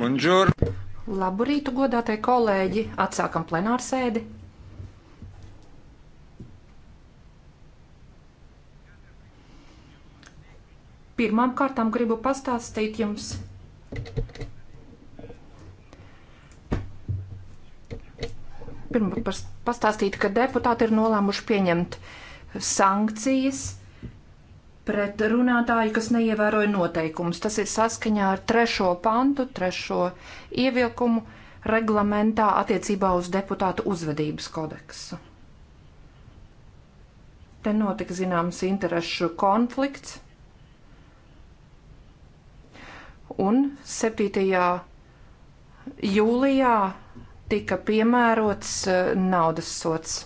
Buongiorno. Labu rītu, godātie kolēģi. Atsākam plenāru sēdi. Pirmām kārtām gribu pastāstīt jums. Pirmā pastāstīt, ka deputāti ir nolēmuši pieņemt sankcijas pret runātāju, kas neievēroja noteikumus. Tas ir saskaņā ar trešo pantu, trešo ievilkumu reglamentā attiecībā uz deputātu uzvedības kodeksu. Te notika zināms interešu konflikts. Un 7. jūlijā tika piemērots eh, naudas sots.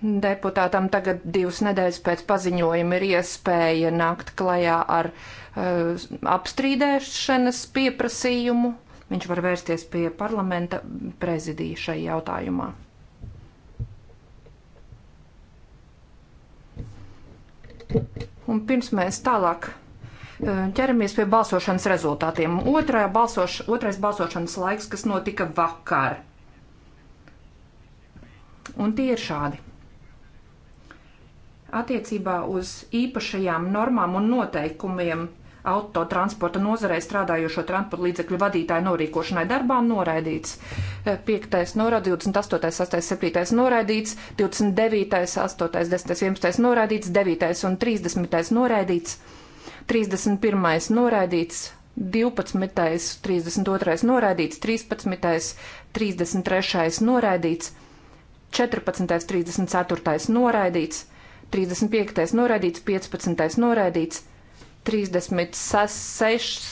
Deputātam tagad divas nedēļas pēc paziņojuma ir iespēja nākt klajā ar uh, apstrīdēšanas pieprasījumu. Viņš var vērsties pie parlamenta prezidija šai jautājumā. Un pirms mēs tālāk eh, ķeramies pie balsošanas rezultātiem. Otrā balsoš, otrais balsošanas laiks, kas notika vakar. Un tie ir šādi attiecībā uz īpašajām normām un noteikumiem autotransporta nozarē strādājošo transporta līdzekļu vadītāju norīkošanai darbā noraidīts. 5. Eh, noraidīts, 28. 6. 7. noraidīts, 29. 8. 10. 11. noraidīts, 9. un 30. noraidīts, 31. noraidīts, 12. 32. noraidīts, 13. 33. noraidīts, 14. 34. noraidīts. 35. noraidīts, 15. noraidīts, 36.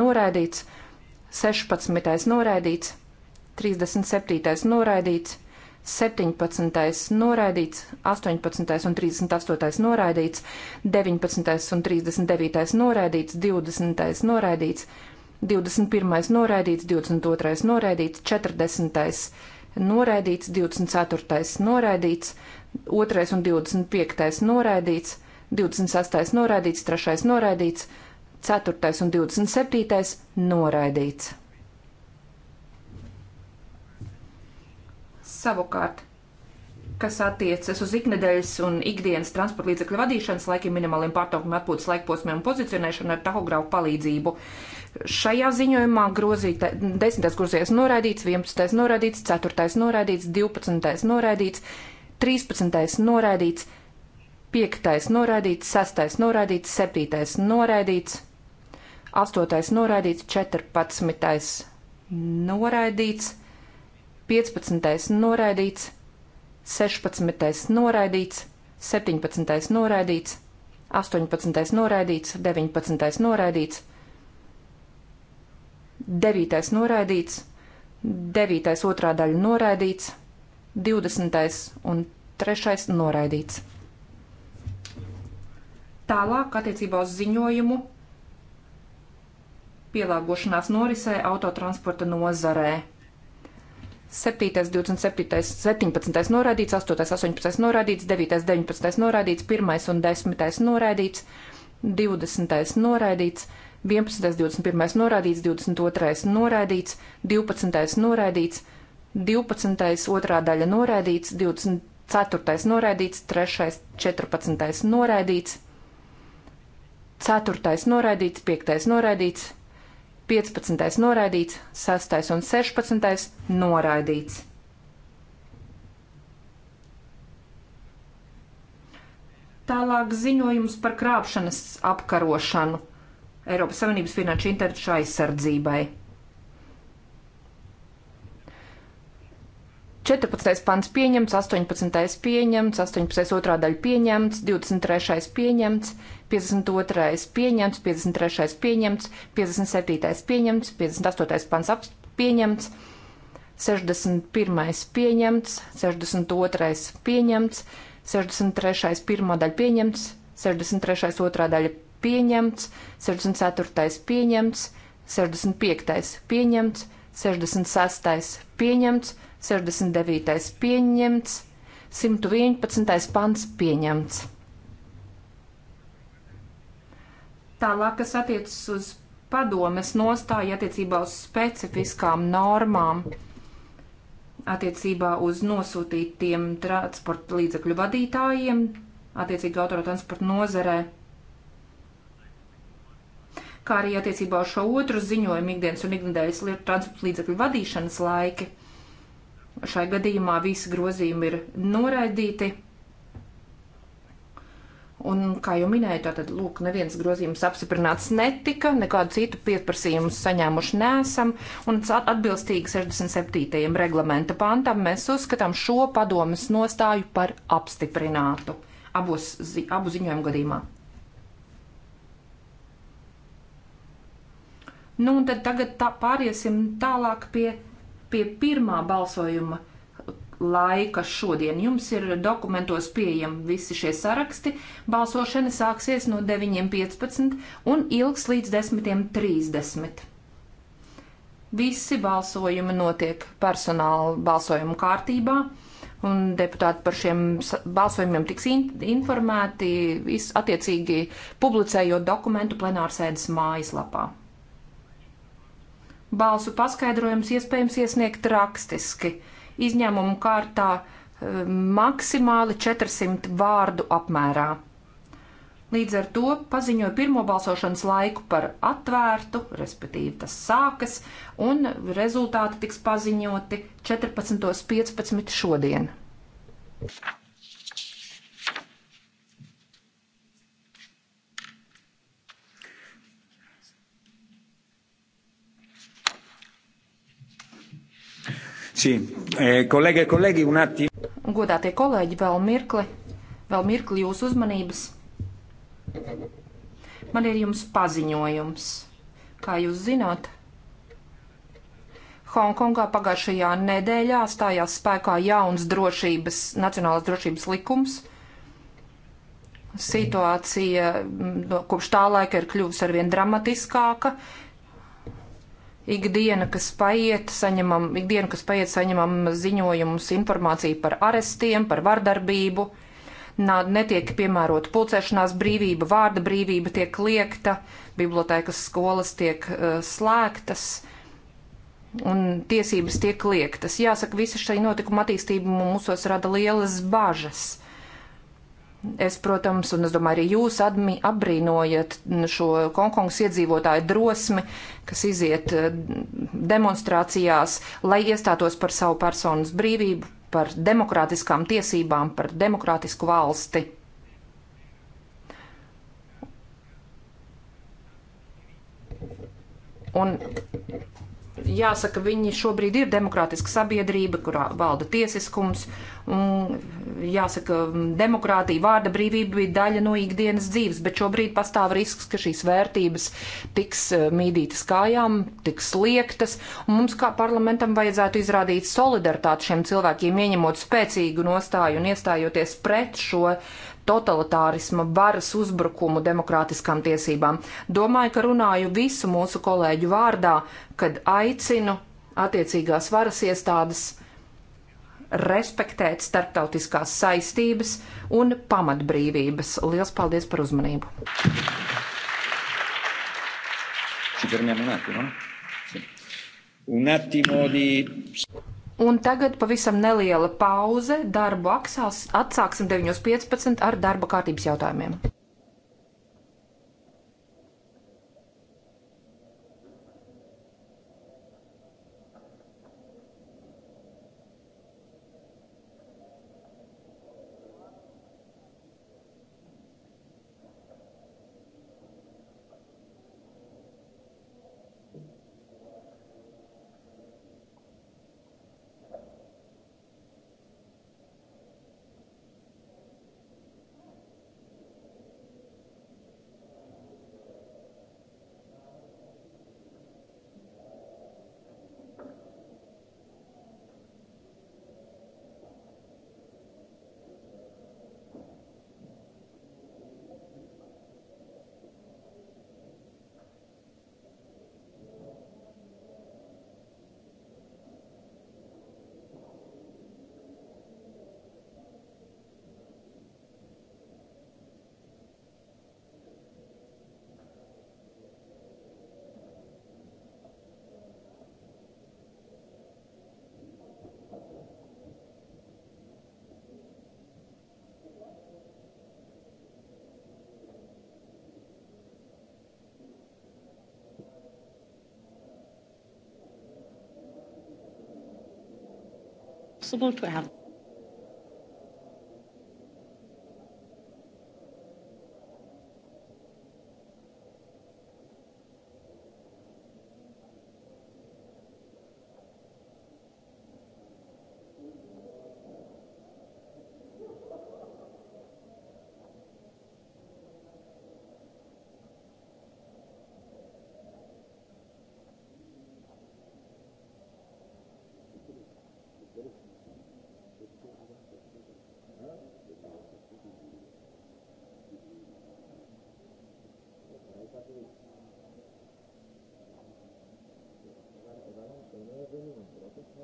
noraidīts, 16. noraidīts, 37. noraidīts, 17. noraidīts, 18. un 38. noraidīts, 19. un 39. noraidīts, 20. noraidīts, 21. noraidīts, 22. noraidīts, 40. noraidīts, 24. noraidīts, 2 un 25 noraidīts, 26 noraidīts, 3 noraidīts, 4 un 27 noraidīts. Savukārt, kas attiecas uz iknedēļas un ikdienas transporta līdzekļu vadīšanas laikiem, minimāliem pārtraukumiem, atpūtas laikposmiem un pozicionēšanu ar tahografu palīdzību. Šajā ziņojumā grozīta 10. grozījums noraidīts, 11. noraidīts, 4. noraidīts, 12. noraidīts, 13. noraidīts, 5. noraidīts, 6. noraidīts, 7. noraidīts, 8. noraidīts, 14. noraidīts, 15. noraidīts, 16. noraidīts, 17. noraidīts, 18. noraidīts, 19. noraidīts, 9. noraidīts, 9. otrā daļa noraidīts. 20. un 3. noraidīts. Tālāk attiecībā uz ziņojumu pielāgošanās norisē autotransporta nozarē. 7, 27, 17 noraidīts, 8, 18 noraidīts, 9, 19 noraidīts, 1 un 10 noraidīts, 20 noraidīts, 11, 21 noraidīts, 22 noraidīts, 12 noraidīts, 12. otrā daļa noraidīts, 24. noraidīts, 3. 14. noraidīts, 4. noraidīts, 5. noraidīts, 15. noraidīts, 6. un 16. noraidīts. Tālāk ziņojums par krāpšanas apkarošanu Eiropas Savienības finanšu interešu aizsardzībai. 14. pants pieņemts, 18. pieņemts, 18. otrā daļa pieņemts, 23. pieņemts, 52. pieņemts, 53. pieņemts, 57. pieņemts, 58. pants pieņemts, 61. pieņemts, 62. pieņemts, 63. pirmā daļa pieņemts, 63. otrā daļa pieņemts, 64. pieņemts, 65. pieņemts, 66. pieņemts, 69. pieņemts, 111. pants pieņemts. Tālāk, kas attiecas uz padomes nostāju attiecībā uz specifiskām normām, attiecībā uz nosūtītiem transporta līdzekļu vadītājiem, attiecīgi autotransporta nozarē, kā arī attiecībā uz šo otru ziņojumu ikdienas un ikdienas transporta līdzekļu vadīšanas laiki. Šai gadījumā visi grozījumi ir noraidīti. Un, kā jau minēju, tātad, lūk, neviens grozījums apstiprināts netika, nekādu citu pieprasījumu saņēmuši nesam, un atbilstīgi 67. reglamenta pantam mēs uzskatām šo padomas nostāju par apstiprinātu abos, zi, abu ziņojumu gadījumā. Nu, un tad tagad tā pāriesim tālāk pie pie pirmā balsojuma laika šodien. Jums ir dokumentos pieejami visi šie saraksti. Balsošana sāksies no 9.15 un ilgs līdz 10.30. Visi balsojumi notiek personāla balsojuma kārtībā un deputāti par šiem balsojumiem tiks in informēti, attiecīgi publicējot dokumentu plenārsēdes mājaslapā. Balsu paskaidrojums iespējams iesniegt rakstiski, izņēmumu kārtā eh, maksimāli 400 vārdu apmērā. Līdz ar to paziņoja pirmo balsošanas laiku par atvērtu, respektīvi tas sākas, un rezultāti tiks paziņoti 14.15. šodien. Thank you. Kolēģi, eh, e kolēģi, un attī. Godātie kolēģi, vēl mirkli, vēl mirkli jūsu uzmanības. Man ir jums paziņojums. Kā jūs zināt, Hongkongā pagājušajā nedēļā stājās spēkā jauns drošības, nacionālās drošības likums. Situācija mm, kopš tā laika ir kļuvusi arvien dramatiskāka Ikdiena, kas paiet, saņemam, ikdienu, kas paiet, saņemam ziņojumus, informāciju par arestiem, par vardarbību, nā, netiek piemērota pulcēšanās brīvība, vārda brīvība tiek liekta, bibliotēkas skolas tiek uh, slēgtas un tiesības tiek liektas. Jāsaka, visa šī notikuma attīstība mūsos rada lielas bažas Es, protams, un es domāju, arī jūs admi, apbrīnojat šo Hongkongas iedzīvotāju drosmi, kas iziet eh, demonstrācijās, lai iestātos par savu personas brīvību, par demokrātiskām tiesībām, par demokrātisku valsti. Un jāsaka, viņi šobrīd ir demokrātiska sabiedrība, kurā valda tiesiskums Mm, jāsaka, demokrātija, vārda brīvība bija daļa no ikdienas dzīves, bet šobrīd pastāv risks, ka šīs vērtības tiks eh, mīdītas kājām, tiks liektas, un mums kā parlamentam vajadzētu izrādīt solidaritāti šiem cilvēkiem, ieņemot spēcīgu nostāju un iestājoties pret šo totalitārisma varas uzbrukumu demokrātiskām tiesībām. Domāju, ka runāju visu mūsu kolēģu vārdā, kad aicinu attiecīgās varas iestādes respektēt starptautiskās saistības un pamatbrīvības. Lielas paldies par uzmanību! Un tagad pavisam neliela pauze. Darbu aksās atsāksim 9.15 ar darba kārtības jautājumiem. possible to have Gracias.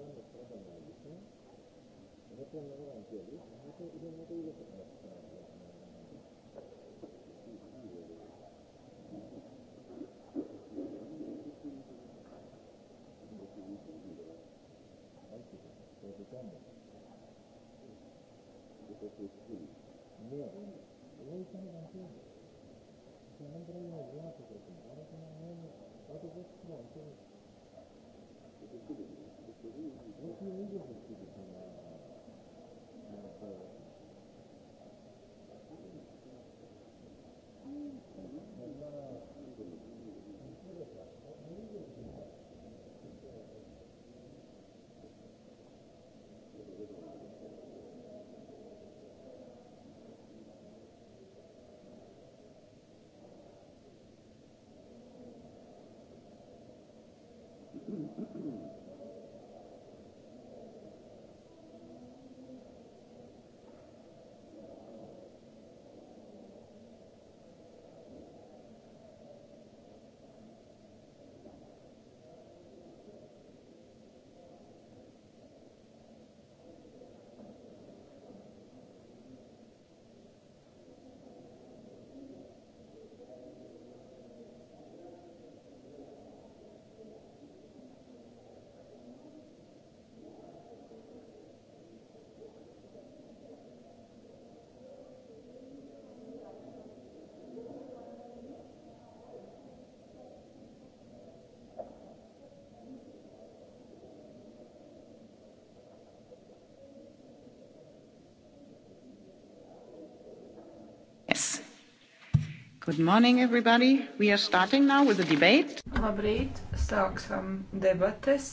Good morning, everybody. We are starting now with the debate. Labrīt, sāksim debates.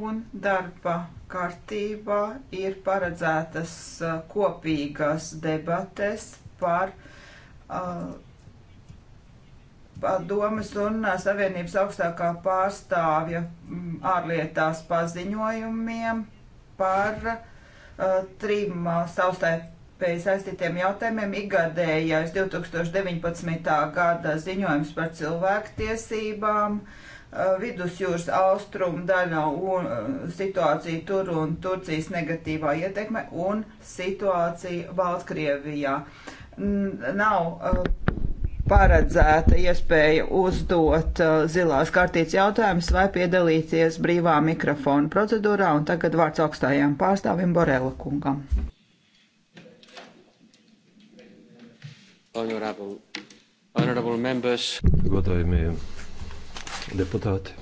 Un darba kārtībā ir paredzētas uh, kopīgas debates par uh, padomas un uh, Savienības augstākā pārstāvja mm, ārlietās paziņojumiem par Eh, trim eh, savstarpēji saistītiem jautājumiem. Igadējais 2019. gada ziņojums par cilvēktiesībām, eh, vidusjūras austrumu daļā un situācija tur un Turcijas negatīvā ietekme un situācija Baltkrievijā. Nav paredzēta iespēja uzdot uh, zilās kartītes jautājumus vai piedalīties brīvā mikrofona procedūrā. Un tagad vārds augstajām pārstāvim Borela kungam. Honorable, honorable members. Godājumie deputāti.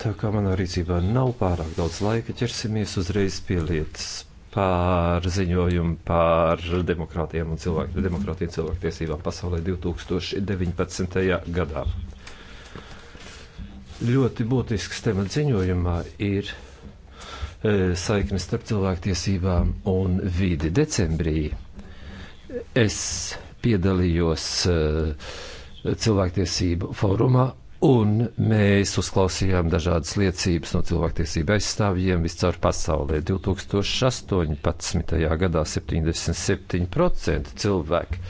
Tā kā manā rīcībā nav pārāk daudz laika, ķersimies uzreiz pie lietas par ziņojumu par demokrātiem un cilvēku, demokrātiem cilvēktiesībām pasaulē 2019. gadā. Ļoti būtisks temats ziņojumā ir e, saikne starp cilvēktiesībām un vidi. Decembrī es piedalījos e, cilvēktiesību fórumā Un mēs uzklausījām dažādas liecības no cilvēktiesību aizstāvjiem viscaur pasaulē. 2018. gadā 77% cilvēku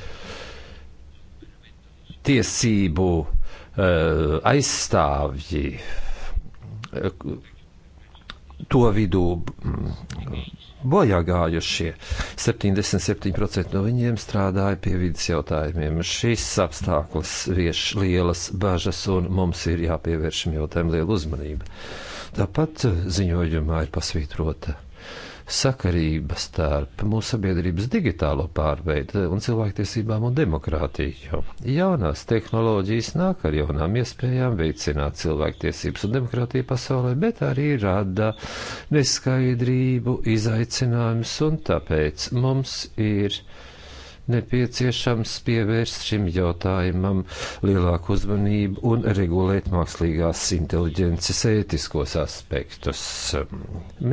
tiesību uh, aizstāvji uh, to vidū mm, bojā gājušie. 77% no viņiem strādāja pie vidas jautājumiem. Šis apstākļus vieš lielas bažas, un mums ir jāpievērš šim jautājumam liela uzmanība. Tāpat ziņojumā ir pasvītrota sakarība starp mūsu sabiedrības digitālo pārveidu un cilvēktiesībām un demokrātiju. Jaunās tehnoloģijas nāk ar jaunām iespējām veicināt cilvēktiesības un demokrātiju pasaulē, bet arī rada neskaidrību, izaicinājumus, un tāpēc mums ir nepieciešams pievērst šim jautājumam lielāku uzmanību un regulēt mākslīgās inteliģences ētiskos aspektus.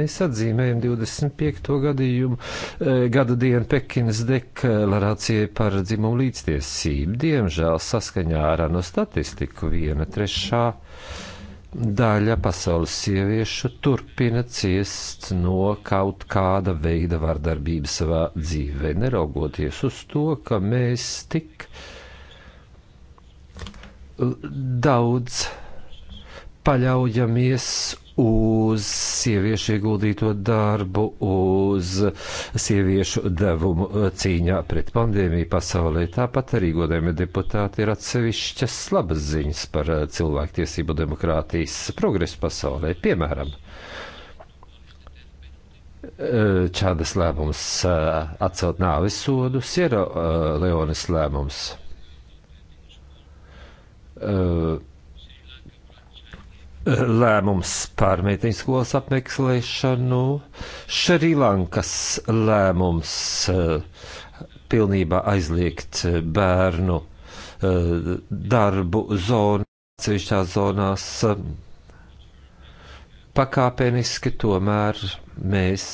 Mēs atzīmējam 25. gadījumu, eh, gada dienu Pekinas deklarācijai par dzimumu līdztiesību. Diemžēl saskaņā ar ANO statistiku viena trešā Daļa pasaules sieviešu turpina ciest no kaut kāda veida vardarbības savā dzīvē, neraugoties uz to, ka mēs tik daudz paļaujamies uz sieviešu ieguldīto darbu, uz sieviešu devumu cīņā pret pandēmiju pasaulē. Tāpat arī godējumi deputāti ir atsevišķas labas ziņas par eh, cilvēktiesību demokrātijas progresu pasaulē. Piemēram, eh, Čādas lēmums eh, atcelt nāvis sodu, Sierra Leones lēmums. Uh, lēmums par meiteņu skolas apmeklēšanu, Šrilankas lēmums eh, pilnībā aizliegt bērnu eh, darbu zonu, atsevišķās zonās. Eh, pakāpeniski tomēr mēs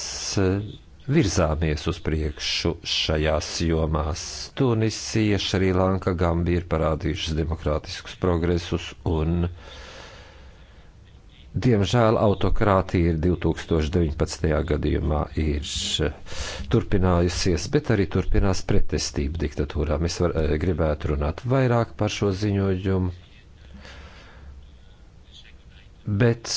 virzāmies uz priekšu šajās jomās. Tunisija, Šrilanka, Gambija ir parādījušas demokrātiskus progresus un uh, Diemžēl autokrātija ir 2019. gadījumā ir eh, turpinājusies, bet arī turpinās pretestību diktatūrām. Es var, eh, gribētu runāt vairāk par šo ziņojumu, bet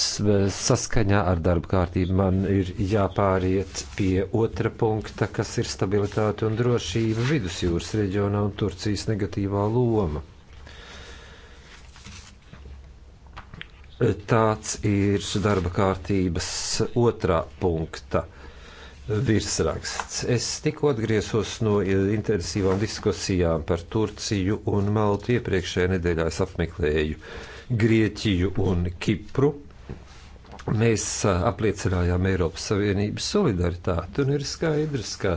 saskaņā ar darba kārtību man ir jāpāriet pie otra punkta, kas ir stabilitāte un drošība vidusjūras reģionā un Turcijas negatīvā loma. Tāds ir darba kārtības otrā punkta virsraksts. Es tikko atgriezos no intensīvām diskusijām par Turciju un Maltu. Iepriekšējā nedēļā es apmeklēju Grieķiju un Kipru. Mēs apliecinājām Eiropas Savienības solidaritāti, un ir skaidrs, ka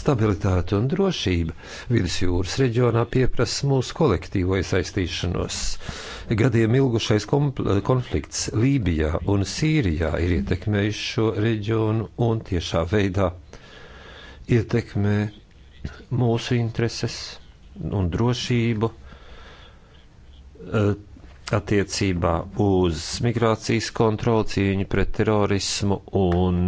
stabilitāte un drošība vidusjūras reģionā pieprasa mūsu kolektīvo iesaistīšanos. Gadiem ilgušais konflikts Lībijā un Sīrijā ir ietekmējis šo reģionu un tiešā veidā ietekmē mūsu intereses un drošību attiecībā uz migrācijas kontroli, cīņu pret terorismu un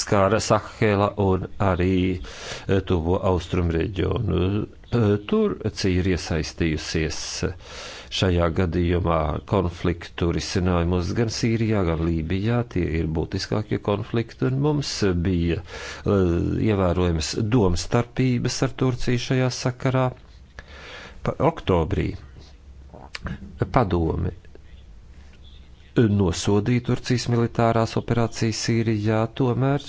skāra Sahela un arī e, tuvo austrumu reģionu. E, Turcija ir iesaistījusies šajā gadījumā konfliktu risinājumos gan Sīrijā, gan Lībijā. Tie ir būtiskākie konflikti, un mums bija e, ievērojamas domstarpības ar Turciju šajā sakarā. Pa oktobrī Padome nosodīja Turcijas militārās operācijas Sīrijā, tomēr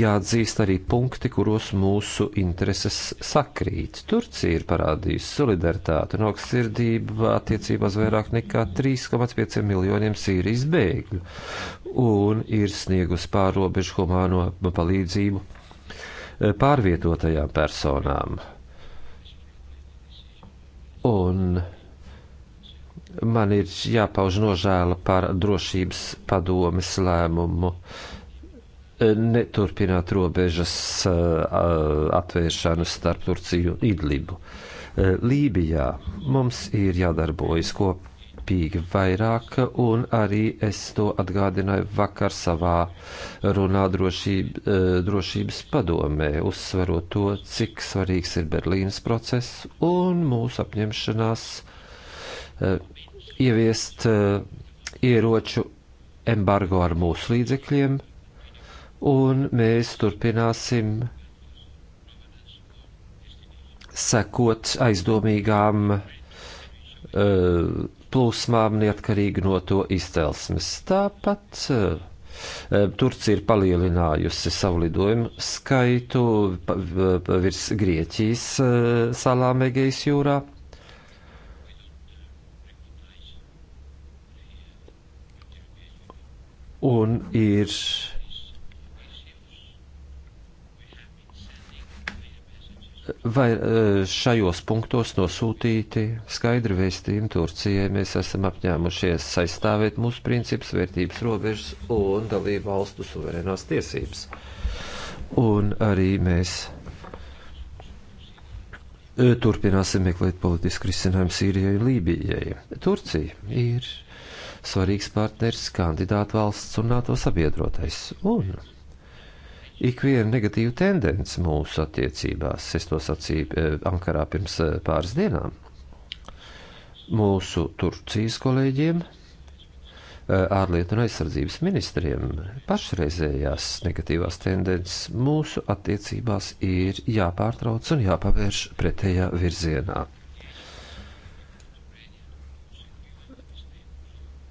jāatzīst arī punkti, kuros mūsu intereses sakrīt. Turcija ir parādījusi solidaritāti un augstsirdību attiecībās vairāk nekā 3,5 miljoniem Sīrijas bēgļu un ir sniegusi pārobežu humāno palīdzību pārvietotajām personām Un man ir jāpauž nožēla par drošības padomes lēmumu e, neturpināt robežas e, atvēršanu starp Turciju un Idlibu. E, Lībijā mums ir jādarbojas kop, kopīgi vairāk, un arī es to atgādināju vakar savā runā drošība, eh, drošības padomē, uzsverot to, cik svarīgs ir Berlīnas process un mūsu apņemšanās eh, ieviest eh, ieroču embargo ar mūsu līdzekļiem, un mēs turpināsim sekot aizdomīgām uh, plūsmām neatkarīgi no to izcelsmes. Tāpat eh, eh, Turcija ir palielinājusi savu lidojumu skaitu virs Grieķijas eh, salām Egejas jūrā. Un ir vai eh, šajos punktos nosūtīti skaidri vēstījumi Turcijai. Mēs esam apņēmušies aizstāvēt mūsu principus, vērtības robežas un dalību valstu suverēnās tiesības. Un arī mēs eh, turpināsim meklēt politisku risinājumu Sīrijai un Lībijai. Turcija ir svarīgs partners, kandidāta valsts un NATO sabiedrotais. Un ikvienu negatīvu tendenci mūsu attiecībās. Es to sacīju eh, Ankarā pirms eh, pāris dienām. Mūsu Turcijas kolēģiem, eh, ārlietu un aizsardzības ministriem pašreizējās negatīvās tendences mūsu attiecībās ir jāpārtrauc un jāpavērš pretējā virzienā.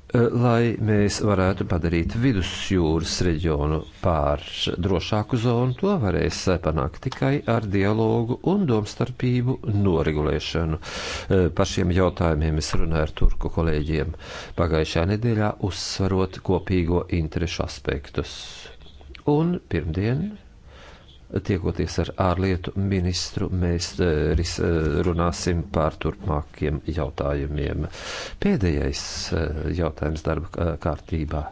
Eh, lai mēs varētu padarīt vidusjūras reģionu pār drošāku zonu, to varēs eh, panākt tikai ar dialogu un domstarpību noregulēšanu. Eh, Par šiem jautājumiem es runāju ar turku kolēģiem pagājušajā nedēļā, uzsvarot kopīgo interešu aspektus. Un pirmdien tiekoties ar ārlietu ministru, mēs eh, ris, eh, runāsim par turpmākiem jautājumiem. Pēdējais eh, jautājums darba kārtībā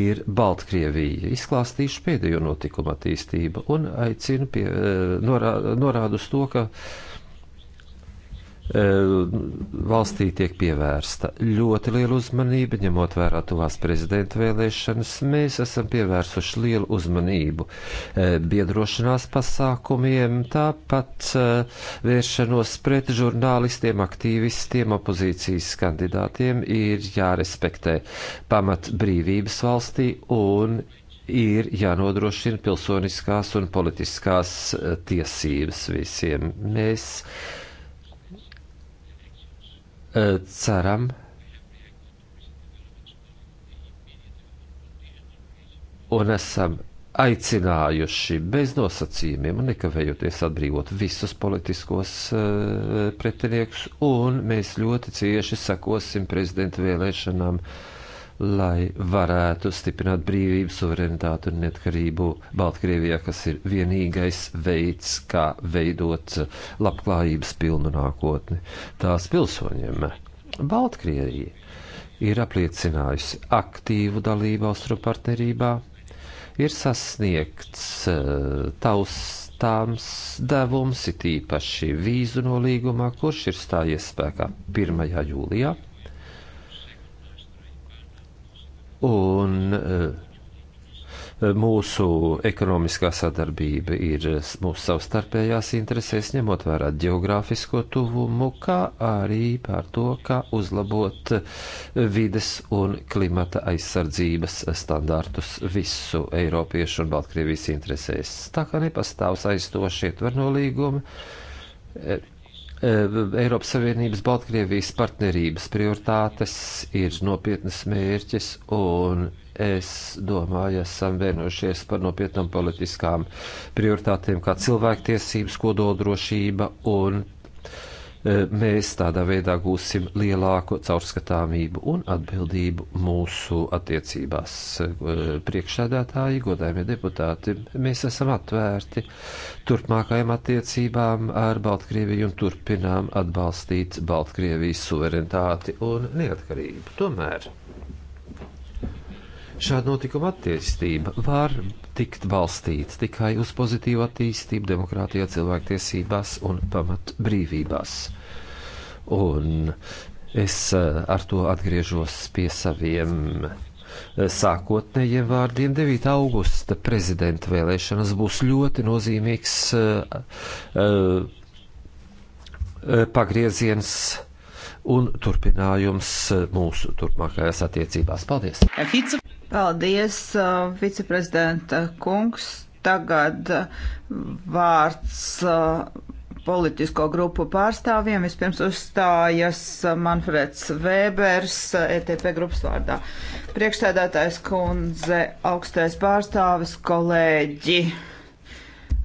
ir Baltkrievija. Izklāstīšu pēdējo notikumu attīstību un aicinu pie, norā, norādu uz to, ka E, valstī tiek pievērsta ļoti liela uzmanība, ņemot vērā tuvās prezidenta vēlēšanas. Mēs esam pievērsuši lielu uzmanību e, biedrošanās pasākumiem, tāpat e, vēršanos pret žurnālistiem, aktīvistiem, opozīcijas kandidātiem ir jārespektē pamat brīvības valstī un ir jānodrošina pilsoniskās un politiskās tiesības visiem. Mēs ceram, un esam aicinājuši bez nosacījumiem un nekavējoties atbrīvot visus politiskos uh, pretiniekus, un mēs ļoti cieši sekosim prezidenta vēlēšanām uh, lai varētu stiprināt brīvību, suverenitāti un neatkarību Baltkrievijā, kas ir vienīgais veids, kā veidot labklājības pilnu nākotni tās pilsoņiem. Baltkrievija ir apliecinājusi aktīvu dalību austru partnerībā, ir sasniegts eh, taustāms devums, it īpaši vīzu nolīgumā, kurš ir stājies spēkā 1. jūlijā un eh, mūsu ekonomiskā sadarbība ir mūsu savstarpējās interesēs, ņemot vērā geogrāfisko tuvumu, kā arī par to, kā uzlabot eh, vides un klimata aizsardzības standartus visu Eiropiešu un Baltkrievijas interesēs. Tā kā nepastāv saistošie tvernolīgumi, eh, Eh, Eiropas Savienības Baltkrievijas partnerības prioritātes ir nopietnas mērķis, un es domāju, esam vienojušies par nopietnām politiskām prioritātēm, kā cilvēktiesības, kodoldrošība un mēs tādā veidā gūsim lielāku caurskatāmību un atbildību mūsu attiecībās. Priekšsēdētāji, godājumie deputāti, mēs esam atvērti turpmākajām attiecībām ar Baltkrieviju un turpinām atbalstīt Baltkrievijas suverenitāti un neatkarību. Tomēr šāda notikuma attīstība var tikt balstīts tikai uz pozitīvu attīstību, demokrātijā, cilvēktiesībās un pamat brīvībās. Un es eh, ar to atgriežos pie saviem eh, sākotnējiem vārdiem 9. augusta prezidenta vēlēšanas būs ļoti nozīmīgs uh, uh, pagrieziens un turpinājums eh, mūsu turpmākajās attiecībās. Paldies! Paldies, eh, viceprezidenta kungs! Tagad eh, vārds politisko grupu pārstāvjiem. Vispirms uzstājas Manfreds Vēbers, ETP e grupas vārdā. Priekšstādātājs kundze, augstais pārstāvis, kolēģi.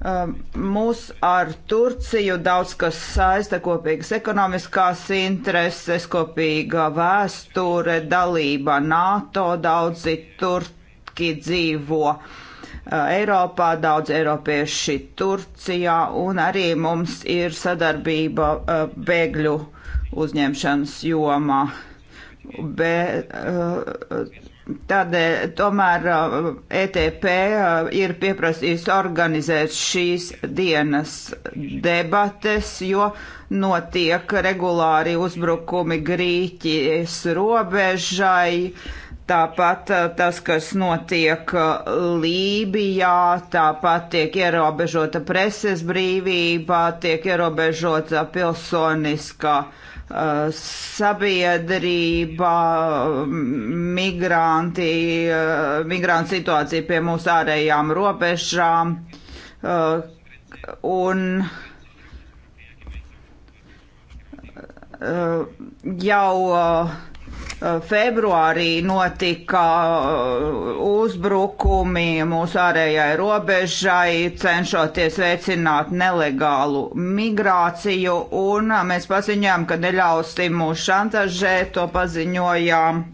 Um, mūs ar Turciju daudz kas saista kopīgas ekonomiskās intereses, kopīga vēsture, dalība NATO, daudzi turki dzīvo uh, Eiropā, daudz eiropieši Turcijā, un arī mums ir sadarbība uh, bēgļu uzņemšanas jomā. Be, uh, Tādēļ tomēr ETP eh, e eh, ir pieprasījis organizēt šīs dienas debates, jo notiek regulāri uzbrukumi Grīķijas robežai. Tāpat eh, tas, kas notiek Lībijā, tāpat tiek ierobežota preses brīvība, tiek ierobežota pilsoniskā uh, sabiedrība, migranti, migrantu situācija pie mūsu ārējām robežām un uh, jau uh, Eh, februārī notika eh, uzbrukumi mūsu ārējai robežai, cenšoties veicināt nelegālu migrāciju, un eh, mēs paziņojām, ka neļausim mūs šantažēt, to paziņojām.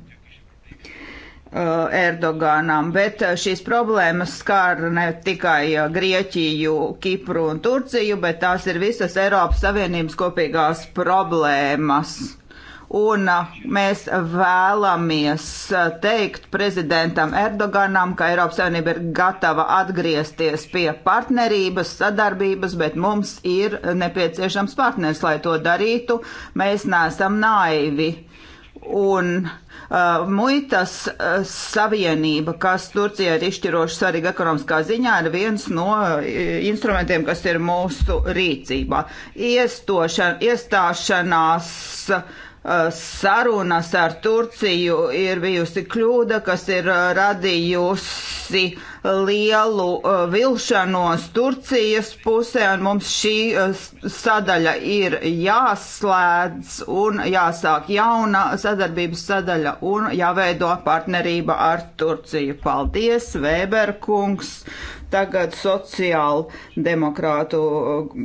Erdoganam, bet šīs problēmas skar ne tikai Grieķiju, Kipru un Turciju, bet tās ir visas Eiropas Savienības kopīgās problēmas. Un uh, mēs vēlamies uh, teikt prezidentam Erdoganam, ka Eiropas Savienība ir gatava atgriezties pie partnerības, sadarbības, bet mums ir nepieciešams partners, lai to darītu. Mēs neesam naivi. Un uh, muitas uh, savienība, kas Turcijai ir izšķiroši svarīga ekonomiskā ziņā, ir viens no uh, instrumentiem, kas ir mūsu rīcībā. Iestošana, iestāšanās. Uh, sarunas ar Turciju ir bijusi kļūda, kas ir uh, radījusi lielu uh, vilšanos Turcijas pusē, un mums šī uh, sadaļa ir jāslēdz un jāsāk jauna sadarbības sadaļa un jāveido partnerība ar Turciju. Paldies, Vēberkungs! Tagad sociāla demokrātu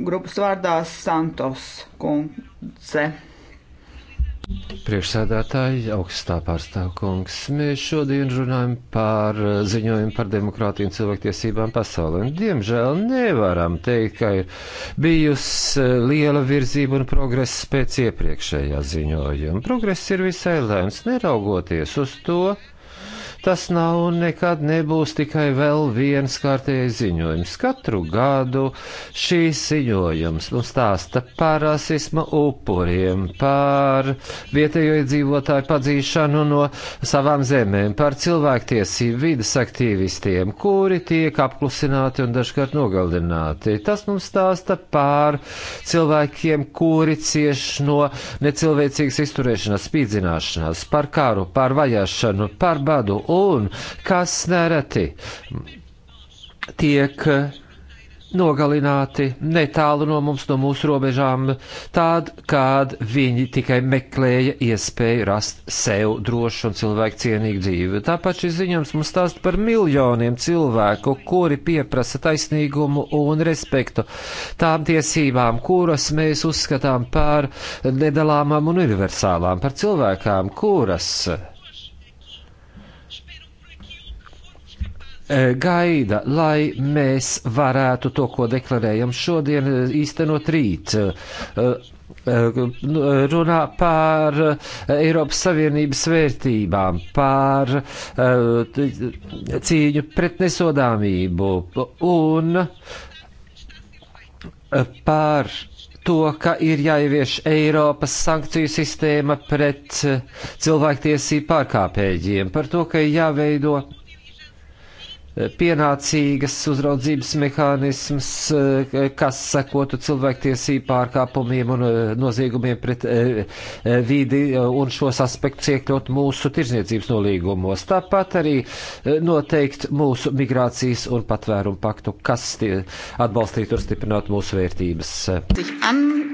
grupas vārdā Santos kundze. Priekšsēdētāji, augstā pārstāvkungs, mēs šodien runājam par eh, ziņojumu par demokrātiju un cilvēktiesībām pasaulē. Un, diemžēl nevaram teikt, ka ir bijusi eh, liela virzība un progress pēc iepriekšējā ziņojuma. Progress ir visai lēns, neraugoties uz to, Tas nav un nekad nebūs tikai vēl viens kārtējais ziņojums. Katru gadu šīs ziņojums mums stāsta par rasisma upuriem, par vietējo iedzīvotāju padzīšanu no savām zemēm, par cilvēktiesību vidas aktīvistiem, kuri tiek apklusināti un dažkārt nogalināti. Tas mums stāsta par cilvēkiem, kuri cieš no necilvēcīgas izturēšanās, spīdzināšanās, par karu, par vajāšanu, par badu un kas nereti tiek nogalināti netālu no mums, no mūsu robežām, tād, kād viņi tikai meklēja iespēju rast sev drošu un cilvēku cienīgu dzīvi. Tāpat šis ziņojums mums stāst par miljoniem cilvēku, kuri pieprasa taisnīgumu un respektu tām tiesībām, kuras mēs uzskatām par nedalāmām un universālām, par cilvēkām, kuras E, gaida, lai mēs varētu to, ko deklarējam šodien, e, īstenot rīt e, nu, runā par Eiropas Savienības vērtībām, par cīņu pret nesodāmību un par to, ka ir jāievieš Eiropas sankciju sistēma pret cilvēktiesību pārkāpējiem, par to, ka ir jāveido pienācīgas uzraudzības mehānisms, eh, kas sekotu cilvēktiesību pārkāpumiem un eh, noziegumiem pret eh, vidi un šos aspektus iekļaut mūsu tirzniecības nolīgumos. Tāpat arī noteikt mūsu migrācijas un patvērumu paktu, kas atbalstītu un stiprinātu mūsu vērtības.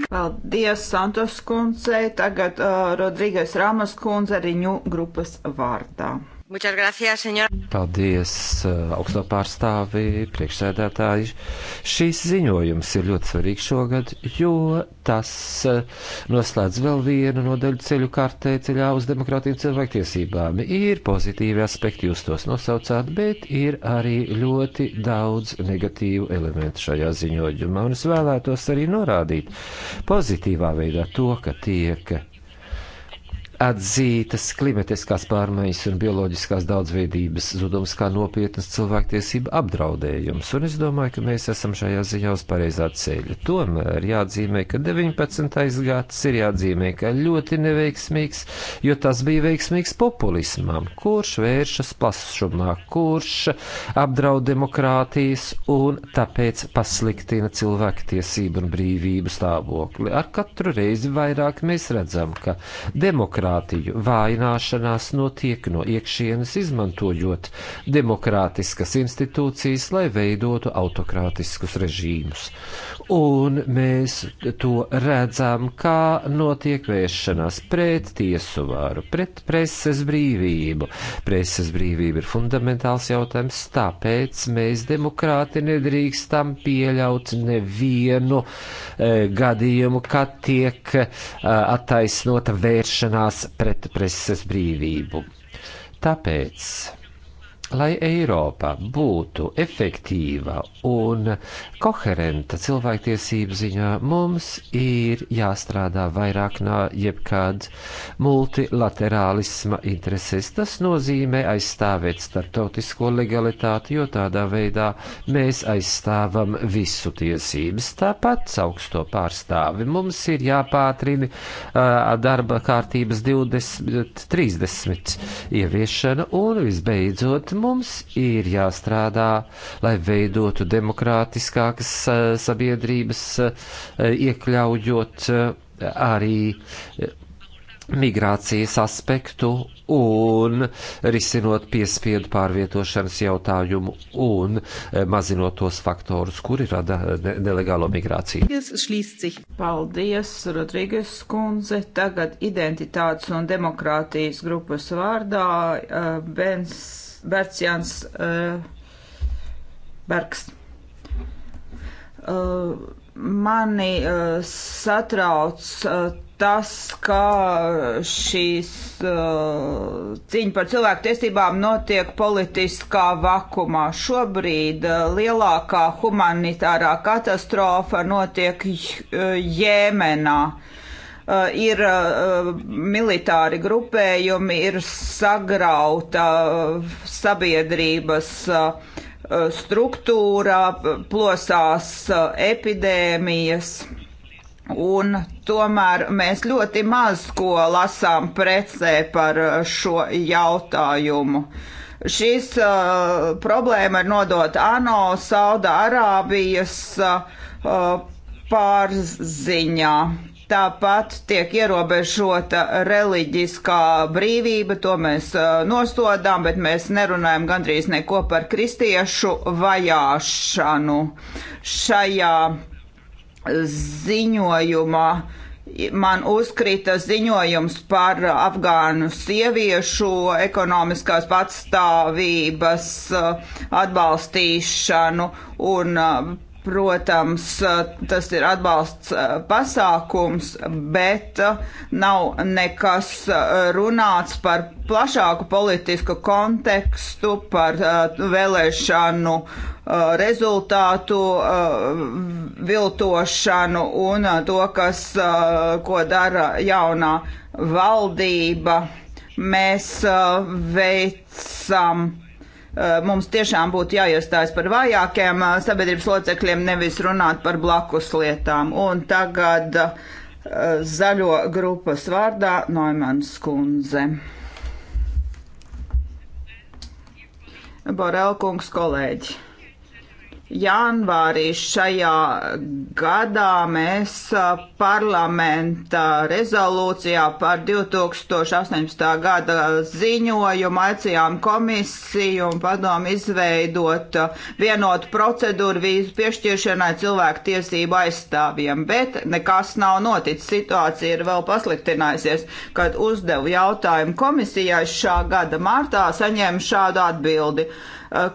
Paldies, Santos kundzei. Tagad uh, Rodrīgais Ramas kundze arī ņu grupas vārdā. Gracias, Paldies, eh, augsto pārstāvi, priekšsēdētāji. Šīs ziņojums ir ļoti svarīgs šogad, jo tas eh, noslēdz vēl vienu nodaļu ceļu kārtē ceļā uz demokrātiem cilvēktiesībām. Ir pozitīvi aspekti, jūs tos nosaucāt, bet ir arī ļoti daudz negatīvu elementu šajā ziņojumā, un es vēlētos arī norādīt pozitīvā veidā to, ka tiek atzītas klimatiskās pārmaiņas un bioloģiskās daudzveidības zudums kā nopietnas cilvēktiesība apdraudējums, un es domāju, ka mēs esam šajā ziņā uz pareizā ceļa. Tomēr jāatzīmē, ka 19. gads ir jāatzīmē, ka ļoti neveiksmīgs, jo tas bija veiksmīgs populismam, kurš vēršas plašumā, kurš apdraud demokrātijas un tāpēc pasliktina cilvēktiesību un brīvību stāvokli. Ar katru reizi vairāk mēs redzam, ka demokrātija demokrātiju vājināšanās notiek no iekšienes, izmantojot demokrātiskas institūcijas, lai veidotu autokrātiskus režīmus. Un mēs to redzam, kā notiek vēršanās pret tiesu varu, pret preses brīvību. Preses brīvība ir fundamentāls jautājums, tāpēc mēs demokrāti nedrīkstam pieļaut nevienu e, gadījumu, kad tiek e, attaisnota vēršanās cīnās pret preses brīvību. Tāpēc lai Eiropa būtu efektīva un koherenta cilvēktiesību ziņā, mums ir jāstrādā vairāk nā jebkād multilaterālisma intereses. Tas nozīmē aizstāvēt starptautisko legalitāti, jo tādā veidā mēs aizstāvam visu tiesības. Tāpat augsto pārstāvi mums ir jāpātrini uh, darba kārtības 20, 30 ieviešana un visbeidzot mums ir jāstrādā, lai veidotu demokrātiskākas sabiedrības, e, iekļaujot e, arī e, migrācijas aspektu un risinot piespiedu pārvietošanas jautājumu un mazinot tos faktorus, kuri rada ne nelegālo migrāciju. Paldies, Rodrīgas kundze. Tagad identitātes un demokrātijas grupas vārdā Bens Berts Jans uh, Bergs. Uh, mani uh, satrauc uh, tas, ka šīs uh, cīņa par cilvēku tiesībām notiek politiskā vakumā. Šobrīd uh, lielākā humanitārā katastrofa notiek J Jēmenā. Uh, Eh, ir eh, militāri grupējumi, ir sagrauta eh, sabiedrības struktūrā, plosās epidēmijas. Un tomēr mēs ļoti maz ko lasām precē par šo jautājumu. Šīs uh, problēma ir nodota ANO, Sauda Arābijas uh, pārziņā. Tāpat tiek ierobežota reliģiskā brīvība, to mēs nostodām, bet mēs nerunājam gandrīz neko par kristiešu vajāšanu. Šajā ziņojumā man uzkrita ziņojums par afgānu sieviešu ekonomiskās patstāvības atbalstīšanu un Protams, tas ir atbalsts pasākums, bet nav nekas runāts par plašāku politisku kontekstu, par vēlēšanu rezultātu viltošanu un to, kas, ko dara jaunā valdība. Mēs veicam Eh, mums tiešām būtu jāiestājas par vājākiem eh, sabiedrības locekļiem, nevis runāt par blakus lietām. Un tagad eh, zaļo grupas vārdā Noimans Kunze. Borelkungs kolēģi janvārī šajā gadā mēs parlamenta rezolūcijā par 2018. gada ziņojumu aicījām komisiju un padomu izveidot vienotu procedūru vīzu piešķiršanai cilvēku tiesību aizstāvjiem, bet nekas nav noticis. Situācija ir vēl pasliktinājusies, kad uzdevu jautājumu komisijai šā gada martā saņēmu šādu atbildi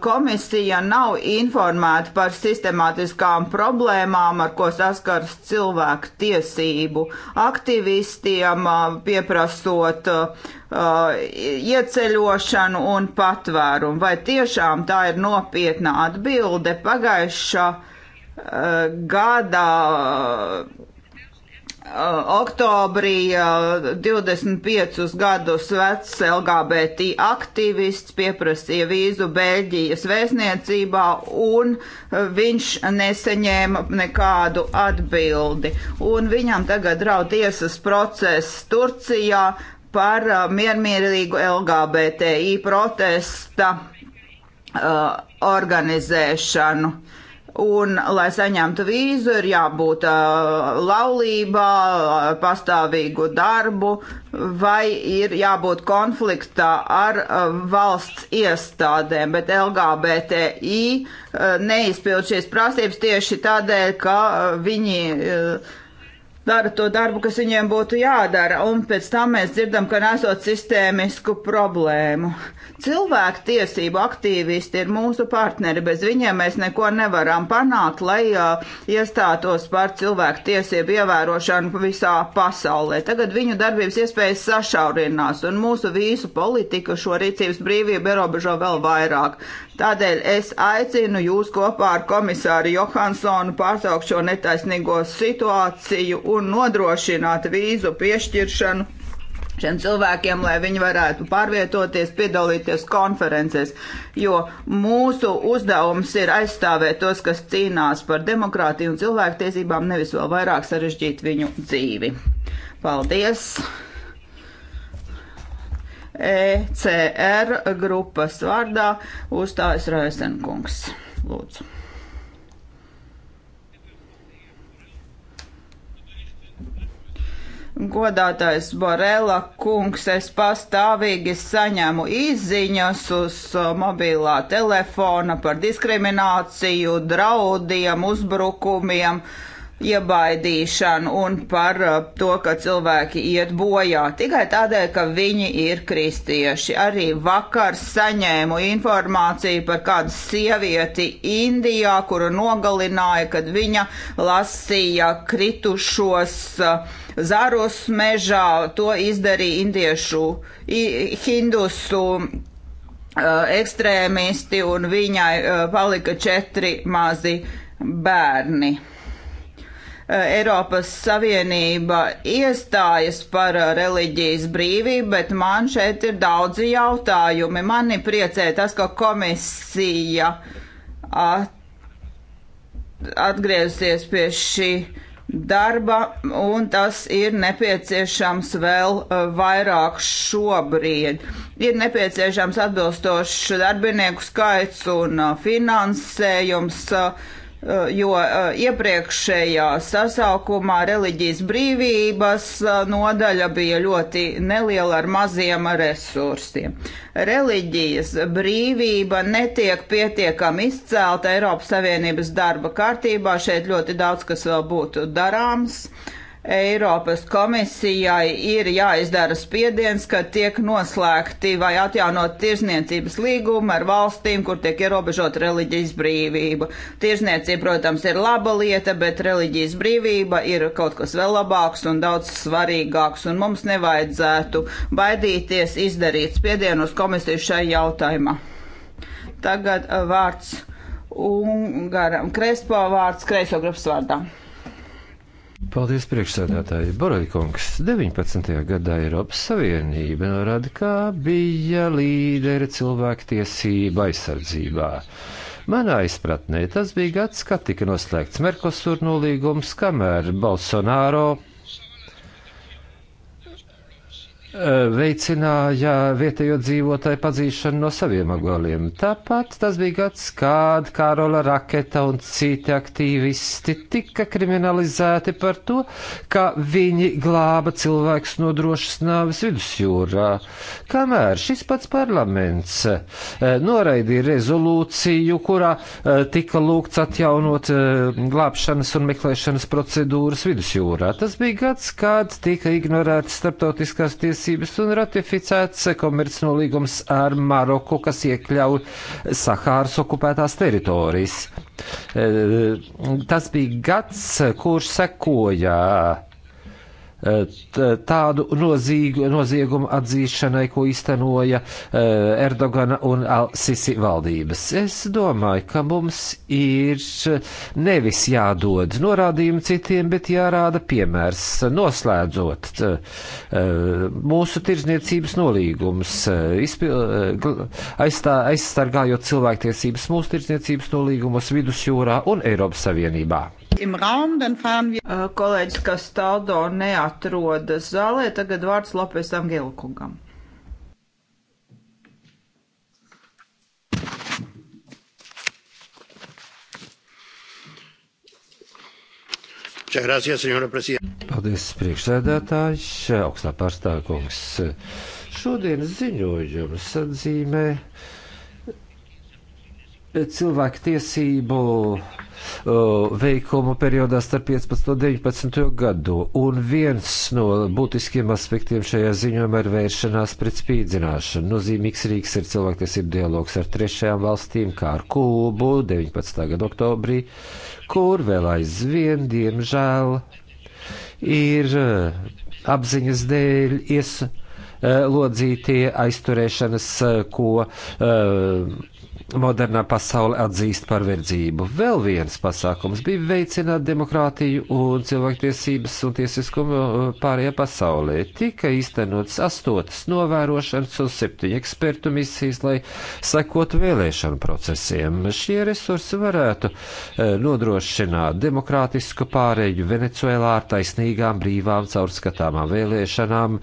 komisija nav informēta par sistemātiskām problēmām, ar ko saskars cilvēku tiesību aktivistiem, uh, pieprasot uh, ieceļošanu un patvērumu. Vai tiešām tā ir nopietna atbilde pagājušā uh, gadā? Uh, oktobrī 25 gadus vecs LGBT aktivists pieprasīja vīzu Beļģijas vēstniecībā un viņš neseņēma nekādu atbildi. Un viņam tagad draud tiesas process Turcijā par miermierīgu LGBTI protesta uh, organizēšanu. Uh, Un, lai saņemtu vīzu, ir jābūt uh, laulībā, pastāvīgu darbu vai ir jābūt konfliktā ar uh, valsts iestādēm, bet LGBTI uh, neizpild šīs prasības tieši tādēļ, ka viņi dara to darbu, kas viņiem būtu jādara, un pēc tam mēs dzirdam, ka nesot sistēmisku problēmu. Cilvēku tiesību aktīvisti ir mūsu partneri, bez viņiem mēs neko nevaram panākt, lai uh, iestātos par cilvēku tiesību ievērošanu visā pasaulē. Tagad viņu darbības iespējas sašaurinās, un mūsu visu politiku šo rīcības brīvību ierobežo vēl vairāk. Tādēļ es aicinu jūs kopā ar komisāru Johansonu pārtraukt šo netaisnīgo situāciju un nodrošināt vīzu piešķiršanu šiem cilvēkiem, lai viņi varētu pārvietoties, piedalīties konferencēs, jo mūsu uzdevums ir aizstāvēt tos, kas cīnās par demokrātiju un cilvēktiesībām, nevis vēl vairāk sarežģīt viņu dzīvi. Paldies! ECR grupas vārdā uzstājas Raisenkungs. Lūdzu. Godātais Borela kungs, es pastāvīgi saņemu izziņas uz uh, mobilā telefona par diskrimināciju, draudiem, uzbrukumiem. Uh, iebaidīšanu un par uh, to, ka cilvēki iet bojā tikai tādēļ, ka viņi ir kristieši. Arī vakar saņēmu informāciju par kādu sievieti Indijā, kuru nogalināja, kad viņa lasīja kritušos uh, zarus mežā. To izdarīja indiešu, hindusu uh, ekstrēmisti un viņai palika četri mazi bērni. Eh, Eiropas Savienība iestājas par eh, reliģijas brīvību, bet man šeit ir daudzi jautājumi. Mani priecē tas, ka komisija atgriezusies pie šī darba, un tas ir nepieciešams vēl eh, vairāk šobrīd. Ir nepieciešams atbilstošs darbinieku skaits un finansējums. Uh, Eh, jo eh, iepriekšējā sasaukumā reliģijas brīvības eh, nodaļa bija ļoti neliela ar maziem resursiem. Reliģijas brīvība netiek pietiekami izcēlta Eiropas Savienības darba kārtībā, šeit ļoti daudz kas vēl būtu darāms. Uh, Eiropas komisijai ir jāizdara spiediens, ka tiek noslēgti vai atjaunot tirzniecības līgumu ar valstīm, kur tiek ierobežot reliģijas brīvību. Tirzniecība, protams, ir laba lieta, bet reliģijas brīvība ir kaut kas vēl labāks un daudz svarīgāks, un mums nevajadzētu baidīties izdarīt spiedienu uz komisiju šai jautājumā. Tagad vārds Ungaram Krespo, vārds Kreiso grupas vārdā. Paldies, priekšsēdētāji. Boroļkungs, 19. gadā Eiropas Savienība norāda, kā bija līderi cilvēktiesība aizsardzībā. Manā izpratnē tas bija gads, kad tika noslēgts Merkosur nolīgums, kamēr Bolsonaro Eh, veicināja vietējo dzīvotāju pazīšanu no saviem agoliem. Tāpat tas bija gads, kad Kārola Raketa un citi aktīvisti tika kriminalizēti par to, ka viņi glāba cilvēks no drošas nāves vidusjūrā. Kamēr šis pats parlaments eh, noraidīja rezolūciju, kurā eh, tika lūgts atjaunot glābšanas un meklēšanas procedūras vidusjūrā. Tas bija gads, kad tika ignorētas starptautiskās tiesības tiesības un ratificēts komercnolīgums ar Maroku, kas iekļauj Sahāras okupētās teritorijas. Eh, tas bija gads, kurš sekoja tādu nozīgu, noziegumu atzīšanai, ko iztenoja e, Erdogana un Al-Sisi valdības. Es domāju, ka mums ir nevis jādod norādījumi citiem, bet jārāda piemērs, noslēdzot e, mūsu tirzniecības nolīgumus, e, aizstargājot cilvēktiesības mūsu tirzniecības nolīgumus vidusjūrā un Eiropas Savienībā. Kolēģis Kastaldo neatrodas zālē, tagad vārds Lopes Angelikungam. Paldies, priekšsēdētājs, augstā pārstāvkungs. Šodienas ziņojums atzīmē cilvēku tiesību uh, veikumu periodā starp 15 un 19 gadu, un viens no būtiskiem aspektiem šajā ziņojumā ir vēršanās pret spīdzināšanu. Nozīmīgs rīks ir cilvēktiesību dialogs ar trešajām valstīm, kā ar Kūbu 19. gada oktobrī, kur vēl aizvien, diemžēl, ir uh, apziņas dēļ ies uh, lodzītie aizturēšanas, ko uh, modernā pasaule atzīst par verdzību. Vēl viens pasākums bija veicināt demokrātiju un cilvēktiesības un tiesiskumu uh, pārējā pasaulē. Tika īstenots astotas novērošanas un septiņu ekspertu misijas, lai sekot vēlēšanu procesiem. Šie resursi varētu uh, nodrošināt demokrātisku pārēju Venecuēlā ar taisnīgām, brīvām, caurskatāmām vēlēšanām,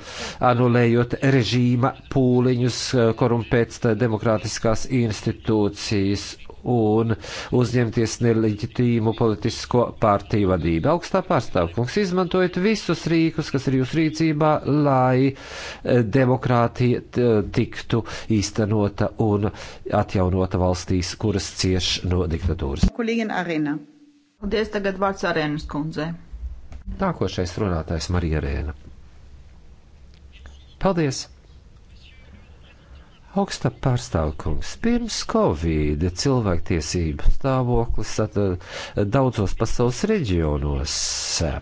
anulējot režīma pūliņus uh, korumpēt demokrātiskās institūcijas institūcijas un uzņemties neleģitīmu politisko partiju vadību. Augstā pārstāvkungs, izmantojiet visus rīkus, kas ir jūsu rīcībā, lai eh, demokrātija eh, tiktu īstenota un atjaunota valstīs, kuras cieš no diktatūras. Kulīgina Arina. Paldies, tagad vārds Arēnas kundzei. Nākošais runātājs Marija Arēna. Paldies! Augsta pārstāvkungs, pirms Covid cilvēktiesību stāvoklis at, eh, daudzos pasaules reģionos eh,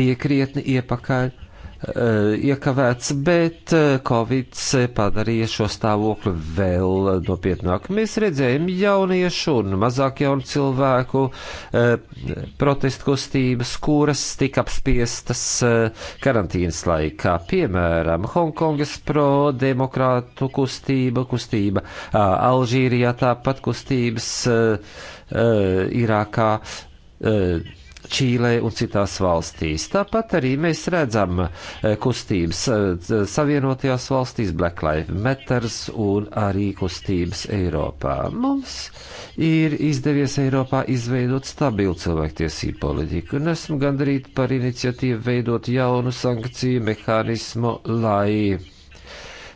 bija krietni iepakaļ Eh, iekavēts, bet eh, Covid padarīja šo stāvokli vēl nopietnāk. Mēs redzējām jauniešu un mazāk jaunu cilvēku eh, protestu kustības, kuras tika apspiestas karantīnas laikā. Piemēram, Hongkongas pro-demokrātu kustība, kustība Alžīrijā tāpat kustības Irākā. Uh, Čīlē un citās valstīs. Tāpat arī mēs redzam eh, kustības eh, Savienotajās valstīs, Black Lives Matters un arī kustības Eiropā. Mums ir izdevies Eiropā izveidot stabilu cilvēktiesību politiku, un esmu gandarīt par iniciatīvu veidot jaunu sankciju mehānismu, lai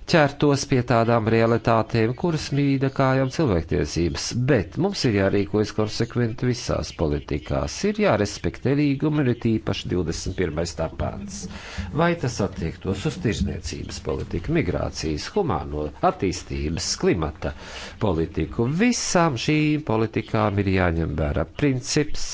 ķertos pie tādām realitātēm, kuras mīda kājām cilvēktiesības, bet mums ir jārīkojas konsekventi visās politikās, ir jārespektē līgumi, ir tīpaši 21. pāns. Vai tas attiektos uz tirzniecības politiku, migrācijas, humāno attīstības, klimata politiku, visām šīm politikām ir jāņem vērā princips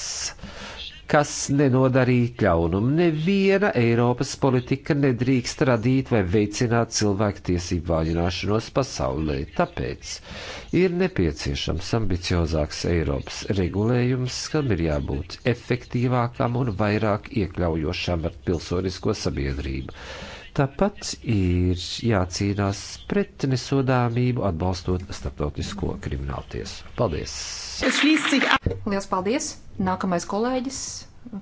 kas nenodarīja ļaunumu. Neviena Eiropas politika nedrīkst radīt vai veicināt cilvēku tiesību vājināšanos pasaulē. Tāpēc ir nepieciešams ambiciozāks Eiropas regulējums, kam ir jābūt efektīvākam un vairāk iekļaujošam ar pilsonisko sabiedrību. Tāpat ir jācīnās pret nesodāmību, atbalstot starptautisko kriminālu tiesu. Paldies! Lielas paldies! Nākamais kolēģis,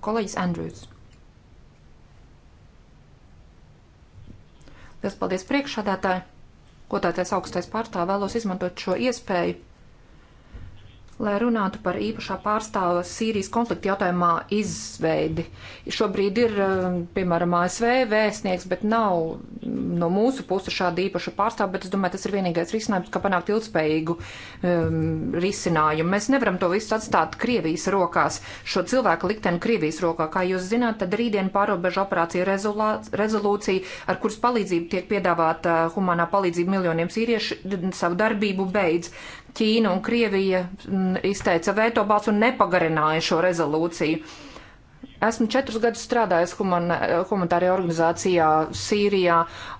kolēģis Andrews. Lielas paldies priekšādātāji! Ko tātais augstais pārstāv vēlos izmantot šo iespēju lai runātu par īpašā pārstāva Sīrijas konflikta jautājumā izveidi. Šobrīd ir, um, piemēram, ASV vēstnieks, bet nav no mūsu puses šāda īpaša pārstāva, bet es domāju, tas ir vienīgais risinājums, kā panākt ilgspējīgu um, risinājumu. Mēs nevaram to visu atstāt Krievijas rokās, šo cilvēku likteni Krievijas rokā. Kā jūs zināt, tad rītdien pārobežu operācija rezolūcija, ar kuras palīdzību tiek piedāvāta uh, humanā palīdzība miljoniem sīriešu, savu darbību beidz. Ķīna un Krievija mm, izteica veto balsu un nepagarināja šo rezolūciju. Esmu četrus gadus strādājis humanitārajā organizācijā Sīrijā,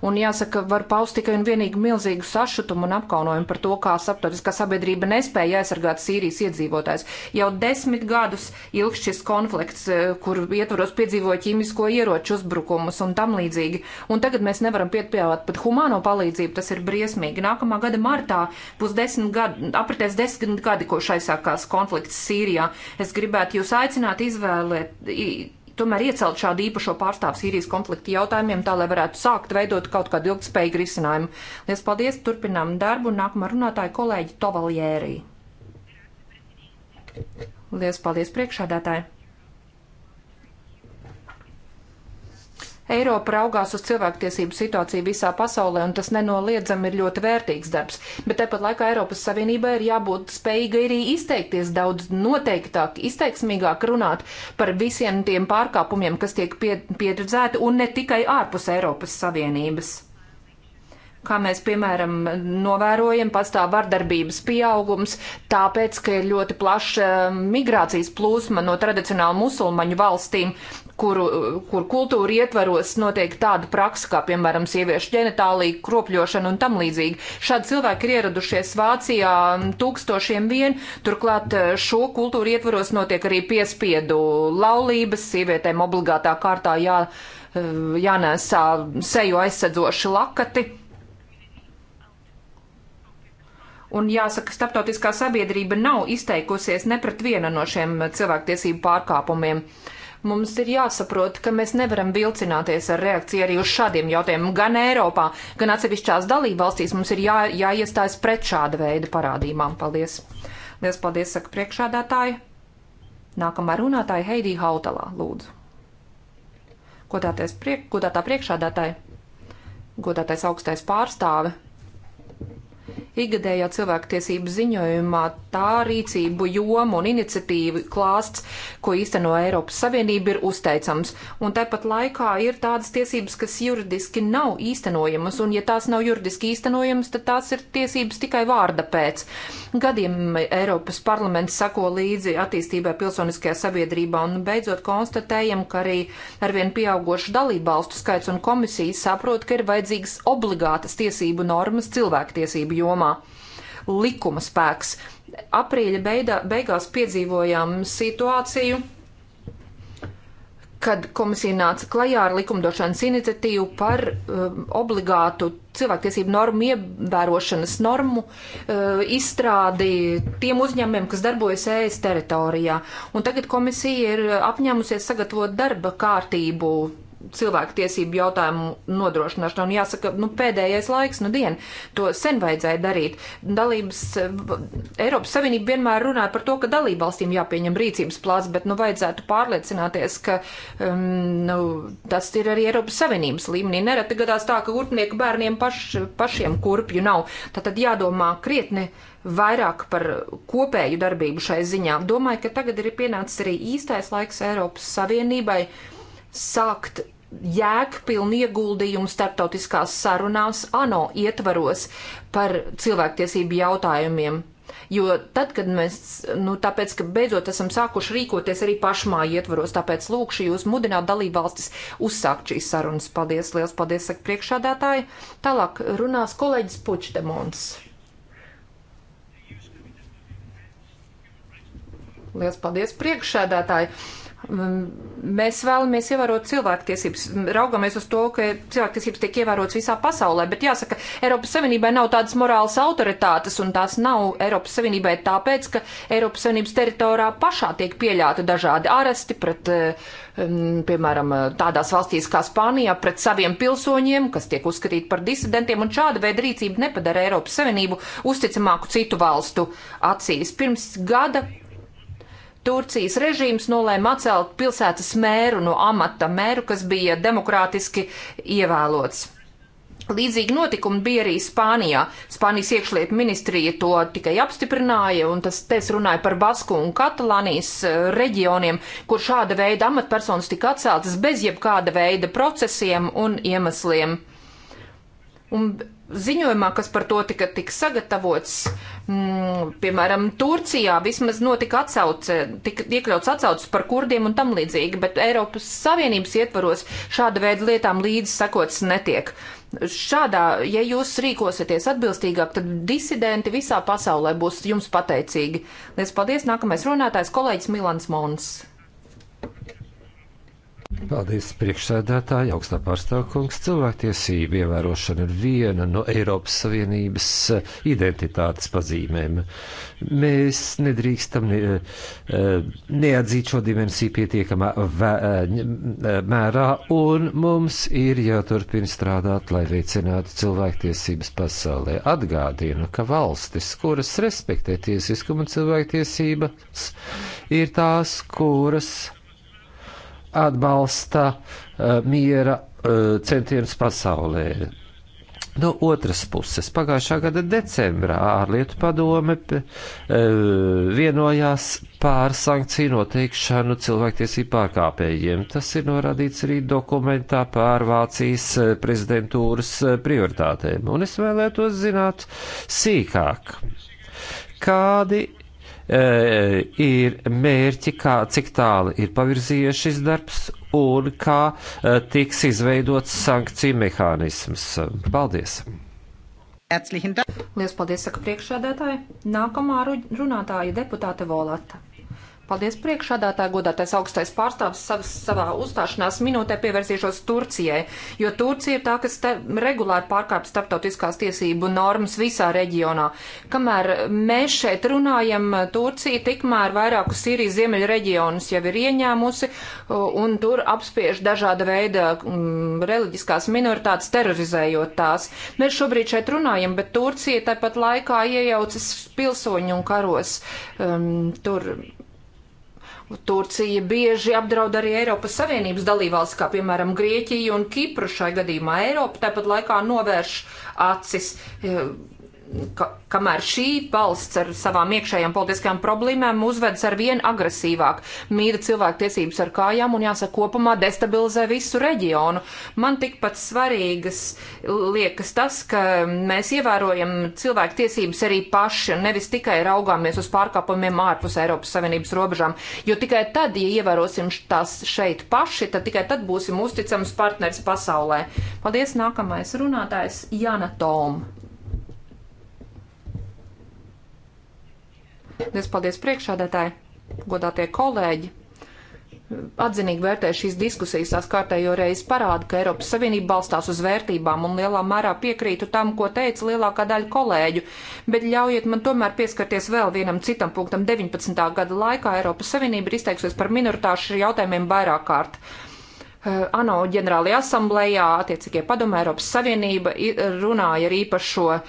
un jāsaka, var paust tikai un vienīgi milzīgu sašutumu un apkaunojumu par to, kā starptautiskā sabiedrība nespēja aizsargāt Sīrijas iedzīvotājs. Jau desmit gadus ilgs šis konflikts, eh, kur ietvaros piedzīvoja ķīmisko ieroču uzbrukumus un tam līdzīgi, un tagad mēs nevaram piedāvāt pat humāno palīdzību, tas ir briesmīgi. Nākamā gada martā būs desmit gadi, apritēs desmit gadi, koši aizsākās konflikts Sīrijā. Es gribētu jūs aicināt izvēlēt tomēr iecelt šādu īpašo pārstāvu Sīrijas konflikta jautājumiem, tā lai varētu sākt veidot kaut kādu ilgspējīgu risinājumu. Lies paldies, turpinām darbu, nākamā runātāja kolēģi Tovaljērī. Lies paldies priekšādātāji. Eiropa raugās uz cilvēktiesību situāciju visā pasaulē, un tas nenoliedzami ir ļoti vērtīgs darbs. Bet tāpat laikā Eiropas Savienībai ir jābūt spējīgai arī izteikties daudz noteiktāk, izteiksmīgāk runāt par visiem tiem pārkāpumiem, kas tiek pie, pieredzēti, un ne tikai ārpus Eiropas Savienības kā mēs, piemēram, novērojam, pastāv vardarbības pieaugums, tāpēc, ka ir ļoti plaša um, migrācijas plūsma no tradicionāli musulmaņu valstīm kuru, kur kultūra ietveros notiek tāda praksa, kā piemēram sieviešu ģenitālija, kropļošana un tam līdzīgi. Šādi cilvēki ir ieradušies Vācijā mm, tūkstošiem vien, turklāt eh, šo kultūru ietveros notiek arī piespiedu laulības, sievietēm obligātā kārtā jā, eh, jānēsā seju aizsadzoši lakati. Un jāsaka, starptautiskā sabiedrība nav izteikusies ne pret vienu no šiem cilvēktiesību pārkāpumiem. Uh, Mums ir jāsaprot, ka mēs nevaram vilcināties ar reakciju arī uz šādiem jautājumiem. Gan Eiropā, gan atsevišķās dalībvalstīs mums ir jā, jāiestājas pret šāda veida parādībām. Paldies! Lielas paldies, saka priekšādātāji! Nākamā runātāja Heidī Hautalā, lūdzu. Godātais priek, godātā priekšādātāja, godātais augstais pārstāve, Igadējā cilvēktiesību ziņojumā tā rīcību joma un iniciatīva klāsts, ko īsteno Eiropas Savienība, ir uzteicams. Un tāpat laikā ir tādas tiesības, kas juridiski nav īstenojamas, un ja tās nav juridiski īstenojamas, tad tās ir tiesības tikai vārda pēc. Gadiem Eiropas parlaments sako līdzi attīstībai pilsoniskajā sabiedrībā, un beidzot konstatējam, ka arī arvien pieaugošu dalībvalstu skaits un komisijas saprot, ka ir vajadzīgas obligātas tiesību normas cilvēktiesību tiesību jomā. Likuma spēks. Aprīļa beidā, beigās piedzīvojām situāciju, kad komisija nāca klajā ar likumdošanas iniciatīvu par um, obligātu cilvēktiesību normu ievērošanas normu uh, izstrādi tiem uzņēmumiem, kas darbojas ES teritorijā. Un tagad komisija ir apņēmusies sagatavot darba kārtību cilvēku tiesību jautājumu nodrošināšanu. Un jāsaka, nu, pēdējais laiks, nu, diena, to sen vajadzēja darīt. Dalības, Eiropas Savienība vienmēr runāja par to, ka dalību valstīm jāpieņem rīcības plāns, bet, nu, vajadzētu pārliecināties, ka, um, nu, tas ir arī Eiropas Savienības līmenī. Nereti gadās tā, ka kurpnieku bērniem paš, pašiem kurpju nav. Tātad jādomā krietni vairāk par kopēju darbību šai ziņā. Domāju, ka tagad ir pienācis arī īstais laiks Eiropas Savienībai sākt jēgpilnu ieguldījumu starptautiskās sarunās ANO ietvaros par cilvēktiesību jautājumiem. Jo tad, kad mēs, nu, tāpēc, ka beidzot esam sākuši rīkoties arī pašmāju ietvaros, tāpēc lūkšu jūs mudināt dalībvalstis uzsākt šīs sarunas. Paldies, liels paldies, saka priekšādātāji. Tālāk runās kolēģis Pučdemons. Liels paldies, priekšādātāji. Mm, mēs vēlamies ievērot cilvēktiesības, raugamies uz to, ka cilvēktiesības tiek ievērotas visā pasaulē, bet jāsaka, Eiropas Savienībai nav tādas morālas autoritātes, un tās nav Eiropas Savienībai tāpēc, ka Eiropas Savienības teritorijā pašā tiek pieļauti dažādi aresti pret, eh, mm, piemēram, tādās valstīs kā Spānijā, pret saviem pilsoņiem, kas tiek uzskatīti par disidentiem, un šāda veida rīcība nepadara Eiropas Savienību uzticamāku citu valstu acīs. Pirms gada Turcijas režīms nolēma atcelt pilsētas mēru no amata mēru, kas bija demokrātiski ievēlots. Līdzīgi notikumi bija arī Spānijā. Spānijas iekšlietu ministrija to tikai apstiprināja, un tas te es runāju par Basku un Katalānijas eh, reģioniem, kur šāda veida amatpersonas tika atceltas bez jebkāda veida procesiem un iemesliem. Un ziņojumā, kas par to tika tik sagatavots, mm, piemēram, Turcijā vismaz notika atsauce, tika iekļauts atsauces par kurdiem un tam līdzīgi, bet Eiropas Savienības ietvaros šāda veida lietām līdz sakots netiek. Šādā, ja jūs rīkosieties atbilstīgāk, tad disidenti visā pasaulē būs jums pateicīgi. Lies paldies, nākamais runātājs kolēģis Milans Mons. Paldies, priekšsēdētāji, augstā pārstāvkungs. Cilvēktiesība ievērošana ir viena no Eiropas Savienības identitātes pazīmēm. Mēs nedrīkstam ne, eh, neatzīt šo dimensiju pietiekamā eh, mērā, un mums ir jāturpina strādāt, lai veicinātu cilvēktiesības pasaulē. Atgādinu, ka valstis, kuras respektē tiesiskumu un cilvēktiesības, ir tās, kuras atbalsta eh, miera eh, centienus pasaulē. No otras puses, pagājušā gada decembrā ārlietu padome eh, vienojās pār sankciju noteikšanu cilvēktiesību pārkāpējiem. Tas ir norādīts arī dokumentā pār Vācijas prezidentūras prioritātēm. Un es vēlētos zināt sīkāk, kādi Eh, ir mērķi, kā, cik tālu ir pavirzījies šis darbs un kā eh, tiks izveidots sankciju mehānisms. Paldies! Lielas paldies, saka priekšsēdētāji. Nākamā runātāja deputāte Volata. Paldies priekšādātā godātais augstais pārstāvs savas, savā uzstāšanās minūtē pievērsīšos Turcijai, jo Turcija ir tā, kas te, regulāri pārkāpj starptautiskās tiesību normas visā reģionā. Kamēr mēs šeit runājam, Turcija tikmēr vairāku Sīrijas ziemeļu reģionus jau ir ieņēmusi un tur apspiež dažāda veida mm, reliģiskās minoritātes, terorizējot tās. Mēs šobrīd šeit runājam, bet Turcija tāpat laikā iejaucas pilsoņu un karos. Um, tur Turcija bieži apdraud arī Eiropas Savienības dalībvalsts, kā piemēram Grieķija un Kipru. Šai gadījumā Eiropa tāpat laikā novērš acis eh, ka, kamēr šī valsts ar savām iekšējām politiskajām problēmām uzvedas ar vien agresīvāk, mīda cilvēktiesības ar kājām un jāsaka kopumā destabilizē visu reģionu. Man tikpat svarīgas liekas tas, ka mēs ievērojam cilvēktiesības arī paši, nevis tikai raugāmies uz pārkāpumiem ārpus Eiropas Savienības robežām, jo tikai tad, ja ievērosim tās šeit paši, tad tikai tad būsim uzticams partners pasaulē. Paldies, nākamais runātājs Jana Toma. Lies paldies priekšādētāji, godātie kolēģi. Atzinīgi vērtēju šīs diskusijas, tās kārtējo reizi parāda, ka Eiropas Savienība balstās uz vērtībām un lielā mērā piekrītu tam, ko teica lielākā daļa kolēģu, bet ļaujiet man tomēr pieskarties vēl vienam citam punktam. 19. gada laikā Eiropas Savienība ir izteiksies par minoritāšu jautājumiem vairāk kārt. Uh, Eh, ANO ģenerālajā asamblējā, attiecīgie padomē Eiropas Savienība runāja ar īpašo eh,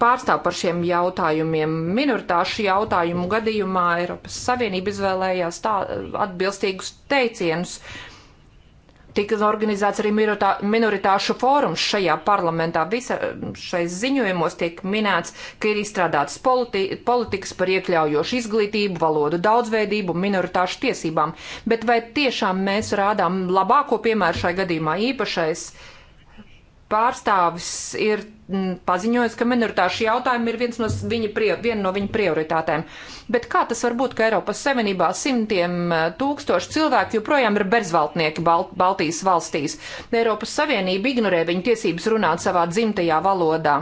pārstāvu par šiem jautājumiem. Minoritāšu jautājumu gadījumā Eiropas Savienība izvēlējās tā eh, atbilstīgus teicienus. Uh, Tika organizēts arī minoritāšu fórums šajā parlamentā. Visa šais ziņojumos tiek minēts, ka ir izstrādāts politi politikas par iekļaujošu izglītību, valodu daudzveidību, minoritāšu tiesībām. Bet vai tiešām mēs rādām labāko piemēru šai gadījumā īpašais? Pārstāvis ir Mm, paziņojis, ka minoritāšu jautājumi ir viens no viņa, prie, viena no viņa prioritātēm. Bet kā tas var būt, ka Eiropas Savienībā simtiem eh, tūkstoši cilvēku joprojām ir bezvaltnieki Balt Baltijas valstīs? Eiropas Savienība ignorē viņu tiesības runāt savā dzimtajā valodā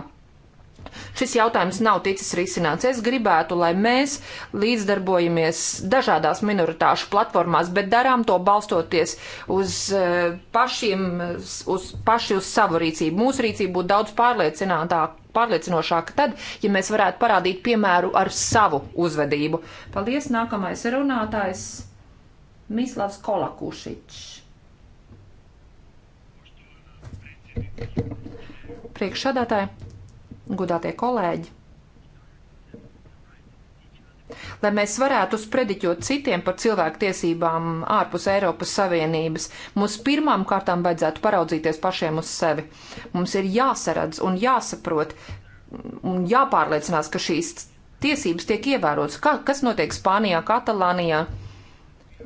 šis jautājums nav ticis risināts. Es gribētu, lai mēs līdzdarbojamies dažādās minoritāšu platformās, bet darām to balstoties uz eh, pašiem, uz paši uz savu rīcību. Mūsu rīcība būtu daudz pārliecinātāka pārliecinošāka tad, ja mēs varētu parādīt piemēru ar savu uzvedību. Paldies, nākamais runātājs Mislavs Kolakušičs. Priekšsādātāji godātie kolēģi. Lai mēs varētu sprediķot citiem par cilvēku tiesībām ārpus Eiropas Savienības, mums pirmām kārtām vajadzētu paraudzīties pašiem uz sevi. Mums ir jāsaredz un jāsaprot un jāpārliecinās, ka šīs tiesības tiek ievērotas. Kā, kas notiek Spānijā, Katalānijā?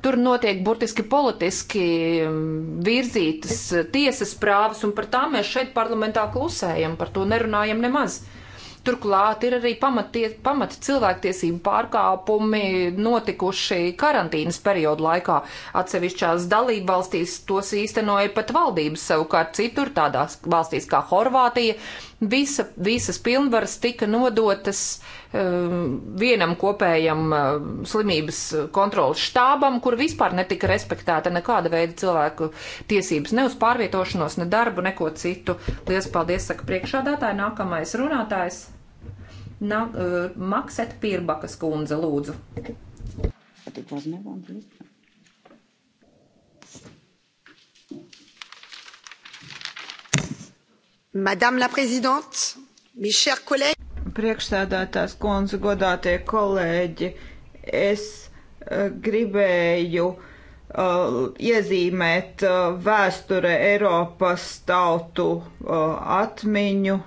Tur notiek burtiski politiski mm, virzītas tiesas prāvas, un par tām mēs šeit parlamentā klusējam, par to nerunājam nemaz. Turklāt ir arī pamata pamat cilvēktiesību pārkāpumi notikuši karantīnas periodu laikā. Atsevišķās dalība valstīs tos īstenoja pat valdības, savukārt citur tādās valstīs kā Horvātija Visa, visas pilnvaras tika nodotas um, vienam kopējam um, slimības kontrolas štābam, kur vispār netika respektēta nekāda veida cilvēku tiesības ne uz pārvietošanos, ne darbu, neko citu. Lielas paldies, saka priekšādātāji, nākamais runātājs. Na, uh, Maksēt Pirbakas kundze, lūdzu. Patīk, Madame la Présidente, mes chers collègues. Priekšsēdētājs kundze, godātie kolēģi, es uh, gribēju uh, iezīmēt uh, vēsture Eiropas tautu atmiņu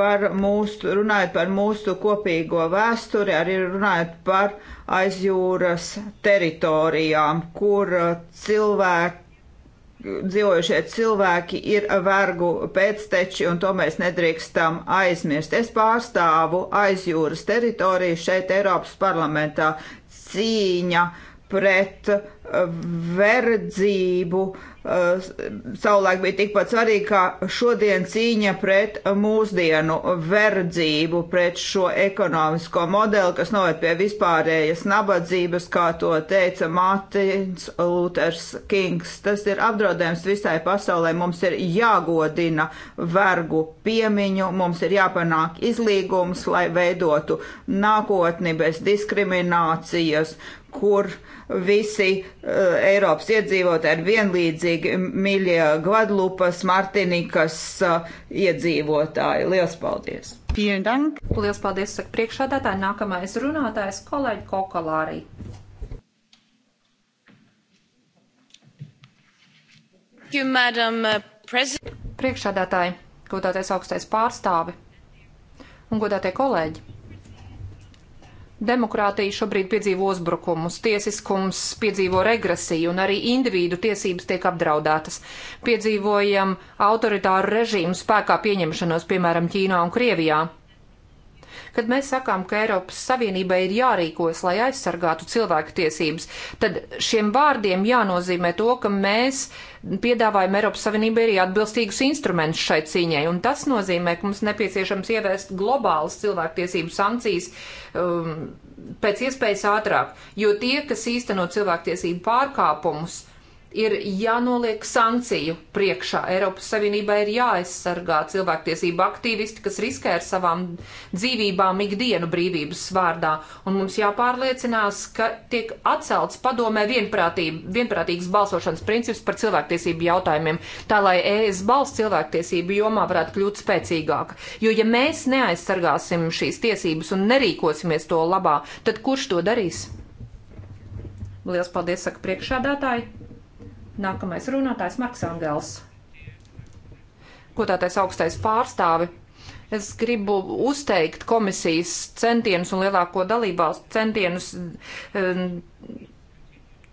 par mūsu, runājot par mūsu kopīgo vēsturi, arī runājot par aizjūras teritorijām, kur cilvēki dzīvojušie cilvēki ir vergu pēcteči, un to mēs nedrīkstam aizmirst. Es pārstāvu aizjūras teritoriju šeit Eiropas parlamentā cīņa pret verdzību eh, savulaik bija tikpat svarīga kā šodien cīņa pret mūsdienu verdzību, pret šo ekonomisko modeli, kas noved pie vispārējas nabadzības, kā to teica Mārtiņš Luters Kings. Tas ir apdraudējums visai pasaulē. Mums ir jāgodina vergu piemiņu, mums ir jāpanāk izlīgums, lai veidotu nākotni bez diskriminācijas, kur uh, visi uh, Eiropas iedzīvotāji ir vienlīdzīgi miļie Gvadlupas, Martinikas uh, iedzīvotāji. Lielas paldies! Lielas paldies, saka priekšādātāji. Nākamais runātājs kolēģi Kokalārī. Uh, priekšādātāji, godātais augstais pārstāvi un godātie kolēģi. Demokrātija šobrīd piedzīvo uzbrukumus, tiesiskums piedzīvo regresiju un arī individu tiesības tiek apdraudētas. Piedzīvojam autoritāru režīmu spēkā pieņemšanos, piemēram, Ķīnā un Krievijā. Kad mēs sakām, ka Eiropas Savienībai ir jārīkojas, lai aizsargātu cilvēku tiesības, tad šiem vārdiem jānozīmē to, ka mēs piedāvājam Eiropas Savienībai arī atbilstīgus instrumentus šai cīņai, un tas nozīmē, ka mums nepieciešams ieviest globālas cilvēktiesību sankcijas. Um, pēc iespējas ātrāk, jo tie, kas īsteno cilvēktiesību pārkāpumus, uh, ir jānoliek sankciju priekšā. Eiropas Savienībai ir jāaizsargā cilvēktiesību aktīvisti, kas riskē ar savām dzīvībām ikdienu brīvības vārdā, un mums jāpārliecinās, ka tiek atcelts padomē vienprātīgs balsošanas princips par cilvēktiesību jautājumiem, tā lai ES balss cilvēktiesību jomā varētu kļūt spēcīgāka. Jo ja mēs neaizsargāsim šīs tiesības un nerīkosimies to labā, tad kurš to darīs? Lielas paldies, saka priekšādātāji! Nākamais runātājs Marks Angels. Ko tātais augstais pārstāvi? Es gribu uzteikt komisijas centienus un lielāko dalībvalstu centienus um,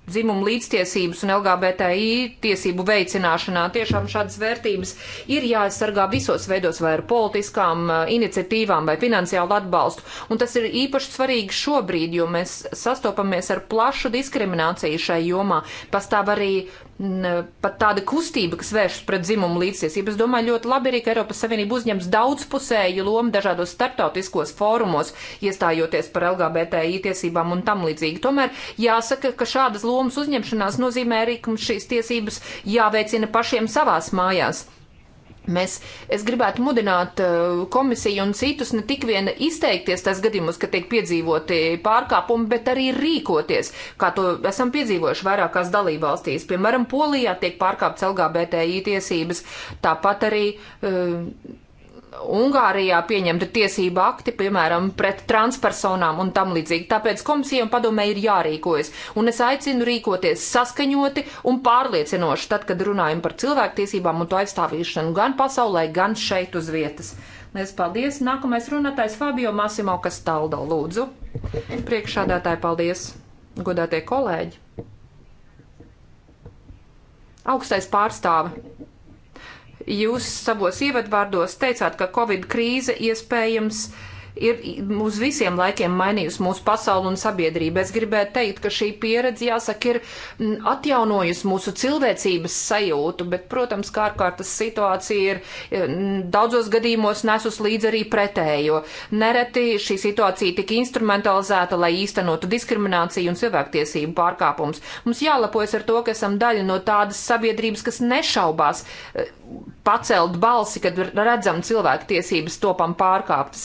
dzimumu līdztiesības un LGBTI tiesību veicināšanā. Tiešām šādas vērtības ir jāaizsargā visos veidos, vai ar politiskām eh, iniciatīvām, vai finansiālu atbalstu. Un tas ir īpaši svarīgi šobrīd, jo mēs sastopamies ar plašu diskrimināciju šai jomā. Pastāv arī pat tāda kustība, kas vēršas pret dzimumu līdztiesību. Es domāju, ļoti labi arī, ka Eiropas Savienība uzņems daudzpusēju lomu dažādos starptautiskos fórumos, iestājoties par LGBTI tiesībām un tam līdzīgi. Tomēr jāsaka, ka šādas lomas uzņemšanās nozīmē arī, ka mums šīs tiesības jāveicina pašiem savās mājās. Mēs, es gribētu mudināt uh, komisiju un citus ne tik vien izteikties tās gadījumus, ka tiek piedzīvoti pārkāpumi, bet arī rīkoties, kā to esam piedzīvojuši vairākās dalībvalstīs. Piemēram, Polijā tiek pārkāpts LGBTI tiesības, tāpat arī. Uh, Ungārijā pieņemti tiesība akti, piemēram, pret transpersonām un tam līdzīgi. Tāpēc komisija un padomē ir jārīkojas. Un es aicinu rīkoties saskaņoti un pārliecinoši, tad, kad runājam par cilvēktiesībām un to aizstāvīšanu gan pasaulē, gan šeit uz vietas. Lies paldies. Nākamais runātājs Fabio Masimo Kastaldo, lūdzu. Priekšādātāji, paldies. Godātie kolēģi. Augstais pārstāve Jūs savos ievadvārdos teicāt, ka Covid krīze iespējams ir uz visiem laikiem mainījusi mūsu pasauli un sabiedrību. Es gribēju teikt, ka šī pieredze, jāsaka, ir mm, atjaunojusi mūsu cilvēcības sajūtu, bet, protams, kā ārkārtas situācija ir mm, daudzos gadījumos nesus līdz arī pretējo. Nereti šī situācija tika instrumentalizēta, lai īstenotu diskrimināciju un cilvēktiesību pārkāpums. Mums jālapojas ar to, ka esam daļa no tādas sabiedrības, kas nešaubās eh, pacelt balsi, kad redzam cilvēku tiesības topam pārkāptas.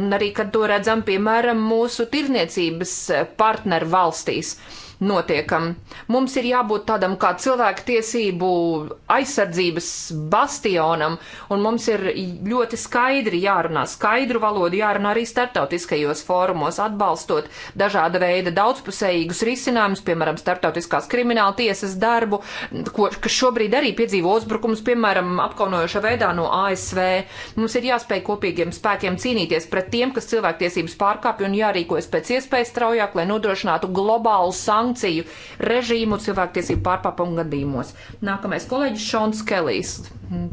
Un arī, kad to redzam, piemēram, mūsu tirniecības partneru valstīs. Uh, notiekam. Mums ir jābūt tādam kā cilvēku tiesību aizsardzības bastionam, un mums ir ļoti skaidri jārunā, skaidru valodu jārunā arī starptautiskajos fórumos, atbalstot dažāda veida daudzpusējīgus risinājumus, piemēram, starptautiskās krimināla tiesas darbu, ko, kas šobrīd arī piedzīvo uzbrukums, piemēram, apkaunojošā veidā no ASV. Mums ir jāspēj kopīgiem spēkiem cīnīties pret tiem, kas cilvēktiesības pārkāpj un jārīkojas pēc iespējas straujāk, lai nodrošinātu globālu sankciju sankciju režīmu cilvēktiesību pārpāpumu gadījumos. Nākamais kolēģis Šons Kelijs.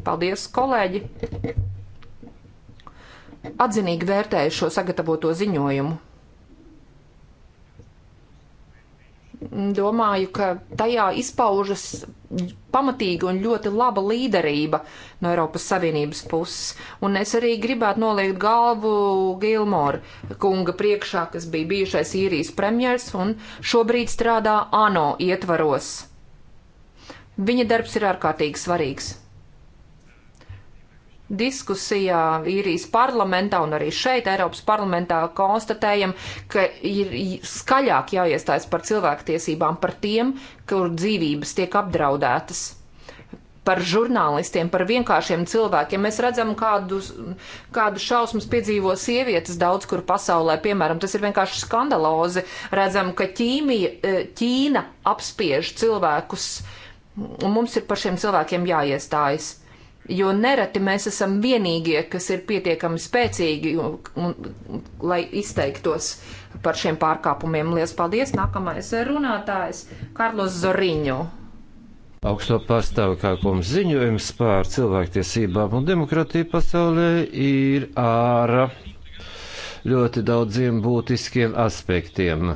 Paldies, kolēģi! Atzinīgi vērtēju šo sagatavoto ziņojumu. domāju, ka tajā izpaužas pamatīga un ļoti laba līderība no Eiropas Savienības puses. Un es arī gribētu noliegt galvu Gilmora kunga priekšā, kas bija bijušais īrijas premjers un šobrīd strādā ANO ietvaros. Viņa darbs ir ārkārtīgi svarīgs diskusijā īrijas parlamentā un arī šeit Eiropas parlamentā konstatējam, ka ir skaļāk jāiestājas par cilvēktiesībām, par tiem, kur dzīvības tiek apdraudētas. Par žurnālistiem, par vienkāršiem cilvēkiem. Mēs redzam, kādu, kādu šausmas piedzīvo sievietes daudz kur pasaulē. Piemēram, tas ir vienkārši skandalozi. Redzam, ka ķīmija, eh, Ķīna apspiež cilvēkus, un mums ir par šiem cilvēkiem jāiestājas jo nereti mēs esam vienīgie, kas ir pietiekami spēcīgi, un, un, lai izteiktos par šiem pārkāpumiem. Lielas paldies! Nākamais runātājs Karlos Zoriņu. Augsto pārstāvu kā kungs ziņojums pār cilvēktiesībām un demokratiju pasaulē ir ārā ļoti daudziem būtiskiem aspektiem.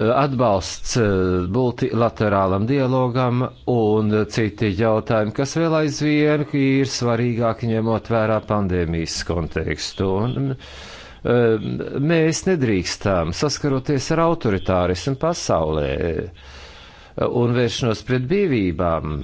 Eh, atbalsts eh, multilaterālam dialogam un citi jautājumi, kas vēl aizvien ir svarīgāki ņemot vērā pandēmijas kontekstu. Un, eh, mēs nedrīkstām saskaroties ar autoritārismu pasaulē un vēršanos pret brīvībām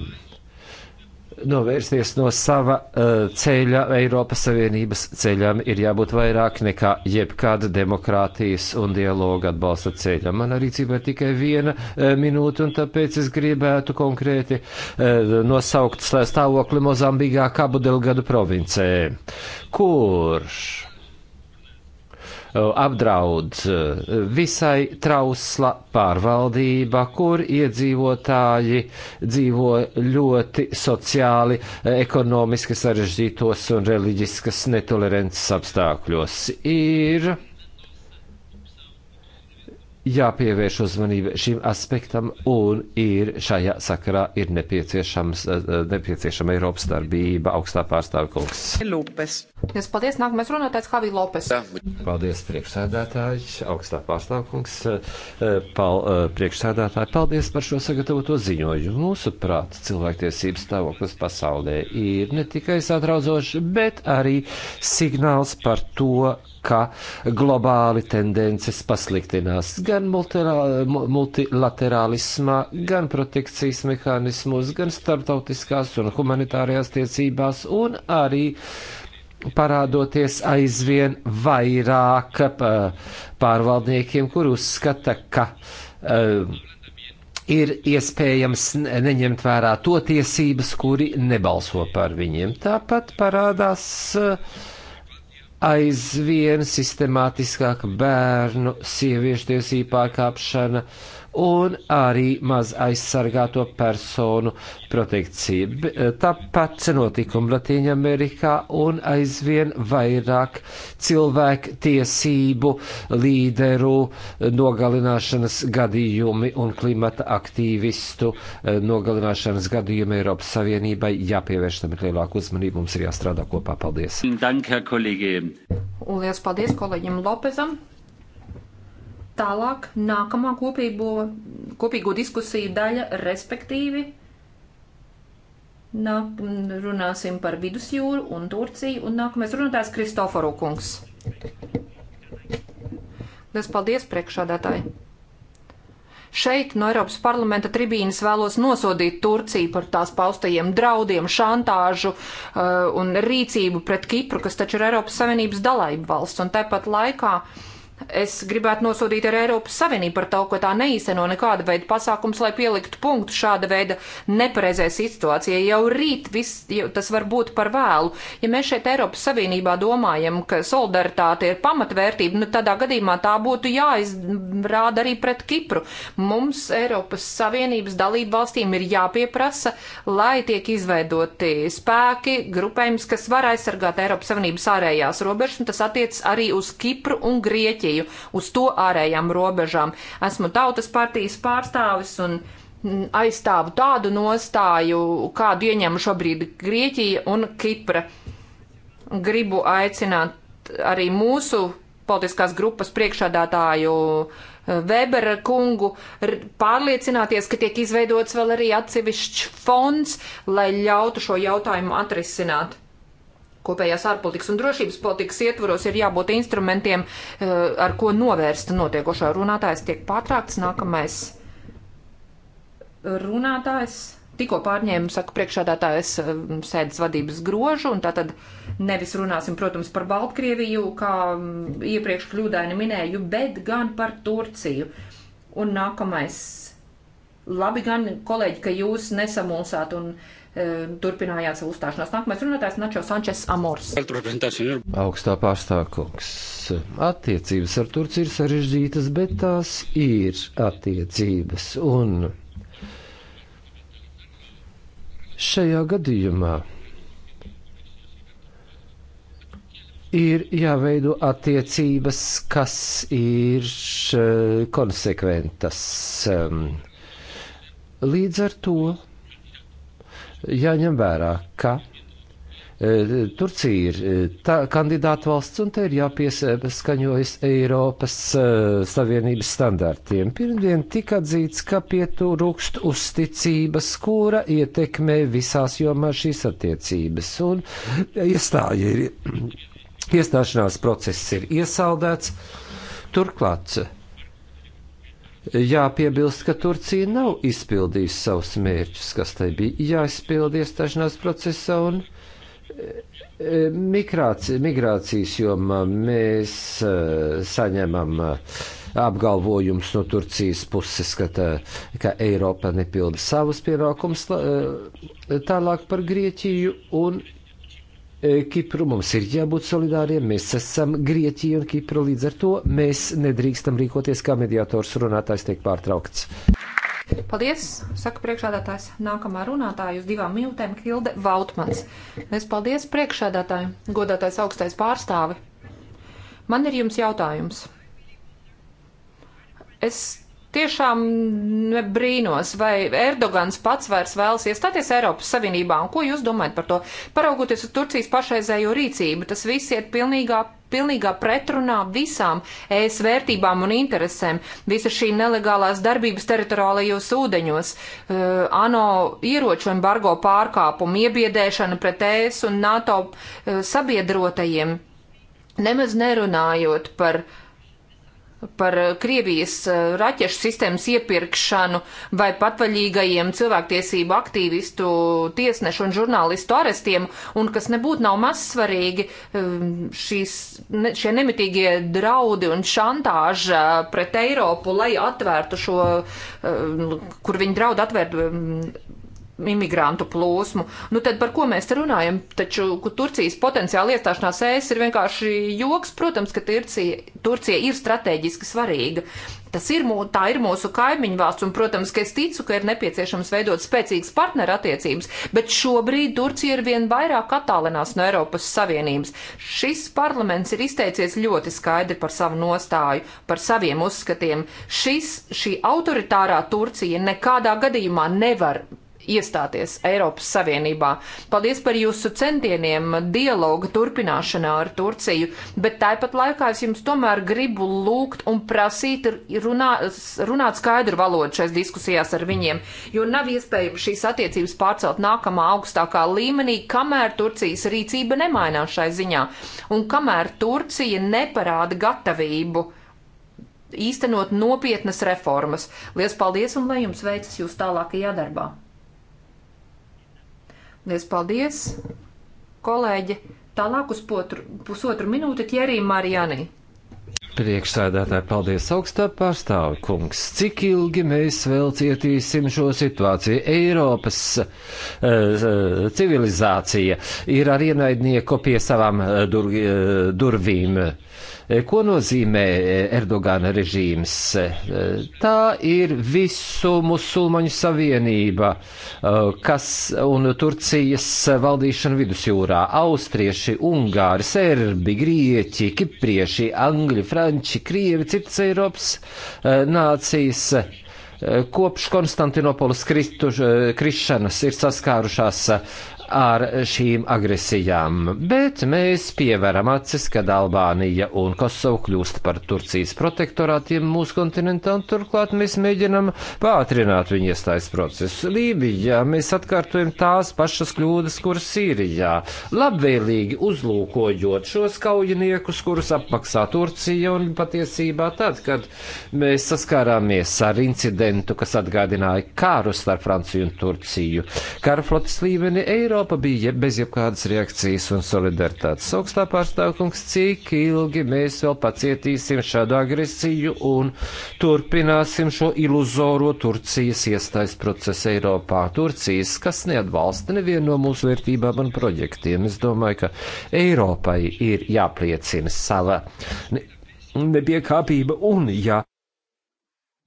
novērsties no sava uh, ceļa. Eiropas Savienības ceļam ir jābūt vairāk nekā jebkāda demokrātijas un dialoga atbalsta ceļa. Man arī cīmē tikai viena uh, minūte, un tāpēc es gribētu konkrēti uh, nosaukt stāvokli Mozambikā Kabudelgadu provincē, kurš apdraud visai trausla pārvaldība, kur iedzīvotāji dzīvo ļoti sociāli, ekonomiski sarežģītos un reliģiskas netolerances apstākļos. Ir jāpievērš uzmanība šim aspektam un ir šajā sakarā ir nepieciešams, eh, eh, nepieciešama Eiropas darbība augstā pārstāve kungs. Lūpes. Jūs paldies, nākamais runātājs Havī Lopes. Jā. Paldies, priekšsēdētājs, augstā pārstāve kungs, eh, pal, priekšsēdētāji, paldies par šo sagatavoto ziņojumu. Mūsuprāt, cilvēktiesības stāvoklis pasaulē ir ne tikai satraucošs, bet arī signāls par to, ka globāli tendences pasliktinās gan multilaterālismā, gan protekcijas mehānismos, gan starptautiskās un humanitārajās tiecībās un arī parādoties aizvien vairāk pārvaldniekiem, kur uzskata, ka uh, ir iespējams neņemt vērā to tiesības, kuri nebalso par viņiem. Tāpat parādās uh, aizvien sistemātiskāk bērnu sieviešu tiesību pārkāpšana uh, un arī maz aizsargāto personu protekciju. Eh, tāpat notikumi Latīņamerikā un aizvien vairāk cilvēku tiesību līderu eh, nogalināšanas gadījumi un klimata aktīvistu eh, nogalināšanas gadījumi Eiropas Savienībai jāpievērš tam ir lielāka uzmanība, mums ir jāstrādā kopā. Paldies! Dank, Herr Kollege! Un liels paldies kolēģim Lopezam! Tālāk nākamā kopīgo, kopīgo diskusiju daļa, respektīvi, nāk, runāsim par vidusjūru un Turciju, un nākamais runātājs Kristoforu kungs. Lies paldies priekšādātāji! Šeit no Eiropas parlamenta tribīnes vēlos nosodīt Turciju par tās paustajiem draudiem, šantāžu uh, un rīcību pret Kipru, kas taču ir Eiropas Savienības dalība valsts, un tāpat laikā uh, Es gribētu nosodīt ar Eiropas Savienību par to, ka tā neīsteno nekāda veida pasākums, lai pieliktu punktu šāda veida nepareizai situācijai. Jau rīt viss, jau tas var būt par vēlu. Ja mēs šeit Eiropas Savienībā domājam, ka solidaritāte ir pamatvērtība, nu tādā gadījumā tā būtu jāizrāda arī pret Kipru. Mums Eiropas Savienības dalību valstīm ir jāpieprasa, lai tiek izveidoti spēki, grupējums, kas var aizsargāt Eiropas Savienības ārējās robežas, un tas attiec arī uz Kipru un Grieķiju. Grieķiju uz to ārējām robežām. Esmu tautas partijas pārstāvis un aizstāvu tādu nostāju, kādu ieņem šobrīd Grieķija un Kipra. Gribu aicināt arī mūsu politiskās grupas priekšādātāju eh, Webera kungu pārliecināties, ka tiek izveidots vēl arī atsevišķs fonds, lai ļautu šo jautājumu atrisināt kopējās ārpolitikas un drošības politikas ietvaros ir jābūt instrumentiem, eh, ar ko novērst notiekošo. Runātājs tiek pārtraukts, nākamais runātājs tikko pārņēma, saka, priekšādātājs eh, sēdes vadības grožu, un tātad nevis runāsim, protams, par Baltkrieviju, kā mm, iepriekš kļūdaini minēju, bet gan par Turciju. Un nākamais. Labi gan, kolēģi, ka jūs nesamulsāt un uh, Ehm, turpinājāt savu uzstāšanos. Nākamais runātājs Načo Sančes Amors. Augstā pārstāvkungs. Attiecības ar Turciju ir sarežģītas, bet tās ir attiecības. Un šajā gadījumā ir jāveido attiecības, kas ir eh, konsekventas. Ehm, līdz ar to jāņem vērā, ka e, Turcija ir e, tā kandidāta valsts, un te ir jāpieskaņojas Eiropas e, Savienības standartiem. Pirmdien tika atzīts, ka pietrūkst uzticības, kura ietekmē visās jomās šīs attiecības, un iestāja ir, iestāšanās process ir iesaldēts. Turklāt Jāpiebilst, ka Turcija nav izpildījusi savus mērķus, kas tai bija jāizpild iestāšanās procesā un e, migrāci, migrācijas jomā mēs e, saņemam e, apgalvojums no Turcijas puses, ka, tā, ka Eiropa nepilda savus pienākumus tālāk par Grieķiju un E, Kipru, mums ir jābūt solidāriem, mēs esam Grieķija un Kipra, līdz ar to mēs nedrīkstam rīkoties kā mediātors, runātājs tiek pārtraukts. Paldies, saka priekšādātājs. Nākamā runātāja uz divām minūtēm Hilde Vautmans. Es paldies priekšādātājiem, godātais augstais pārstāvi. Man ir jums jautājums. Es tiešām brīnos, vai Erdogans pats vairs vēlas iestāties Eiropas Savienībā, un ko jūs domājat par to? Paraugoties uz Turcijas pašreizējo rīcību, tas viss iet pilnīgā pilnīgā pretrunā visām ES vērtībām un interesēm. Visa šī nelegālās darbības teritoriālajos ūdeņos, uh, ANO ieroču embargo pārkāpumu, iebiedēšana pret ES un NATO uh, sabiedrotajiem, nemaz nerunājot par uh, par eh, Krievijas eh, raķešu sistēmas iepirkšanu vai patvaļīgajiem cilvēktiesību aktīvistu, tiesnešu un žurnālistu arestiem, un kas nebūtu nav mazsvarīgi, ehm, šīs, ne, šie nemitīgie draudi un šantāža pret Eiropu, lai atvērtu šo, eh, kur viņi draud atvērt ehm, imigrantu plūsmu. Nu tad par ko mēs te runājam? Taču Turcijas potenciāli iestāšanās ēs ir vienkārši joks. Protams, ka Turcija, Turcija ir strateģiski svarīga. Tas ir, mū, tā ir mūsu kaimiņu valsts, un, protams, ka es ticu, ka ir nepieciešams veidot spēcīgas partnerattiecības, bet šobrīd Turcija ir vien vairāk attālinās no Eiropas Savienības. Šis parlaments ir izteicies ļoti skaidri par savu nostāju, par saviem uzskatiem. Šis, šī autoritārā Turcija nekādā gadījumā nevar iestāties Eiropas Savienībā. Paldies par jūsu centieniem dialoga turpināšanā ar Turciju, bet tāpat laikā es jums tomēr gribu lūgt un prasīt runā, runāt skaidru valodu šais diskusijās ar viņiem, jo nav iespējams šīs attiecības pārcelt nākamā augstākā līmenī, kamēr Turcijas rīcība nemainās šai ziņā un kamēr Turcija neparāda gatavību īstenot nopietnas reformas. Lielas paldies un lai jums veicas jūs tālākajā darbā! Lies paldies, kolēģi. Tālāk uz potru, pusotru minūti Tjerī Marijanī. Priekšsēdētāji, paldies augstā pārstāvi, kungs. Cik ilgi mēs vēl cietīsim šo situāciju? Eiropas uh, civilizācija ir ar ienaidnieku pie savām uh, dur, uh, eh, durvīm. Uh, Ko nozīmē e, Erdogana režīms? E, tā ir visu musulmaņu savienība, e, kas un Turcijas valdīšana vidusjūrā. Austrieši, Ungāri, Serbi, Grieķi, Kiprieši, Angļi, Franči, Krievi, citas Eiropas nācijas kopš Konstantinopolis kristu, krišanas ir saskārušās ar šīm agresijām, bet mēs pieveram acis, kad Albānija un Kosova kļūst par Turcijas protektorātiem mūsu kontinentā, un turklāt mēs mēģinam pātrināt viņu iestājas procesu. Lībijā mēs atkārtojam tās pašas kļūdas, kuras Sīrijā, labvēlīgi uzlūkojot šos kaujiniekus, kurus apmaksā Turcija, un patiesībā tad, kad mēs saskārāmies ar incidentu, kas atgādināja kāru starp Franciju un Turciju, karflotes līmeni Eiropā, Eiropa bija bez jebkādas reakcijas un solidaritātes. Augstā pārstāvkungs, cik ilgi mēs vēl pacietīsim šādu agresiju un turpināsim šo iluzoro Turcijas iestājas procesu Eiropā. Turcijas, kas neatbalsta nevienu no mūsu vērtībām un projektiem. Es domāju, ka Eiropai ir jāpliecina sava ne, nepiekāpība un ja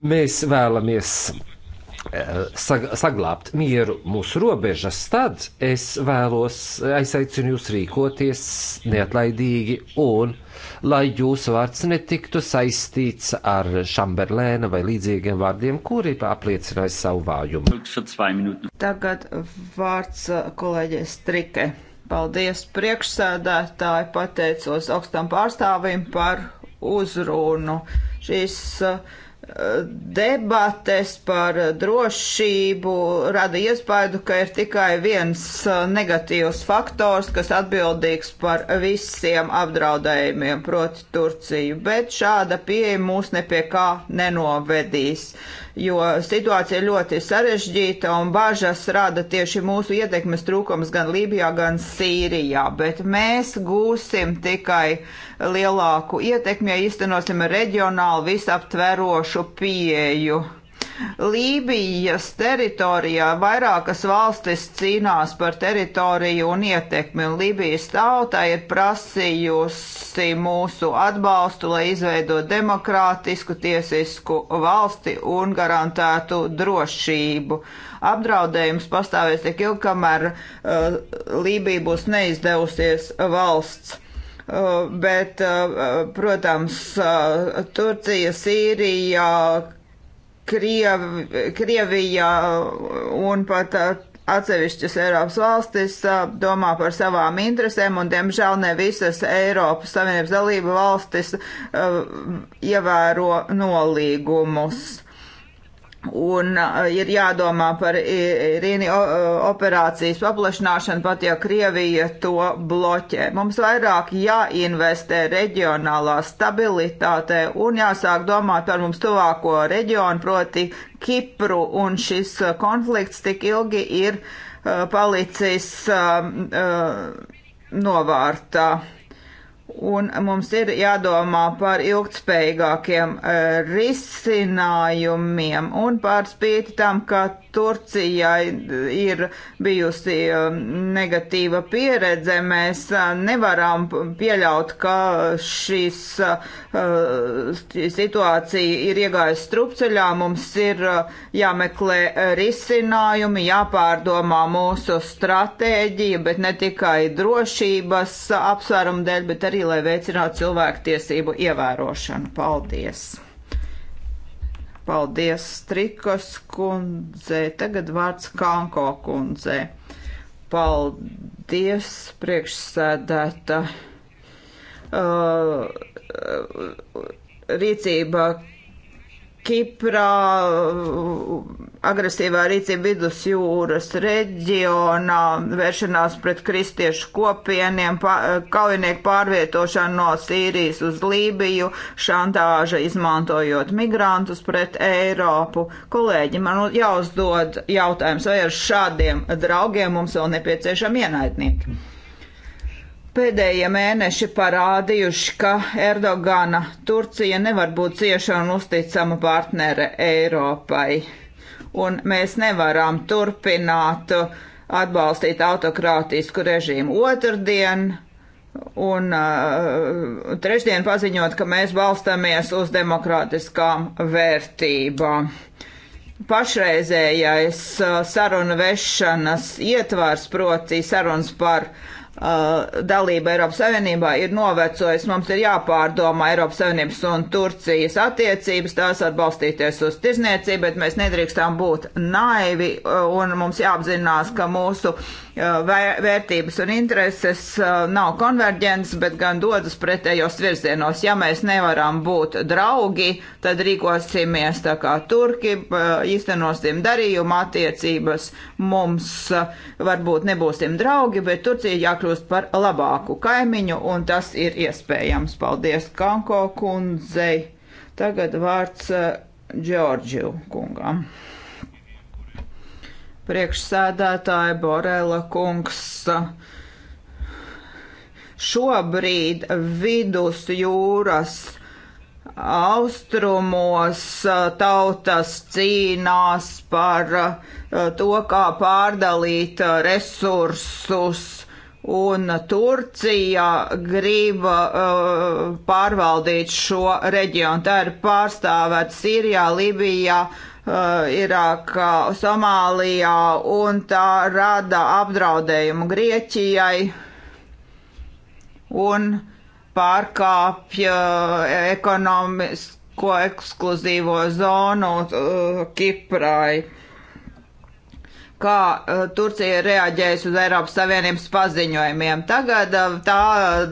mēs vēlamies Eh, saglabāt mieru mūsu robežas, tad es vēlos aizaicinu eh, jūs rīkoties neatlaidīgi un lai jūsu vārds netiktu saistīts ar Šamberlēna vai līdzīgiem vārdiem, kuri apliecināja savu vājumu. Tagad vārds eh, kolēģei Strike. Paldies priekšsēdētāji, pateicos augstam pārstāvim par uzrunu. Šis uh, debates par drošību rada iespaidu, ka ir tikai viens uh, negatīvs faktors, kas atbildīgs par visiem apdraudējumiem, proti Turciju, bet šāda pieeja mūs nepie kā nenovedīs. Uh, jo situācija ir ļoti sarežģīta un bažas rada tieši mūsu ietekmes trūkums gan Lībijā, gan Sīrijā. Bet mēs gūsim tikai lielāku ietekmi, ja īstenosim reģionāli visaptverošu pieeju. Lībijas teritorijā vairākas valstis cīnās par teritoriju un ietekmi, un Lībijas tauta ir prasījusi mūsu atbalstu, lai izveido demokrātisku tiesisku valsti un garantētu drošību. Apdraudējums pastāvēs tik ilgi, kamēr uh, Lībija būs neizdevusies valsts uh, bet, uh, uh, protams, Turcija, Sīrija, Krievi, Krievija un pat uh, atsevišķas Eiropas valstis uh, domā par savām interesēm, un diemžēl ne visas Eiropas Savienības dalība valstis uh, ievēro nolīgumus. Un uh, ir jādomā par Irīni uh, operācijas paplašināšanu, pat ja Krievija to bloķē. Mums vairāk jāinvestē reģionālā stabilitātē un jāsāk domāt par mums tuvāko reģionu, proti Kipru, un šis uh, konflikts tik ilgi ir uh, palicis uh, uh, novārtā. Un mums ir jādomā par ilgtspējīgākiem eh, risinājumiem un par spīti tam, ka Turcijai ir bijusi eh, negatīva pieredze, mēs eh, nevaram pieļaut, ka šis situācija ir iegājusi strupceļā. Mums ir jāmeklē risinājumi, jāpārdomā mūsu stratēģija, bet ne tikai drošības apsvērumu dēļ, bet arī mērķi, lai veicinātu cilvēku tiesību ievērošanu. Paldies! Paldies, Strikos kundzei. Tagad vārds Kanko kundzei. Paldies, priekšsēdētāji. Uh, rīcība, Kiprā agresīvā rīcība vidusjūras reģionā, vēršanās pret kristiešu kopieniem, pā, kaujinieku pārvietošana no Sīrijas uz Lībiju, šantāža izmantojot migrantus pret Eiropu. Kolēģi, man jāuzdod jautājums, vai ar šādiem draugiem mums vēl nepieciešami ienaidnieki? Pēdējie mēneši parādījuši, ka Erdogana Turcija nevar būt cieša un uzticama partnere Eiropai. Un mēs nevaram turpināt atbalstīt autokrātisku režīmu. Otrdien un uh, trešdien paziņot, ka mēs balstamies uz demokrātiskām vērtībām. Pašreizējais uh, sarunu vešanas ietvars, proti sarunas par uh, Uh, dalība Eiropas Savienībā ir novecojis, mums ir jāpārdomā Eiropas Savienības un Turcijas attiecības, tās atbalstīties uz tirzniecību, bet mēs nedrīkstām būt naivi uh, un mums jāapzinās, ka mūsu uh, vērtības un intereses nav konverģents, bet gan dodas pretējos virzienos. Ja mēs nevaram būt draugi, tad rīkosimies tā kā turki, īstenosim darījumu attiecības, mums varbūt nebūsim draugi, bet Turcija jākļūst kļūst par labāku kaimiņu, un tas ir iespējams. Paldies Kanko kundzei. Tagad vārds eh, Džordžiju kungam. Priekšsēdētāja Borela kungs. Šobrīd vidus jūras austrumos eh, tautas cīnās par eh, to, kā pārdalīt resursus un Turcija grib uh, pārvaldīt šo reģionu. Tā ir pārstāvēt Sīrijā, Libijā, uh, Irākā, Somālijā, un tā rada apdraudējumu Grieķijai un pārkāpja ekonomisko ekskluzīvo zonu uh, Kiprai kā uh, Turcija ir reaģējusi uz Eiropas Savienības paziņojumiem. Tagad uh, tā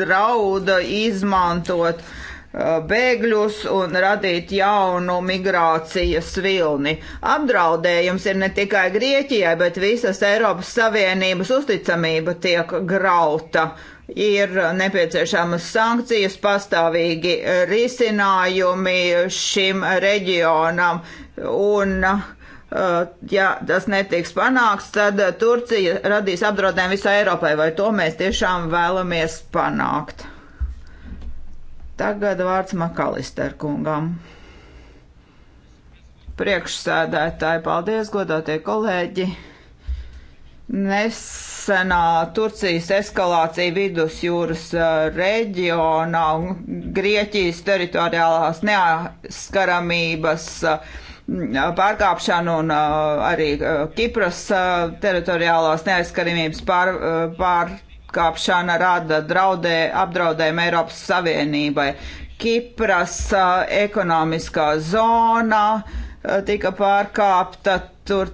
drauda izmantot uh, bēgļus un radīt jaunu migrācijas vilni. Apdraudējums ir ne tikai Grieķijai, bet visas Eiropas Savienības uzticamība tiek grauta. Ir nepieciešamas sankcijas, pastāvīgi risinājumi šim reģionam un uh, Uh, ja tas netiks panāks, tad uh, Turcija radīs apdraudējumu visai Eiropai, vai to mēs tiešām vēlamies panākt. Tagad vārds Makalister kungam. Priekšsēdētāji, paldies, godātie kolēģi! Nesenā Turcijas eskalācija vidusjūras uh, reģionā un Grieķijas teritoriālās neaizskaramības uh, Mm, pārkāpšanu un uh, arī uh, Kipras uh, teritoriālās neaizskarimības pār, pārkāpšana rada draudē, apdraudējumu Eiropas Savienībai. Kipras ekonomiskā zona tika pārkāpta, tur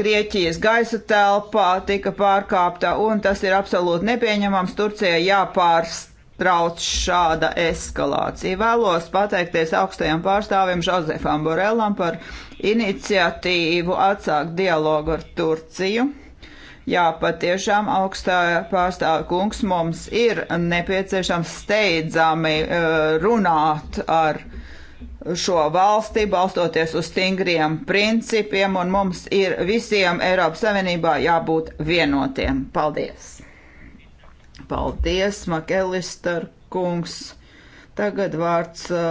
Grieķijas gaisa telpā tika pārkāpta, un tas ir absolūti nepieņemams. Turcijai jāpārs trauc šāda eskalācija. Vēlos pateikties augstajam pārstāvim Žozefam Borelam par iniciatīvu atsākt dialogu ar Turciju. Jā, patiešām augstā pārstāvja kungs mums ir nepieciešams steidzami eh, runāt ar šo valsti, balstoties uz stingriem principiem, un mums ir visiem Eiropas Savienībā jābūt vienotiem. Paldies! Paldies, Makelister kungs. Tagad vārds uh,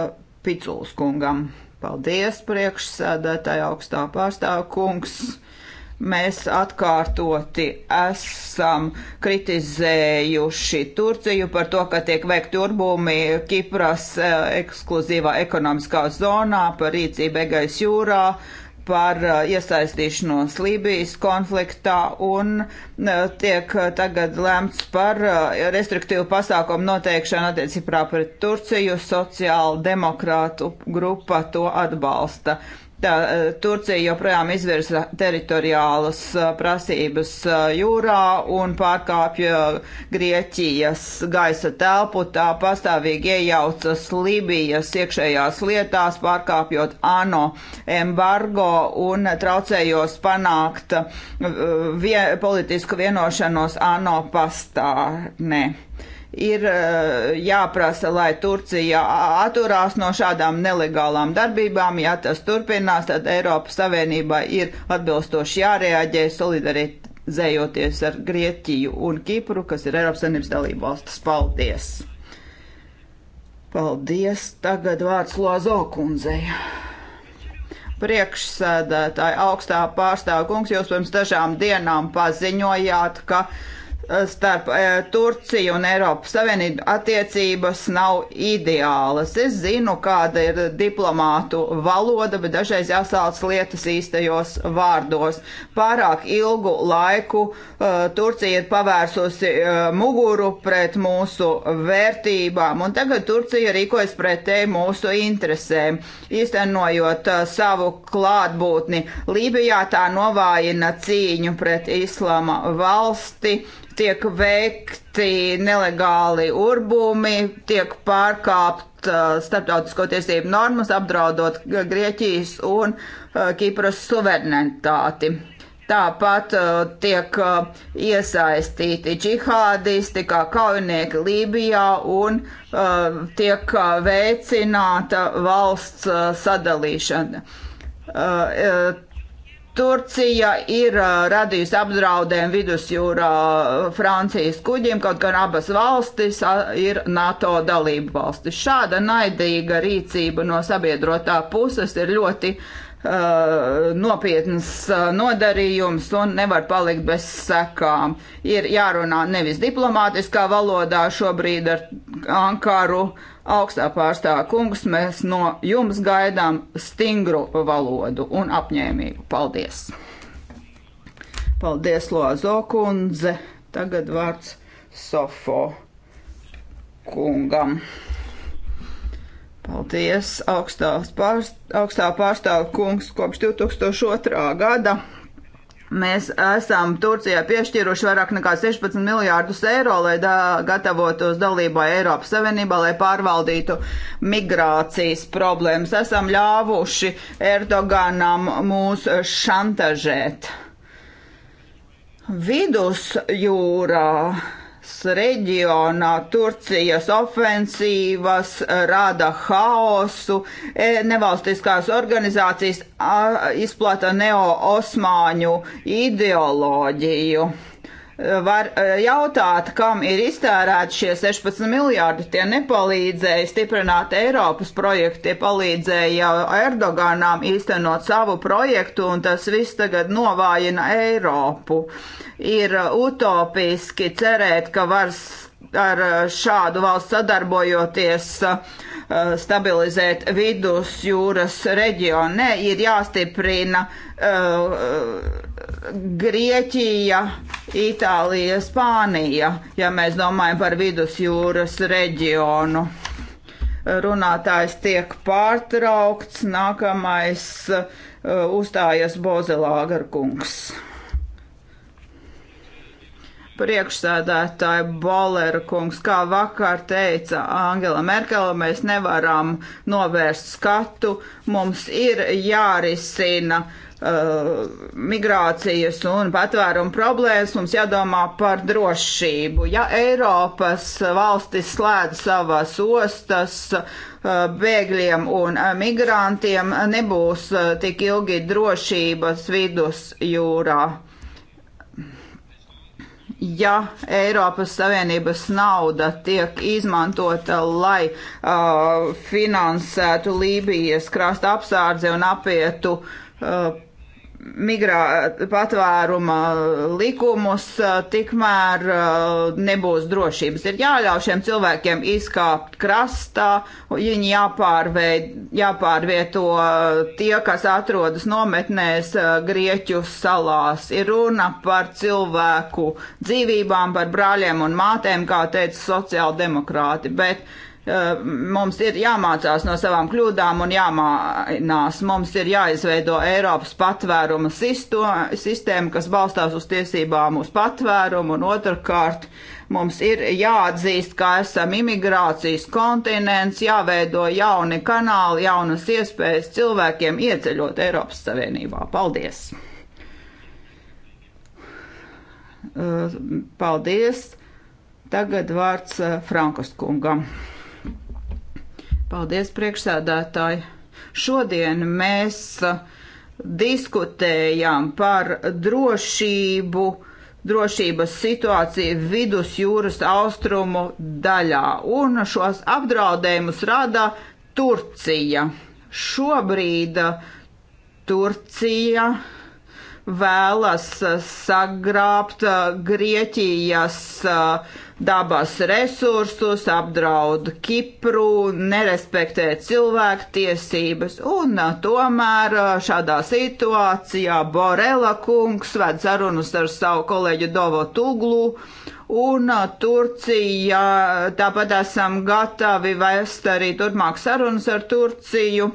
Piculs kungam. Paldies, priekšsēdētāja augstā pārstāv kungs. Mēs atkārtoti esam kritizējuši Turciju par to, ka tiek veikti urbumi Kipras uh, ekskluzīvā ekonomiskā zonā par rīcību Egejas jūrā, par uh, iesaistīšanos Lībijas konfliktā un uh, tiek uh, tagad lēmts par restriktīvu pasākumu noteikšanu attiecībā pret Turciju. Sociāla demokrātu grupa to atbalsta. Tā, e, Turcija joprojām izvirza teritoriālas e, prasības e, jūrā un pārkāpja Grieķijas gaisa telpu, tā pastāvīgi iejaucas Libijas iekšējās lietās, pārkāpjot ANO embargo un traucējos panākt vie politisku vienošanos ANO pastārnē. Ne ir eh, jāprasa, lai Turcija atturās no šādām nelegālām darbībām. Ja tas turpinās, tad Eiropas Savienībai ir atbilstoši jārēģē solidarizējoties ar Grieķiju un Kipru, kas ir Eiropas Savienības dalība valstis. Paldies! Paldies! Tagad vārds Lozo kundzei priekšsēdētāja augstā pārstāvja kungs, jūs pirms dažām dienām paziņojāt, ka uh, starp e, Turciju un Eiropas Savienību attiecības nav ideālas. Es zinu, kāda ir diplomātu valoda, bet dažreiz jāsauc lietas īstajos vārdos. Pārāk ilgu laiku e, Turcija ir pavērsusi e, muguru pret mūsu vērtībām, un tagad Turcija rīkojas pretēji mūsu interesēm. Īstenojot e, savu klātbūtni Lībijā, tā novājina cīņu pret islama valsti tiek veikti nelegāli urbumi, tiek pārkāpt uh, starptautisko tiesību normas, apdraudot Grieķijas un uh, Kipras suverenitāti. Tāpat uh, tiek uh, iesaistīti džihādisti, kā kaujinieki Lībijā, un uh, tiek uh, veicināta valsts uh, sadalīšana. Uh, uh, Turcija ir radījusi apdraudējumu vidusjūrā Francijas kuģiem, kaut gan abas valstis ir NATO dalību valstis. Šāda naidīga rīcība no sabiedrotā puses ir ļoti uh, Uh, nopietnas uh, nodarījums un nevar palikt bez sekām. Ir jārunā nevis diplomātiskā valodā šobrīd ar Ankaru augstā pārstāvā kungs, mēs no jums gaidām stingru valodu un apņēmīgu. Paldies! Paldies, Lozo kundze! Tagad vārds Sofo kungam. Paldies, augstās pārst, augstā pārstāva kungs, kopš 2002. gada. Mēs esam Turcijai piešķīruši vairāk nekā 16 miljārdus eiro, lai da, gatavotos dalībai Eiropas Savienībā, lai pārvaldītu migrācijas problēmas. Esam ļāvuši Erdoganam mūs šantažēt. Vidusjūrā reģionā Turcijas ofensīvas rada haosu, e, nevalstiskās organizācijas izplata neo-osmāņu ideoloģiju var e, jautāt, kam ir iztērēti šie 16 miljārdi. Tie nepalīdzēja stiprināt Eiropas projektu, tie palīdzēja Erdoganām īstenot savu projektu, un tas viss tagad novājina Eiropu. Ir e, utopiski cerēt, ka var ar e, šādu valstu sadarbojoties stabilizēt vidus jūras reģionu. Nē, ir jāstiprina uh, Grieķija, Itālija, Spānija, ja mēs domājam par vidusjūras reģionu. Runātājs tiek pārtraukts, nākamais uh, uzstājas Bozelāgarkungs. Priekšsēdētāja Bolera kungs, kā vakar teica Angela Merkele, mēs nevaram novērst skatu, mums ir jārisina uh, Uh, migrācijas un patvērumu problēmas, mums jādomā par drošību. Ja Eiropas valstis slēdz savas ostas uh, bēgļiem un uh, migrantiem, nebūs tik ilgi drošības vidus jūrā. Ja Eiropas Savienības nauda tiek izmantota, lai uh, finansētu Lībijas krasta apsārdzi un apietu uh, migrā, patvēruma likumus, eh, tikmēr eh, nebūs drošības. Ir jāļauj šiem cilvēkiem izkāpt krastā, viņi jāpārveid, jāpārvieto eh, tie, kas atrodas nometnēs Grieķu salās. Ir runa par cilvēku dzīvībām, par brāļiem un mātēm, kā teica sociāldemokrāti. Bet, uh, Eh, mums ir jāmācās no savām kļūdām un jāmānās. Mums ir jāizveido Eiropas patvēruma sistēma, kas balstās uz tiesībām uz patvērumu, un otrkārt mums ir jāatzīst, ka esam imigrācijas kontinents, jāveido jauni kanāli, jaunas iespējas cilvēkiem ieceļot Eiropas Savienībā. Paldies! Eh, paldies! Tagad vārds eh, Frankas kungam. Paldies, priekšsēdētāji! Šodien mēs uh, diskutējām par drošību, drošības situāciju vidusjūras austrumu daļā, un šos apdraudējumus rada Turcija. Šobrīd uh, Turcija vēlas uh, sagrābt Grieķijas uh, dabas resursus, apdraud Kipru, nerespektē cilvēktiesības, un uh, tomēr uh, šādā situācijā Borela kungs ved sarunas ar savu kolēģi Dovo Tuglu, un uh, Turcija, tāpat esam gatavi vest arī turpmāk sarunas ar Turciju,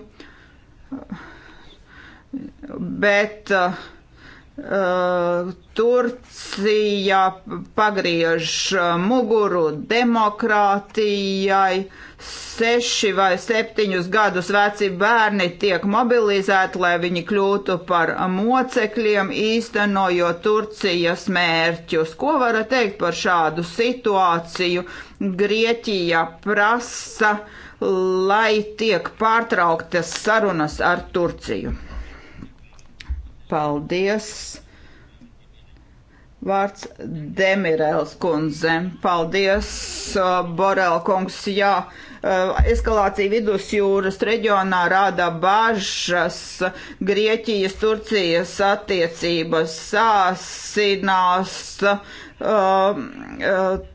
bet uh, Uh, Turcija pagriež uh, muguru demokrātijai, seši vai septiņus gadus veci bērni tiek mobilizēti, lai viņi kļūtu par mocekļiem, īstenojot Turcijas mērķus. Ko vara teikt par šādu situāciju? Grieķija prasa, lai tiek pārtrauktas sarunas ar Turciju. Paldies! Vārds Demirēls kundze. Paldies, uh, Borel kungs. Jā, uh, eskalācija vidusjūras reģionā rāda bažas. Grieķijas, Turcijas attiecības sāsinās. Uh, uh,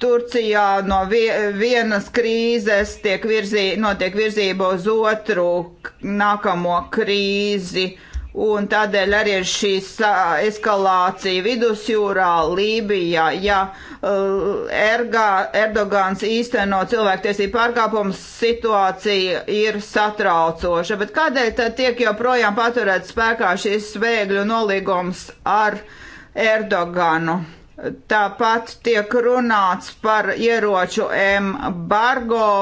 Turcijā no vie vienas krīzes tiek virzī, notiek virzība uz otru nākamo krīzi. Un tādēļ arī ir šī eskalācija vidusjūrā, Lībijā. Ja uh, Ergā, Erdogans īsteno cilvēktiesību pārkāpumus, situācija ir satraucoša. Bet kādēļ tad tiek joprojām paturēt spēkā šis svēgļu nolīgums ar Erdoganu? Tāpat tiek runāts par ieroču embargo,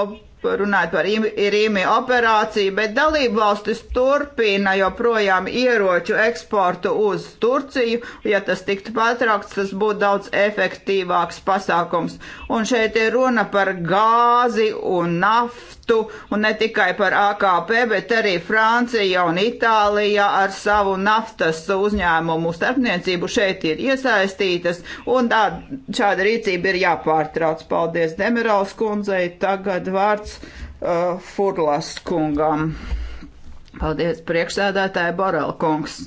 runājot par īrīmi operāciju, bet dalību valstis turpina joprojām ieroču eksportu uz Turciju. Ja tas tiktu pārtraukts, tas būtu daudz efektīvāks pasākums. Un šeit ir runa par gāzi un naftu, un ne tikai par AKP, bet arī Francija un Itālija ar savu naftas uzņēmumu starpniecību šeit ir iesaistītas, un tā, šāda rīcība ir jāpārtrauc. Paldies Demirals kundzei, tagad vārds vārds uh, Furlas kungam. Paldies, priekšsēdētāji Borel kungs.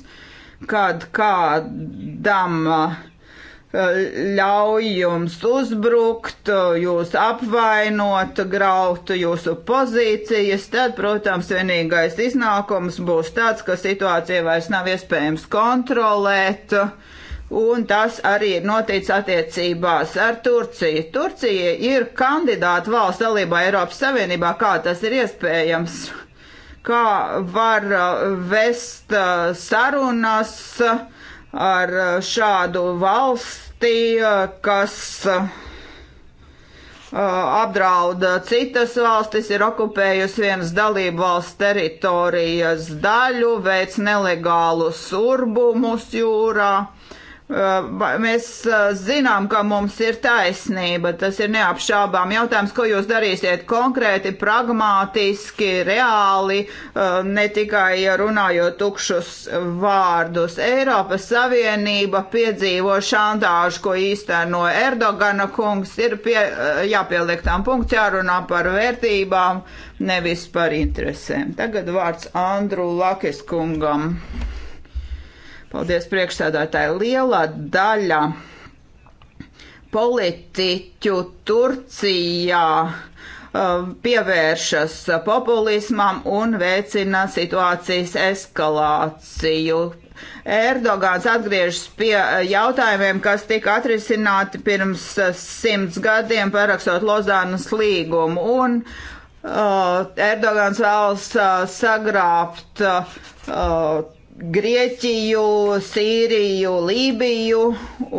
Kad kādam uh, ļauj jums uzbrukt, uh, jūs apvainot, grautu jūsu pozīcijas, tad, protams, vienīgais iznākums būs tāds, ka situācija vairs nav iespējams kontrolēt. Uh, Un tas arī ir noticis attiecībās ar Turciju. Turcija ir kandidāta valsts dalībā Eiropas Savienībā. Kā tas ir iespējams? Kā var uh, vest uh, sarunas uh, ar šādu valsti, kas apdrauda citas valstis, ir okupējusi vienas dalību valsts teritorijas daļu, veic nelegālus urbumus jūrā Mēs zinām, ka mums ir taisnība, tas ir neapšaubām jautājums, ko jūs darīsiet konkrēti, pragmātiski, reāli, ne tikai runājot tukšus vārdus. Eiropas Savienība piedzīvo šantāžu, ko īsteno Erdogana kungs, ir pie, jāpieliek tām punkts, jārunā par vērtībām, nevis par interesēm. Tagad vārds Andru Lakis kungam. Paldies priekšsēdētāji. Liela daļa politiķu Turcijā um, pievēršas populismam un veicina situācijas eskalāciju. Erdogāns atgriežas pie jautājumiem, kas tika atrisināti pirms simts gadiem, parakstot Lozānas līgumu. Un uh, Erdogāns vēlas uh, sagrābt uh, Grieķiju, Sīriju, Lībiju,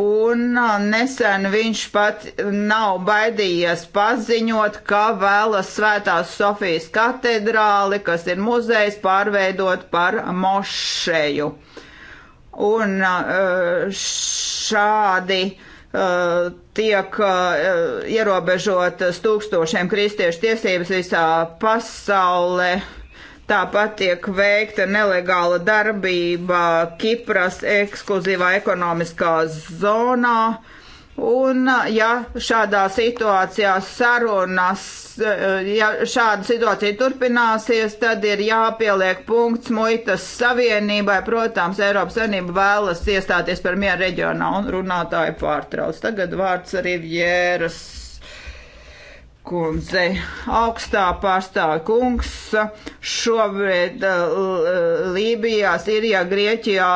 un nesen viņš pat nav baidījies paziņot, ka vēlas Svētās Sofijas katedrāli, kas ir muzejs, pārveidot par mošeju. Un šādi tiek ierobežotas tūkstošiem kristiešu tiesības visā pasaulē Tāpat tiek veikta nelegāla darbība Kipras ekskluzīvā ekonomiskā zonā. Un, ja šādā situācijā sarunas, ja šāda situācija turpināsies, tad ir jāpieliek punkts muitas savienībai. Protams, Eiropas Savienība vēlas iestāties par mieru reģionā un runātāju pārtrauc. Tagad vārds Rivjēras kundze, augstā pārstāvja kungs, šobrīd uh, Lībijā, Sīrijā, Grieķijā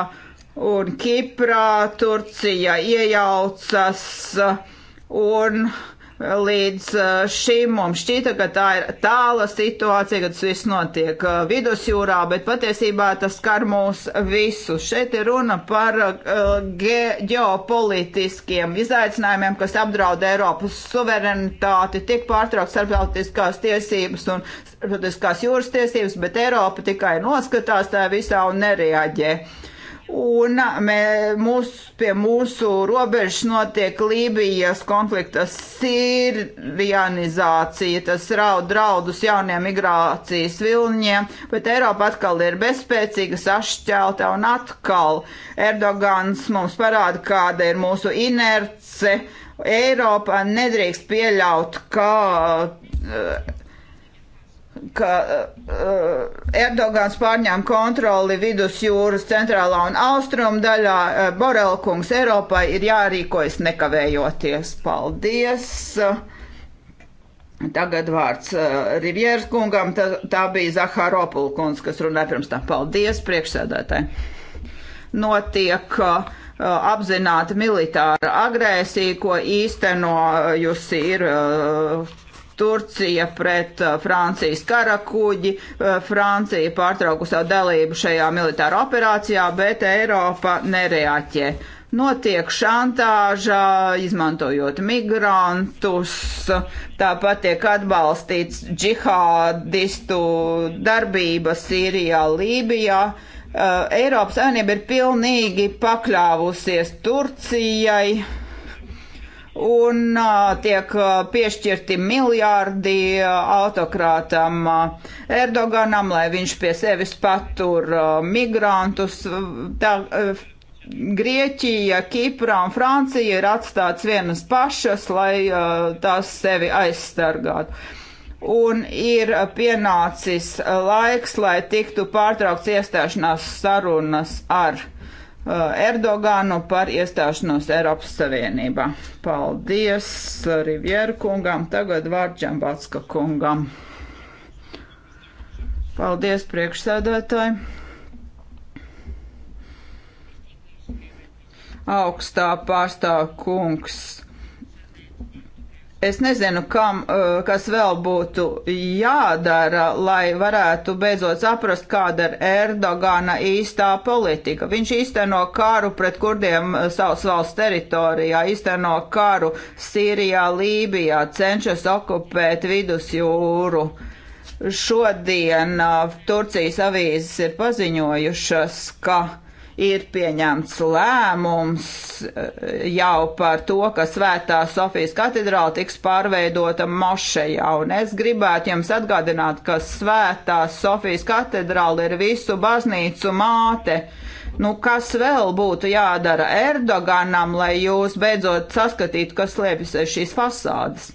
un Kiprā Turcija iejaucas un Līdz uh, šim mums šķita, ka tā ir tāla situācija, kad tas viss notiek uh, vidusjūrā, bet patiesībā tas skar mūs visus. Šeit ir runa par uh, ge ģeopolitiskiem izaicinājumiem, kas apdraud Eiropas suverenitāti, tiek pārtraukt starptautiskās tiesības un starptautiskās jūras tiesības, bet Eiropa tikai noskatās tā visā un nereaģē. Uh, Un mē, mūs, pie mūsu robežas notiek Lībijas konflikta sirvianizācija, tas raud draudus jauniem migrācijas vilņiem, bet Eiropa atkal ir bezspēcīga, sašķelta un atkal Erdogans mums parāda, kāda ir mūsu inerce. Eiropa nedrīkst pieļaut, ka. Uh, ka uh, Erdogans pārņēma kontroli vidusjūras centrālā un austrumu daļā. Uh, Borelkungs Eiropai ir jārīkojas nekavējoties. Paldies! Uh, Tagad vārds uh, Rivieras kungam, tā, tā bija Zahāropula kungs, kas runāja pirms tam. Paldies priekšsēdētāji! Notiek uh, apzināta militāra agresija, ko īstenojusi ir uh, Turcija pret uh, Francijas karakuģi, uh, Francija pārtrauku savu dalību šajā militāro operācijā, bet Eiropa nereaķē. Notiek šantāžā, izmantojot migrantus, tāpat tiek atbalstīts džihādistu darbība Sīrijā, Lībijā. Uh, Eiropas Savienība ir pilnīgi pakļāvusies Turcijai un tiek piešķirti miljārdi autokrātam Erdoganam, lai viņš pie sevis patur migrantus. Tā, Grieķija, Kipra un Francija ir atstāts vienas pašas, lai tās sevi aizstargātu. Un ir pienācis laiks, lai tiktu pārtraukts iestāšanās sarunas ar Grieķiju. Eh, Erdoganu par iestāšanos Eiropas Savienībā. Paldies Rivjeru kungam, tagad vārķam Batska kungam. Paldies priekšsēdētāji. Augstā pārstāv kungs Es nezinu, kam, eh, kas vēl būtu jādara, lai varētu beidzot saprast, kāda ir Erdogana īstā politika. Viņš īsteno kāru pret kurdiem eh, savas valsts teritorijā, īsteno kāru Sīrijā, Lībijā, cenšas okupēt vidusjūru. Šodien eh, Turcijas avīzes ir paziņojušas, ka ir pieņemts lēmums eh, jau par to, ka Svētā Sofijas katedrāla tiks pārveidota mošejā. Un es gribētu jums atgādināt, ka Svētā Sofijas katedrāla ir visu baznīcu māte. Nu, kas vēl būtu jādara Erdoganam, lai jūs beidzot saskatītu, kas liepjas aiz šīs fasādes?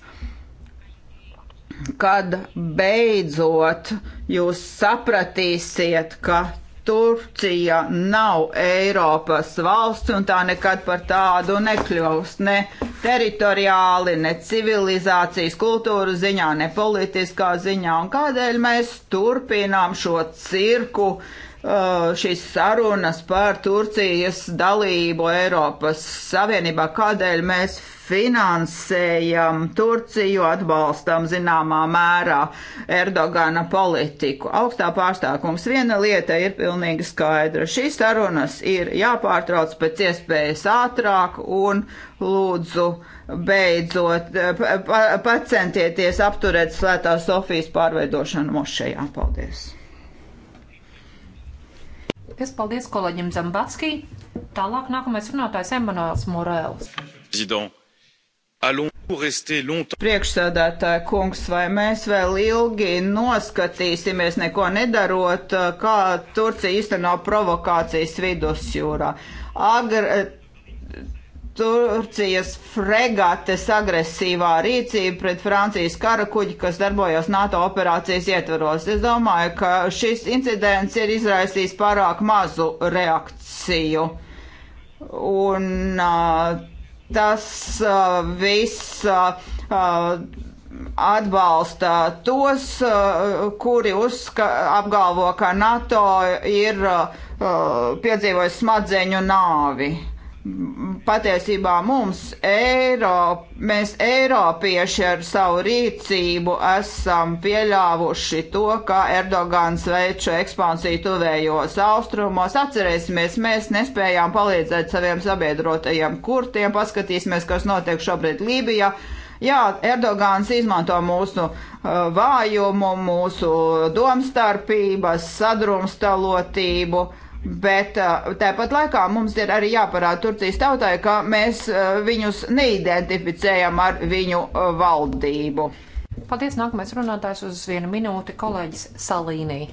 Kad beidzot jūs sapratīsiet, ka Turcija nav Eiropas valsts un tā nekad par tādu nekļūs ne teritoriāli, ne civilizācijas kultūras ziņā, ne politiskā ziņā. Un kādēļ mēs turpinām šo cirku uh, Uh, šīs sarunas par Turcijas dalību Eiropas Savienībā, kādēļ mēs finansējam Turciju, atbalstam zināmā mērā Erdogana politiku. Augstā pārstāvkums viena lieta ir pilnīgi skaidra. Šīs sarunas ir jāpārtrauc pēc iespējas ātrāk un lūdzu beidzot pacentieties apturēt Svētā Sofijas pārveidošanu mošajā. Paldies! Lies paldies kolēģim Zambatskī. Tālāk nākamais runātājs Emanuels Morēls. Priekšsēdētāja kungs, vai mēs vēl ilgi noskatīsimies, neko nedarot, kā Turcija īsteno provokācijas vidusjūrā? Agr Turcijas fregates agresīvā rīcība pret Francijas karakuģi, kas darbojās NATO operācijas ietvaros. Es domāju, ka šis incidents ir izraisījis pārāk mazu reakciju. Un uh, tas uh, viss uh, atbalsta tos, kuri uzska, apgalvo, ka NATO ir piedzīvojis smadzeņu nāvi patiesībā mums Eiro, mēs Eiropieši ar savu rīcību esam pieļāvuši to, ka Erdogans veic šo ekspansiju tuvējos austrumos. Atcerēsimies, mēs nespējām palīdzēt saviem sabiedrotajiem kurtiem, paskatīsimies, kas notiek šobrīd Lībijā. Jā, Erdogans izmanto mūsu uh, vājumu, mūsu domstarpības, sadrumstalotību. Uh, Bet uh, tāpat laikā mums ir arī jāparāda Turcijas tautai, ka mēs uh, viņus neidentificējam ar viņu uh, valdību. Paldies, nākamais runātājs uz vienu minūti, kolēģis Salīnī.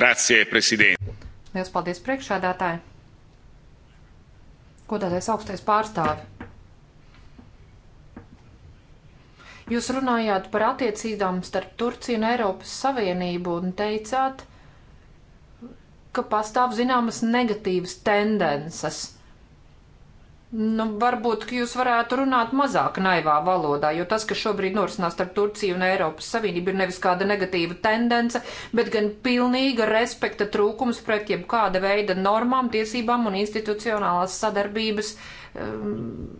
Grazie, prezident. Liels paldies priekšādātāji. Ko tādais augstais pārstāvi? Jūs runājāt par attiecībām starp Turciju un Eiropas Savienību un teicāt, ka pastāv zināmas negatīvas tendences. Nu, varbūt jūs varētu runāt mazāk naivā valodā, jo tas, kas šobrīd norisinās starp Turciju un Eiropas Savienību, ir nevis kāda negatīva tendence, bet gan pilnīga respekta trūkums pret jebkāda veida normām, tiesībām un institucionālās sadarbības um,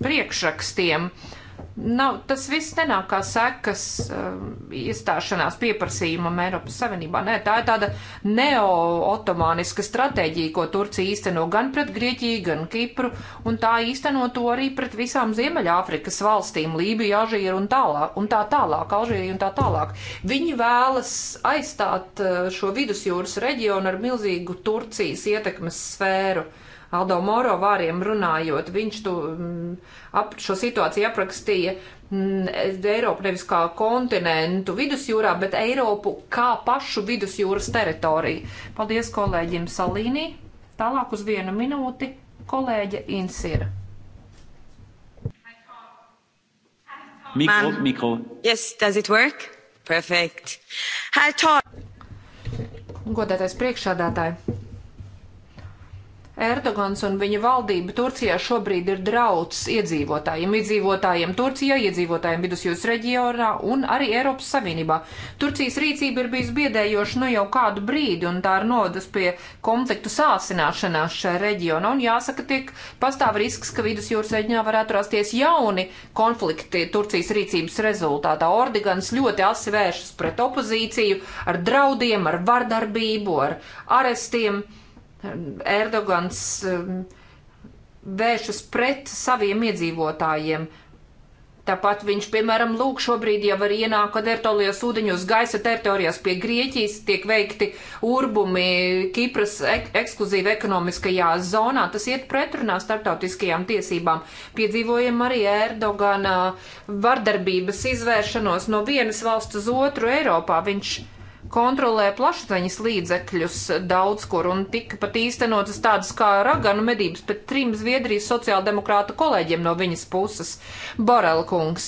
priekšrakstiem. Uh, Nav, tas viss nenāk kā sekas um, iestāšanās pieprasījumam Eiropas Savienībā. Nē, tā ir tāda neo-otomāniska stratēģija, ko Turcija īsteno gan pret Grieķiju, gan Kipru, un tā īsteno to arī pret visām Ziemeļāfrikas valstīm - Lībiju, Alžīru un, tālāk, un tā tālāk, Alžīru un tā tālāk. Viņi vēlas aizstāt uh, šo vidusjūras reģionu ar milzīgu Turcijas ietekmes sfēru. Uh, Aldo Moro vāriem runājot, viņš tu, mm, ap, šo situāciju aprakstīja mm, Eiropu nevis kā kontinentu vidusjūrā, bet Eiropu kā pašu vidusjūras teritoriju. Paldies kolēģim Salīnī. Tālāk uz vienu minūti kolēģe Insira. Mikro, mikro. Yes, does it work? Perfect. Herr Tor. Godātais priekšādātāji Erdogans un viņa valdība Turcijā šobrīd ir drauds iedzīvotājiem, iedzīvotājiem Turcijā, iedzīvotājiem vidusjūras reģionā un arī Eiropas Savienībā. Turcijas rīcība ir bijusi biedējoša nu jau kādu brīdi un tā ir nodas pie konfliktu sāsināšanās šajā reģionā un jāsaka, tiek pastāv risks, ka vidusjūras reģionā varētu rasties jauni konflikti Turcijas rīcības rezultātā. Ordigans ļoti asi vēršas pret opozīciju ar draudiem, ar vardarbību, ar arestiem. Erdogans um, vēršas pret saviem iedzīvotājiem. Tāpat viņš, piemēram, lūk, šobrīd jau var ienākt Ertolijos ūdeņos, gaisa teritorijās pie Grieķijas, tiek veikti urbumi Kipras ek ekskluzīvi ekonomiskajā zonā. Tas iet pretrunā starptautiskajām tiesībām. Piedzīvojam arī Erdogana vardarbības izvēršanos no vienas valsts uz otru Eiropā. Viņš kontrolē plašsaziņas līdzekļus daudz kur un tika pat īstenotas tādas kā raganu medības pret trim Zviedrijas sociāldemokrāta kolēģiem no viņas puses. Borel kungs.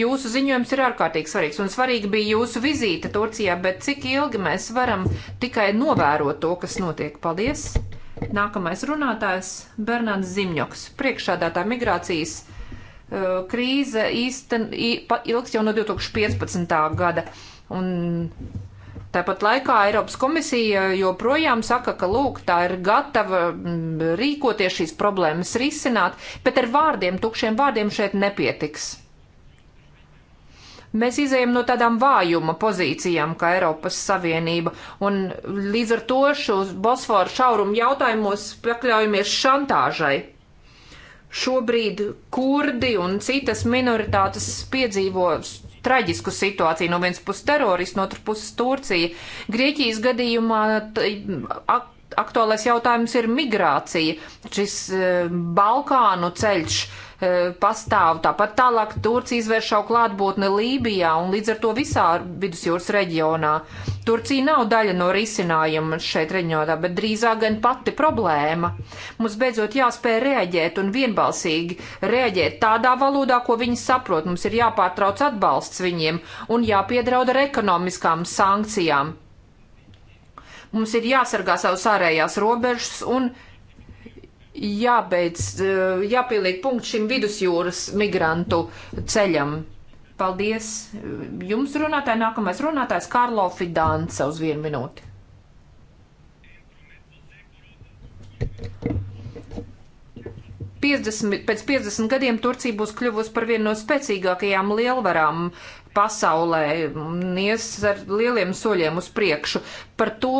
Jūsu ziņojums ir ārkārtīgi svarīgs, un svarīga bija jūsu vizīte Turcijā, bet cik ilgi mēs varam tikai novērot to, kas notiek? Paldies! Nākamais runātājs - Bernards Zimņoks, priekšādātā migrācijas uh, krīze īsten, ilgst jau no 2015. gada. Un Tāpat laikā Eiropas komisija joprojām saka, ka lūk, tā ir gatava mm, rīkoties šīs problēmas risināt, bet ar vārdiem, tukšiem vārdiem šeit nepietiks. Mēs izējām no tādām vājuma pozīcijām, kā Eiropas Savienība, un līdz ar to šos Bosforu šaurumu jautājumos pakļaujamies šantāžai šobrīd kurdi un citas minoritātes piedzīvo traģisku situāciju. No vienas puses terorists, no otras puses Turcija. Grieķijas gadījumā aktuālais jautājums ir migrācija, šis eh, Balkānu ceļš E, pastāv. Tāpat tālāk Turcija izvērš savu klātbūtni Lībijā un līdz ar to visā vidusjūras reģionā. Turcija nav daļa no risinājuma šeit reģionā, bet drīzāk gan pati problēma. Mums beidzot jāspēj reaģēt un vienbalsīgi reaģēt tādā valodā, ko viņi saprot. Mums ir jāpārtrauc atbalsts viņiem un jāpiedraud ar ekonomiskām sankcijām. Mums ir jāsargā savus ārējās robežas un jābeidz, eh, jāpieliek punkts šim vidusjūras migrantu ceļam. Paldies eh, jums, runātāji. Nākamais runātājs Karlo Fidanca uz vienu minūti. Thank you. 50, pēc 50 gadiem Turcija būs kļuvusi par vienu no spēcīgākajām lielvarām pasaulē un ies ar lieliem soļiem uz priekšu. Par to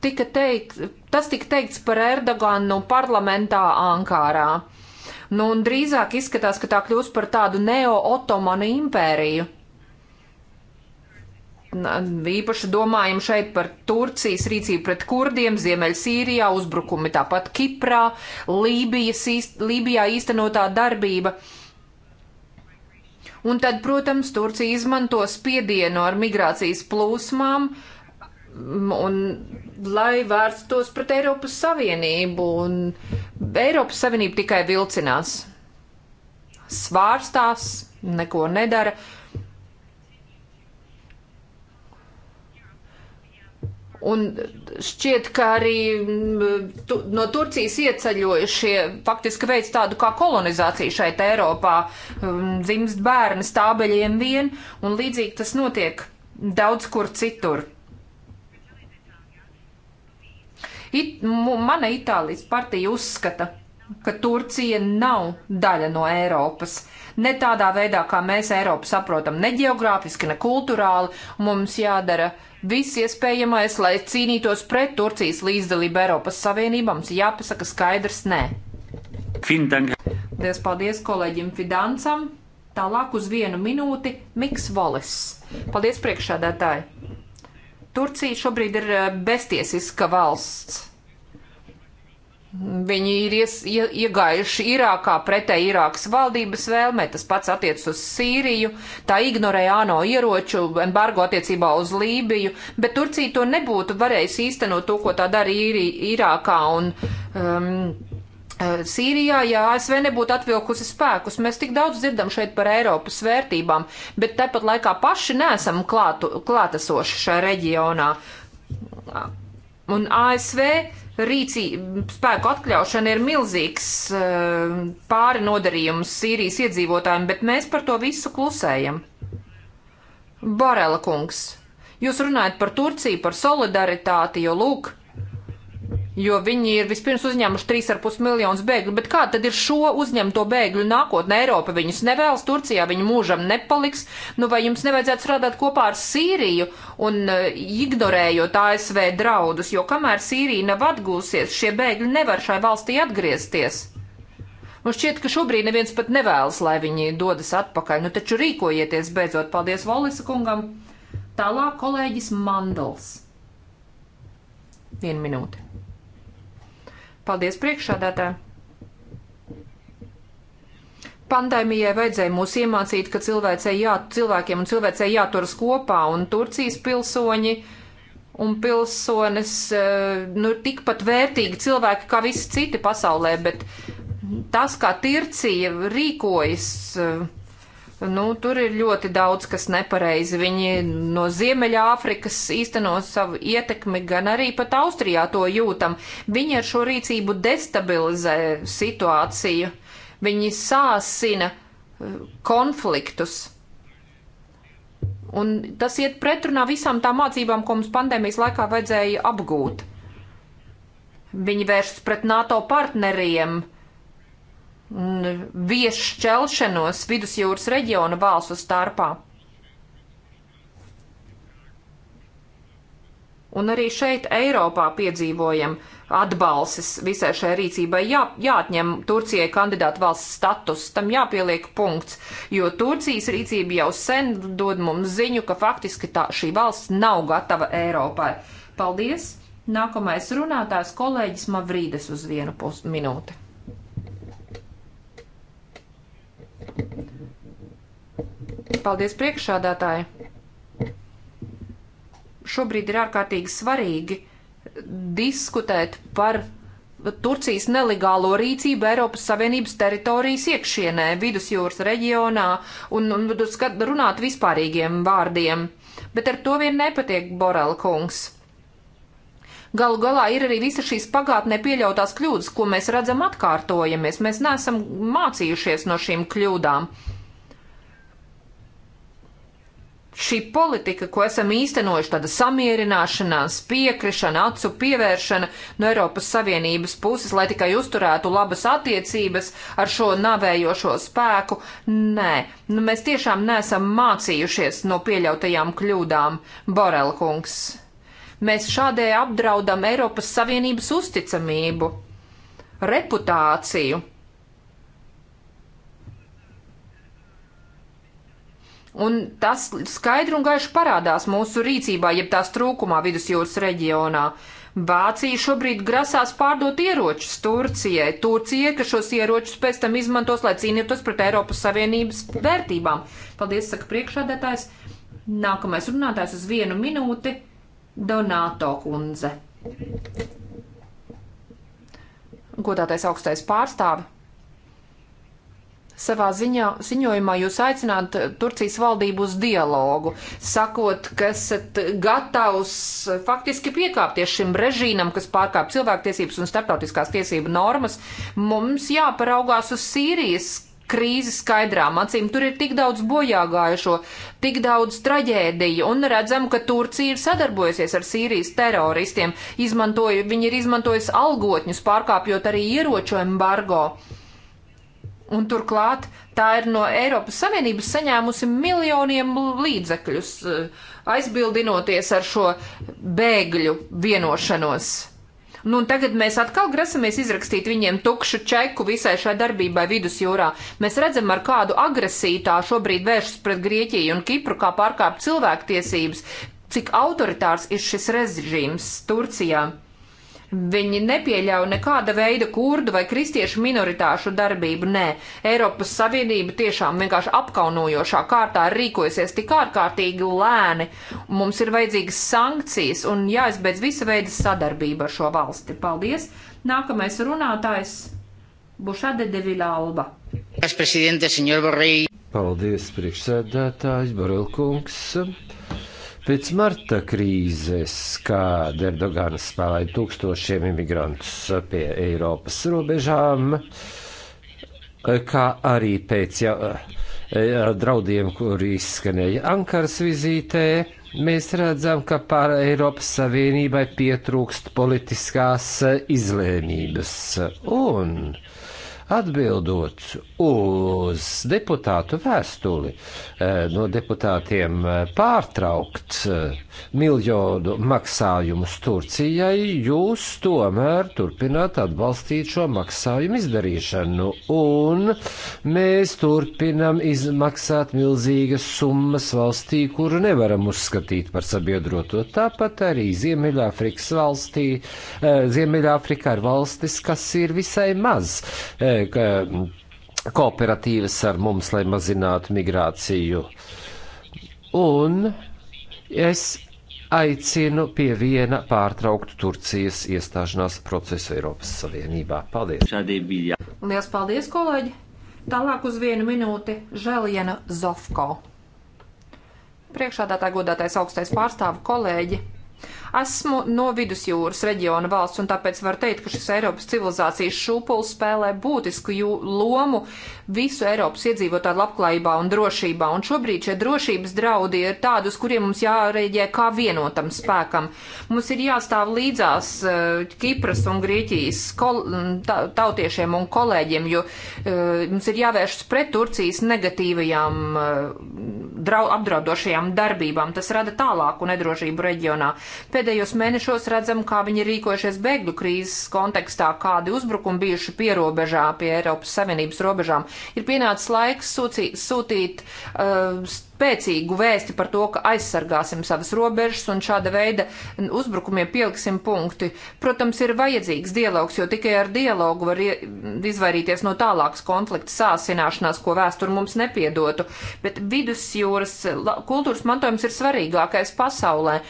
tika teikt, tas tika teikts par Erdoganu parlamentā Ankārā. Nu, un drīzāk izskatās, ka tā kļūs par tādu neo-otomanu impēriju. Īpaši domājam šeit par Turcijas rīcību pret kurdiem, Ziemeļsīrijā, uzbrukumi tāpat Kiprā, Lībijas, īst, Lībijā īstenotā darbība. Un tad, protams, Turcija izmanto spiedienu ar migrācijas plūsmām, uh, un lai vērstos pret Eiropas Savienību, un Eiropas Savienība tikai vilcinās, svārstās, neko nedara. Un šķiet, ka arī mm, tu, no Turcijas ieceļojušie faktiski veic tādu kā kolonizāciju šeit Eiropā, um, dzimst bērni stābeļiem vien, un līdzīgi tas notiek daudz kur citur. It, mana Itālijas partija uzskata, ka Turcija nav daļa no Eiropas. Ne tādā veidā, kā mēs Eiropu saprotam, ne geogrāfiski, ne kultūrāli. Mums jādara viss iespējamais, lai cīnītos pret Turcijas līdzdalību Eiropas Savienībā. Mums jāpasaka skaidrs nē. Paldies, paldies kolēģim Fidansam. Tālāk uz vienu minūti Miks Volis. Paldies priekšādātāji! Turcija šobrīd ir eh, beztiesiska valsts. Viņi ir ies, ie, iegājuši Irākā pretēji Irākas valdības vēlmē, tas pats attiec uz Sīriju, tā ignorēja ANO ieroču embargo attiecībā uz Lībiju, bet Turcija to nebūtu varējusi īstenot to, ko tā darīja Irākā un um, Eh, Sīrijā, ja ASV nebūtu atvilkusi spēkus, mēs tik daudz dzirdam šeit par Eiropas vērtībām, bet tepat laikā paši nesam klātu, klātesoši šajā reģionā. Un ASV rīcī, spēku atkļaušana ir milzīgs eh, pāri nodarījums Sīrijas iedzīvotājiem, bet mēs par to visu klusējam. Barela kungs, jūs runājat par Turciju, par solidaritāti, jo lūk, jo viņi ir vispirms uzņēmuši 3,5 miljonus bēgļu. Bet kā tad ir šo uzņemto bēgļu nākotne? Eiropa viņus nevēlas, Turcijā viņi mūžam nepaliks. Nu, vai jums nevajadzētu strādāt kopā ar Sīriju un uh, ignorējot ASV draudus, jo kamēr Sīrija nav atgūsies, šie bēgļi nevar šai valstī atgriezties. Man šķiet, ka šobrīd neviens pat nevēlas, lai viņi dodas atpakaļ. Nu, taču rīkojieties beidzot. Paldies Volisa kungam. Tālāk kolēģis Mandels. Vienu minūti. Paldies priekšādātājai! Pandēmijai vajadzēja mūs iemācīt, ka jā, cilvēkiem un cilvēcei jāturas kopā, un Turcijas pilsoņi un pilsonis eh, nu, ir tikpat vērtīgi cilvēki kā visi citi pasaulē, bet tas, kā Tircija rīkojas, uh, Nu, tur ir ļoti daudz, kas nepareizi. Viņi no Ziemeļāfrikas īsteno savu ietekmi, gan arī pat Austrijā to jūtam. Viņi ar šo rīcību destabilizē situāciju. Viņi sāsina eh, konfliktus. Un tas iet pretrunā visām tām mācībām, ko mums pandēmijas laikā vajadzēja apgūt. Viņi vēršas pret NATO partneriem. Uh, viešķelšanos vidusjūras reģiona valstu starpā. Un arī šeit Eiropā piedzīvojam atbalsis visai šai rīcībai. Jā, jāatņem Turcijai kandidātu valsts status, tam jāpieliek punkts, jo Turcijas rīcība jau sen dod mums ziņu, ka faktiski tā, šī valsts nav gatava Eiropai. Paldies! Nākamais runātājs kolēģis Mavrīdes uz vienu minūti. Paldies priekšādātāji! Šobrīd ir ārkārtīgi svarīgi diskutēt par Turcijas nelegālo rīcību Eiropas Savienības teritorijas iekšienē, vidusjūras reģionā un, un, un skat, runāt vispārīgiem vārdiem. Bet ar to vien nepatiek Borel kungs. Galu galā ir arī visas šīs pagātnē pieļautās kļūdas, ko mēs redzam atkārtojamies. Mēs neesam mācījušies no šīm kļūdām. Šī politika, ko esam īstenojuši, tāda samierināšanās, piekrišana, acu pievēršana no Eiropas Savienības puses, lai tikai uzturētu labas attiecības ar šo navējošo spēku, nē, nu, mēs tiešām neesam mācījušies no pieļautajām kļūdām, Borelkungs. Mēs šādēļ apdraudam Eiropas Savienības uzticamību, reputāciju. Un tas skaidri un gaiši parādās mūsu rīcībā, jeb tās trūkumā vidusjūras reģionā. Vācija šobrīd grasās pārdot ieročus Turcijai. Turcijai, ka šos ieročus pēc tam izmantos, lai cīnītos pret Eiropas Savienības vērtībām. Paldies, saka priekšādētājs. Nākamais runātājs uz vienu minūti Donāto kundze. Godātais augstais pārstāvi. Savā ziņā, ziņojumā jūs aicināt Turcijas valdību uz dialogu, sakot, ka esat gatavs faktiski piekāpties šim režīmam, kas pārkāp cilvēktiesības un starptautiskās tiesību normas. Mums jāparaugās uz Sīrijas krīzi skaidrām acīm. Tur ir tik daudz bojāgājušo, tik daudz traģēdiju, un redzam, ka Turcija ir sadarbojusies ar Sīrijas teroristiem. Izmantoju, viņi ir izmantojusi algotņus, pārkāpjot arī ieroču embargo. Un turklāt tā ir no Eiropas Savienības saņēmusi miljoniem līdzekļus, eh, aizbildinoties ar šo bēgļu vienošanos. Nu, un tagad mēs atkal grasamies izrakstīt viņiem tukšu čeku visai šai darbībai vidusjūrā. Mēs redzam, ar kādu agresīvu tā šobrīd vēršas pret Grieķiju un Kipru, kā pārkāpt cilvēktiesības, cik autoritārs ir šis režīms Turcijā. Viņi nepieļauj nekāda veida kurdu vai kristiešu minoritāšu darbību, nē. Eiropas Savienība tiešām vienkārši apkaunojošā kārtā rīkojasies tik ārkārtīgi lēni. Mums ir vajadzīgas sankcijas un jāizbeidz visa veida sadarbība ar šo valsti. Paldies! Nākamais runātājs Bušade de Vilalba. Paldies, priekšsēdētājs Borelkungs. Pēc marta krīzes, kad Erdogans spēlēja tūkstošiem imigrantus pie Eiropas robežām, kā arī pēc jau, draudiem, kuri izskanēja Ankaras vizītē, mēs redzam, ka pār Eiropas Savienībai pietrūkst politiskās izlēmības. Un, uh, Atbildot uz deputātu vēstuli eh, no deputātiem eh, pārtraukt eh, miljonu maksājumus Turcijai, jūs tomēr turpināt atbalstīt šo maksājumu izdarīšanu, un mēs turpinam izmaksāt milzīgas summas valstī, kuru nevaram uzskatīt par sabiedroto. Tāpat arī Ziemeļāfrikas valstī, Ziemeļāfrika ir valstis, kas ir visai maz kooperatīvas ar mums, lai mazinātu migrāciju. Un es aicinu pie viena pārtraukt Turcijas iestāšanās procesu Eiropas Savienībā. Paldies! Lielas paldies, kolēģi! Tālāk uz vienu minūti Žēliena Zofko. Priekšādātā godātais augstais pārstāvu kolēģi Esmu no vidusjūras reģiona valsts, un tāpēc var teikt, ka šis Eiropas civilizācijas šūpulis spēlē būtisku jū, lomu visu Eiropas iedzīvotāju labklājībā un drošībā. Un šobrīd šie drošības draudi ir tādi, uz kuriem mums jārēģē kā vienotam spēkam. Mums ir jāstāv līdzās uh, Kipras un Grieķijas kol, mm, ta, tautiešiem un kolēģiem, jo uh, mums ir jāvēršas pret Turcijas negatīvajām uh, drau, apdraudošajām darbībām. Tas rada tālāku nedrošību reģionā. Pēdējos mēnešos redzam, kā viņi ir rīkojušies bēgļu krīzes kontekstā, kādi uzbrukumi bijuši pierobežā pie Eiropas Savienības robežām ir pienācis laiks sūcī, sūtīt uh, spēcīgu vēsti par to, ka aizsargāsim savas robežas un šāda veida uzbrukumiem pieliksim punkti. Protams, ir vajadzīgs dialogs, jo tikai ar dialogu var izvairīties no tālākas konflikta sāsināšanās, ko vēsture mums nepiedotu. Bet vidusjūras kultūras mantojums ir svarīgākais pasaulē.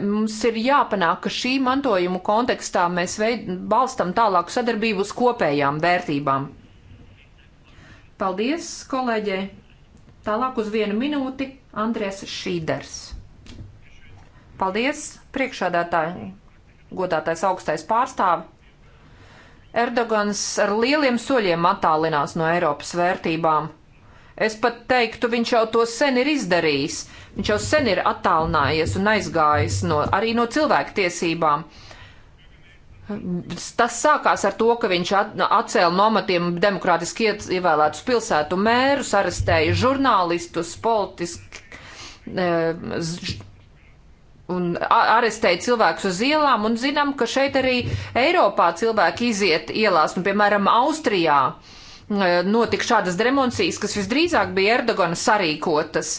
Mums ir jāpanāk, ka šī mantojuma kontekstā mēs veid, balstam tālāku sadarbību uz kopējām vērtībām. Paldies, kolēģei! Tālāk uz vienu minūti Andrēs Šīders. Paldies, priekšādātāji, godātais augstais pārstāvi. Erdogans ar lieliem soļiem attālinās no Eiropas vērtībām. Es pat teiktu, viņš jau to sen ir izdarījis. Viņš jau sen ir attālinājies un aizgājis no, arī no cilvēktiesībām. tiesībām Tas sākās ar to, ka viņš atcēla nomatiem demokrātiski ievēlētus pilsētu mērus, arestēja žurnālistus, politiski. E, un arestēja cilvēkus uz ielām, un zinām, ka šeit arī Eiropā cilvēki iziet ielās, nu, piemēram, Austrijā. Uh, notika šādas demonstrācijas, kas visdrīzāk bija Erdogana sarīkotas.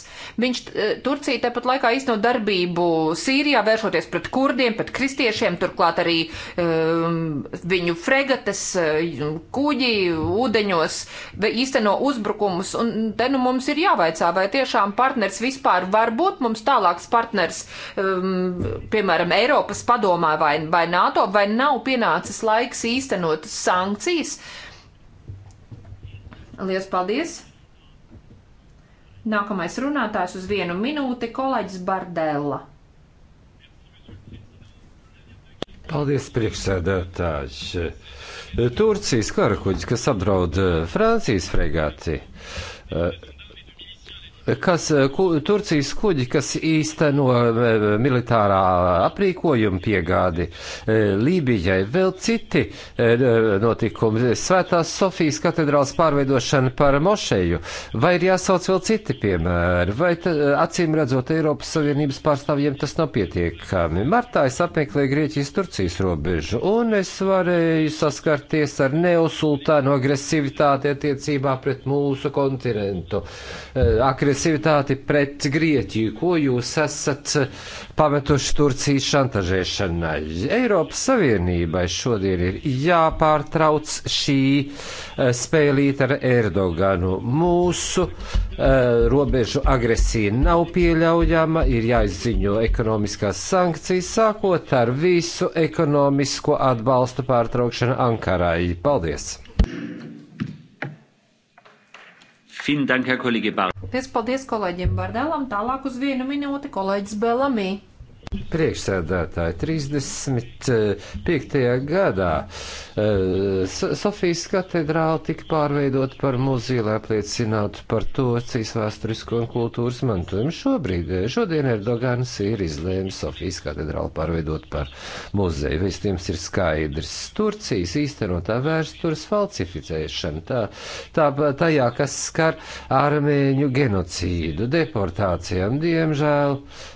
Viņš eh, Turcija tepat laikā īstenot darbību Sīrijā, vēršoties pret kurdiem, pret kristiešiem, turklāt arī um, viņu fregates, eh, kuģi ūdeņos īsteno uzbrukumus. Un te nu mums ir jāvaicā, vai tiešām partners vispār var būt mums tālāks partners, um, piemēram, Eiropas padomā vai, vai NATO, vai nav pienācis laiks īstenot sankcijas Lielas paldies! Nākamais runātājs uz vienu minūti - kolēģis Bardella. Paldies, priekšsēdētāji! Turcijas karakuģis, kas apdraud eh, Francijas fregāti. Uh, kas, eh, ku, Turcijas kuģi, kas īsteno eh, militārā aprīkojuma piegādi eh, Lībijai, vēl citi notikumi, Svētās Sofijas katedrāls pārveidošana par mošeju, vai ir jāsauc vēl citi piemēri, vai acīm redzot Eiropas Savienības pārstāvjiem tas nav pietiekami. Martā es apmeklēju Grieķijas Turcijas robežu, un es varēju saskarties ar neosultānu agresivitāti attiecībā pret mūsu kontinentu. Akres agresivitāti pret Grieķiju, ko jūs esat pametuši Turcijas šantažēšanai. Eiropas Savienībai šodien ir jāpārtrauc šī eh, spēlīta ar Erdoganu. Mūsu uh, robežu agresija nav pieļaujama, ir jāizziņo ekonomiskās sankcijas, sākot ar visu ekonomisko atbalstu pārtraukšanu Ankarai. Paldies! Paldies kolēģiem Bardēlam. Tālāk uz vienu minūti kolēģis Bēlamī. Priekšsēdētāji, 35. Eh, gadā eh, Sofijas katedrāla tika pārveidot par muzeju, lai apliecinātu par to cīs vēsturisko un kultūras mantojumu. Šobrīd, eh, šodien Erdogans ir izlēmis Sofijas katedrālu pārveidot par muzeju. Vēstījums ir skaidrs. Turcijas īstenotā vēstures falsificēšana, tā, tā, tajā, kas skar armēņu genocīdu, deportācijām, diemžēl. Uh,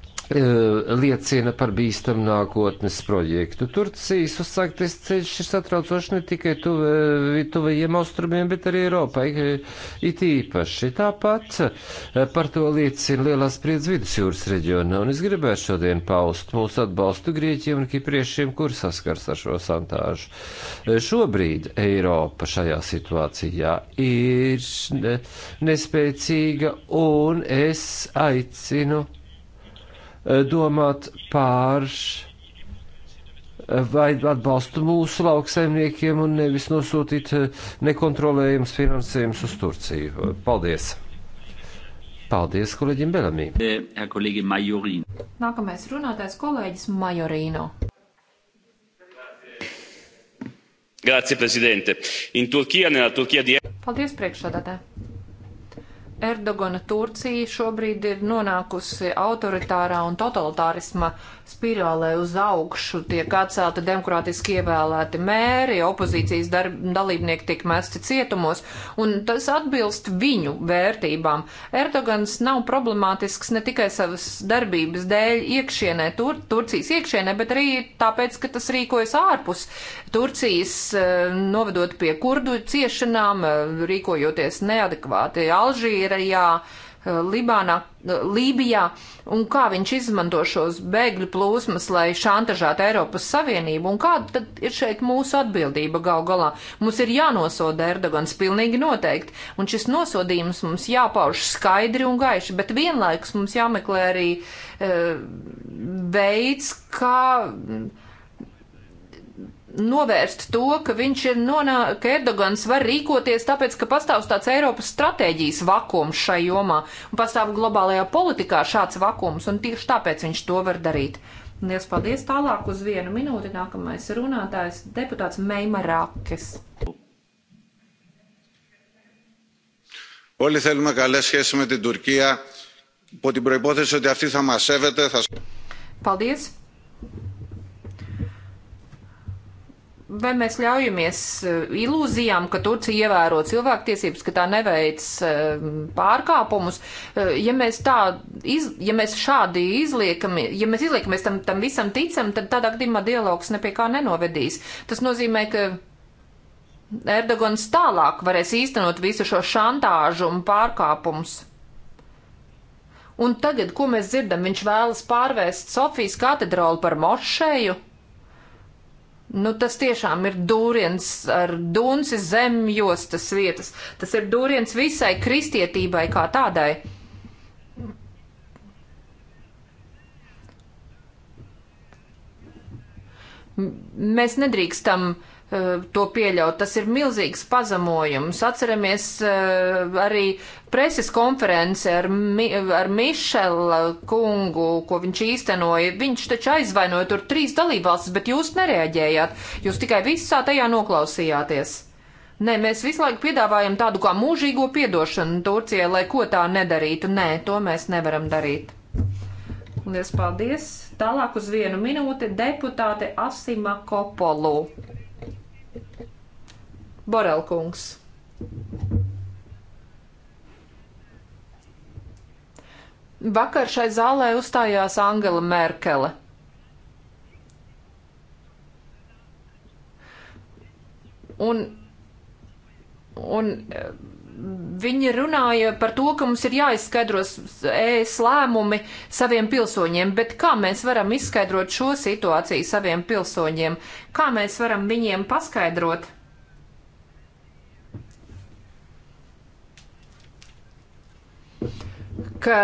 Eh, liecina par bīstamu nākotnes projektu. Turcijas uzsāktais ceļš ir satraucoši ne tikai tuvajiem austrumiem, bet arī Eiropai eh, it īpaši. Tāpat eh, par to liecina lielās spriedz vidusjūras reģionā, un es gribētu šodien paust mūsu atbalstu grieķiem un kipriešiem, kuri saskars ar šo santāžu. Šobrīd Eiropa šajā situācijā ir nespēcīga, un es aicinu domāt pār vai atbalstu mūsu lauksaimniekiem un nevis nosūtīt eh, nekontrolējums finansējums uz Turciju. Paldies! Paldies kolēģim Belamī! Eh, Nākamais runātājs kolēģis Majorīno. Grazie, prezidente. In Turkija, ne Turkija die... Paldies, priekšsādātāji! Erdogana Turcija šobrīd ir nonākusi autoritārā un totalitārisma spirālē uz augšu, tiek atcelti demokrātiski ievēlēti mēri, opozīcijas darb, dalībnieki tiek mesti cietumos, un tas atbilst viņu vērtībām. Erdogans nav problemātisks ne tikai savas darbības dēļ iekšienē, tur, Turcijas iekšienē, bet arī tāpēc, ka tas rīkojas ārpus Turcijas, eh, novedot pie kurdu ciešanām, eh, rīkojoties neadekvāti Alžīrijā. Libānā, Lībijā, un kā viņš izmanto šos bēgļu plūsmas, lai šantažētu Eiropas Savienību, un kāda tad ir šeit mūsu atbildība gal galā. Mums ir jānosoda Erdogans pilnīgi noteikti, un šis nosodījums mums jāpauž skaidri un gaiši, bet vienlaikus mums jāmeklē arī e, veids, kā novērst to, ka viņš ir nonā, ka Erdogans var rīkoties tāpēc, ka pastāv tāds Eiropas stratēģijas vakums šai jomā, un pastāv globālajā politikā šāds vakums, un tieši tāpēc viņš to var darīt. Liels paldies! Tālāk uz vienu minūti nākamais runātājs - deputāts Meimarākis. Όλοι θέλουμε καλές σχέσεις με την Τουρκία υπό την προϋπόθεση ότι αυτή θα μας σέβεται. Θα... Paldies! Vai mēs ļaujamies eh, ilūzijām, ka Turcija ievēro cilvēktiesības, ka tā neveic eh, pārkāpumus? Eh, ja mēs, tā, iz, ja mēs šādi izliekam, ja mēs izliekamies tam, tam visam ticam, tad tādā gadījumā dialogs nepie kā nenovedīs. Tas nozīmē, ka Erdogans tālāk varēs īstenot visu šo šantāžu un pārkāpumus. Un tagad, ko mēs dzirdam, viņš vēlas pārvērst Sofijas katedrālu par mošēju. Nu, tas tiešām ir dūriens ar dunsi zemjostas vietas. Tas ir dūriens visai kristietībai kā tādai. M mēs nedrīkstam uh, Eh, to pieļaut. Tas ir milzīgs pazemojums. Atceramies eh, arī preses konferenci ar, Mi ar Mišela kungu, ko viņš īstenoja. Viņš taču aizvainoja tur trīs dalībvalstis, bet jūs nereaģējāt. Jūs tikai visā tajā noklausījāties. Nē, mēs visu laiku piedāvājam tādu kā mūžīgo piedošanu Turcijai, lai ko tā nedarītu. Nē, to mēs nevaram darīt. Lies paldies! Tālāk uz vienu minūti deputāte Asima Kopolu. Borelkungs. Vakar šai zālē uzstājās Angela Merkele. Un, un Viņi runāja par to, ka mums ir jāizskaidro ES lēmumi saviem pilsoņiem, bet kā mēs varam izskaidrot šo situāciju saviem pilsoņiem? Kā mēs varam viņiem paskaidrot? ka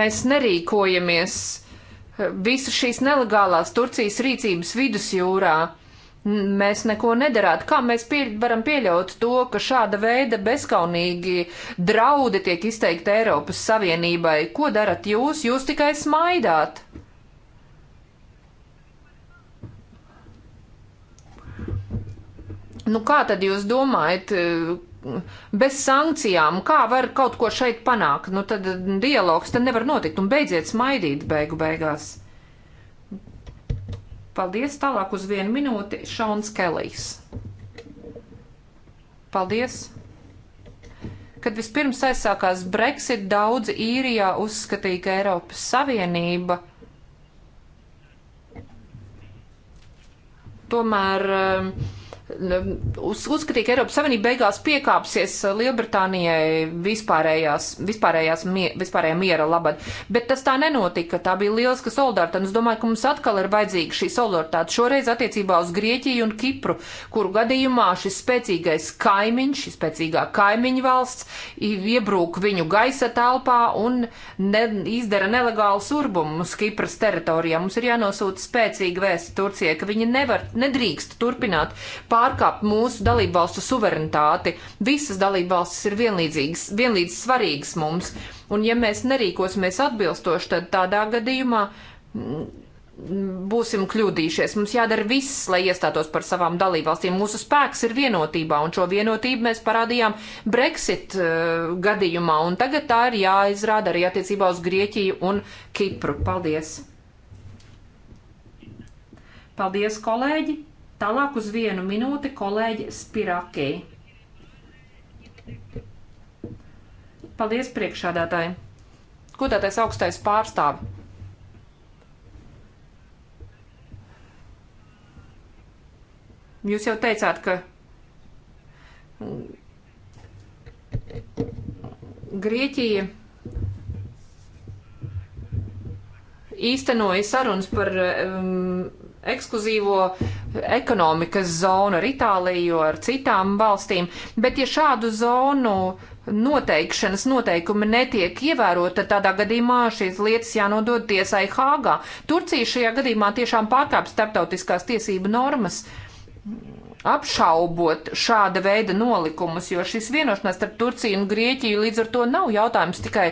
mēs nerīkojamies eh, visu šīs nelegālās Turcijas rīcības vidusjūrā Mēs neko nedarām. Kā mēs pie, varam pieļaut to, ka šāda veida bezkaunīgi draudi tiek izteikti Eiropas Savienībai? Ko darat jūs? Jūs tikai smaidāt. Nu, kā tad jūs domājat, eh, bez sankcijām, kā var kaut ko šeit panākt? Nu, tad dialogs te nevar notikt un beidziet smaidīt beigu beigās. Paldies. Tālāk uz vienu minūti Šons Kelijs. Paldies. Kad vispirms aizsākās Brexit, daudzi īrijā uzskatīja, ka Eiropas Savienība tomēr uh, uz, uzskatīja, ka Eiropas Savienība beigās piekāpsies uh, Lielbritānijai vispārējās, vispārējās, mie, vispārējā miera labad. Bet tas tā nenotika. Tā bija lieliska solidaritāte. Es domāju, ka mums atkal ir vajadzīga šī solidaritāte. Šoreiz attiecībā uz Grieķiju un Kipru, kuru gadījumā šis spēcīgais kaimiņš, šī spēcīgā kaimiņu valsts iebrūk viņu gaisa telpā un ne, izdara nelegālu surbumu uz Kipras teritorijā. Mums ir jānosūta spēcīga vēsta Turcijai, ka viņi nevar, nedrīkst turpināt pār pārkāpt mūsu dalību valstu suverenitāti. Visas dalību valstis ir vienlīdzīgas, vienlīdz svarīgas mums, un ja mēs nerīkosimies atbilstoši, tad tādā gadījumā mm, būsim kļūdījušies. Mums jādara viss, lai iestātos par savām dalībvalstīm. Mūsu spēks ir vienotībā, un šo vienotību mēs parādījām Brexit uh, gadījumā, un tagad tā ir jāizrāda arī attiecībā uz Grieķiju un Kipru. Paldies! Paldies, kolēģi! Tālāk uz vienu minūti kolēģi Spirakī. Paldies priekšādātāji. Ko tātais augstais pārstāvi? Jūs jau teicāt, ka Grieķija īstenoja sarunas par um, ekskluzīvo ekonomikas zonu ar Itāliju, ar citām valstīm, bet ja šādu zonu noteikšanas noteikumi netiek ievērota, tad tādā gadījumā šīs lietas jānodod tiesai Hāgā. Turcija šajā gadījumā tiešām pārkāpj starptautiskās tiesību normas apšaubot šāda veida nolikumus, jo šis vienošanās starp Turciju un Grieķiju līdz ar to nav jautājums tikai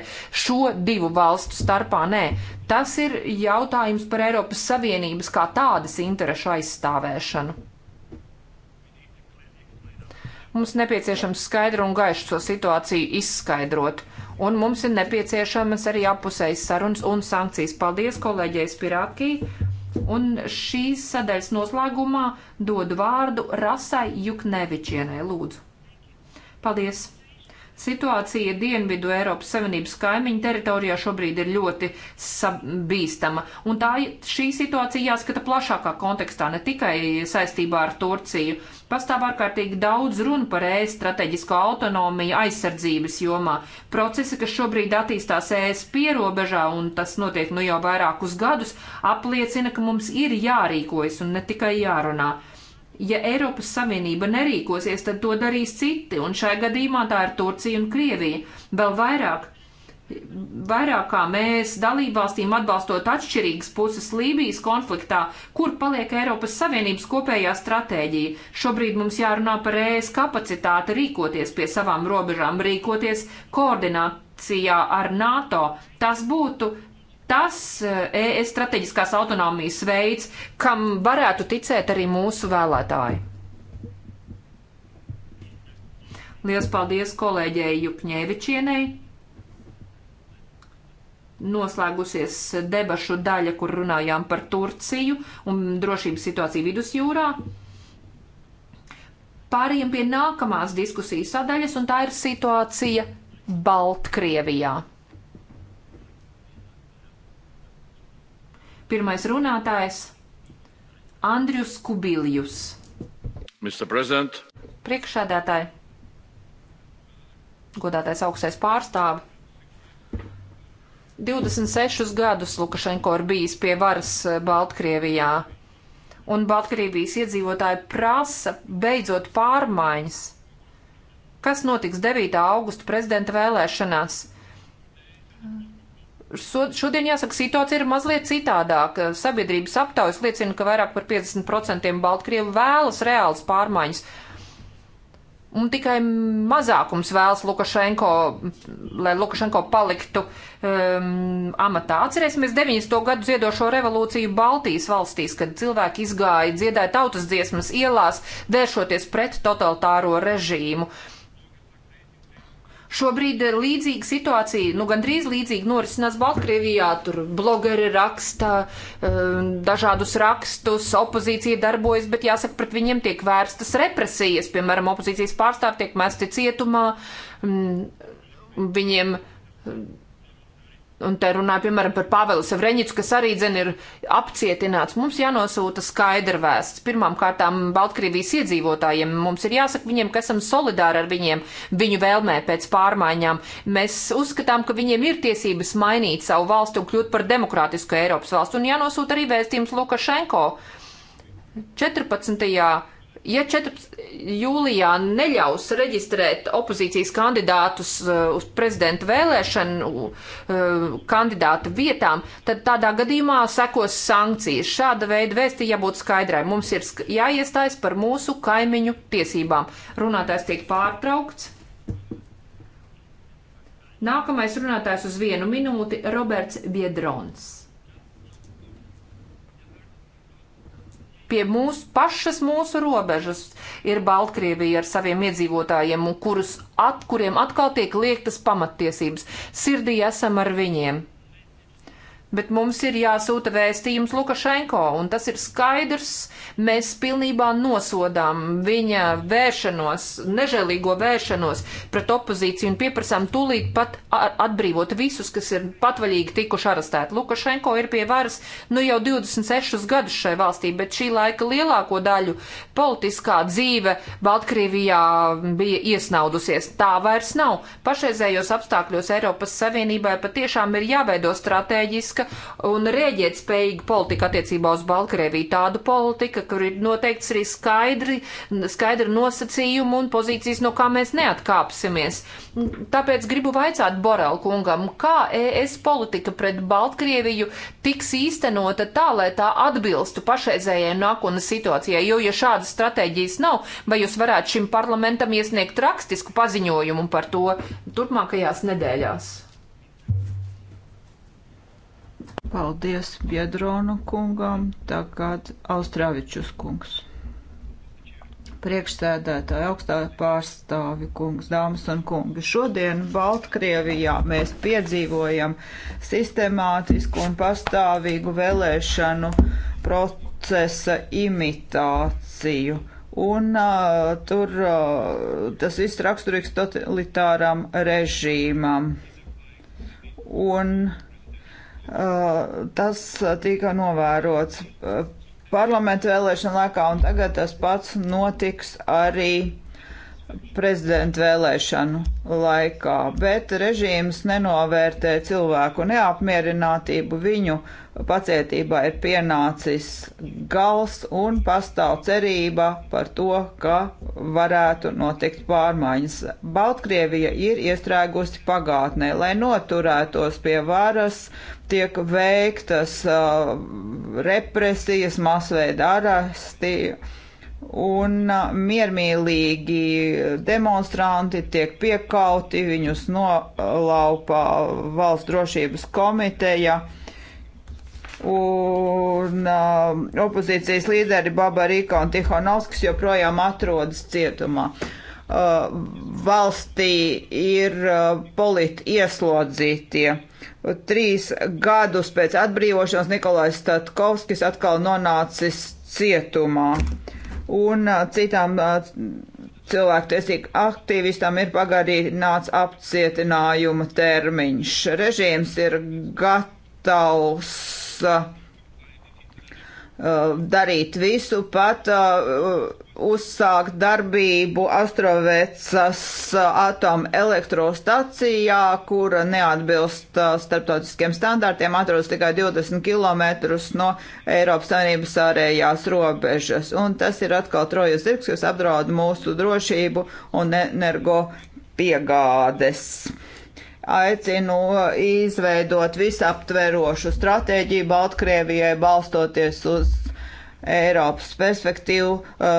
šo divu valstu starpā, nē. Tas ir jautājums par Eiropas Savienības kā tādas interešu aizstāvēšanu. Mums nepieciešams skaidru un gaišu šo so situāciju izskaidrot, un mums ir nepieciešamas arī apusējas sarunas un sankcijas. Paldies kolēģei Spirākī! Un šīs sadaļas noslēgumā dodu vārdu Rasai Juknevičienai. Lūdzu. Paldies! Situācija Dienvidu Eiropas Savienības kaimiņu teritorijā šobrīd ir ļoti bīstama, un tā šī situācija jāskata plašākā kontekstā, ne tikai saistībā ar Turciju. Pastāv ārkārtīgi daudz runu par ES strateģisko autonomiju aizsardzības jomā. Procesi, kas šobrīd attīstās ES pierobežā, un tas notiek nu jau vairākus gadus, apliecina, ka mums ir jārīkojas un ne tikai jārunā. Ja Eiropas Savienība nerīkosies, tad to darīs citi, un šai gadījumā tā ir Turcija un Krievija. Vēl vairāk vairāk kā mēs dalībvalstīm atbalstot atšķirīgas puses Lībijas konfliktā, kur paliek Eiropas Savienības kopējā stratēģija. Šobrīd mums jārunā par ES kapacitāti rīkoties pie savām robežām, rīkoties koordinācijā ar NATO. Tas būtu tas ES eh, e strateģiskās autonomijas veids, kam varētu ticēt arī mūsu vēlētāji. Lielas paldies kolēģei Jupņēvičienei. Noslēgusies debašu daļa, kur runājām par Turciju un drošības situāciju vidusjūrā. Pārējiem pie nākamās diskusijas sadaļas, un tā ir situācija Baltkrievijā. Pirmais runātājs - Andrius Kubiljus. Mr. President. Priekšsēdētāji, godātais augstais pārstāvi, 26 gadus Lukašenko ir bijis pie varas eh, Baltkrievijā, un Baltkrievijas iedzīvotāji prasa beidzot pārmaiņas. Kas notiks 9. augusta prezidenta vēlēšanās? Šodien jāsaka, situācija ir mazliet citādāka. Sabiedrības aptaujas liecina, ka vairāk par 50% Baltkrievi vēlas reāls pārmaiņas. Un tikai mazākums vēlas Lukašenko, lai Lukašenko paliktu um, amatā. Atcerēsimies 90. gadu ziedošo revolūciju Baltijas valstīs, kad cilvēki izgāja, dziedāja tautas dziesmas ielās, vēršoties pret totalitāro režīmu. Uh, Šobrīd ir līdzīga situācija, nu gandrīz līdzīga norisinās Baltkrievijā. Tur blogeri raksta eh, dažādus rakstus, opozīcija darbojas, bet jāsaka, pret viņiem tiek vērstas represijas. Piemēram, opozīcijas pārstāvji tiek mesti cietumā, mm, viņiem Un te runāja, piemēram, par Pāvelu Savreņicu, kas arī, zin, ir apcietināts. Mums jānosūta skaidra vēsts. Pirmām kārtām Baltkrievijas iedzīvotājiem mums ir jāsaka viņiem, ka esam solidāri ar viņiem, viņu vēlmē pēc pārmaiņām. Mēs uzskatām, ka viņiem ir tiesības mainīt savu valstu un kļūt par demokrātisku Eiropas valstu. Un jānosūta arī vēstījums Lukašenko 14. Ja 14. jūlijā neļaus reģistrēt opozīcijas kandidātus uh, uz prezidenta vēlēšanu uh, kandidātu vietām, tad tādā gadījumā sekos sankcijas. Šāda veida vēsti jābūt skaidrai. Mums ir jāiestājas par mūsu kaimiņu tiesībām. Runātājs tiek pārtraukts. Nākamais runātājs uz vienu minūti - Roberts Biedrons. pie mūsu pašas mūsu robežas ir Baltkrievija ar saviem iedzīvotājiem, kurus at, kuriem atkal tiek liektas pamattiesības. Sirdī esam ar viņiem. Bet mums ir jāsūta vēstījums Lukašenko, un tas ir skaidrs. Mēs pilnībā nosodām viņa vēršanos, nežēlīgo vēršanos pret opozīciju un pieprasām tūlīt pat atbrīvot visus, kas ir patvaļīgi tikuši arestēti. Lukašenko ir pie varas nu jau 26 gadus šai valstī, bet šī laika lielāko daļu politiskā dzīve Baltkrievijā bija iesnaudusies. Tā vairs nav. Pašreizējos apstākļos Eiropas Savienībai patiešām ir jāveido stratēģiski dinamiska un rēģēt spējīga politika attiecībā uz Baltkrieviju. Tādu politika, kur ir noteikts arī skaidri, skaidri nosacījumi un pozīcijas, no kā mēs neatkāpsimies. Tāpēc gribu vaicāt Borel kungam, kā ES politika pret Baltkrieviju tiks īstenota tā, lai tā atbilstu pašreizējai nākotnes situācijai, jo, ja šādas stratēģijas nav, vai jūs varētu šim parlamentam iesniegt rakstisku paziņojumu par to turpmākajās nedēļās? Paldies Biedronu kungam, tagad Austrāvičus kungs. Priekšsēdētāji, augstā pārstāvi kungs, dāmas un kungi. Šodien Baltkrievijā mēs piedzīvojam sistemātisku un pastāvīgu vēlēšanu procesa imitāciju. Un uh, tur uh, tas viss raksturīgs totalitāram režīmam. Un uh, Eh, tas tika novērots eh, parlamentu vēlēšanu laikā, un tagad tas pats notiks arī prezidenta vēlēšanu laikā, bet režīms nenovērtē cilvēku neapmierinātību, viņu pacietībā ir pienācis gals un pastāv cerība par to, ka varētu notikt pārmaiņas. Baltkrievija ir iestrēgusi pagātnē, lai noturētos pie varas, tiek veiktas uh, represijas, masveida arasti. Uh, un miermīlīgi demonstranti tiek piekauti, viņus nolaupā valsts drošības komiteja. Un uh, opozīcijas līderi Babarīka un Tihonovskis joprojām atrodas cietumā. Uh, valstī ir uh, politi ieslodzītie. Trīs gadus pēc atbrīvošanas Nikolais Statkovskis atkal nonācis cietumā. Uh, un citām cilvēktiesību aktīvistām ir pagarināts apcietinājuma termiņš. Režīms ir gatavs Uh, darīt visu, pat uh, uzsākt darbību Astrovecas uh, atomelektrostacijā, kura neatbilst uh, starptautiskiem standartiem, atrodas tikai 20 km no Eiropas Savienības ārējās robežas. Un tas ir atkal trojas zirgs, kas apdraud mūsu drošību un energo piegādes aicinu izveidot visaptverošu stratēģiju Baltkrievijai balstoties uz Eiropas perspektīvu, eh,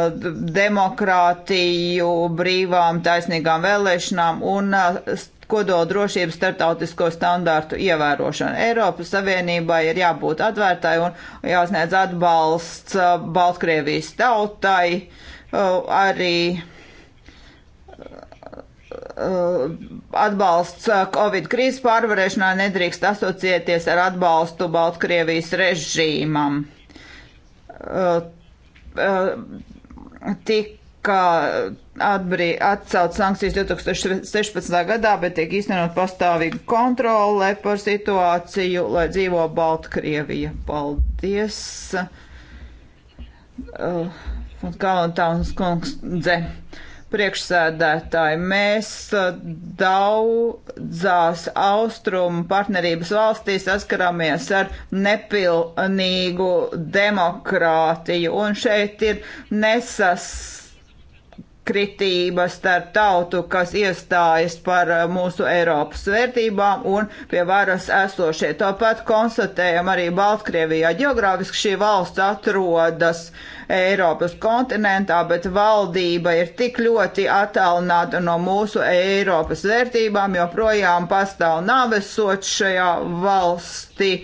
demokrātiju, brīvām, taisnīgām vēlēšanām un eh, kodola drošības starptautisko standārtu ievērošanu. Eiropas Savienībai ir jābūt atvērtai un jāsniedz atbalsts eh, Baltkrievijas tautai arī Uh, atbalsts uh, Covid krīzes pārvarēšanā nedrīkst asociēties ar atbalstu Baltkrievijas režīmam. Uh, tika atbrī, atcelt sankcijas 2016. gadā, bet tiek īstenot pastāvīgu kontrole par situāciju, lai dzīvo Baltkrievija. Paldies! Uh, Kalantauns kungs dze. Uh, priekšsēdētāji, mēs uh, daudzās austrumu partnerības valstīs saskaramies ar nepilnīgu demokrātiju, un šeit ir nesas sakritība starp tautu, kas iestājas par eh, mūsu Eiropas vērtībām un pie varas esošie. Tāpat konstatējam arī Baltkrievijā. Geogrāfiski šī valsts atrodas Eiropas kontinentā, bet valdība ir tik ļoti attālināta no mūsu Eiropas vērtībām, joprojām pastāv navesots šajā valstī.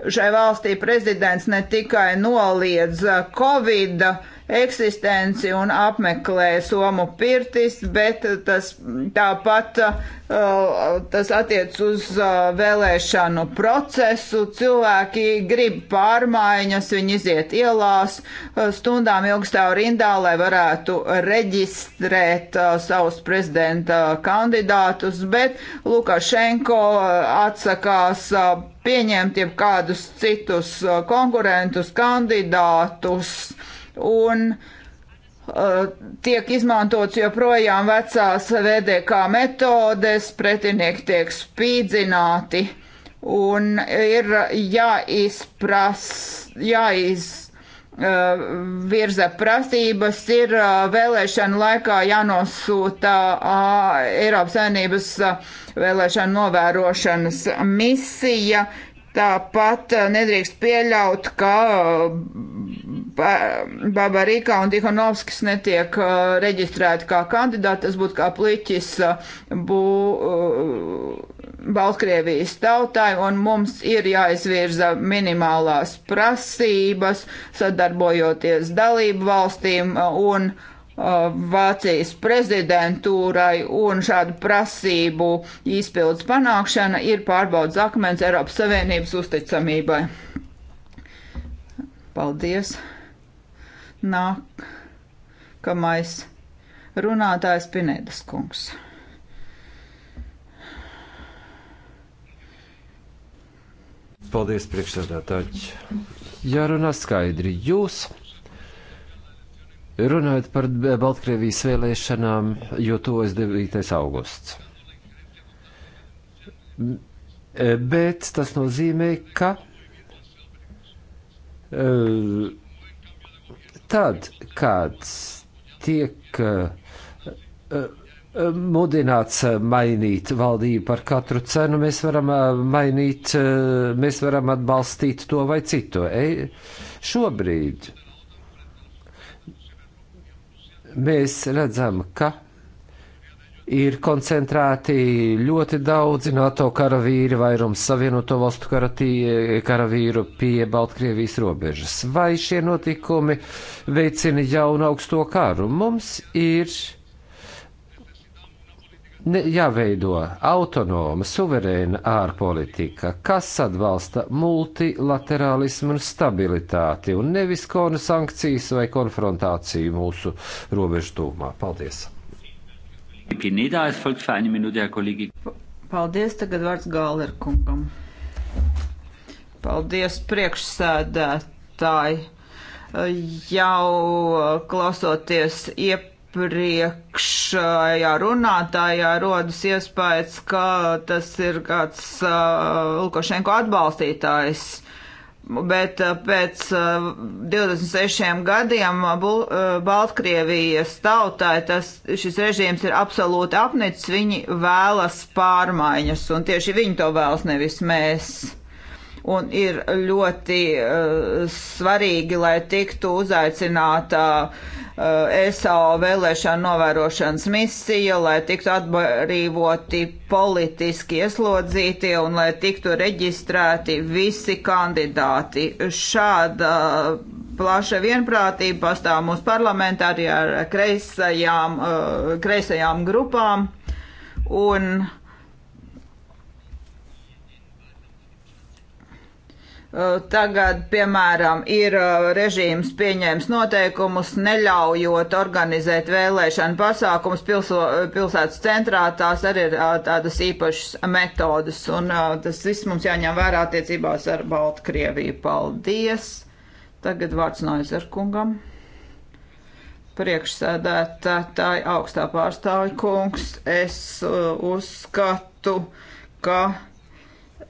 Šai valstī prezidents ne tikai noliedz eh, Covid eksistenci un apmeklē somu pirtis, bet tas tāpat uh, tas attiec uz uh, vēlēšanu procesu. Cilvēki grib pārmaiņas, viņi iziet ielās, uh, stundām ilgstāv rindā, lai varētu reģistrēt savus prezidenta kandidātus, bet Lukašenko atsakās pieņemt jebkādus citus konkurentus, kandidātus un uh, tiek izmantots joprojām vecās VDK metodes, pretinieki tiek spīdzināti un ir jāizpras, jāiz uh, virza prasības ir uh, vēlēšana laikā jānosūta Eiropas saimnības vēlēšana novērošanas misija, Tāpat eh, nedrīkst pieļaut, ka eh, Babarīkā un Dihonovskis netiek eh, reģistrēti kā kandidāti. Tas būtu kā pliķis bū, Baltkrievijas tautai, un mums ir jāizvirza minimālās prasības, sadarbojoties dalību valstīm un uh, Uh, Vācijas prezidentūrai un šādu prasību izpildus panākšana ir pārbaudas akmens Eiropas Savienības uzticamībai. Paldies! Nākamais runātājs Pinēdas kungs. Paldies, priekšsēdētāji! Jārunā skaidri, jūs Runājot par Baltkrievijas vēlēšanām, jo to es 9. augusts. Bet tas nozīmē, ka eh, tad, kad tiek eh, mudināts mainīt valdību par katru cenu, mēs varam eh, mainīt, mēs varam atbalstīt to vai citu. Šobrīd mēs redzam, ka ir koncentrēti ļoti daudzi NATO karavīri, vairums Savienoto valstu karavīru pie Baltkrievijas robežas. Vai šie notikumi veicina jaunu augsto karu? Mums ir ne, jāveido autonoma, suverēna ārpolitika, kas atbalsta multilaterālismu un stabilitāti, un nevis konu sankcijas vai konfrontāciju mūsu robežu tūmā. Paldies! Paldies, tagad vārds Gālerkungam. Paldies, priekšsēdētāji! Jau klausoties iepriekš iepriekšējā runātājā rodas iespējas, ka tas ir kāds uh, Lukašenko atbalstītājs. Bet uh, pēc 26 uh, gadiem uh, Baltkrievijas tautai tas, šis režīms ir absolūti apnicis, viņi vēlas pārmaiņas, un tieši viņi to vēlas, nevis mēs un ir ļoti uh, svarīgi, lai tiktu uzaicināta uh, eh, SAO vēlēšana novērošanas misija, lai tiktu atbrīvoti politiski ieslodzītie un lai tiktu reģistrēti visi kandidāti. Šāda plaša vienprātība pastāv mūsu parlamentā arī ar kreisajām, uh, kreisajām grupām. Un, uh, Eh, tagad, piemēram, ir eh, režīms pieņēmis noteikumus, neļaujot organizēt vēlēšanu pasākumus pilso, pilsētas centrā, tās arī ir eh, tādas īpašas metodas, un tas viss mums jāņem vērā attiecībās ar Baltkrieviju. Paldies! Tagad vārds Naizerkungam. Priekšsēdētāji augstā pārstāvja kungs, es uzskatu, ka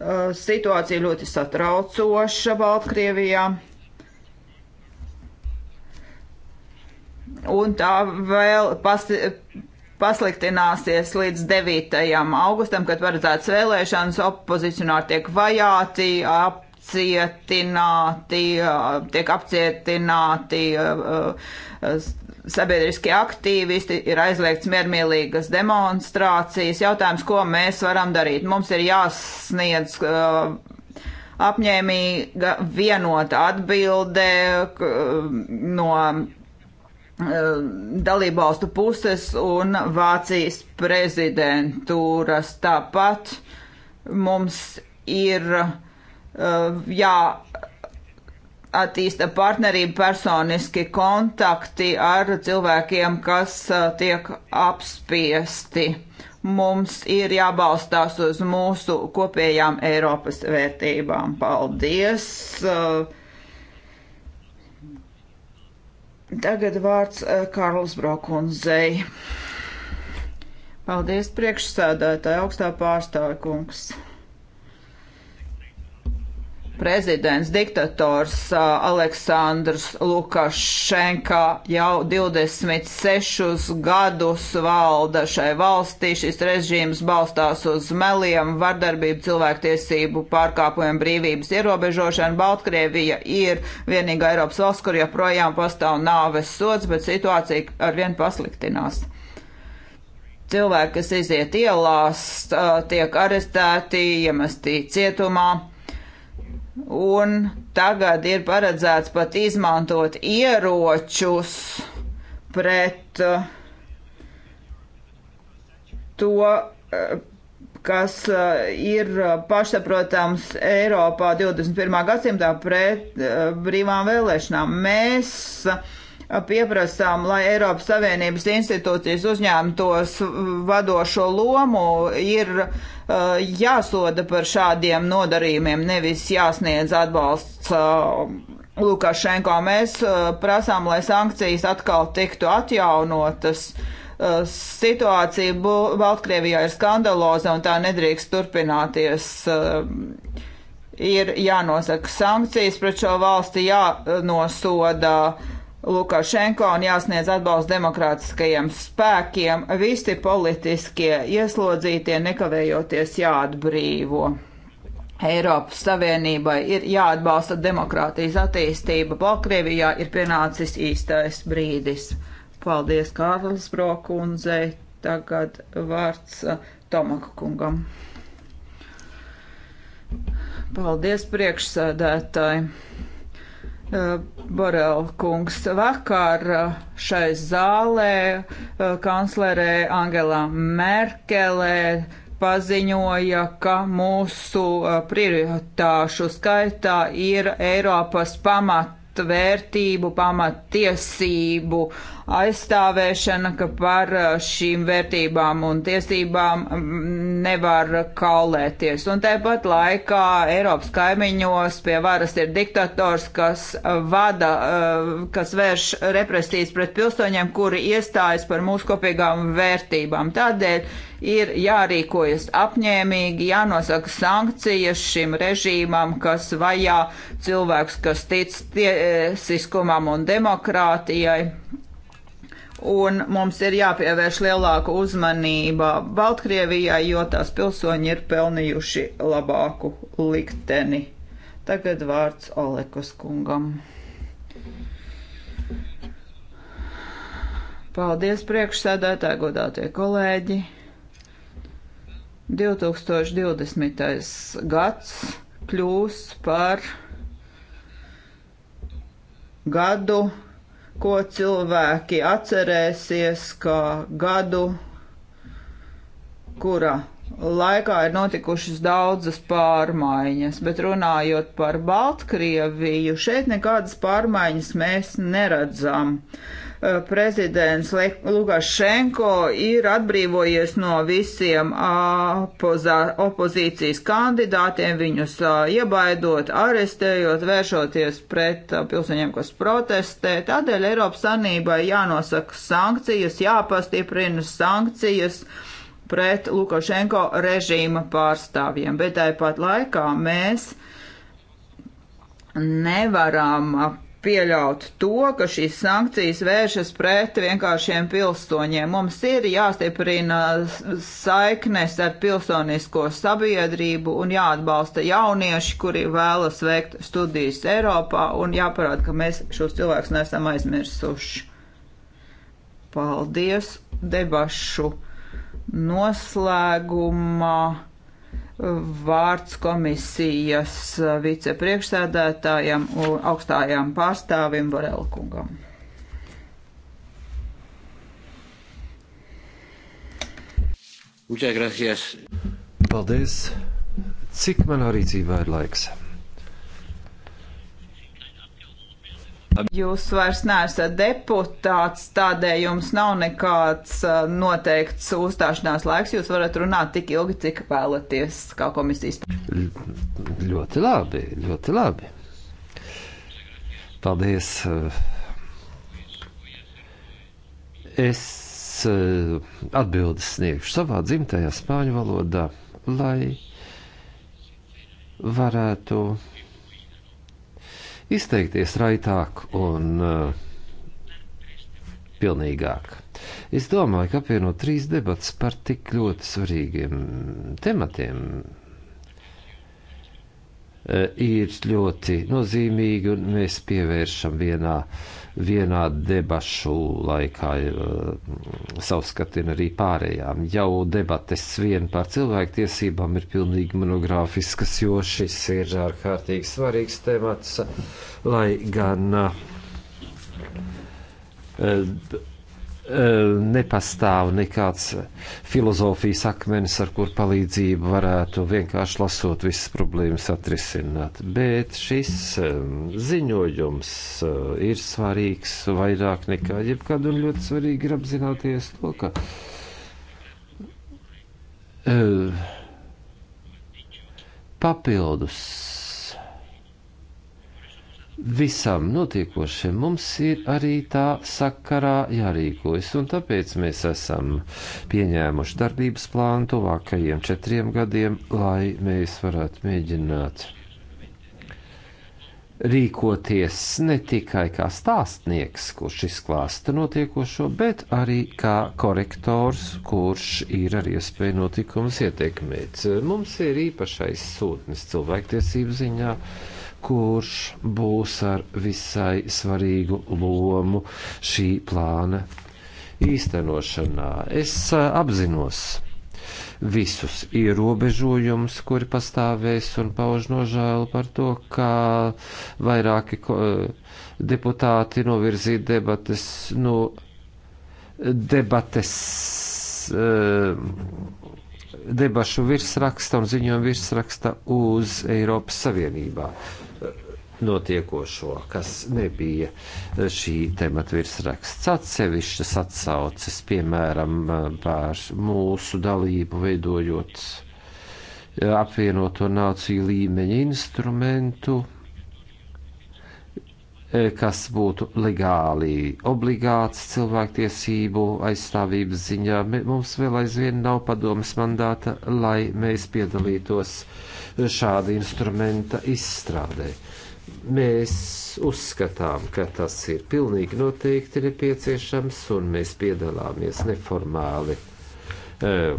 Eh, situācija ļoti satraucoša Baltkrievijā. Un tā vēl pasti, pasliktināsies līdz 9. augustam, kad paredzēts vēlēšanas, opozicionāri tiek vajāti, apcietināti, eh, tiek apcietināti eh, sabiedriskie aktīvisti, ir aizliegts miermīlīgas demonstrācijas. Jautājums, ko mēs varam darīt? Mums ir jāsniedz uh, apņēmīga vienota atbilde uh, no uh, dalībvalstu puses un Vācijas prezidentūras. Tāpat mums ir uh, jā jāattīsta partnerība, personiski kontakti ar cilvēkiem, kas tiek apspiesti. Mums ir jābalstās uz mūsu kopējām Eiropas vērtībām. Paldies! Tagad vārds Karls Brokundzei. Paldies priekšsēdētāji, augstā pārstāvja kungs prezidents, diktators uh, Aleksandrs Lukašenka jau 26 gadus valda šai valstī. Šis režīms balstās uz meliem, vardarbību, cilvēktiesību pārkāpumiem, brīvības ierobežošanu. Baltkrievija ir vienīgā Eiropas valsts, kur joprojām pastāv nāves sods, bet situācija arvien pasliktinās cilvēki, kas iziet ielās, uh, tiek arestēti, iemesti cietumā un tagad ir paredzēts pat izmantot ieročus pret uh, to, uh, kas uh, ir pašsaprotams Eiropā 21. gadsimtā pret brīvām vēlēšanām. Mēs pieprasām, lai Eiropas Savienības institūcijas uzņēmtos vadošo lomu, ir uh, jāsoda par šādiem nodarījumiem, nevis jāsniedz atbalsts uh, Lukašenko. Mēs uh, prasām, lai sankcijas atkal tiktu atjaunotas. Uh, situācija Baltkrievijā ir skandaloza un tā nedrīkst turpināties uh, ir jānosaka sankcijas pret šo valsti, jānosoda uh, Lukašenko un jāsniedz atbalsts demokrātiskajiem spēkiem. Visi politiskie ieslodzītie nekavējoties jāatbrīvo. Eiropas Savienībai ir jāatbalsta demokrātijas attīstība. Baltkrievijā ir pienācis īstais brīdis. Paldies Kārlis Brokundzei. Tagad vārds uh, Tomaka kungam. Paldies priekšsēdētāji. Eh, Borel kungs. Vakar eh, šai zālē eh, kanclerē Angela Merkelē paziņoja, ka mūsu prioritāšu skaitā ir Eiropas pamat vērtību, pamattiesību aizstāvēšana, ka par uh, šīm vērtībām un tiesībām mm, nevar kaulēties. Un tāpat laikā Eiropas kaimiņos pie varas ir diktators, kas vada, uh, kas vērš represijas pret pilsoņiem, kuri iestājas par mūsu kopīgām vērtībām. Tādēļ ir jārīkojas apņēmīgi, jānosaka sankcijas šim režīmam, kas vajā cilvēks, kas tic tiesiskumam un demokrātijai. Un mums ir jāpievērš lielāka uzmanība Baltkrievijai, jo tās pilsoņi ir pelnījuši labāku likteni. Tagad vārds Olekas kungam. Paldies priekšsēdētāji, godātie kolēģi! 2020. gads kļūs par gadu, ko cilvēki atcerēsies, kā gadu, kura laikā ir notikušas daudzas pārmaiņas, bet runājot par Baltkrieviju, šeit nekādas pārmaiņas mēs neredzam. Uh, Eh, prezidents Lukašenko ir atbrīvojies no visiem apozā, eh, opozīcijas kandidātiem, viņus eh, iebaidot, arestējot, vēršoties pret pilsoņiem, kas protestē. Tādēļ Eiropas Sanībai jānosaka sankcijas, jāpastiprina sankcijas pret Lukašenko režīma pārstāvjiem, bet tāpat laikā mēs nevaram pieļaut to, ka šīs sankcijas vēršas pret vienkāršiem pilsoņiem. Mums ir jāstiprina saiknes ar pilsonisko sabiedrību un jāatbalsta jaunieši, kuri vēlas veikt studijas Eiropā un jāparāda, ka mēs šos cilvēkus nesam aizmirsuši. Paldies debašu noslēgumā vārds komisijas vicepriekšsēdētājam un augstājām pārstāvim Borelkungam. Paldies! Cik manā rīcībā ir laiks? Jūs vairs neesat deputāts, tādēļ jums nav nekāds noteikts uzstāšanās laiks. Jūs varat runāt tik ilgi, cik vēlaties, kā komisijas. Ļoti labi, ļoti labi. Paldies. Es atbildes sniegšu savā dzimtajā spāņu valodā, lai varētu izteikties raitāk un uh, pilnīgāk. Es domāju, ka apvienot trīs debats par tik ļoti svarīgiem tematiem Eh, ir ļoti nozīmīgi, un mēs pievēršam vienā, vienā debašu laikā eh, savskatin arī pārējām. Jau debates vien par cilvēktiesībām ir pilnīgi monogrāfiskas, jo šis ir ārkārtīgi svarīgs temats, lai gan. Uh, Eh, nepastāv nekāds filozofijas akmenis, ar kur palīdzību varētu vienkārši lasot visas problēmas atrisināt. Bet šis eh, ziņojums eh, ir svarīgs vairāk nekā jebkad, un ļoti svarīgi ir apzināties to, ka. Papildus visam notiekošiem mums ir arī tā sakarā jārīkojas, un tāpēc mēs esam pieņēmuši darbības plānu tuvākajiem četriem gadiem, lai mēs varētu mēģināt rīkoties ne tikai kā stāstnieks, kurš izklāsta notiekošo, bet arī kā korektors, kurš ir ar iespēju notikumus ietekmēt. Mums ir īpašais sūtnis cilvēktiesību ziņā kurš būs ar visai svarīgu lomu šī plāna īstenošanā. Es apzinos visus ierobežojumus, kuri pastāvēs un pauž nožēlu par to, ka vairāki deputāti novirzīja debates no debates debašu virsraksta un ziņojumu virsraksta uz Eiropas Savienībā notiekošo, kas nebija šī temata virsraksts. Atsevišķas atsauces, piemēram, pār mūsu dalību veidojot apvienoto nāciju līmeņa instrumentu, kas būtu legāli obligāts cilvēktiesību aizstāvības ziņā. Mums vēl aizvien nav padomas mandāta, lai mēs piedalītos šāda instrumenta izstrādē. Mēs uzskatām, ka tas ir pilnīgi noteikti nepieciešams, un mēs piedalāmies neformāli eh,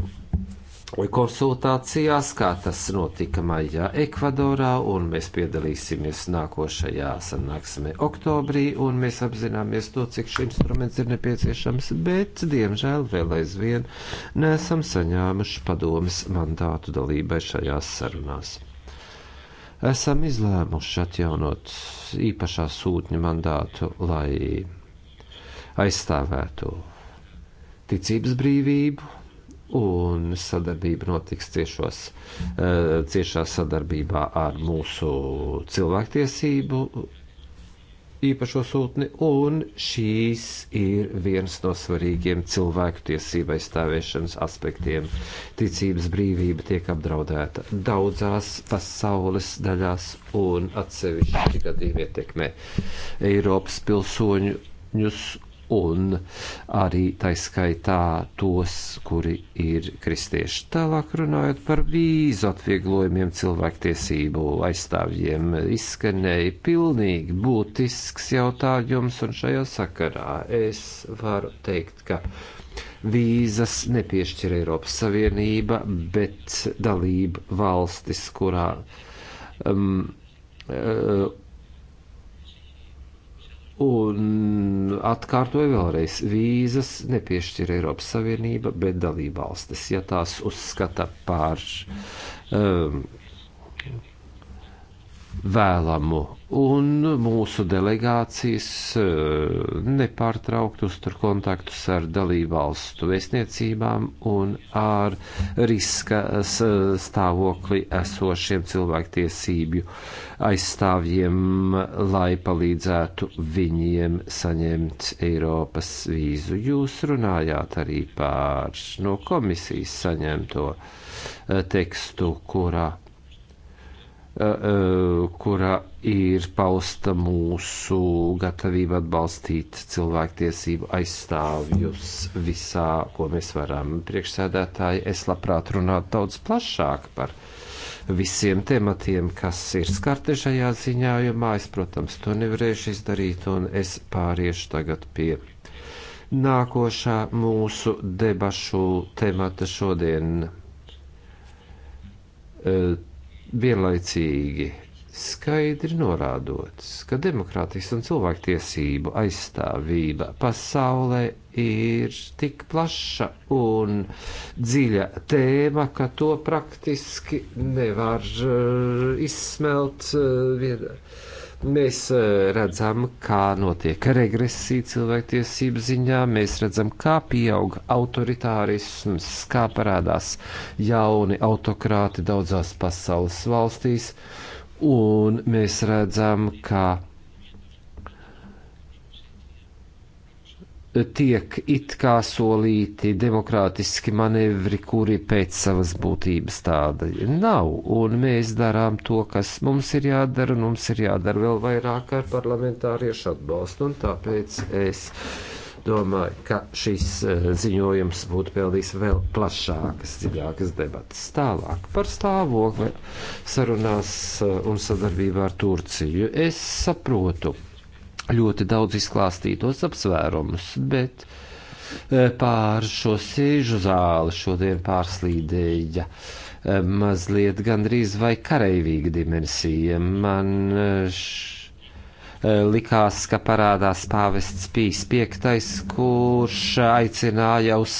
konsultācijās, kā tas notika maijā Ekvadorā, un mēs piedalīsimies nākošajā sanāksmē oktobrī, un mēs apzināmies to, cik šis instruments ir nepieciešams, bet, diemžēl, vēl aizvien nesam saņēmuši padomas mandātu dalībai šajās sarunās esam izlēmuši atjaunot īpašā sūtņa mandātu, lai aizstāvētu ticības brīvību, un sadarbība notiks ciešos, eh, ciešā sadarbībā ar mūsu cilvēktiesību īpašo sūtni, un šīs ir viens no svarīgiem cilvēku tiesībai stāvēšanas aspektiem. Ticības brīvība tiek apdraudēta daudzās pasaules daļās un atsevišķi gadījumi ietekmē Eiropas pilsoņus un arī taiskaitā tos, kuri ir kristieši. Tālāk runājot par vīzu atvieglojumiem cilvēktiesību aizstāvjiem, izskanēja pilnīgi būtisks jautājums, un šajā sakarā es varu teikt, ka vīzas nepiešķir Eiropas Savienība, bet dalība valstis, kurā um, Un atkārtoju vēlreiz, vīzas nepiešķir Eiropas Savienība, bet dalībvalstis, ja tās uzskata par um, vēlamu, un mūsu delegācijas eh, nepārtraukt uztur kontaktus ar dalībvalstu vēstniecībām un ar riska stāvokli esošiem cilvēktiesību aizstāvjiem, lai palīdzētu viņiem saņemt Eiropas vīzu. Jūs runājāt arī pār no komisijas saņemto eh, tekstu, kurā E, kurā ir pausta mūsu gatavība atbalstīt cilvēktiesību aizstāvjus visā, ko mēs varam. Priekšsēdētāji, es labprāt runātu daudz plašāk par visiem tematiem, kas ir skarti šajā ziņājumā. Es, protams, to nevarēšu izdarīt, un es pāriešu tagad pie nākošā mūsu debašu temata šodien. Uh, vienlaicīgi skaidri norādots, ka demokrātijas un cilvēktiesību aizstāvība pasaulē ir tik plaša un dziļa tēma, ka to praktiski nevar uh, izsmelt uh, eh, vienā Mēs eh, redzam, kā notiek regresija cilvēktiesību ziņā, mēs redzam, kā pieaug autoritārisms, kā parādās jauni autokrāti daudzās pasaules valstīs, un mēs redzam, kā tiek it kā solīti demokrātiski manevri, kuri pēc savas būtības tāda nav, un mēs darām to, kas mums ir jādara, un mums ir jādara vēl vairāk ar parlamentāriešu atbalstu, un tāpēc es domāju, ka šis eh, ziņojums būtu pelnījis vēl plašākas, dziļākas debatas. Tālāk par stāvokli sarunās eh, un sadarbībā ar Turciju. Es saprotu, ļoti daudz izklāstītos apsvērumus, bet e, pār šo sēžu zāli šodien pārslīdēja e, mazliet gandrīz vai kareivīga dimensija. Man e, likās, ka parādās pāvests Pīs V, kurš aicināja uz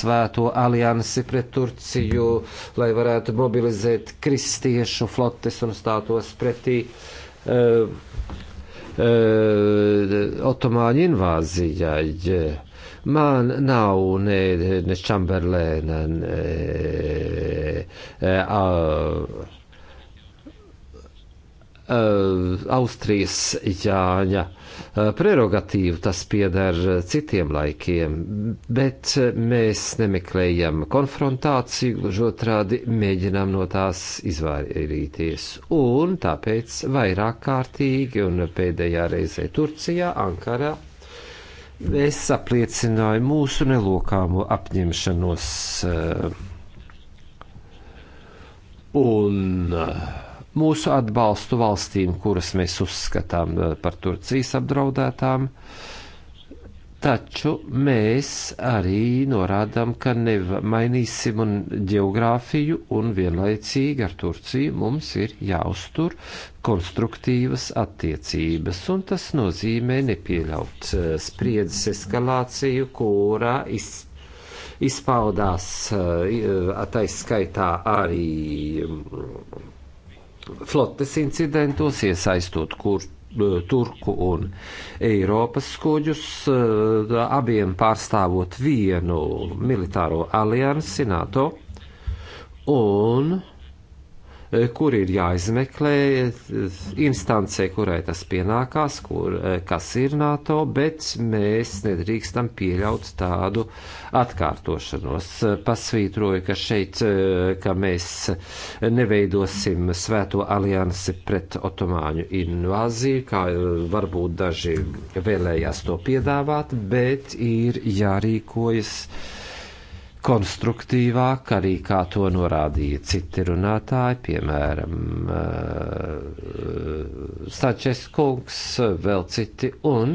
svēto aliansi pret Turciju, lai varētu mobilizēt kristiešu flotes un stātos pretī uh, E, otomāņu invāzijai. Man nav ne, ne Čamberlēna, ne. E, a, e, Austrijas Jāņa. Eh, prerogatīva, tas pieder eh, citiem laikiem, bet eh, mēs nemeklējam konfrontāciju, gluži otrādi mēģinām no tās izvairīties. Un tāpēc vairāk kārtīgi un pēdējā reizē Turcijā, Ankarā, es apliecināju mūsu nelokāmo apņemšanos. Uh, un uh, mūsu atbalstu valstīm, kuras mēs uzskatām eh, par Turcijas apdraudētām. Taču mēs arī norādām, ka nemainīsim un geogrāfiju un vienlaicīgi ar Turciju mums ir jāuztur konstruktīvas attiecības, un tas nozīmē nepieļaut eh, spriedzes eskalāciju, kurā izpētīt izpaudās eh, taiskaitā arī flotes incidentos, iesaistot kur, e, turku un Eiropas kuģus, e, abiem pārstāvot vienu militāro aliansi NATO. Un kur ir jāizmeklē instancē, kurai tas pienākās, kur, eh, kas ir NATO, bet mēs nedrīkstam pieļaut tādu atkārtošanos. Pasvītroju, ka šeit, eh, ka mēs neveidosim svēto aliansi pret otomāņu invāziju, kā eh, varbūt daži vēlējās to piedāvāt, bet ir jārīkojas. Yeah konstruktīvāk, arī kā to norādīja citi runātāji, piemēram, eh, Sančes kungs, vēl citi, un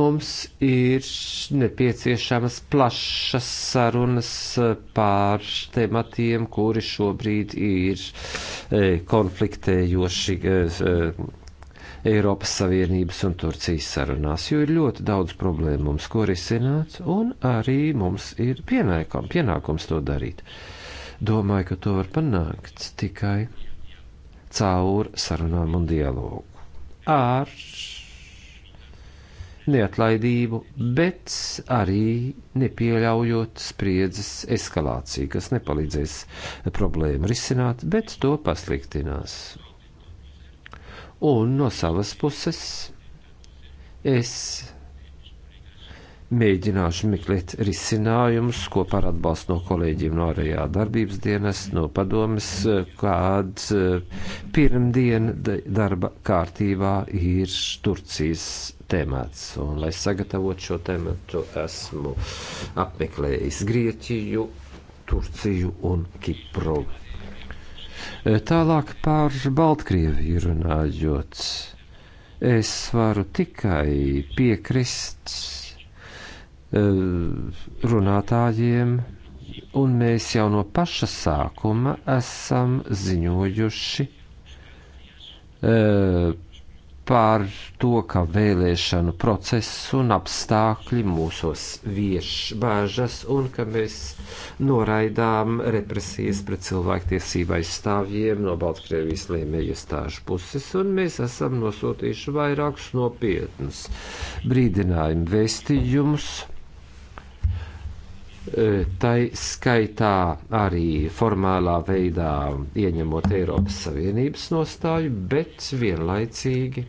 mums ir nepieciešamas plašas sarunas eh, pār tematiem, kuri šobrīd ir eh, konfliktējoši Eiropas Savienības un Turcijas sarunās, jo ir ļoti daudz problēmu mums, ko risināt, un arī mums ir pienākums, pienākums to darīt. Domāju, ka to var panākt tikai caur sarunām un dialogu. Ar neatlaidību, bet arī nepieļaujot spriedzes eskalāciju, kas nepalīdzēs problēmu risināt, bet to pasliktinās. Un no savas puses es mēģināšu meklēt risinājumus kopā ar atbalstu no kolēģiem no ārējā darbības dienas, no padomas, kāds eh, pirmdien darba kārtībā ir Turcijas temats. Un, lai sagatavotu šo tematu, esmu apmeklējis Grieķiju, Turciju un Kipru. Tālāk par Baltkrieviju runājot, es varu tikai piekrist e, runātājiem, un mēs jau no paša sākuma esam ziņojuši e, par to, ka vēlēšanu process un apstākļi mūsos vieš bāžas un ka mēs noraidām represijas pret cilvēktiesību aizstāvjiem no Baltkrievijas lēmēja iestāžu puses, un mēs esam nosūtījuši vairākus nopietnus brīdinājumu vēstījumus. E, tai skaitā arī formālā veidā ieņemot Eiropas Savienības nostāju, bet vienlaicīgi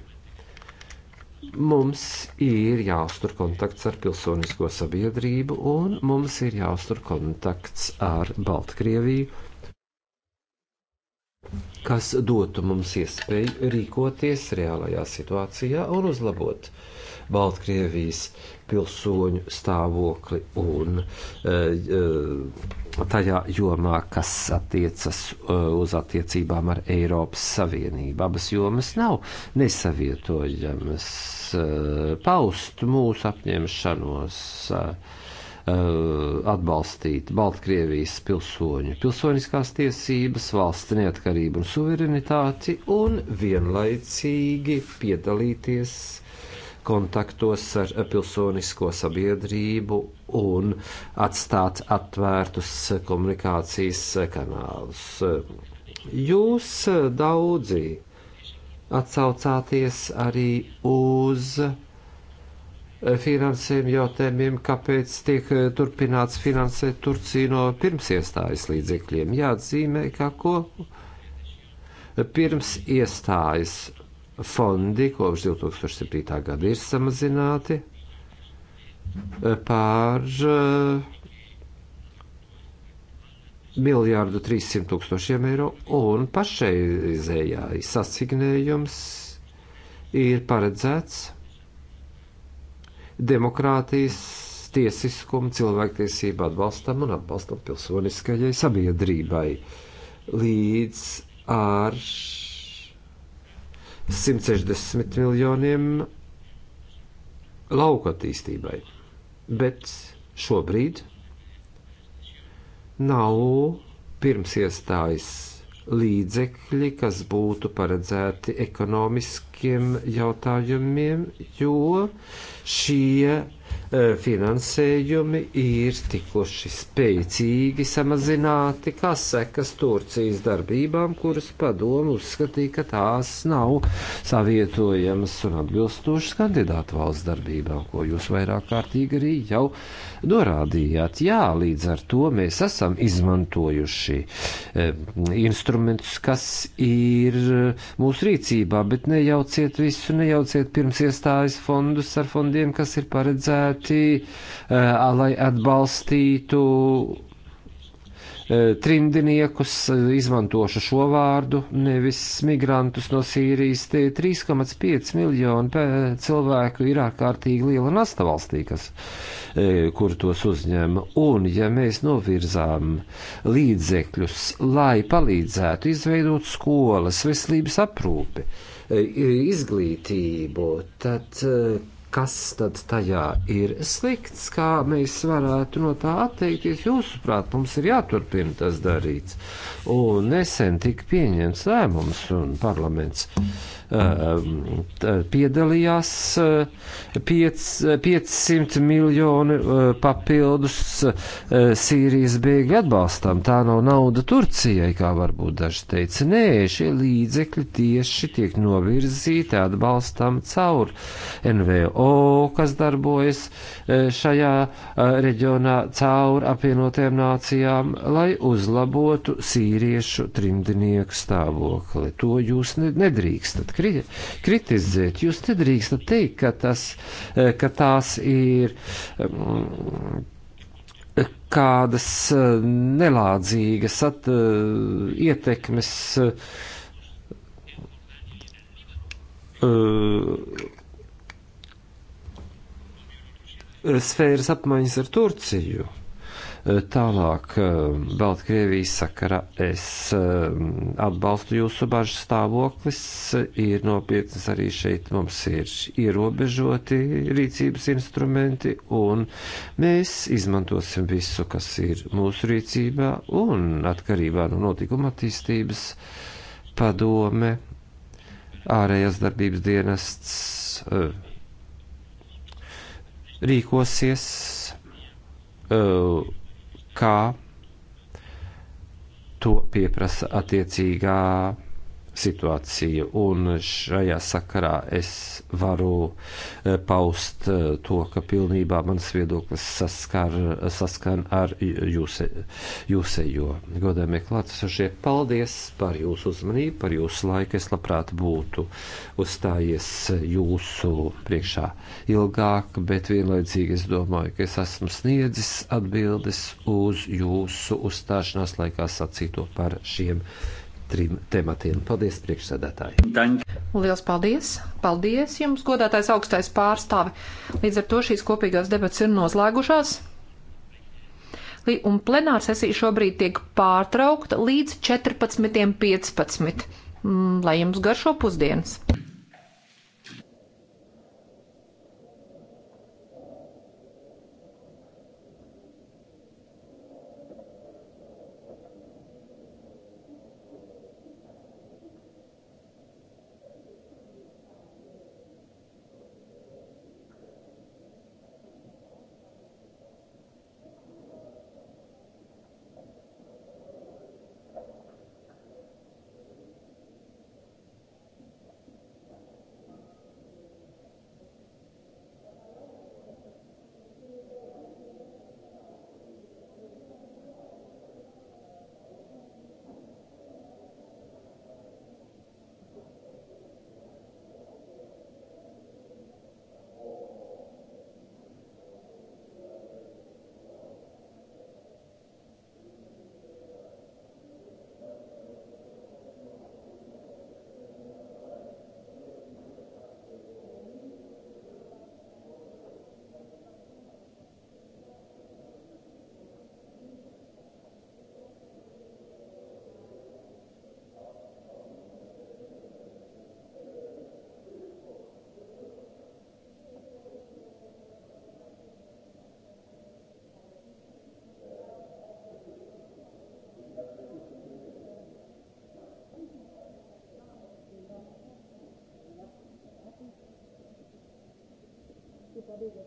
mums ir jāuztur kontakts ar pilsonisko sabiedrību un mums ir jāuztur kontakts ar Baltkrieviju, kas dotu mums iespēju rīkoties reālajā situācijā un uzlabot Baltkrievijas pilsoņu stāvokli un eh, eh, tajā jomā, kas attiecas eh, uz attiecībām ar Eiropas Savienību. Abas jomas nav nesavietojamas. Paust mūsu apņemšanos atbalstīt Baltkrievijas pilsoņu pilsoniskās tiesības, valsts neatkarību un suverenitāti un vienlaicīgi piedalīties kontaktos ar pilsonisko sabiedrību un atstāt atvērtus komunikācijas kanālus. Jūs daudzi atsaucāties arī uz finansējuma jautājumiem, kāpēc tiek turpināts finansēt Turciju no pirms iestājas līdzekļiem. Jāatzīmē, ka ko pirms iestājas fondi kopš 2007. gada ir samazināti eh, pār eh, miljārdu 300 tūkstošiem eiro, un pašreizējā sasignējums ir paredzēts demokrātijas, tiesiskuma, cilvēktiesība atbalstam un atbalstam pilsoniskajai sabiedrībai līdz ar 160 miljoniem lauku attīstībai. Bet šobrīd nav pirms iestājas līdzekļi, kas būtu paredzēti ekonomiskiem jautājumiem, jo šie Eh, finansējumi ir tikuši spēcīgi samazināti, kā sekas Turcijas darbībām, kuras padomu uzskatīja, ka tās nav savietojamas un atbilstošas kandidātu valsts darbībām, ko jūs vairāk kārtīgi arī jau norādījāt. Jā, līdz ar to mēs esam izmantojuši e, instrumentus, kas ir mūsu rīcībā, bet nejauciet visu, nejauciet pirms iestājas fondus ar fondiem, kas ir paredzēti, e, lai atbalstītu e, trimdniekus, izmantošu šo vārdu, nevis migrantus no Sīrijas. Te 3,5 miljoni cilvēku ir ārkārtīgi liela nasta valstī, kas E, kur tos uzņem. Un, ja mēs novirzām līdzekļus, lai palīdzētu izveidot skolas, veselības aprūpi, e, izglītību, tad e, kas tad tajā ir slikts, kā mēs varētu no tā atteikties. Jūsuprāt, mums ir jāturpina tas darīts. Un nesen tika pieņemts lēmums un parlaments. Mm Ehm, piedalījās 500 eh, miljoni eh, papildus eh, Sīrijas bēgļu atbalstam. Tā nav nauda Turcijai, kā varbūt daži teica. Nē, šie līdzekļi tieši tiek novirzīti atbalstam caur NVO, kas darbojas šajā reģionā caur apvienotajām nācijām, lai uzlabotu sīriešu trimdinieku stāvokli. To jūs nedrīkstat kri kritizēt. Jūs nedrīkstat teikt, ka, tas, e, ka tās ir mm, kādas e, nelādzīgas at, e, ietekmes. Uh, sfēras apmaiņas ar Turciju. Tālāk, eh, Baltkrievijas sakara, es eh, atbalstu jūsu bažu stāvoklis, ir nopietnas arī šeit mums ir ierobežoti rīcības instrumenti, un mēs izmantosim visu, kas ir mūsu rīcībā, un atkarībā no notikuma attīstības padome, ārējās darbības dienests eh, rīkosies. Uh, kā to pieprasa attiecīgā situācija, un šajā sakarā es varu eh, paust eh, to, ka pilnībā mans viedoklis saskar, saskan ar jūse, jūsejo. Godējumie klātesošie, paldies par jūsu uzmanību, par jūsu laiku. Es labprāt būtu uzstājies jūsu priekšā ilgāk, bet vienlaicīgi es domāju, ka es esmu sniedzis atbildes uz jūsu uzstāšanās laikā sacīto par šiem trim tematiem. Paldies, priekšsēdētāji! Lielas paldies! Paldies jums, godātais augstais pārstāvi! Līdz ar to šīs kopīgās debats ir noslēgušās. Un plenāra sesija šobrīd tiek pārtraukta līdz 14.15. Mm, lai jums garšo pusdienas! Hallelujah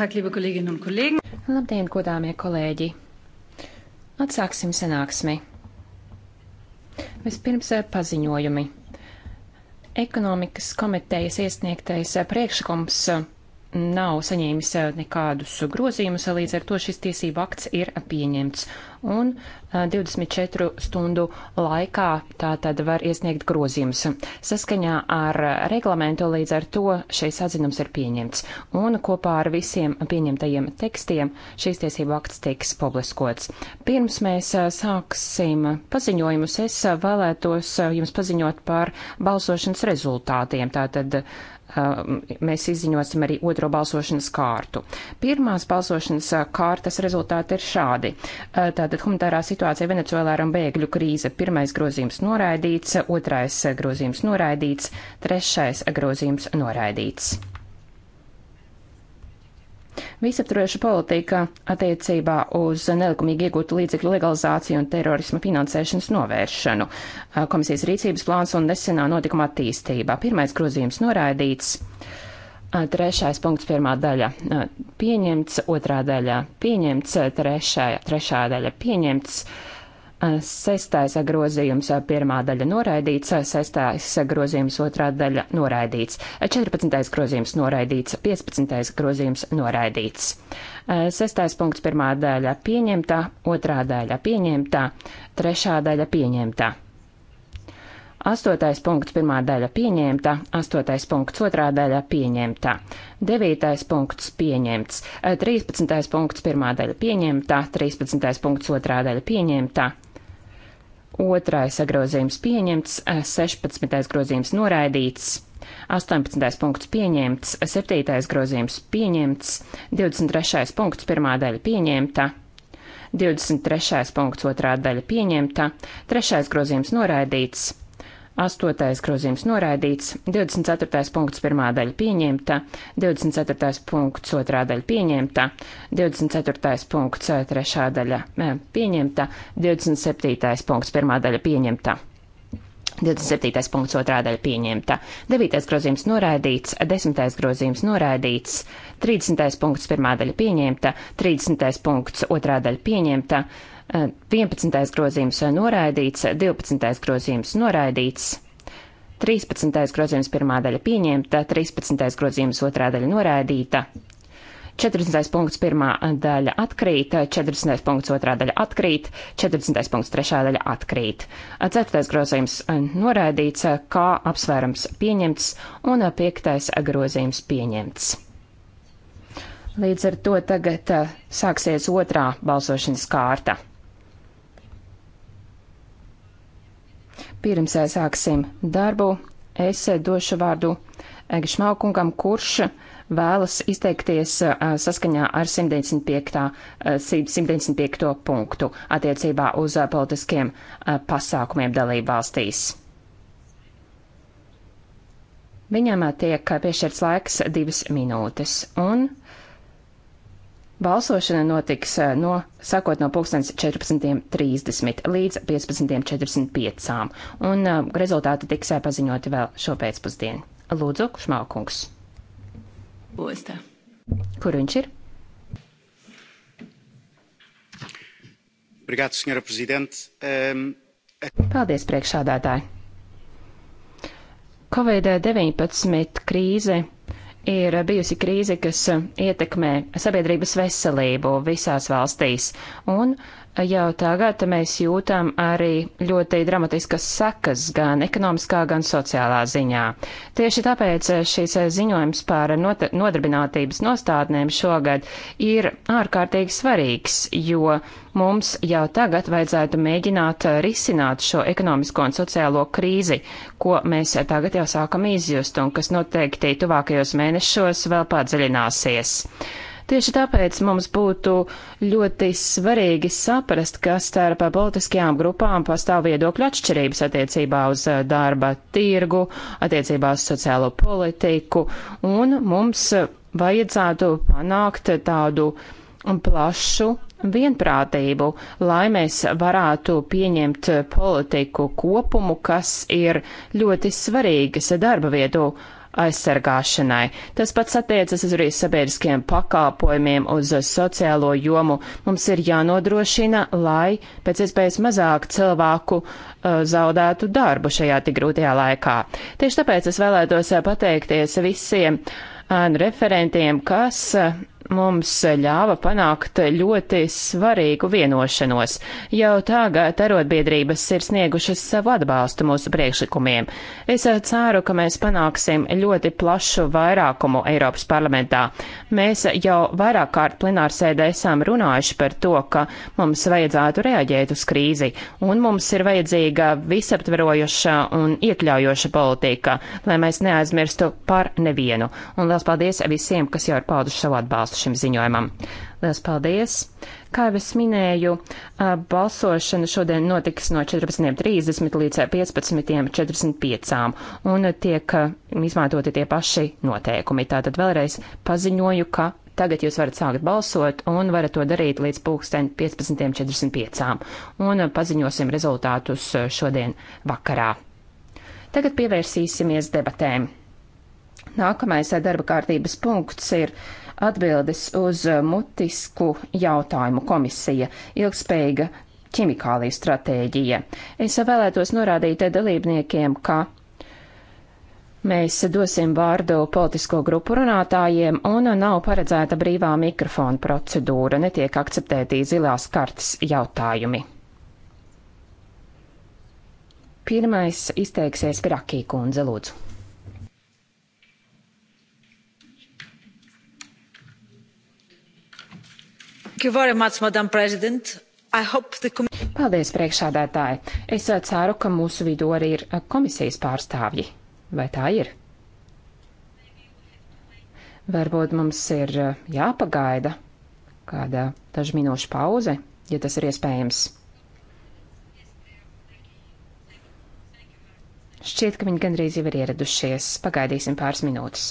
Tag, liebe Kolleginnen un Kollegen. Labdien, godāmie kolēģi! Atsāksim sanāksmi. Vispirms eh, paziņojumi. Ekonomikas komitejas iesniegtais eh, priekšlikums eh, nav saņēmis eh, nekādus grozījumus, līdz ar to šis tiesību akts ir pieņemts. Un 24 eh, stundu laikā tā tad var iesniegt grozījumus. Saskaņā ar reglamentu līdz ar to šis atzinums ir pieņemts. Un kopā ar visiem pieņemtajiem tekstiem šīs tiesību akts tiks publiskots. Pirms mēs eh, sāksim paziņojumus, es vēlētos jums paziņot par balsošanas rezultātiem. Tātad Um, mēs izziņosim arī otro balsošanas kārtu. Pirmās balsošanas uh, kārtas rezultāti ir šādi. Uh, tātad humanitārā situācija Venecuēlā un bēgļu krīze. Pirmais grozījums noraidīts, otrais grozījums noraidīts, trešais grozījums noraidīts. Visaptvaroša politika attiecībā uz nelikumīgi iegūtu līdzekļu legalizāciju un terorisma finansēšanas novēršanu, komisijas rīcības plāns un nesenā notikuma attīstība. Pirmais grozījums noraidīts. Trešais punkts, pirmā daļa pieņemts, otrā daļa pieņemts, trešā, trešā daļa pieņemts. Uh, Sestais grozījums pirmā daļa noraidīts, sestais grozījums otrā daļa noraidīts, 14. grozījums noraidīts, 15. grozījums noraidīts. Sestais punkts pirmā daļa pieņemta, otrā daļa pieņemta, trešā daļa pieņemta. Astotais punkts pirmā daļa pieņemta, astotais punkts otrā daļa pieņemta, devītais punkts pieņemts, trīspadsmitais punkts pirmā daļa pieņemta, trīspadsmitais punkts otrā daļa pieņemta. Otrais grozījums pieņemts, 16. grozījums noraidīts, 18. punkts pieņemts, 7. grozījums pieņemts, 23. punkts pirmā daļa pieņemta, 23. punkts otrā daļa pieņemta, 3. grozījums noraidīts, 8. grozījums noraidīts, 24. punkts 1. daļa pieņemta, 24. punkts 2. daļa pieņemta, 24. punkts 3. Eh, eh, daļa pieņemta, 27. punkts 1. daļa pieņemta. 27. punkts 2. daļa pieņemta, 9. grozījums noraidīts, 10. grozījums noraidīts, 30. punkts 1. daļa pieņemta, 30. punkts 2. daļa pieņemta, 11. grozījums noraidīts, 12. grozījums noraidīts, 13. grozījums pirmā daļa pieņemta, 13. grozījums otrā daļa noraidīta, 14. punkts pirmā daļa atkrīt, 40. punkts otrā daļa atkrīt, 40. punkts trešā daļa atkrīt. 4. grozījums noraidīts, kā apsvērums pieņemts un 5. grozījums pieņemts. Līdz ar to tagad sāksies otrā balsošanas kārta. Pirms eh, sāksim darbu, es eh, došu vārdu Egešmaukungam, kurš vēlas izteikties eh, saskaņā ar 195. 195. punktu attiecībā uz politiskiem pasākumiem dalību valstīs. Viņam tiek piešķirts laiks divas minūtes, un Balsošana notiks eh, no, sakot no 14.30 līdz 15.45, un eh, rezultāti tiks eh, paziņoti vēl šopēcpusdienu. Lūdzu, Šmaukungs. Ostā. Kur viņš ir? Obrigado, senhora Presidente. Um, Paldies, priekšādātāji. Covid-19 krīze ir bijusi krīze, kas ietekmē sabiedrības veselību visās valstīs, un Jau tagad mēs jūtam arī ļoti dramatiskas sekas gan ekonomiskā, gan sociālā ziņā. Tieši tāpēc šīs ziņojums par nodarbinātības nostādnēm šogad ir ārkārtīgi svarīgs, jo mums jau tagad vajadzētu mēģināt risināt šo ekonomisko un sociālo krīzi, ko mēs tagad jau sākam izjust un kas noteikti tuvākajos mēnešos vēl padziļināsies. Tieši tāpēc mums būtu ļoti svarīgi saprast, ka starp politiskajām grupām pastāv viedokļu atšķirības attiecībā uz eh, darba tirgu, attiecībā uz sociālo politiku, un mums vajadzētu panākt tādu plašu vienprātību, lai mēs varētu pieņemt politiku kopumu, kas ir ļoti svarīgas darba vietu aizsargāšanai. Tas pats attiecas uz arī sabiedriskiem pakalpojumiem, uz sociālo jomu. Mums ir jānodrošina, lai pēc iespējas mazāk cilvēku uh, zaudētu darbu šajā tik grūtajā laikā. Tieši tāpēc es vēlētos uh, pateikties visiem ēnu uh, referentiem, kas uh, mums ļāva panākt ļoti svarīgu vienošanos. Jau tagad arotbiedrības ir sniegušas savu atbalstu mūsu priekšlikumiem. Es ceru, ka mēs panāksim ļoti plašu vairākumu Eiropas parlamentā. Mēs jau vairāk kārt plenārsēdē esam runājuši par to, ka mums vajadzētu reaģēt uz krīzi, un mums ir vajadzīga visaptverojoša un iekļaujoša politika, lai mēs neaizmirstu par nevienu. Un liels paldies visiem, kas jau ir pauduši savu atbalstu šim ziņojumam. Lielas paldies! Kā jau es minēju, balsošana šodien notiks no 14.30 līdz 15.45, un tiek izmantoti tie paši noteikumi. Tātad vēlreiz paziņoju, ka tagad jūs varat sākt balsot un varat to darīt līdz pulksten 15.45, un paziņosim rezultātus šodien vakarā. Tagad pievērsīsimies debatēm. Nākamais darba kārtības punkts ir atbildes uz eh, mutisku jautājumu komisija - ilgspējīga ķimikālija stratēģija. Es vēlētos norādīt dalībniekiem, ka Mēs dosim vārdu politisko grupu runātājiem, un nav paredzēta brīvā mikrofona procedūra, netiek akceptētī zilās kartes jautājumi. Pirmais izteiksies Grakī kundze, lūdzu. Paldies, priekšādātāji. Es uh, ceru, ka mūsu vidū arī ir uh, komisijas pārstāvji. Vai tā ir? Varbūt mums ir uh, jāpagaida kāda dažu minūšu pauze, ja tas ir iespējams. Šķiet, ka viņi gandrīz jau ir ieradušies. Pagaidīsim pāris minūtes.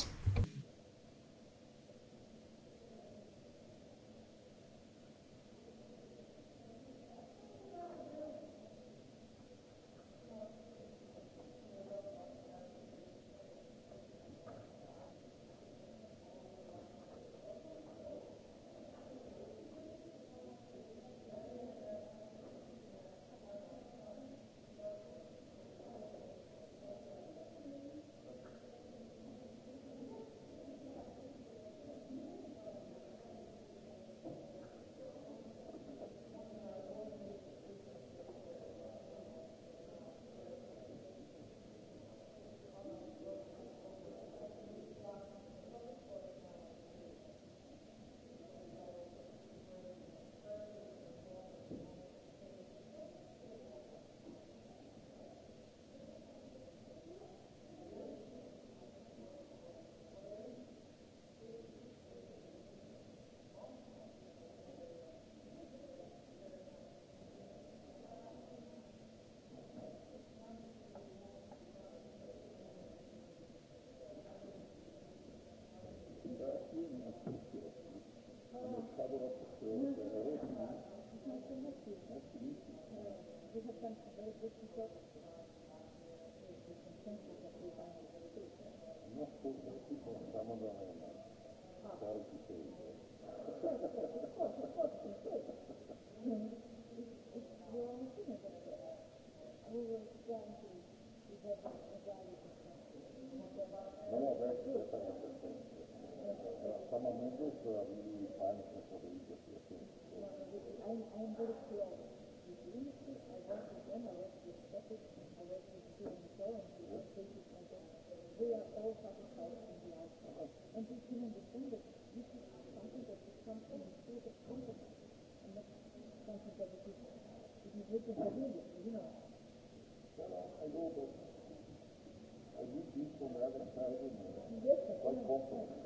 making provision, you know. Then I, I go, but I do do some advertising, like both of them.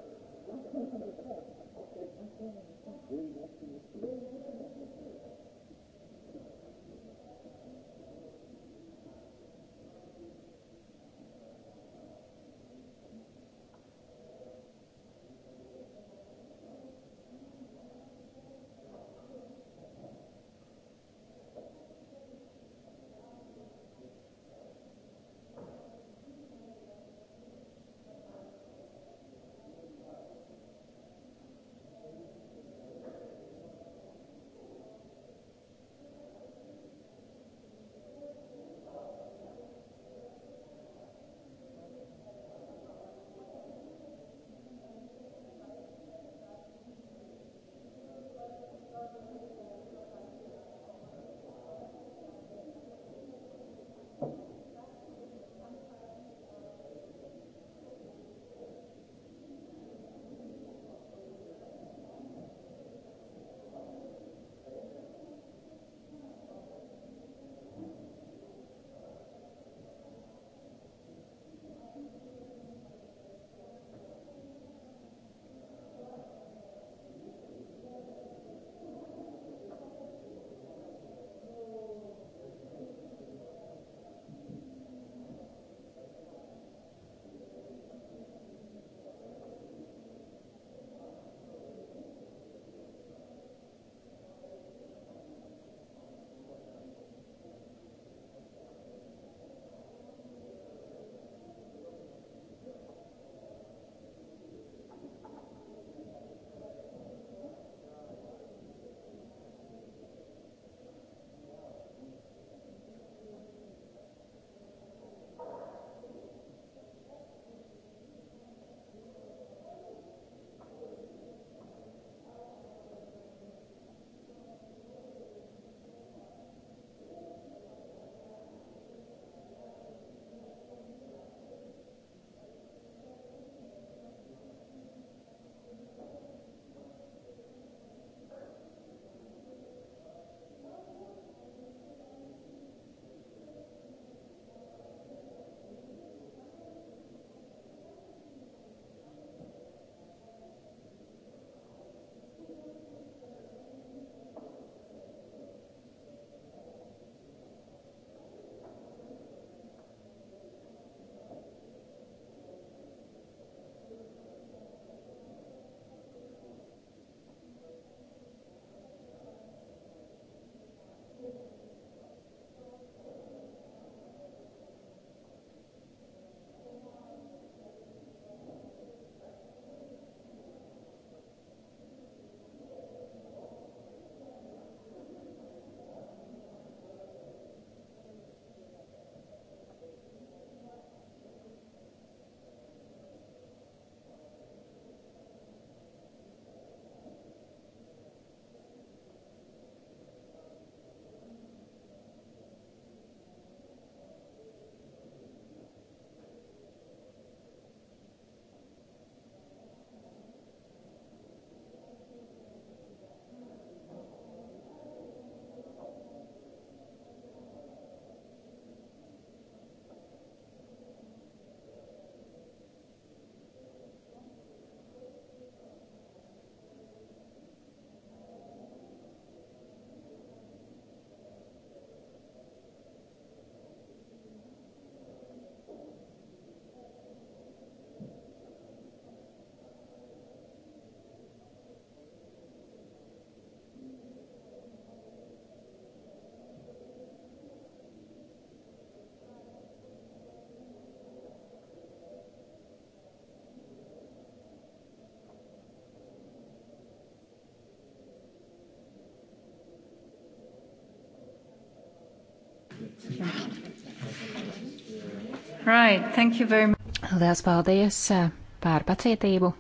Right, thank you very much. Lielas paldies uh, par pacietību.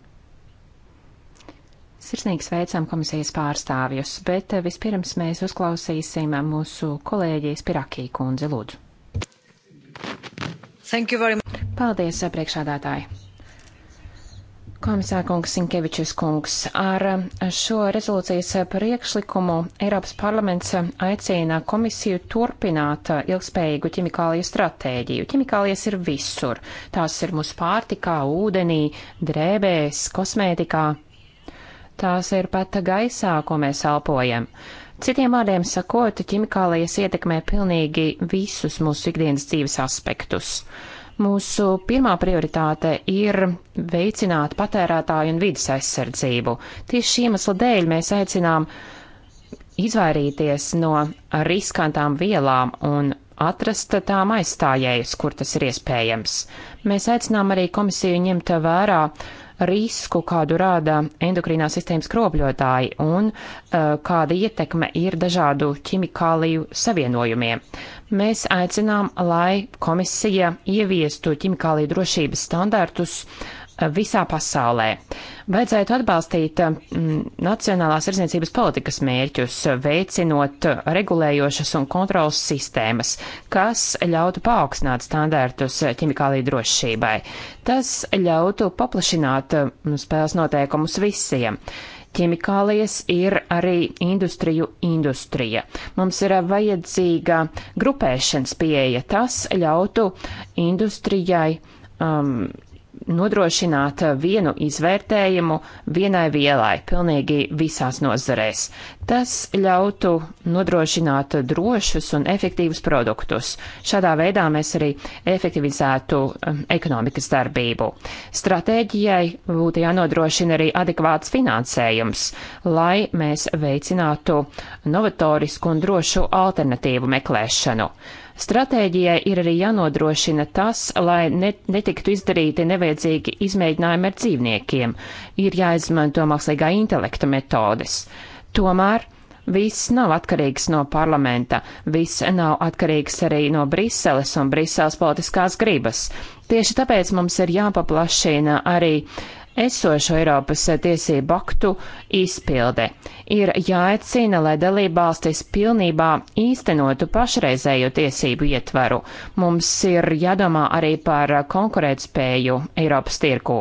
Sirsnīgi sveicam komisijas pārstāvjus, bet uh, vispirms mēs uzklausīsim uh, mūsu kolēģijas Pirakī kundzi lūdzu. Paldies, priekšādātāji! Komisārkungs Sinkevičus kungs, ar šo rezolūcijas priekšlikumu Eiropas parlaments aicina komisiju turpināt ilgspējīgu ķimikāliju stratēģiju. Ķimikālijas ir visur. Tās ir mūsu pārtikā, ūdenī, drēbēs, kosmētikā. Tās ir pat gaisā, ko mēs elpojam. Citiem vārdiem sakot, ķimikālijas ietekmē pilnīgi visus mūsu ikdienas dzīves aspektus. Mūsu pirmā prioritāte ir veicināt patērētāju un vidas aizsardzību. Tieši šī iemesla dēļ mēs aicinām izvairīties no riskantām vielām un atrast tām aizstājējus, kur tas ir iespējams. Mēs aicinām arī komisiju ņemt vērā uh, risku, kādu rāda endokrinā sistēmas kropļotāji un uh, kāda ietekme ir dažādu ķimikāliju savienojumiem. Mēs aicinām, lai komisija ieviestu ķimikāliju drošības standartus uh, visā pasaulē. Vajadzētu atbalstīt nacionālās arzniecības politikas mērķus, veicinot regulējošas un kontrolas sistēmas, kas ļautu paaugstināt standārtus ķimikālīju drošībai. Tas ļautu paplašināt spēles noteikumus visiem. Ķimikālijas ir arī industriju industrija. Mums ir vajadzīga grupēšanas pieeja. Tas ļautu industrijai um, nodrošināt vienu izvērtējumu vienai vielai pilnīgi visās nozarēs. Tas ļautu nodrošināt drošus un efektīvus produktus. Šādā veidā mēs arī efektivizētu um, ekonomikas darbību. Stratēģijai būtu jānodrošina arī adekvāts finansējums, lai mēs veicinātu novatorisku un drošu alternatīvu meklēšanu. Stratēģijai ir arī jānodrošina tas, lai ne, netiktu izdarīti nevajadzīgi izmēģinājumi ar dzīvniekiem. Ir jāizmanto mākslīgā intelekta metodes. Tomēr Viss nav atkarīgs no parlamenta, viss nav atkarīgs arī no Briseles un Briseles politiskās gribas. Tieši tāpēc mums ir jāpaplašina arī uh, esošo Eiropas tiesību aktu izpilde. Ir jāicina, lai dalībvalstis pilnībā īstenotu pašreizējo tiesību ietvaru. Mums ir jādomā arī par konkurētspēju Eiropas tirkū.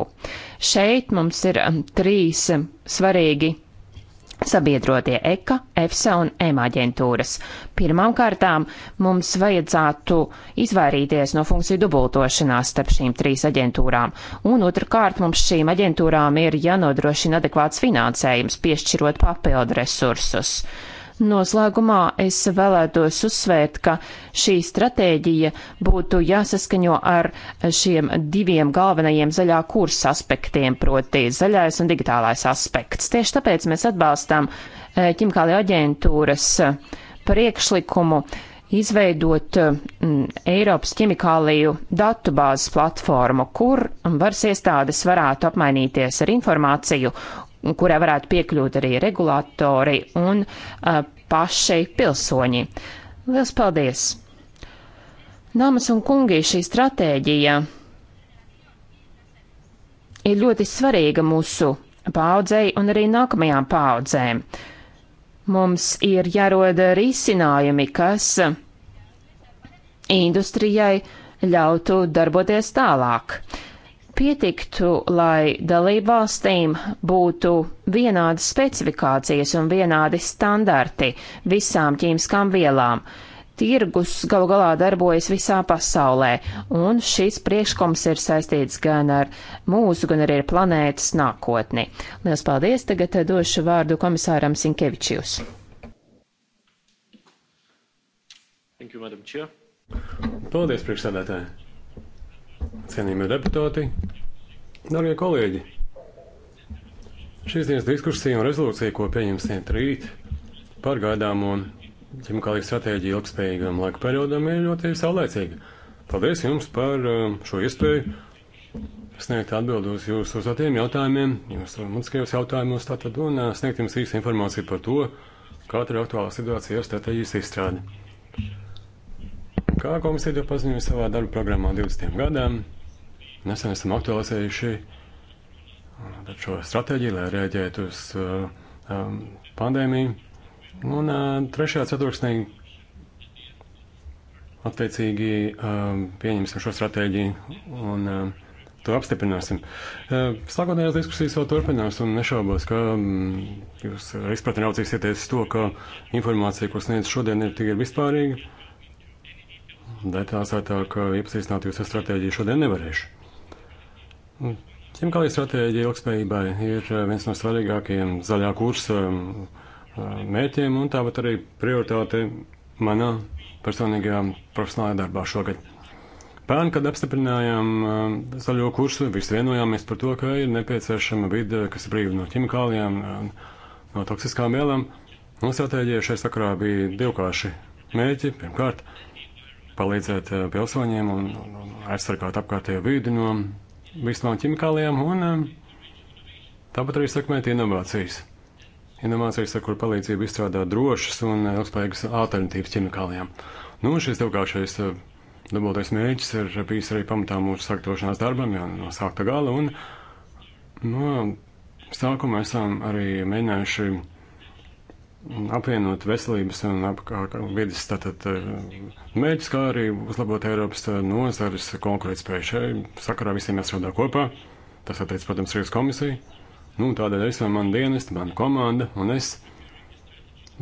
Šeit mums ir um, trīs svarīgi sabiedrotie ECA, EFSA un EMA aģentūras. Pirmkārtām mums vajadzētu izvairīties no funkciju dubultošanās starp šīm trīs aģentūrām, un otrkārt mums šīm aģentūrām ir jānodrošina adekvāts finansējums, piešķirot papildu resursus. Noslēgumā es vēlētos uzsvērt, ka šī stratēģija būtu jāsaskaņo ar šiem diviem galvenajiem zaļā kursa aspektiem, proti zaļais un digitālais aspekts. Tieši tāpēc mēs atbalstām eh, ķimkālija aģentūras eh, priekšlikumu izveidot mm, Eiropas ķimikāliju datubāzes platformu, kur varas iestādes varētu apmainīties ar informāciju kurai varētu piekļūt arī regulātori un uh, pašai pilsoņi. Lielas paldies! Dāmas un kungi, šī stratēģija ir ļoti svarīga mūsu paudzei un arī nākamajām paudzēm. Mums ir jāroda risinājumi, kas industrijai ļautu darboties tālāk. Pietiktu, lai dalību valstīm būtu vienādas specifikācijas un vienādi standarti visām ķīmiskām vielām. Tirgus galu galā darbojas visā pasaulē, un šis priekšlikums ir saistīts gan ar mūsu, gan arī ar planētas nākotni. Lielas paldies! Tagad eh, došu vārdu komisāram Sinkevičius. Thank you, Madam Chair. Paldies, priekšsēdētāji! cienījamie deputāti, darbie kolēģi. Šīs dienas diskusija un rezolūcija, ko pieņemsiet rīt par gaidāmo ķimikālīgu stratēģiju ilgspējīgam laika periodam, ir ļoti saulēcīga. Paldies jums par um, šo iespēju sniegt atbildus jūsu uzdotiem jautājumiem, jūsu mutiskajos jautājumos, tātad un uh, sniegt jums īsu informāciju par to, kāda ir aktuāla situācija ar stratēģijas izstrādi. Kā komisija to paziņoja savā darba programmā 20. gadam, nesen esam aktualizējuši šo stratēģiju, lai rēģētu uz uh, um, pandēmiju. Un uh, trešajā ceturksnī attiecīgi um, pieņemsim šo stratēģiju un um, to apstiprināsim. Uh, Sākotnējās diskusijas vēl turpinās un nešaubos, ka um, jūs ar izpratni raucīsieties to, ka informācija, ko sniedz šodien, ir tikai vispārīga detalizētāk iepazīstināt jūs ar stratēģiju šodien nevarēšu. Ķemikālija stratēģija ilgspējībai ir eh, viens no svarīgākajiem zaļā kursa mm, eh, mērķiem un tāpat arī prioritāte manā personīgajā profesionālajā darbā šogad. Pērn, kad apstiprinājām eh, zaļo kursu, visi vienojāmies par to, ka ir nepieciešama vide, kas ir brīva no ķemikālijām, no toksiskām vielām. Un stratēģija šai sakarā bija divkārši mērķi. Pirmkārt, uh, palīdzēt eh, pilsoņiem un, un, un aizsargāt apkārtējo vidi no visām ķimikālijām un eh, tāpat arī sakmēt inovācijas. Inovācijas, ar kur palīdzību izstrādāt drošas un eh, ilgspējīgas alternatīvas ķimikālijām. Nu, šis divkāršais dubultais mēģis ir bijis arī pamatā mūsu saktošanās darbam, jau no sākta gala, un no sākuma esam arī mēģinājuši apvienot veselības un vidas tātad eh, mērķis, kā arī uzlabot Eiropas eh, nozares konkurētspēju. Šai sakarā visiem jāstrādā kopā. Tas attiec, protams, arī uz komisiju. Nu, tādēļ es un man dienesti, mana komanda un es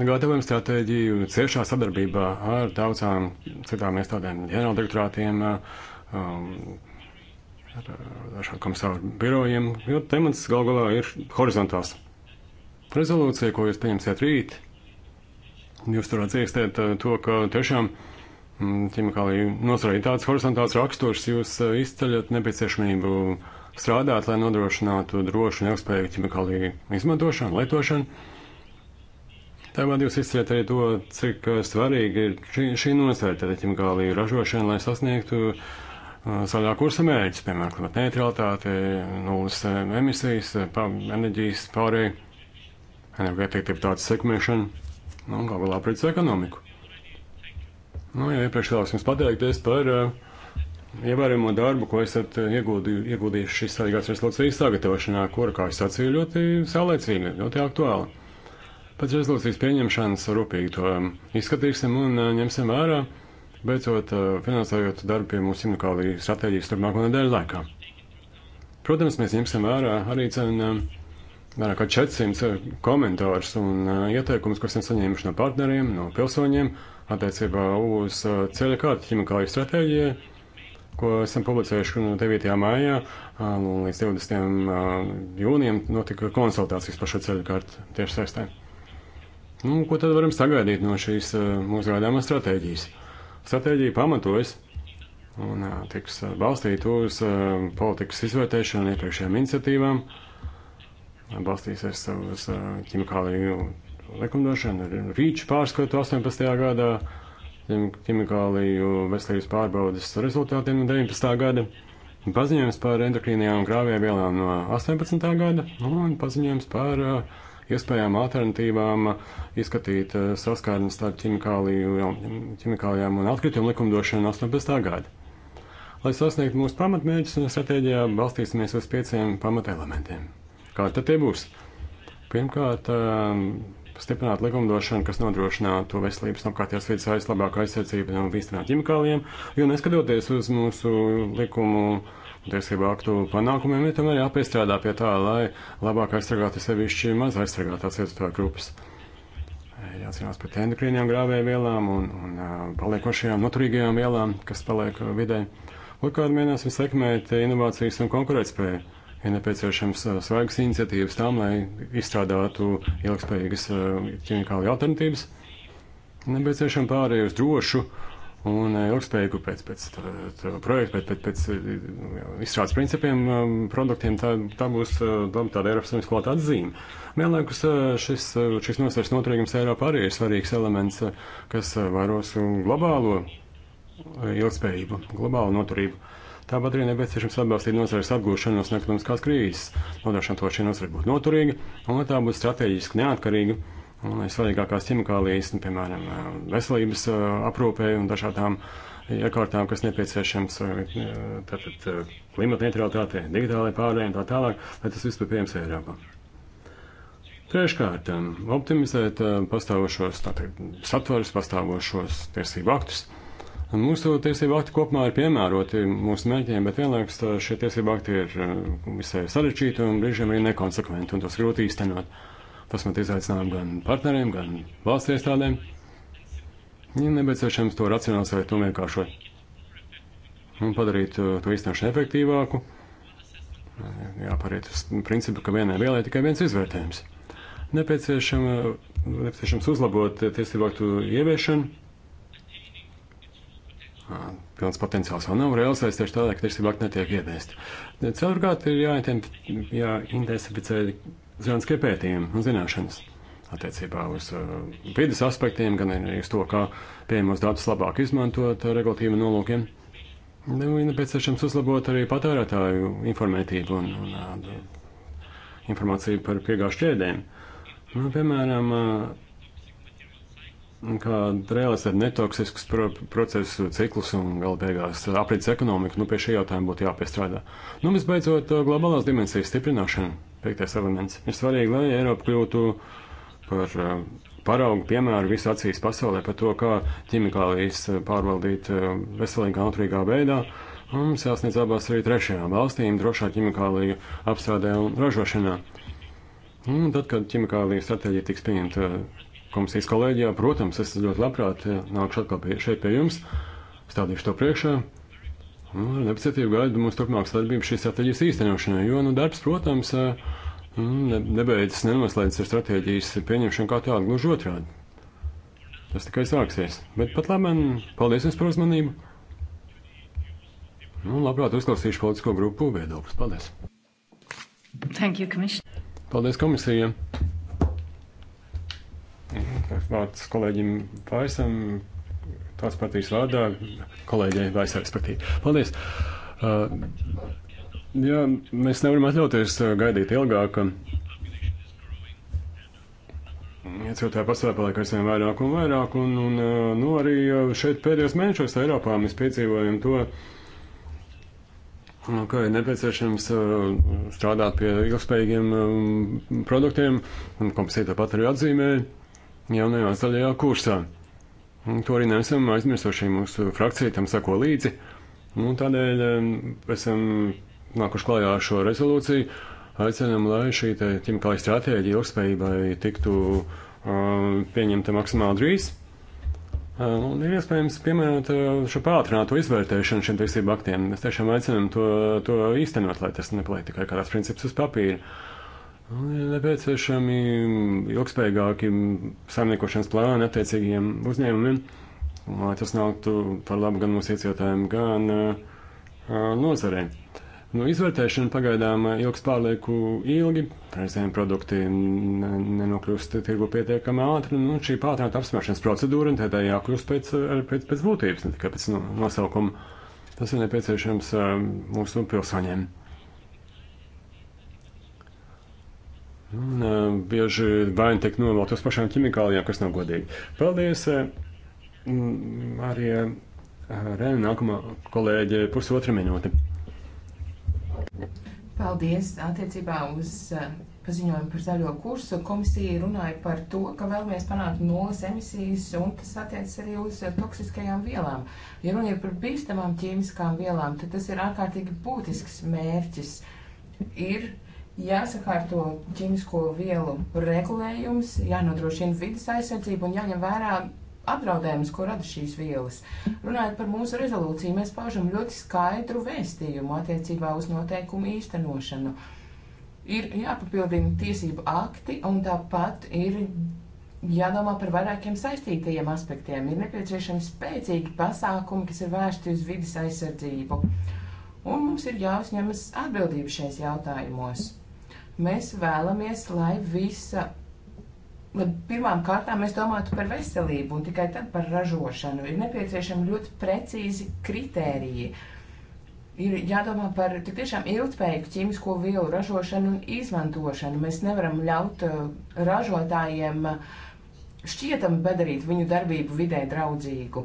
gatavojam stratēģiju ciešā sadarbībā ar daudzām citām iestādēm, ģenerāldirektorātiem, eh, um, ar, ar, ar komisāru birojiem, jo temats gal galā ir horizontāls. Rezolūcija, ko jūs pieņemsiet rīt, jūs tur atzīstiet eh, to, ka tiešām mm, ķimikālija nosarīt tāds horizontāls raksturs, jūs eh, izceļat nepieciešamību strādāt, lai nodrošinātu drošu un ilgspējīgu ķimikāliju izmantošanu, lietošanu. Tāpat jūs izceļat arī to, cik eh, svarīgi ir šī, šī nozara, tātad ķimikālija ražošana, lai sasniegtu uh, zaļā kursa mērķus, piemēram, klimata neutralitāte, nulles emisijas, pa, enerģijas pārējai energoefektivitātes sekmēšanu nu, un galu galā aprits ekonomiku. Nu, jau iepriekš vēlos jums pateikties par uh, ievērojamo darbu, ko esat eh, ieguldījuši šīs sarīgās rezolūcijas sagatavošanā, kura, kā es sacīju, ļoti saulēcīga, ļoti aktuāla. Pēc rezolūcijas pieņemšanas rūpīgi to eh, izskatīsim un uh, ņemsim vērā, beidzot uh, finansējot darbu pie mūsu simtkālī stratēģijas turpmāko nedēļu laikā. Protams, mēs ņemsim vērā arī cenu. Uh, vairāk kā 400 eh, komentārus un eh, ieteikumus, kurus esam saņēmuši no partneriem, no pilsoņiem attiecībā uz eh, ceļa kārtu ķimikāju stratēģiju, ko esam publicējuši no 9. maijā un līdz 20. jūnijam notika konsultācijas par šo ceļu kārtu tieši saistē. Nu, ko tad varam sagaidīt no šīs mūsu gaidāmās stratēģijas? Stratēģija pamatojas un tiks balstīta uz politikas izvērtēšanu iepriekšējām iniciatīvām. Ja balstīsies uz ķimikāliju likumdošanu. Rīču pārskatu 18. gadā, ķimikāliju veselības pārbaudas rezultātiem 19. gada, paziņojums par endokrīnijām grāvievielām no 18. gada un paziņojums par uh, iespējām alternatīvām uh, izskatīt uh, saskārnes starp ķimikālijām un atkritumu likumdošanu 18. gada. Lai sasniegtu mūsu pamatmērķus un stratēģijā, balstīsimies uz pieciem pamatelementiem. Kā tad tie būs? Pirmkārt, ehm, stiprināt likumdošanu, kas nodrošinātu veselības apkārtējās vidas aizlabāku aizsardzību no bīstamām ķimikāliem, jo neskatoties uz mūsu likumu tiesību aktu panākumiem, ir tomēr jāpiestrādā pie tā, lai labāk aizsargātu sevišķi maz aizsargātās iedzīvotāju grupas. Eh, jācīnās pret endokrīniem grāvēju vielām un, un eh, paliekošajām noturīgajām vielām, kas paliek eh, vidē. Otrkārt, mēģināsim sekmēt inovācijas un konkurētspēju ir nepieciešams uh, svaigas iniciatīvas tām, lai izstrādātu ilgspējīgas uh, ķimikālu alternatīvas. Nepieciešama pārēja uz drošu un uh, ilgspējīgu pēc, pēc projekta, pēc, pēc, pēc izstrādes principiem um, produktiem. Tā, tā būs tāda Eiropas Savienības kvalitātes zīme. Vienlaikus šis, šis nosvērts noturīgums Eiropā arī ir svarīgs elements, kas vairos globālo ilgspējību, globālu noturību. Tāpat arī nepieciešams atbalstīt nozares atgūšanos no ekonomiskās krīzes, nodrošināt to, ka šī nozara būtu noturīga un lai tā būtu strateģiski neatkarīga. Un svarīgākās ķimikālijas, nu, piemēram, eh, veselības eh, aprūpē un dažādām iekārtām, kas nepieciešams eh, tātad, klimata neutralitātei, digitālajai pārējai un tā tālāk, lai tas viss būtu pieejams Eiropā. Treškārt, optimizēt pastāvošos tātad, satvarus, pastāvošos tiesību aktus Mūsu tiesību akti kopumā ir piemēroti mūsu mērķiem, bet vienlaikus šie tiesību akti ir uh, visai sarežģīti un brīžiem arī nekonsekventi, un tos grūti īstenot. Tas man izaicinājumi gan partneriem, gan valsts iestādēm. Ja nepieciešams to racionalizēt un vienkāršot. Un padarīt uh, to īstenošanu efektīvāku. Uh, Jāpariet uz principu, ka vienai vielai tikai viens izvērtējums. Nepieciešam, nepieciešams uzlabot tiesību aktu ieviešanu pilns potenciāls vēl nav realizēts tieši tādēļ, ka tirsība akti netiek iedēsti. Caurgāt ir jāintensificē zinātniskie pētījumi un zināšanas attiecībā uz uh, vidas aspektiem, gan arī uz to, kā pieejamos datus labāk izmantot regulatīviem nolūkiem. Nu, ir nepieciešams uzlabot arī patērētāju informētību un, un, un informāciju par piegāžu ķēdēm. Nu, piemēram, uh, kā realizēt netoksiskus pro procesu ciklus un gala beigās aprits ekonomiku, nu pie šī jautājuma būtu jāpiestrādā. Nu, visbeidzot, globālās dimensijas stiprināšana, piektais elements, ir svarīgi, lai Eiropa kļūtu par eh, paraugu piemēru visu acīs pasaulē par to, kā ķimikālijas pārvaldīt eh, veselīgā, noturīgā veidā. Mums jāsniedz abās arī trešajām valstīm drošā ķimikāliju apstrādē un ražošanā. Un tad, kad ķimikālija stratēģija tiks pieņemta komisijas kolēģijā. Protams, es ļoti labprāt eh, nākšu atkal pie, šeit pie jums, stādīšu to priekšā. Un nu, ar nepacietību gaidu mūsu turpmāk sadarbību šīs strateģijas īstenošanai, jo, nu, darbs, protams, eh, nu, ne, nebeidzas, nenoslēdzas ar strateģijas pieņemšanu kā tādu gluži otrādi. Tas tikai sāksies. Bet pat labi, paldies jums par uzmanību. Nu, labprāt, uzklausīšu politisko grupu viedokļus. Paldies! Thank you, Paldies komisijai! Vārds kolēģim Vaisam, tās partijas vārdā, kolēģei Vaisā respektīvi. Paldies! Uh, jā, mēs nevaram atļauties uh, gaidīt ilgāk. Iedzīvotāji pasaulē paliek aizvien vairāk un vairāk, un, un uh, nu, arī uh, šeit pēdējos mēnešos Eiropā mēs piedzīvojam to, ka ir nepieciešams strādāt pie ilgspējīgiem um, produktiem, un komisija tāpat arī atzīmēja jaunajā zaļajā kursā. Un to arī neesam aizmirsuši mūsu frakcija, tam sako līdzi. Un tādēļ esam nākuši klajā ar šo rezolūciju, aicinām, lai šī ķimikāla stratēģija ilgspējībai tiktu uh, pieņemta maksimāli drīz. Un ir iespējams pieminēt šo pātrināto izvērtēšanu šiem tiesību aktiem. Mēs tiešām aicinām to, to īstenot, lai tas nepaliek tikai kā tāds princips uz papīra. Un ir nepieciešami ilgspējīgāki saimniekošanas plāni attiecīgiem uzņēmumiem, lai tas nāktu par labu gan mūsu iedzīvotājiem, gan uh, nozarei. Nu, izvērtēšana pagaidām ilgs pārlieku ilgi, reizēm produkti nenokļūst tirgu pietiekami ātri, un nu, šī pātrināta apsvēršanas procedūra, un tā jākļūst pēc, pēc, pēc būtības, ne tikai pēc nosaukuma. Tas ir nepieciešams uh, mūsu pilsoņiem. Un, eh, bieži vaina tiek novēlta uz pašām ķimikālijām, kas nav godīgi. Paldies! Eh, arī eh, Rēna nākamā kolēģe pusotra minūte. Paldies! Attiecībā uz paziņojumu par zaļo kursu komisija runāja par to, ka vēlamies panākt nulles emisijas, un tas attiecas arī uz toksiskajām vielām. Ja runa ir par bīstamām ķīmiskām vielām, tad tas ir ārkārtīgi būtisks mērķis. Ir uh, jāsakārto ķīmisko vielu regulējums, jānodrošina vidas aizsardzība un jāņem vērā apdraudējumus, ko rada šīs vielas. Runājot par mūsu rezolūciju, mēs paužam ļoti skaidru vēstījumu attiecībā uz noteikumu īstenošanu. Ir jāpapildina tiesību akti un tāpat ir jādomā par vairākiem saistītajiem aspektiem. Ir nepieciešami spēcīgi pasākumi, kas ir vērsti uz vidas aizsardzību. Un mums ir jāuzņemas atbildība šais jautājumos. Mēs vēlamies, lai visa pirmām kārtām mēs domātu par veselību un tikai tad par ražošanu. Ir nepieciešami ļoti precīzi kritēriji. Ir jādomā par tik tiešām ilgspējīgu ķīmisko vielu ražošanu un izmantošanu. Mēs nevaram ļaut uh, ražotājiem uh, šķietami padarīt viņu darbību vidē draudzīgu.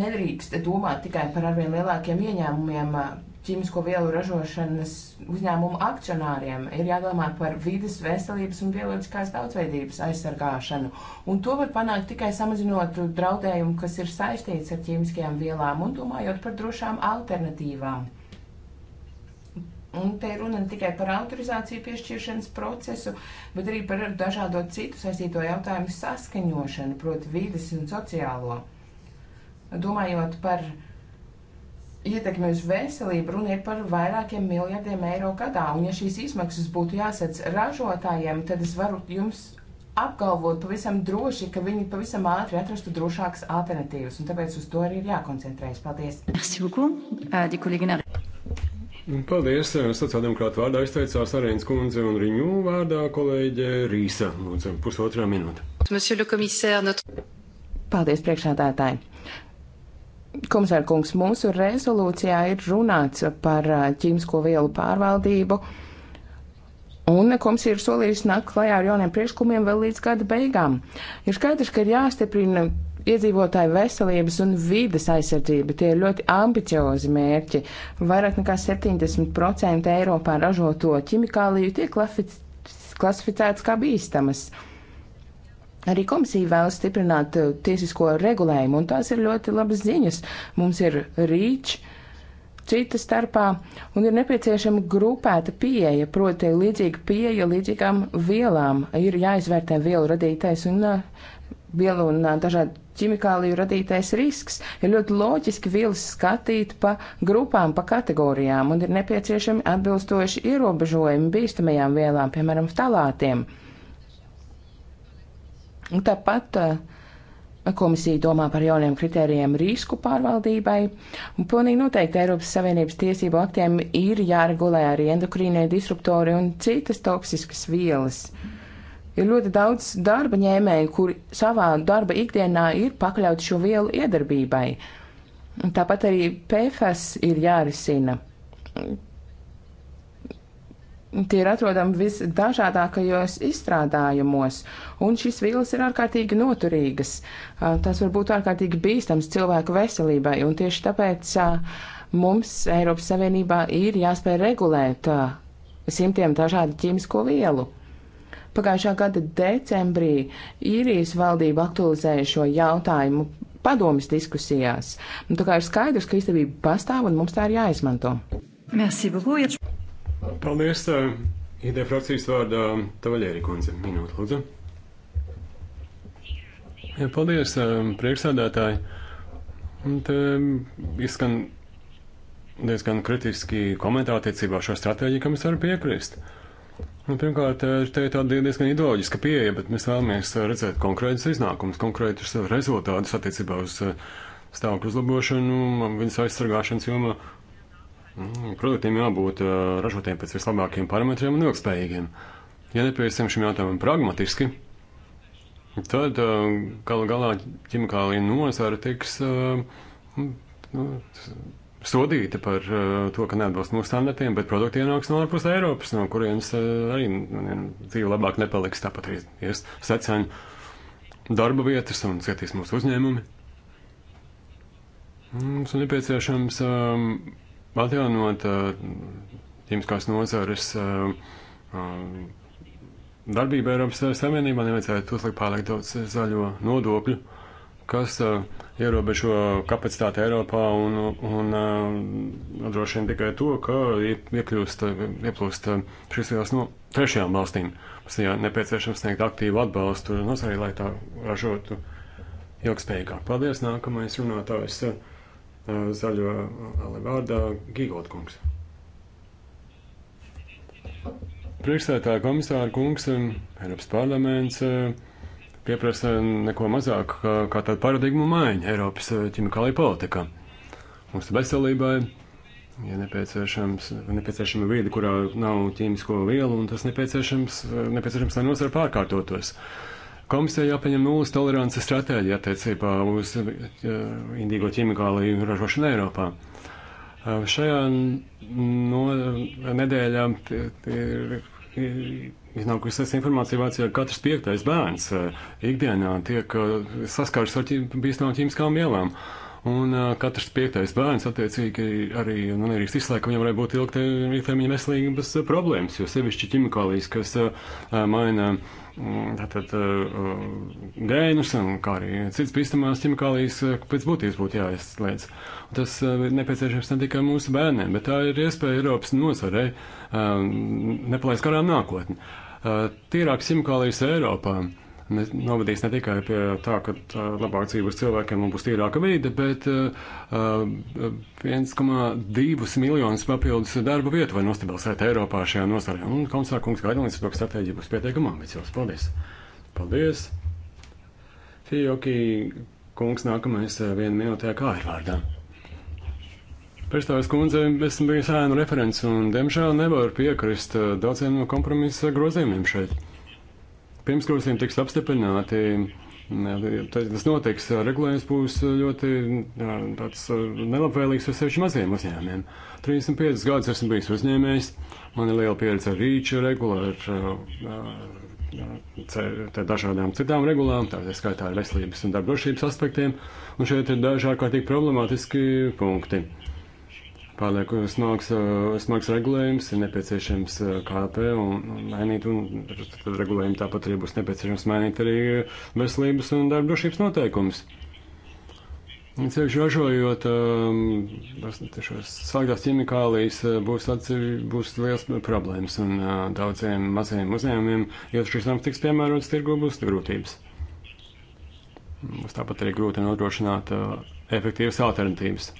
Nedrīkst domāt tikai par arvien lielākiem ieņēmumiem uh, ķīmisko vielu ražošanas uzņēmumu akcionāriem ir jādomā par vidas, veselības un bioloģiskās daudzveidības aizsargāšanu. Un to var panākt tikai samazinot draudējumu, kas ir saistīts ar ķīmiskajām vielām un domājot par drošām alternatīvām. Un te ir runa ne tikai par autorizāciju piešķiršanas procesu, bet arī par dažādo citu saistīto jautājumu saskaņošanu, proti vīdes un sociālo. Domājot par uh, ietekmi uz veselību runa ir par vairākiem miljardiem eiro gadā, un ja šīs izmaksas būtu jāsadz ražotājiem, tad es varu jums apgalvot pavisam droši, ka viņi pavisam ātri atrastu drošākas alternatīvas, un tāpēc uz to arī ir jākoncentrējas. Paldies! Un euh, paldies! Sociāldemokrāta vārdā izteicās Arēnas kundze un Riņū vārdā kolēģe Rīsa. Lūdzu, pusotrā minūte. Paldies, priekšādātāji! Komisārkungs, mūsu rezolūcijā ir runāts par ķīmisko vielu pārvaldību, un komisija ir solījusi nākt klajā ar jauniem priekšlikumiem vēl līdz gada beigām. Ir skaidrs, ka ir jāstiprina iedzīvotāju veselības un vides aizsardzība. Tie ir ļoti ambiciozi mērķi. Vairāk nekā 70% Eiropā ražoto ķimikāliju tiek klasificēts kā bīstamas. Uh, Arī komisija vēlas stiprināt uh, tiesisko regulējumu, un tās ir ļoti labas ziņas. Mums ir rīč, cita starpā, un ir nepieciešama grupēta pieeja, proti līdzīga pieeja līdzīgām vielām. Ir jāizvērtē vielu radītais un uh, vielu un uh, dažādu ķimikāliju radītais risks. Ir ļoti loģiski vielas skatīt pa grupām, pa kategorijām, un ir nepieciešami atbilstoši ierobežojumi bīstamajām vielām, piemēram, talātiem. Un tāpat eh, komisija domā par jauniem kritērijiem risku pārvaldībai, un pilnīgi noteikti Eiropas Savienības tiesību aktiem ir jāregulē arī endokrīnie disruptori un citas toksiskas vielas. Ir ļoti daudz darba ņēmēju, kuri savā darba ikdienā ir pakļauti šo vielu iedarbībai. Tāpat arī PFS ir jārisina Tie ir atrodami visdažādākajos izstrādājumos, un šīs vielas ir ārkārtīgi noturīgas. Tās var būt ārkārtīgi bīstams cilvēku veselībai, un tieši tāpēc mums Eiropas Savienībā ir jāspēj regulēt simtiem dažādu ķīmisko vielu. Pagājušā gada decembrī īrijas valdība aktualizēja šo jautājumu padomas diskusijās. Un nu, tā kā ir skaidrs, ka izdevība pastāv un mums tā ir jāizmanto. Merci beaucoup. Paldies! ID frakcijas vārdā Tavaļēri kundze. Minūte, lūdzu. Jā, paldies, priekšsādātāji. Un te izskan diezgan kritiski komentāri attiecībā šo stratēģiju, kam es varu piekrist. Un, nu, pirmkārt, te ir tāda diezgan ideoloģiska pieeja, bet mēs vēlamies redzēt konkrētus iznākumus, konkrētus rezultātus attiecībā uz stāvokļu uzlabošanu, viņas aizsargāšanas jomā Mm, produktiem jābūt ražotiem pēc vislabākajiem parametriem un ilgspējīgiem. Ja nepiesim šim jautājumam pragmatiski, tad galu galā ķimikālija nozara tiks nu, nu sodīta par to, ka neatbilst mūsu standartiem, bet produkti ienāks no ārpus Eiropas, no kurienes arī nu, dzīve labāk nepaliks. Tāpat arī ies secēņu darba vietas un cietīs mūsu uzņēmumi. Mums ir nepieciešams um, Atjaunot ķīmiskās nozares darbību Eiropas Savienībā, nevajadzētu uzlikt pārāk daudz zaļo nodokļu, kas ierobežo kapacitāti Eiropā un, un nodrošina tikai to, ka iekļūst, ieplūst šīs vielas no trešajām valstīm. Mums ir nepieciešams sniegt aktīvu atbalstu nozarei, lai tā ražotu ilgspējīgāk. Paldies, nākamais runātājs. Uh, Eh, zaļo eh, ali vārdā Gīgold kungs. Priekšsētāja komisāra kungs, Eiropas parlaments eh, pieprasa neko mazāk kā tādu paradigmu maiņu Eiropas ķimikālajā politikā. Mūsu veselībai ja nepieciešams, nepieciešama vide, kurā nav ķīmisko vielu, un tas nepieciešams, nepieciešams lai nosvara pārkārtotos. Uh, Komisija jāpieņem nulles tolerances stratēģija attiecībā uz uh, indīgo ķimikāliju ražošanu Eiropā. Uh, šajā no, nedēļā ir iznākusies informācija vācijā, ka katrs piektais bērns uh, ikdienā tiek saskars ar ķim, bīstamām ķīmiskām vielām. Uh, Un uh, katrs piektais bērns, attiecīgi, arī nu, arī izslēgts, ka viņam varētu būt ilgtermiņa veselības problēmas, jo sevišķi ķimikālijas, kas uh, maina mm, tātad, uh, gēnus, un kā arī citas bīstamās ķimikālijas, uh, pēc būtības būtu jāizslēdz. Un tas uh, nepieciešams ne tikai mūsu bērniem, bet tā ir iespēja Eiropas nozarei uh, nepalaist garām nākotni. Uh, tīrāk ķimikālijas Eiropā. Uh, ne, novadīs ne tikai pie tā, ka labāk dzīvos cilvēkiem un būs tīrāka vide, bet uh, 1,2 uh, miljonus papildus darba vietu var nostabilizēt Eiropā šajā nozarē. Un komisāra kungs gaida līdz to, ka stratēģija būs pietiekama ambiciosa. Paldies! Paldies! Fijoki kungs nākamais uh, viena minūtē kā ir vārdā. Priekšstāvis kundze, esmu bijis ēnu referents un, diemžēl, nevaru piekrist uh, daudziem no kompromisa grozījumiem šeit pirms kursiem tiks apstiprināti. Tas notiks. Regulējums būs ļoti tāds nelabvēlīgs ar sevišķi maziem uzņēmumiem. 35 gadus esmu bijis uzņēmējs, man ir liela pieredze ar rīču regulu, ar, ar dažādām citām regulām, tādā skaitā ar veselības un darbdrošības aspektiem, un šeit ir daži ārkārtīgi problemātiski punkti pārlieku smags, eh, smags regulējums, ir nepieciešams eh, KLP un, un mainīt, un tad regulējumi tāpat arī būs nepieciešams mainīt arī veselības un darba drošības noteikumus. Ceļš ražojot eh, svaigās ķimikālijas, būs, atsevi, būs liels problēmas, un daudziem mazajiem uzņēmumiem, ja šis nav tiks piemērots tirgu, būs grūtības. Būs tāpat arī grūti nodrošināt efektīvas alternatīvas.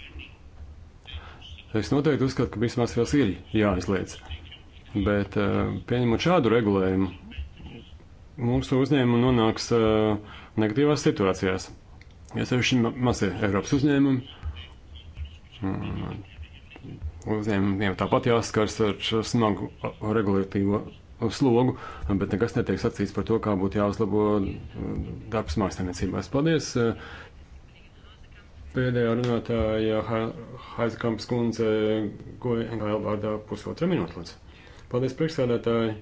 Es noteikti uzskatu, ka bismēsrās ir jāizliedz. Bet eh, pieņemot šādu regulējumu, mūsu uzņēmumi nonāks eh, negatīvās situācijās. Ja sevišķi mazie Eiropas uzņēmumi, mm, uzņēmumiem tāpat jāskars ar smagu regulatīvo slogu, bet nekas netiek sacīts par to, kā būtu jāuzlabo mm, darbs māksliniecībās. Paldies! Eh, Pēdējā runātāja Haizekampas kundze goja NKL vārdā pusotra minūte, lūdzu. Paldies, priekšsēdētāji.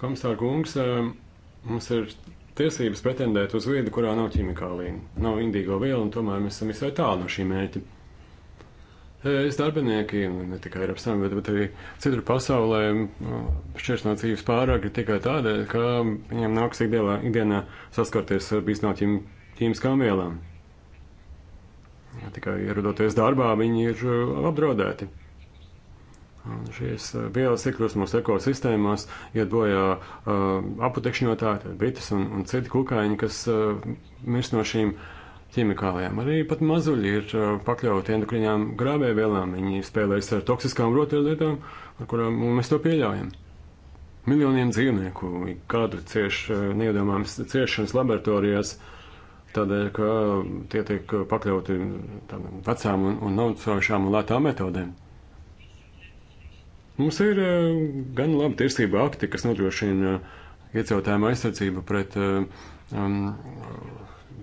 Komisāra kungs, eh, mums ir tiesības pretendēt uz viedu, kurā nav ķimikālija, nav indīgo viela, un tomēr mēs esam visai tālu no šī mērķa. Eh, es darbinieki, ne tikai Eiropas Savienībā, bet arī citur pasaulē, eh, šķirs no dzīves pārāk ir tikai tādēļ, ka viņiem nāks ikdienā saskarties ar bīstamām ķīmiskām vielām tikai ierodoties darbā, viņi ir eh, apdraudēti. Un šīs eh, vielas iekļūst mūsu ekosistēmās, iet bojā uh, aputekšņotāji, bites un, un citi kukaiņi, kas uh, mirst no šīm ķimikālijām. Arī pat mazuļi ir uh, pakļauti endokriņām grābēvielām. Viņi spēlēs ar toksiskām rotaļlietām, ar kurām mēs to pieļaujam. Miljoniem dzīvnieku gadu cieš uh, neiedomājams ciešanas laboratorijās. Uh, tādēļ, ka tie tiek pakļauti tādām vecām un, un naudsaušām un lētām metodēm. Mums ir eh, gan labi tiesība akti, kas nodrošina eh, iecautājumu aizsardzību pret eh, um,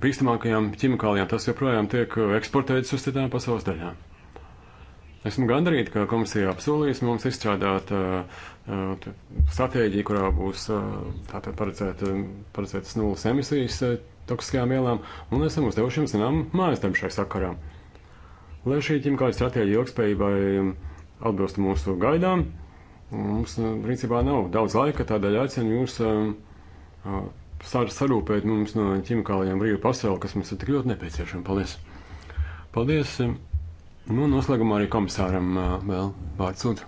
bīstamākajām ķimikālijām. Tas joprojām tiek eksportēts uz citām pasaules daļām. Esmu gandarīti, ka komisija apsolījis mums izstrādāt uh, stratēģiju, kurā būs uh, tātad paredzētas nulles emisijas. Uh, toksiskajām vielām, un esam uzdevuši jums zinām mājasdarbu šai sakarā. Lai šī ķimikāļu stratēģija ilgspējībai atbilst mūsu gaidām, mums eh, principā nav daudz laika, tādēļ aicinu jūs eh, sar sarūpēt mums no ķimikālijām brīvu pasauli, kas mums ir tik ļoti nepieciešama. Paldies! Paldies! Nu, noslēgumā arī komisāram eh, vēl vārds sūtu.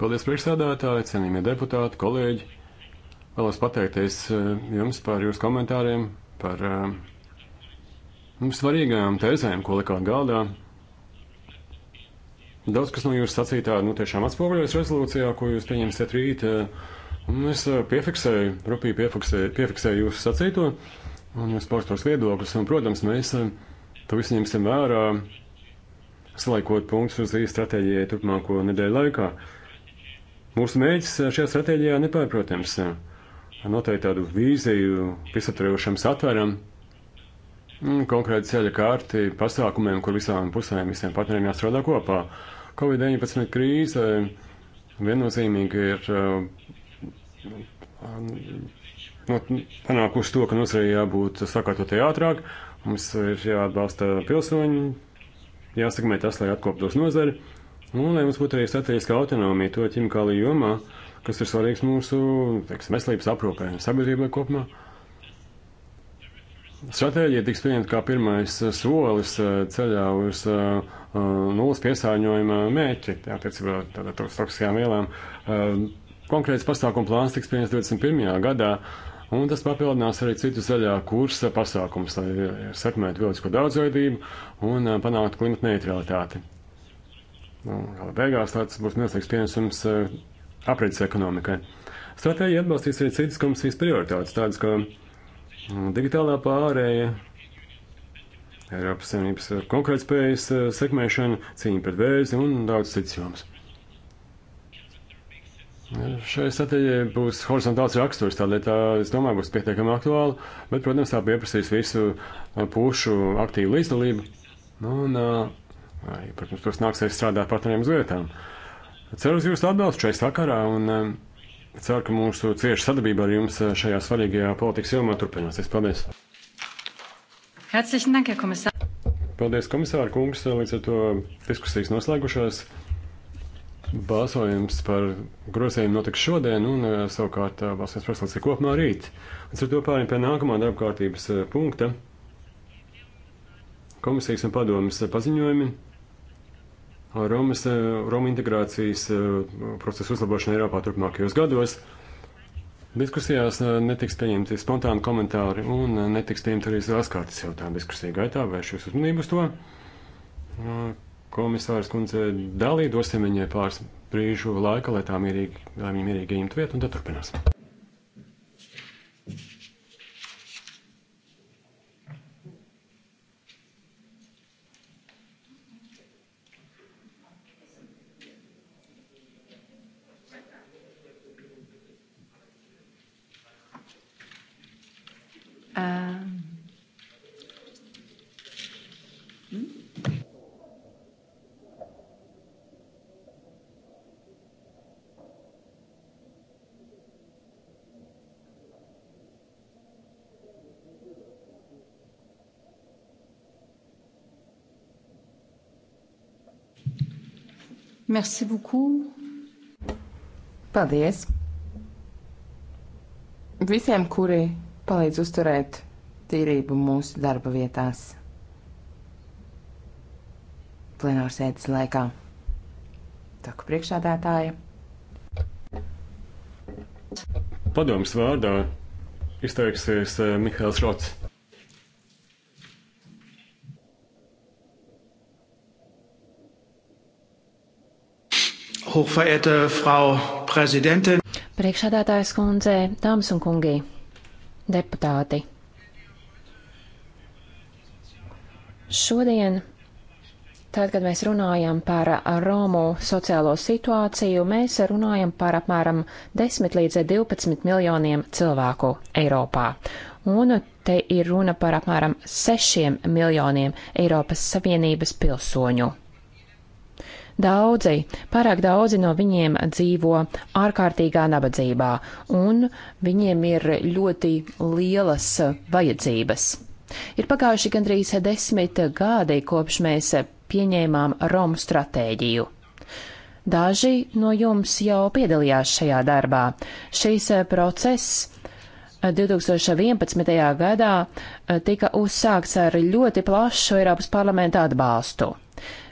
Paldies priekšsēdētāji, cienījamie deputāti, kolēģi. Vēlos pateikties eh, jums par jūsu komentāriem, par uh, svarīgajām tēzēm, ko likāt galdā. Daudz kas no jūsu sacītā nu, tiešām atspoguļojas rezolūcijā, ko jūs pieņemsiet rīt. Eh, un es piefiksēju, rupīgi piefiksēju, piefiksēju jūsu sacīto un jūsu paustos viedokļus. Un, protams, mēs to visu ņemsim vērā, saliekot punktus uz īstu stratēģijai turpmāko nedēļu laikā. Uh, Mūsu mērķis šajā stratēģijā nepārprotams. Noteikti tādu vīziju visaptvarošam satveram, mm, konkrēti ceļa kārti pasākumiem, kur visām pusēm, visiem partneriem jāstrādā kopā. Covid-19 krīze viennozīmīgi ir uh, mm, no, panākusi to, ka mums ir jābūt sakārtotie ātrāk, mums ir jāatbalsta pilsoņi, jāsakmē tas, lai atkoptos nozari. Un, nu, lai mums būtu arī strateģiska autonomija to ķimikāliju jomā, kas ir svarīgs mūsu teiks, veselības aprūpē, sabiedrībai kopumā. Stratēģija tiks pieņemta kā pirmais eh, solis eh, ceļā uz uh, nulles piesārņojuma mērķi, attiecībā uz toksiskajām vielām. Uh, konkrēts pasākuma plāns tiks pieņemts 21. gadā, un tas papildinās arī citu zaļā kursa pasākumus, lai sekmētu bioloģisko daudzveidību un uh, panāktu klimata neutralitāti. Nu, gala beigās tāds būs milzīgs pienesums uh, eh, aprits ekonomikai. Stratēģija atbalstīs arī citas komisijas prioritātes, tādas kā mm, digitālā pārēja, Eiropas Savienības konkurētspējas uh, sekmēšana, cīņa pret vēzi un daudz cits joms. Šai stratēģijai būs horizontāls raksturs, tādēļ tā, es domāju, būs pietiekami aktuāla, bet, protams, tā pieprasīs visu eh, pušu aktīvu līdzdalību. Nu, un, uh, Arī, protams, tos nāksies strādāt partneriem uz vietām. Ceru uz jūsu atbalstu šai sakarā un eh, ceru, ka mūsu cieša sadarbība ar jums eh, šajā svarīgajā politikas jomā turpināsies. Paldies! Herzlichen Dank, Herr Kommissar! Paldies, komisāra kungs! Līdz ar to diskusijas noslēgušās. Balsojums par grozījumu notiks šodien, un eh, savukārt balsojums prasīs kopumā rīt. Līdz ar to pārējiem pie nākamā darba kārtības punkta. Komisijas un padomas paziņojumi. Romas, eh, Roma integrācijas eh, procesu uzlabošanu Eiropā turpmākajos gados. Diskusijās eh, netiks pieņemti spontāni komentāri un netiks pieņemti arī zilās kārtas jautājumi diskusiju gaitā. Vēršu jūs uzmanību uz to. Komisārs kundze dalī dosim viņai pāris brīžu laika, lai tā mierīgi, lai viņa mierīgi ieņemtu vietu un tad turpināsim. Um. Merci beaucoup. Paldies! Visiem, kuri palīdz uzturēt tīrību mūsu darba vietās plenārsēdes laikā. Taku priekšādātāja. Padoms vārdā izteiksies eh, Mihails Rots. Hochverehrte Frau Präsidentin! Priekšādātājs kundze, dāmas un kungi! deputāti! Šodien, tad, kad mēs runājam par Romu sociālo situāciju, mēs runājam par apmēram 10 līdz 12 miljoniem cilvēku Eiropā. Un te ir runa par apmēram 6 miljoniem Eiropas Savienības pilsoņu. Daudzi, pārāk daudzi no viņiem dzīvo ārkārtīgā nabadzībā, un viņiem ir ļoti lielas vajadzības. Ir pagājuši gandrīz desmit gadi, kopš mēs pieņēmām Romu stratēģiju. Daži no jums jau piedalījās šajā darbā. Šīs process 2011. Eh, gadā eh, tika uzsākts ar ļoti plašu Eiropas parlamenta atbalstu.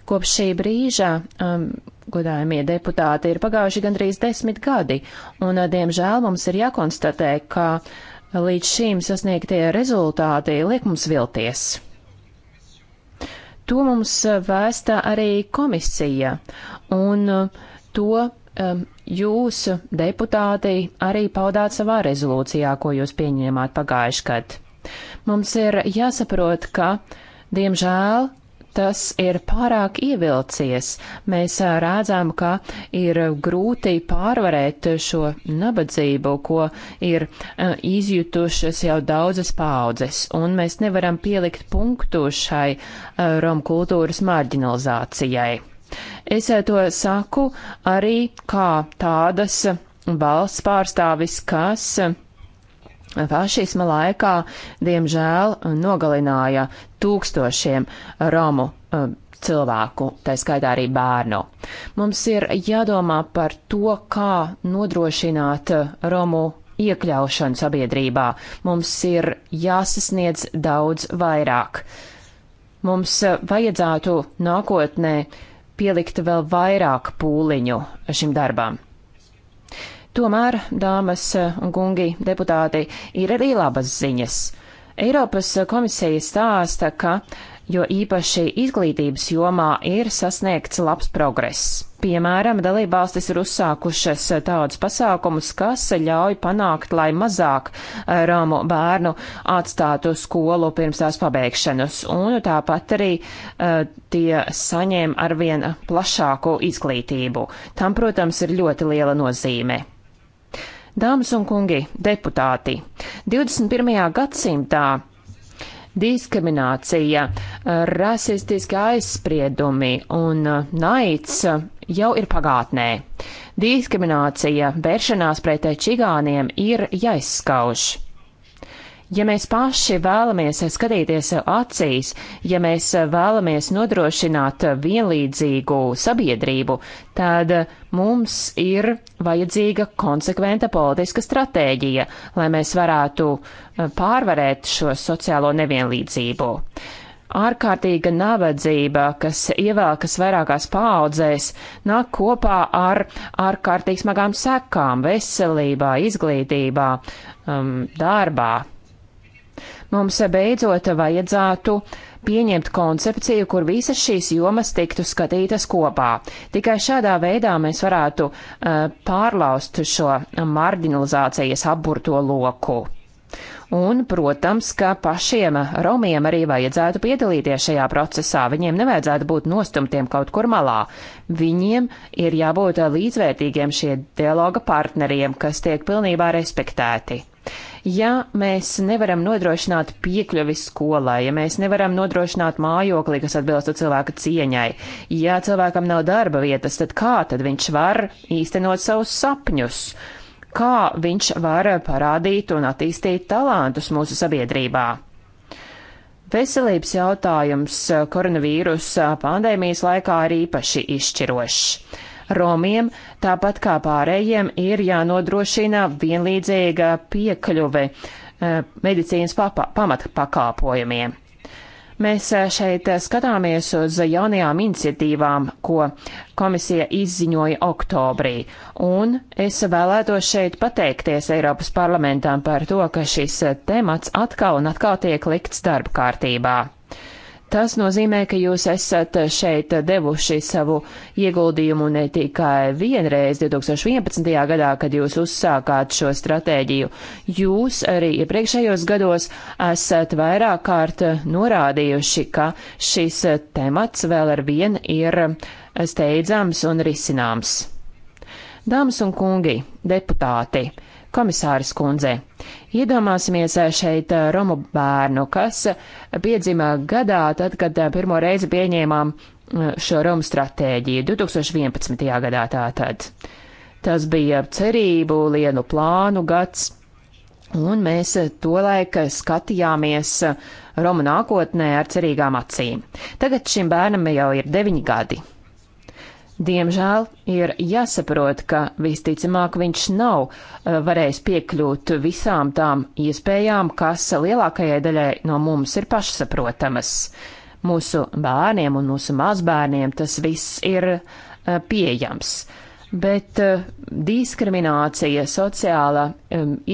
Kopš šī brīža, um, godājumie deputāti, ir pagājuši gandrīz desmit gadi, un, uh, diemžēl, mums ir jākonstatē, ka līdz šīm sasniegtie rezultāti liek mums vilties. To mums uh, vēsta arī komisija, un uh, to um, jūs, deputāti, arī paudāt savā rezolūcijā, ko jūs pieņēmāt pagājuši gadu. Mums ir jāsaprot, ka, diemžēl, tas ir pārāk ievilcies. Mēs rādzām, ka ir grūti pārvarēt šo nabadzību, ko ir izjutušas jau daudzas paudzes, un mēs nevaram pielikt punktu šai romkultūras marginalizācijai. Es to saku arī kā tādas valsts pārstāvis, kas Fašisma laikā, diemžēl, nogalināja tūkstošiem Romu uh, cilvēku, tā skaitā arī bērnu. Mums ir jādomā par to, kā nodrošināt uh, Romu iekļaušanu sabiedrībā. Mums ir jāsasniedz daudz vairāk. Mums uh, vajadzētu nākotnē pielikt vēl vairāk pūliņu šim darbam. Tomēr, dāmas un kungi, deputāti, ir arī labas ziņas. Eiropas komisija stāsta, ka, jo īpaši izglītības jomā ir sasniegts labs progress. Piemēram, dalībvalstis ir uzsākušas tādus pasākumus, kas ļauj panākt, lai mazāk Romu bērnu atstātu skolu pirms tās pabeigšanas, un tāpat arī uh, tie saņem arvien plašāku izglītību. Tam, protams, ir ļoti liela nozīme. Dāmas un kungi, deputāti, 21. gadsimtā diskriminācija, rasistiski aizspriedumi un naids jau ir pagātnē. Diskriminācija, vēršanās pret čigāniem ir jāizskauž. Ja mēs paši vēlamies skatīties sev acīs, ja mēs vēlamies nodrošināt vienlīdzīgu sabiedrību, tad mums ir vajadzīga konsekventa politiska stratēģija, lai mēs varētu pārvarēt šo sociālo nevienlīdzību ārkārtīga nabadzība, kas ievelkas vairākās paaudzēs, nāk kopā ar ārkārtīgi smagām sekām veselībā, izglītībā, um, darbā. Mums beidzot vajadzētu pieņemt koncepciju, kur visas šīs jomas tiktu skatītas kopā. Tikai šādā veidā mēs varētu uh, pārlaust šo marginalizācijas apburto loku. Un, protams, ka pašiem romiem arī vajadzētu piedalīties šajā procesā. Viņiem nevajadzētu būt nostumtiem kaut kur malā. Viņiem ir jābūt līdzvērtīgiem šie dialoga partneriem, kas tiek pilnībā respektēti. Ja mēs nevaram nodrošināt piekļuvi skolai, ja mēs nevaram nodrošināt mājokli, kas atbilstu cilvēka cieņai, ja cilvēkam nav darba vietas, tad kā tad viņš var īstenot savus sapņus? Kā viņš var parādīt un attīstīt talantus mūsu sabiedrībā? Veselības jautājums koronavīrusa pandēmijas laikā ir īpaši izšķirošs. Romiem, tāpat kā pārējiem, ir jānodrošina vienlīdzīga piekļuve eh, medicīnas pamatpakāpojumiem. Mēs eh, šeit skatāmies uz jaunajām iniciatīvām, ko komisija izziņoja oktobrī, un es vēlētos šeit pateikties Eiropas parlamentām par to, ka šis temats atkal un atkal tiek likts darba kārtībā. Tas nozīmē, ka jūs esat šeit devuši savu ieguldījumu ne tikai vienreiz 2011. gadā, kad jūs uzsākāt šo stratēģiju. Jūs arī iepriekšējos gados esat vairāk kārt norādījuši, ka šis temats vēl ar vien ir steidzams un risināms. Dāmas un kungi, deputāti! Komisāris kundze, iedomāsimies eh, šeit eh, Romu bērnu, kas eh, piedzima gadā, tad, kad pirmo reizi pieņēmām šo Romu stratēģiju, 2011. gadā tātad. Tas bija cerību, lienu plānu gads, un mēs tolaik skatījāmies Romu nākotnē ar cerīgām acīm. Tagad šim bērnam jau ir deviņi gadi. Diemžēl ir jāsaprot, ka visticamāk viņš nav eh, varējis piekļūt visām tām iespējām, kas lielākajai daļai no mums ir pašsaprotamas. Mūsu bērniem un mūsu mazbērniem tas viss ir eh, pieejams. Bet eh, diskriminācija, sociāla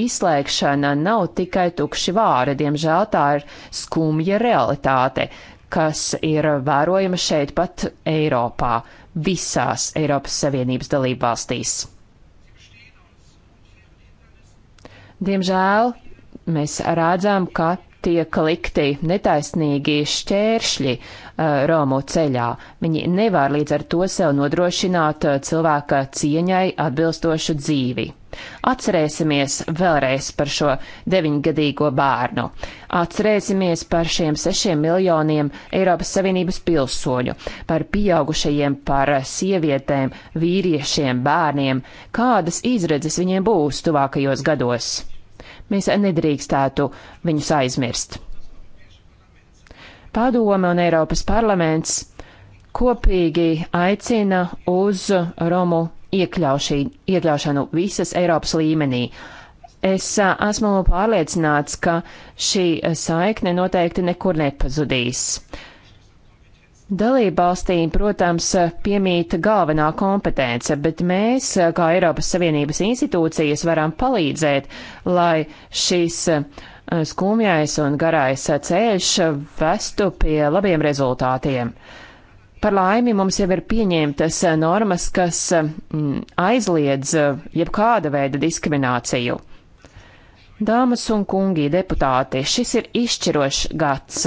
izslēgšana nav tikai tukši vāri, diemžēl tā ir skumja realitāte, kas ir vērojama šeit pat Eiropā, visās Eiropas Savienības dalībvalstīs. Diemžēl mēs rādzām, ka tiek likti netaisnīgi šķēršļi uh, Romu ceļā. Viņi nevar līdz ar to sev nodrošināt uh, cilvēka cieņai atbilstošu dzīvi. Atcerēsimies vēlreiz par šo deviņgadīgo bērnu. Atcerēsimies par šiem sešiem miljoniem Eiropas Savienības pilsoņu, par pieaugušajiem, par sievietēm, vīriešiem, bērniem, kādas izredzes viņiem būs tuvākajos gados. Mēs nedrīkstētu viņus aizmirst. Padome un Eiropas parlaments kopīgi aicina uz Romu iekļauši, iekļaušanu visas Eiropas līmenī. Es a, esmu pārliecināts, ka šī saikne noteikti nekur nepazudīs. Dalībvalstīm, protams, piemīta galvenā kompetence, bet mēs, kā Eiropas Savienības institūcijas, varam palīdzēt, lai šis skumjais un garais ceļš vestu pie labiem rezultātiem. Par laimi mums jau ir pieņemtas eh, normas, kas eh, mm, aizliedz eh, jebkāda veida diskrimināciju. Dāmas un kungi, deputāti, šis ir izšķirošs gads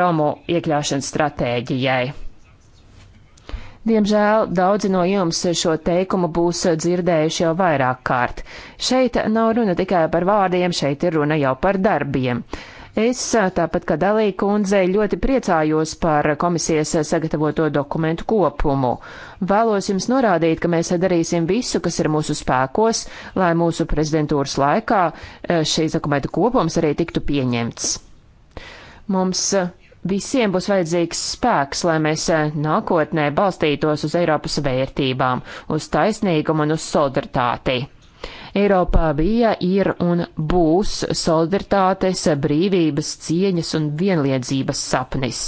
Romu iekļaušanas stratēģijai. Diemžēl daudzi no jums šo teikumu būs dzirdējuši jau vairāk kārt. Šeit nav runa tikai par vārdiem, šeit ir runa jau par darbiem. Es, tāpat kā Dalīja kundze, ļoti priecājos par komisijas sagatavoto dokumentu kopumu. Vēlos jums norādīt, ka mēs darīsim visu, kas ir mūsu spēkos, lai mūsu prezidentūras laikā šīs dokumentu kopums arī tiktu pieņemts. Mums Visiem būs vajadzīgs spēks, lai mēs nākotnē balstītos uz Eiropas vērtībām, uz taisnīgumu un uz solidaritāti. Eiropā bija, ir un būs solidaritātes, brīvības, cieņas un vienliedzības sapnis.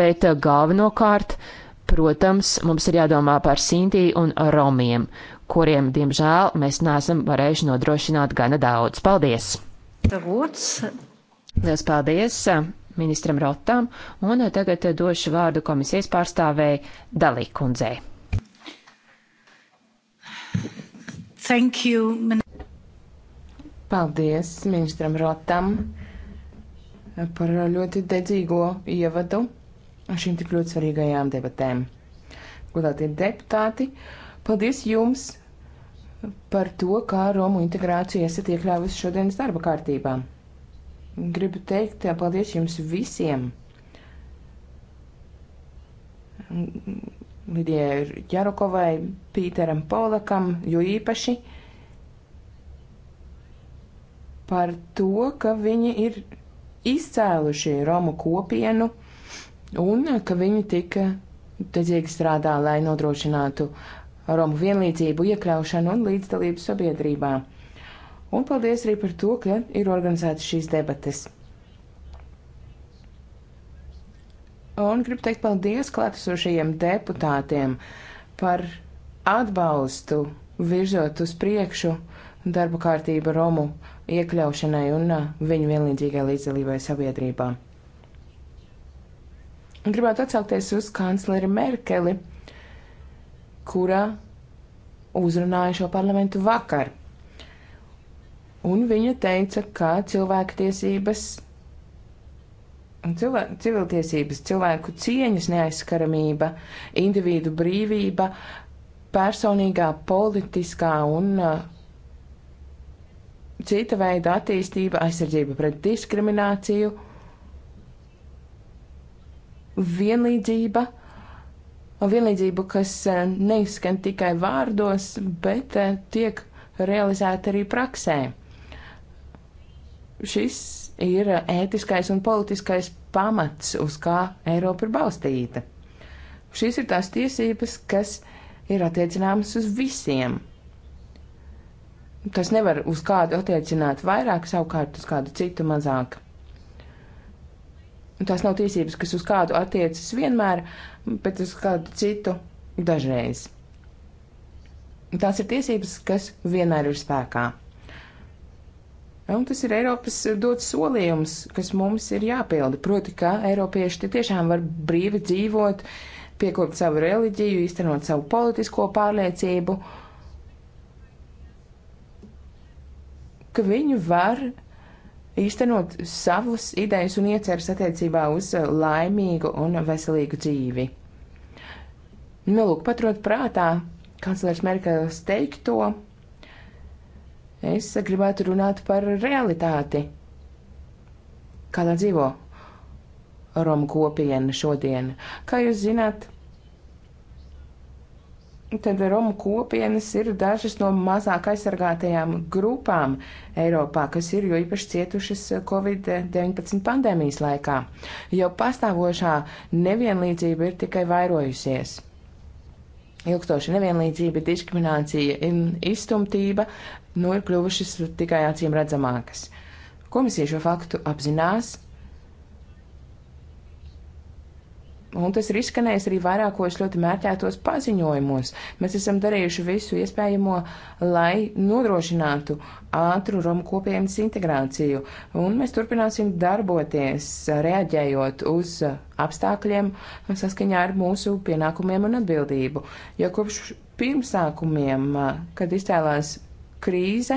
Bet galvenokārt, protams, mums ir jādomā par Sintī un Romiem, kuriem, diemžēl, mēs neesam varējuši nodrošināt gana daudz. Paldies! Lielas paldies ministram Rotam, un tagad došu vārdu komisijas pārstāvēji Dalī kundzei. Thank you. Paldies ministram Rotam par ļoti dedzīgo ievadu šīm tik ļoti svarīgajām debatēm. Godātie deputāti, paldies jums par to, kā Romu integrāciju esat iekļāvusi šodienas darba kārtībā. Gribu teikt paldies jums visiem. Lidijai Jarukovai, Pīteram Polakam, jo īpaši par to, ka viņi ir izcēluši Romu kopienu un ka viņi tika dedzīgi strādā, lai nodrošinātu Romu vienlīdzību, iekļaušanu un līdzdalību sabiedrībā. Un paldies arī par to, ka ir organizētas šīs debates. Un gribu teikt paldies klātesošajiem deputātiem par atbalstu virzot uz priekšu darba kārtību Romu iekļaušanai un uh, viņu vienlīdzīgai līdzdalībai sabiedrībā. Gribētu atsaukties uz kancleri Merkeli, kura uzrunāja šo parlamentu vakar. Un viņa teica, ka cilvēktiesības Cilvē, civiltiesības, cilvēku cieņas neaizskaramība, individu brīvība, personīgā, politiskā un uh, cita veida attīstība, aizsardzība pret diskrimināciju, vienlīdzība, vienlīdzību, kas uh, neizskan tikai vārdos, bet uh, tiek realizēta arī praksē. Šis ir ētiskais un politiskais pamats, uz kā Eiropa ir balstīta. Šīs ir tās tiesības, kas ir attiecināmas uz visiem. Tas nevar uz kādu attiecināt vairāk, savukārt uz kādu citu mazāk. Tās nav tiesības, kas uz kādu attiecas vienmēr, bet uz kādu citu dažreiz. Tās ir tiesības, kas vienmēr ir spēkā. Un tas ir Eiropas eh, dots solījums, kas mums ir jāpilda. Proti, ka Eiropieši tiešām var brīvi dzīvot, piekopt savu reliģiju, īstenot savu politisko pārliecību, ka viņi var īstenot savus idejas un ieceras attiecībā uz eh, laimīgu un veselīgu dzīvi. Nu, lūk, paturot prātā kanclers Merkels teikto, Es gribētu runāt par realitāti, kādā dzīvo Romu kopiena šodien. Kā jūs zināt, tad Romu kopienas ir dažas no mazāk aizsargātajām grupām Eiropā, kas ir jo īpaši cietušas Covid-19 pandēmijas laikā. Jau pastāvošā nevienlīdzība ir tikai vairojusies. Ilgstoša nevienlīdzība, diskriminācija, izstumtība nu ir kļuvušas tikai acīm redzamākas. Komisija šo faktu apzinās, un tas ir izskanējis arī vairākos ļoti mērķētos paziņojumos. Mēs esam darījuši visu iespējamo, lai nodrošinātu ātru Romu kopienas integrāciju, un mēs turpināsim darboties, reaģējot uz apstākļiem saskaņā ar mūsu pienākumiem un atbildību. Jo kopš pirmsākumiem, kad izcēlās krīze.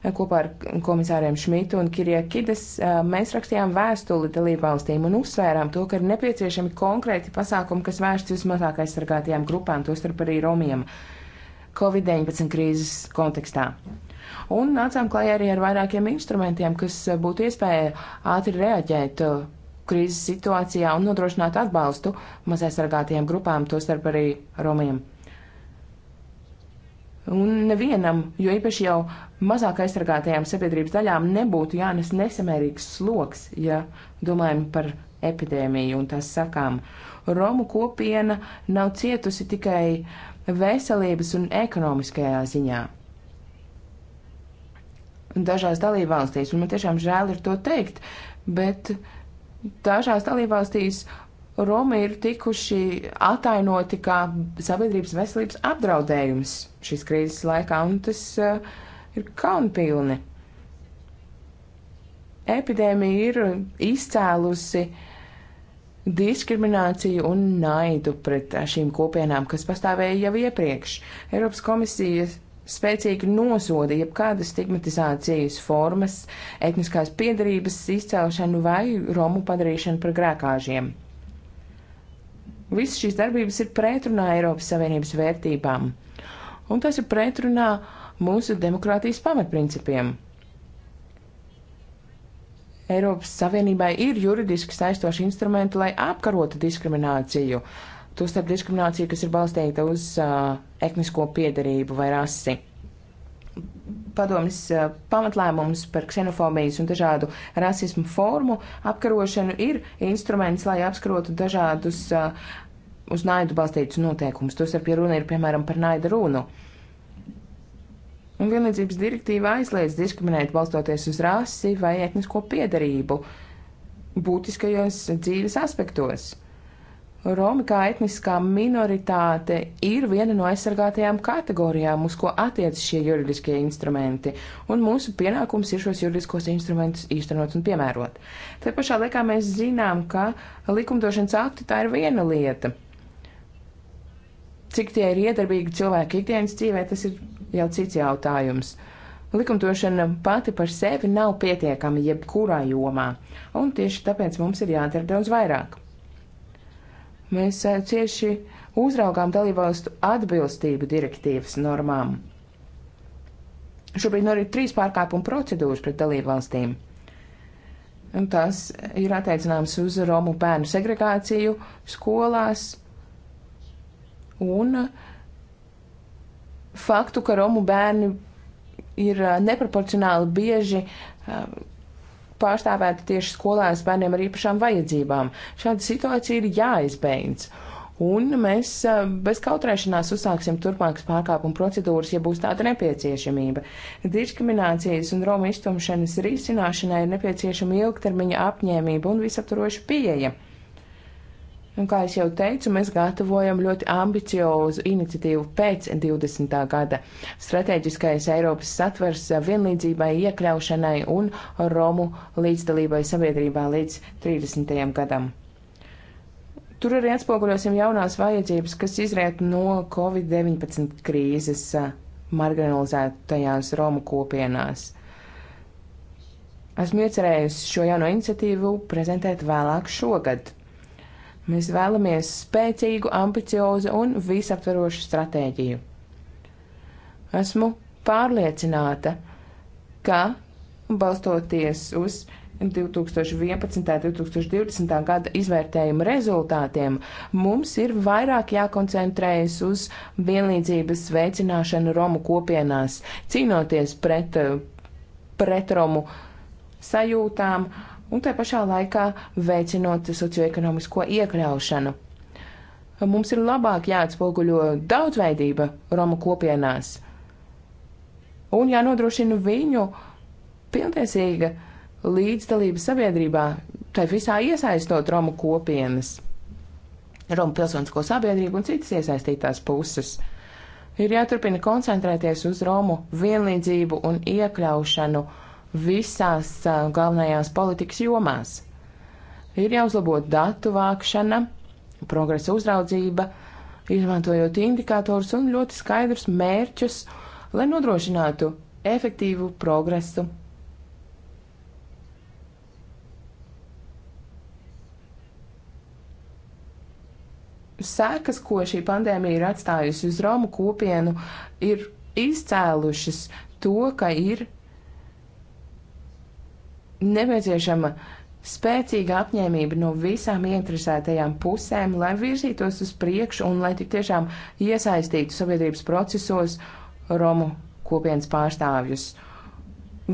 Eh, kopā ar komisāriem Šmitu un Kirjakides eh, mēs rakstījām vēstuli dalībvalstīm un uzsvērām to, ka ir nepieciešami konkrēti pasākumi, kas vērsti uz mazāk aizsargātajām grupām, tostarp arī Romiem, Covid-19 krīzes kontekstā. Un nācām klajā arī ar vairākiem instrumentiem, kas eh, būtu iespēja ātri reaģēt krīzes situācijā un nodrošināt atbalstu mazaizsargātajām grupām, tostarp arī Romiem. Un nevienam, jo īpaši jau mazāk aizsargātajām sabiedrības daļām, nebūtu jānes nesamērīgs sloks, ja domājam par epidēmiju un tās sakām. Romu kopiena nav cietusi tikai veselības un ekonomiskajā ziņā. Dažās dalībvalstīs, un man tiešām žēl ir to teikt, bet dažās dalībvalstīs Romi ir tikuši atainoti kā sabiedrības veselības apdraudējums šīs krīzes laikā, un tas uh, ir kaunpilni. Epidēmija ir izcēlusi diskrimināciju un naidu pret šīm kopienām, kas pastāvēja jau iepriekš. Eiropas komisija spēcīgi nosoda jebkādas stigmatizācijas formas, etniskās piedarības izcelšanu vai romu padarīšanu par grēkāžiem. Visas šīs darbības ir pretrunā Eiropas Savienības vērtībām, un tas ir pretrunā mūsu demokrātijas pamatprincipiem. Eiropas Savienībai ir juridiski saistoši instrumenti, lai apkarotu diskrimināciju, tostarp diskrimināciju, kas ir balstīta uz uh, etnisko piedarību vai rasi padomjas pamatlēmums par ksenofobijas un dažādu rasismu formu apkarošanu ir instruments, lai apskarotu dažādus uz naidu balstītus noteikumus. Tostarp, ja runa ir, piemēram, par naida runu. Un vienlīdzības direktīva aizliedz diskriminēt balstoties uz rasi vai etnisko piedarību būtiskajos dzīves aspektos. Romi kā etniskā minoritāte ir viena no aizsargātajām kategorijām, uz ko attiecas šie juridiskie instrumenti, un mūsu pienākums ir šos juridiskos instrumentus īstenot un piemērot. Te pašā laikā mēs zinām, ka likumdošanas akti tā ir viena lieta. Cik tie ir iedarbīgi cilvēku ikdienas dzīvē, tas ir jau cits jautājums. Likumdošana pati par sevi nav pietiekama jebkurā jomā, un tieši tāpēc mums ir jādara daudz vairāk. Mēs eh, cieši uzraugām dalībvalstu atbilstību direktīvas normām. Šobrīd norit trīs pārkāpuma procedūras pret dalībvalstīm. Un tas ir attiecināms uz Romu bērnu segregāciju skolās un faktu, ka Romu bērni ir eh, neproporcionāli bieži eh, pārstāvēti tieši skolēns bērniem ar īpašām vajadzībām. Šāda situācija ir jāizbeidz. Un mēs eh, bez kautrēšanās uzsāksim turpmākas pārkāpuma procedūras, ja būs tāda nepieciešamība. Diskriminācijas un Roma iztumšanas risināšanai ir nepieciešama ilgtermiņa apņēmība un visaptvaroša pieeja. Un, kā jau teicu, mēs gatavojam ļoti ambiciozu iniciatīvu pēc 20. gada. Stratēģiskais Eiropas satvers vienlīdzībai, iekļaušanai un Romu līdzdalībai sabiedrībā līdz 30. gadam. Tur arī atspoguļosim jaunās vajadzības, kas izriet no Covid-19 krīzes marginalizētajās Romu kopienās. Esmu iecerējusi šo jauno iniciatīvu prezentēt vēlāk šogad. Mēs vēlamies spēcīgu, ambiciozu un visaptverošu stratēģiju. Esmu pārliecināta, ka balstoties uz 2011. un 2020. gada izvērtējuma rezultātiem, mums ir vairāk jākoncentrējas uz vienlīdzības veicināšanu Romu kopienās, cīnoties pret pretromu sajūtām un tai pašā laikā veicinot socioekonomisko iekļaušanu. Mums ir labāk jāatspoguļo daudzveidība Romu kopienās un jānodrošina viņu pilntiesīga līdzdalība sabiedrībā, tai visā iesaistot Romu kopienas, Romu pilsonisko sabiedrību un citas iesaistītās puses. Ir jāturpina koncentrēties uz Romu vienlīdzību un iekļaušanu visās galvenajās politikas jomās. Ir jāuzlabo datu vākšana, progresa uzraudzība, izmantojot indikātors un ļoti skaidrus mērķus, lai nodrošinātu efektīvu progresu. Sēkas, ko šī pandēmija ir atstājusi uz Romu kopienu, ir izcēlušas to, ka ir nepieciešama spēcīga apņēmība no visām interesētajām pusēm, lai virzītos uz priekšu un lai tik tiešām iesaistītu sabiedrības procesos Romu kopienas pārstāvjus.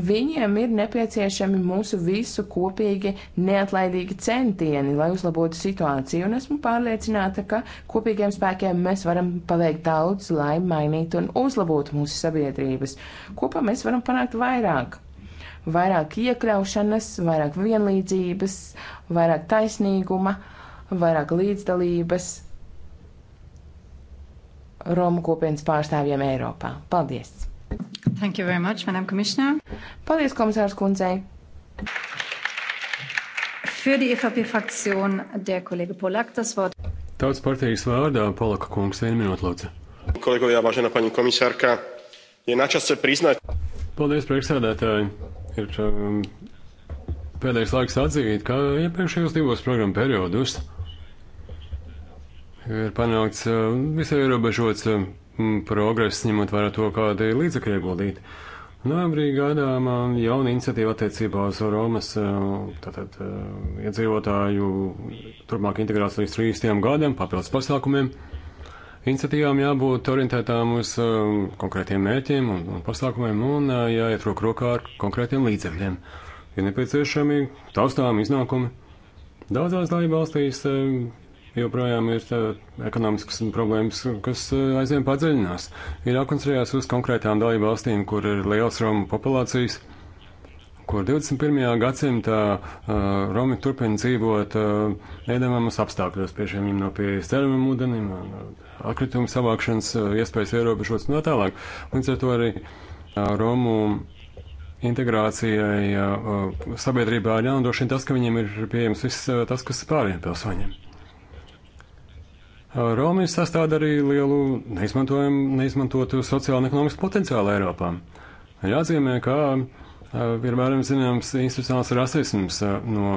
Viņiem ir nepieciešami mūsu visu kopīgi neatlaidīgi centieni, lai uzlabotu situāciju, un esmu pārliecināta, ka kopīgiem spēkiem mēs varam paveikt daudz, lai mainītu un uzlabotu mūsu sabiedrības. Kopā mēs varam panākt vairāk vairāk iekļaušanas, vairāk vienlīdzības, vairāk taisnīguma, vairāk līdzdalības Romu kopienas pārstāvjiem Eiropā. Paldies! Thank you very much, Madam Commissioner. Paldies, komisārs kundzei! Für die EVP-Fraktion der Kollege Polak das Wort. Tautas partijas vārdā Polaka kungs, vienu minūtu lūdzu. Kolego, jā, vážená pani komisārka, je na čase priznať. Paldies, priekšsēdētāji ir um, pēdējais laiks atzīt, ka iepriekšējos ja divos programmu periodus ir panākts um, visai ierobežots um, progress, ņemot vērā to, kāda ir līdzekļi ieguldīti. Novembrī gaidām jauna iniciatīva attiecībā uz Romas tātad, iedzīvotāju turpmāk integrāciju līdz 30. gadam, papildus pasākumiem. Iniciatīvām jābūt orientētām uz um, konkrētiem mērķiem un, un pasākumiem un uh, jāiet roku rokā ar konkrētiem līdzekļiem. Ir nepieciešami taustām iznākumi. Daudzās dalībvalstīs uh, joprojām ir tā, uh, ekonomiskas problēmas, kas uh, aizvien padziļinās. Ir jākoncentrējās uz konkrētām dalībvalstīm, kur ir liels Romu populācijas kur 21. gadsimtā uh, Romi turpina dzīvot uh, ēdamamas apstākļos, pie šiem viņiem nav pieejas dzeramam ūdenim, uh, atkritumu savākšanas iespējas ierobežotas un tā tālāk. Līdz ar to arī Romu integrācijai sabiedrībā ir jānodrošina tas, ka viņiem ir pieejams viss tas, kas pārējiem pilsoņiem. Roma ir sastāvda arī lielu neizmantotu sociālo un ekonomisku potenciālu Eiropā. Jāatzīmē, ka ir vērojams zināms institucionāls rasisms no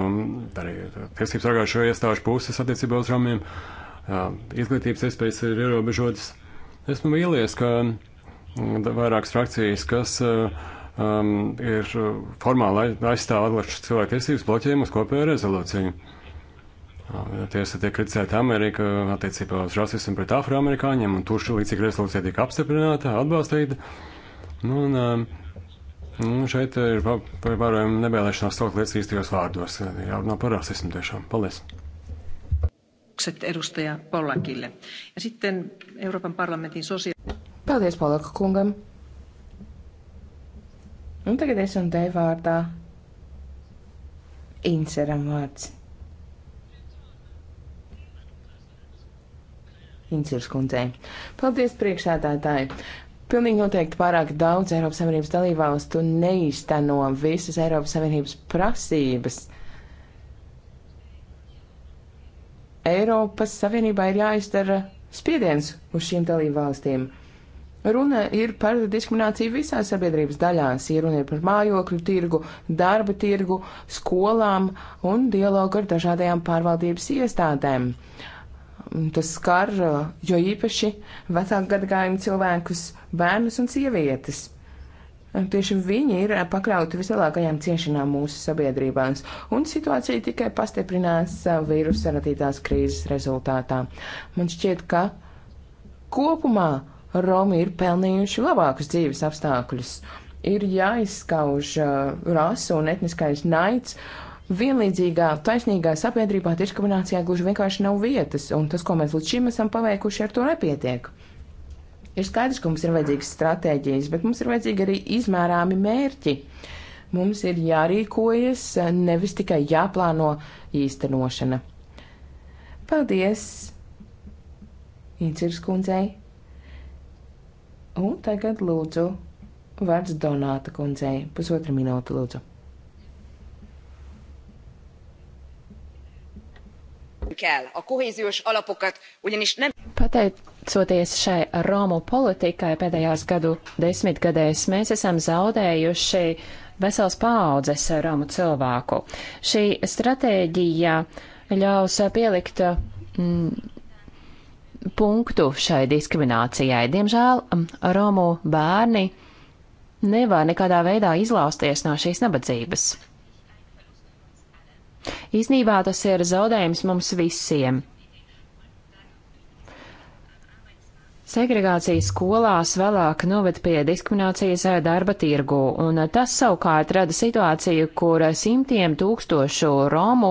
arī tiesības sargājušo iestāžu puses attiecībā uz Romiem. Uh, jā, izglītības iespējas ir ierobežotas. Esmu vīlies, ka vairākas frakcijas, kas um, ir formāli aizstāv atlašu cilvēku tiesības, bloķēja mūsu kopējo rezolūciju. Tiesa tiek kritizēta Amerika attiecībā uz rasismu pret afroamerikāņiem, un tur šī līdzīga rezolūcija tika apstiprināta, atbalstīta. Nu, un, um, Nu, šeit ir pārējām nebēlēšanās saukt lietas īstajos vārdos. Jārunā par rasismu tiešām. Paldies! kiitokset edustaja Pollakille. Ja sitten Euroopan parlamentin sosiaali... Paldies Pollaka kungam. Un nu, tagad es un tevi vārdā Inseram vārds. Insers kundzei. Paldies priekšsēdētāji. Pilnīgi noteikti pārāk daudz Eiropas Savienības dalībvalstu neīsteno visas Eiropas Savienības prasības Eiropas Savienībā ir jāizdara spiediens uz šīm dalību valstīm. Runa ir par diskrimināciju visās sabiedrības daļās. Ir runa ir par mājokļu tirgu, darba tirgu, skolām un dialogu ar dažādajām pārvaldības iestādēm. Tas skar jo īpaši vecāku gadagājumu cilvēkus, bērnus un sievietes. Tieši viņi ir pakļauti vislielākajām ciešanām mūsu sabiedrībās, un situācija tikai pastiprinās vīrusa radītās krīzes rezultātā. Man šķiet, ka kopumā Romi ir pelnījuši labākus dzīves apstākļus. Ir jāizskauž uh, rasu un etniskais naids. Vienlīdzīgā, taisnīgā sabiedrībā diskriminācijā gluži vienkārši nav vietas, un tas, ko mēs līdz šim esam paveikuši, ar to nepietiek. Ir skaidrs, ka mums ir vajadzīgas stratēģijas, bet mums ir vajadzīgi arī izmērāmi mērķi. Mums ir jārīkojas, nevis tikai jāplāno īstenošana. Paldies, Īncirs kundzei. Un tagad lūdzu vārds Donāta kundzei. Pusotra minūte, lūdzu. kell. A kohéziós alapokat ugyanis nem. Pateicoties šai Romu politikai pēdējās gadu desmitgadēs, mēs esam zaudējuši vesels paaudzes Romu cilvēku. Šī stratēģija ļaus pielikt mm, punktu šai diskriminācijai. Diemžēl mm, Romu bērni nevar nekādā veidā izlausties no šīs nabadzības. Īsnībā tas ir zaudējums mums visiem. Segregācija skolās vēlāk noved pie diskriminācijas darba tirgu, un tas savukārt rada situāciju, kur simtiem tūkstošu Romu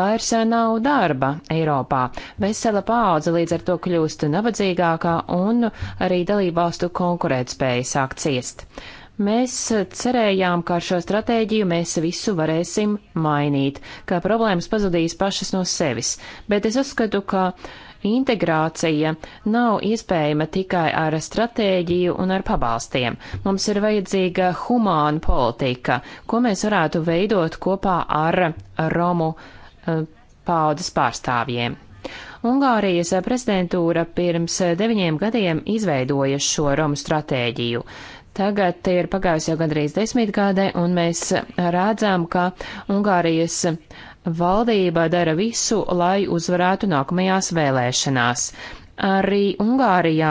vairs nav darba Eiropā. Vesela paudze līdz ar to kļūst nabadzīgākā un arī dalībvalstu konkurētspēja sāk ciest. Mēs cerējām, ka ar šo stratēģiju mēs visu varēsim mainīt, ka problēmas pazudīs pašas no sevis, bet es uzskatu, ka uh, Integrācija nav iespējama tikai ar stratēģiju un ar pabalstiem. Mums ir vajadzīga humāna politika, ko mēs varētu veidot kopā ar Romu eh, paudas pārstāvjiem. Ungārijas prezidentūra pirms deviņiem gadiem izveidoja šo Romu stratēģiju. Tagad ir pagājusi jau gandrīz desmit gadi, un mēs redzam, ka Ungārijas valdība dara visu, lai uzvarētu nākamajās vēlēšanās. Arī Ungārijā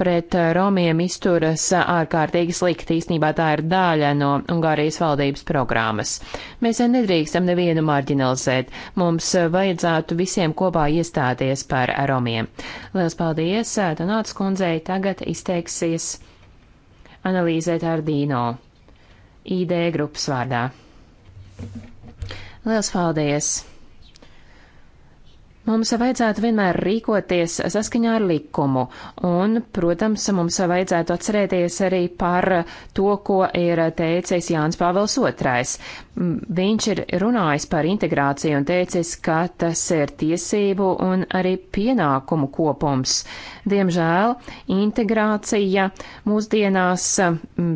pret romiem izturas ārkārtīgi slikti. Īsnībā tā ir daļa no Ungārijas valdības programmas. Mēs nedrīkstam nevienu marginalizēt. Mums vajadzētu visiem kopā iestāties par romiem. Lielas paldies, Donāts kundzei. Tagad izteiksies analīzēt ar Dīno. ID grupas vārdā. Thank you. Lielas paldies! Mums vajadzētu vienmēr rīkoties saskaņā ar likumu, un, protams, mums vajadzētu atcerēties arī par to, ko ir teicis Jānis Pāvils II. Viņš ir runājis par integrāciju un teicis, ka tas ir tiesību un arī pienākumu kopums. Diemžēl integrācija mūsdienās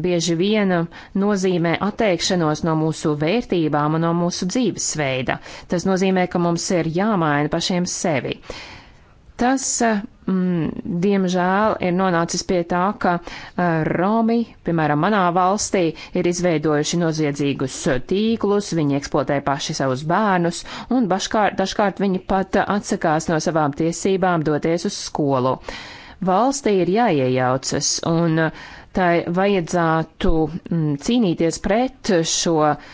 bieži vien nozīmē atteikšanos no mūsu vērtībām un no mūsu dzīvesveida. Tas nozīmē, ka mums ir jāmaina pašiem pašiem sevi. Tas, eh, mm, diemžēl, ir nonācis pie tā, ka eh, Romi, piemēram, manā valstī, ir izveidojuši noziedzīgus eh, tīklus, viņi eksploatē paši savus bērnus, un baškārt, dažkārt viņi pat atsakās no savām tiesībām doties uz skolu valstī ir jāiejaucas, un tai vajadzētu mm, cīnīties pret šo eh,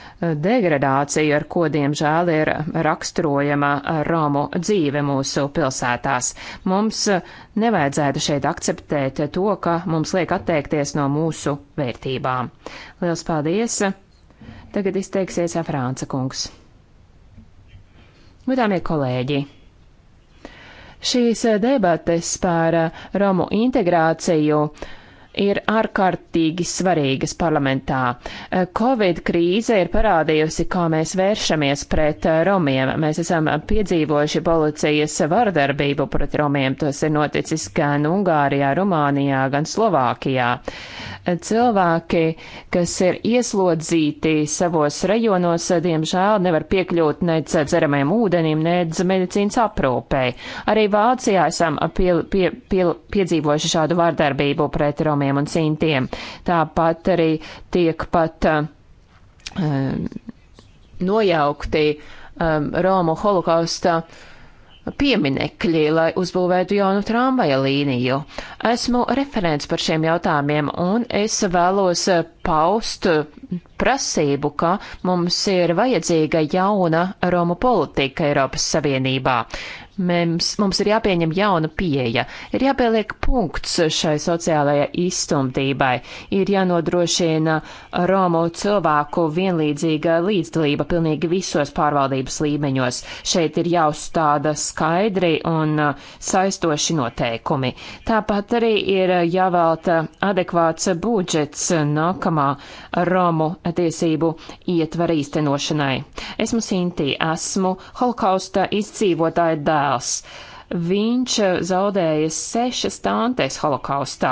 degradāciju, ar ko, diemžēl, ir raksturojama eh, Romu dzīve mūsu pilsētās. Mums eh, nevajadzētu šeit akceptēt to, ka mums liek atteikties no mūsu vērtībām. Lielas paldies! Tagad izteiksies Frānca kungs. Gudāmie kolēģi! Šīs debates par Romu integrāciju ir ārkārtīgi svarīgas parlamentā. Eh, Covid krīze ir parādījusi, kā mēs vēršamies pret eh, romiem. Mēs esam piedzīvojuši policijas vardarbību pret romiem. Tas ir noticis gan Ungārijā, Rumānijā, gan Slovākijā. Eh, cilvēki, kas ir ieslodzīti savos rejonos, diemžēl nevar piekļūt nec dzeramajam ūdenim, nec medicīnas aprūpei. Arī Vācijā esam pie, pie, pie, piedzīvojuši šādu vardarbību pret romiem sintagmām un sintiem. Tāpat arī tiek pat uh, nojaukti um, Romu holokausta pieminekļi, lai uzbūvētu jaunu tramvaja līniju. Esmu referents par šiem jautājumiem, un es vēlos eh, paust prasību, ka mums ir vajadzīga jauna Romu politika Eiropas Savienībā. Mums, mums ir jāpieņem jauna pieeja, ir jāpieliek punkts šai sociālajai izstumtībai, ir jānodrošina Romu cilvēku vienlīdzīga līdzdalība pilnīgi visos pārvaldības līmeņos. Šeit ir jāuzstāda skaidri un uh, saistoši noteikumi. Tāpat arī ir jāvelta adekvāts budžets nākamā Romu tiesību ietvara īstenošanai. Esmu Sintī, esmu holokausta izdzīvotāja dēls dēls. Viņš eh, zaudēja sešas tantes holokaustā.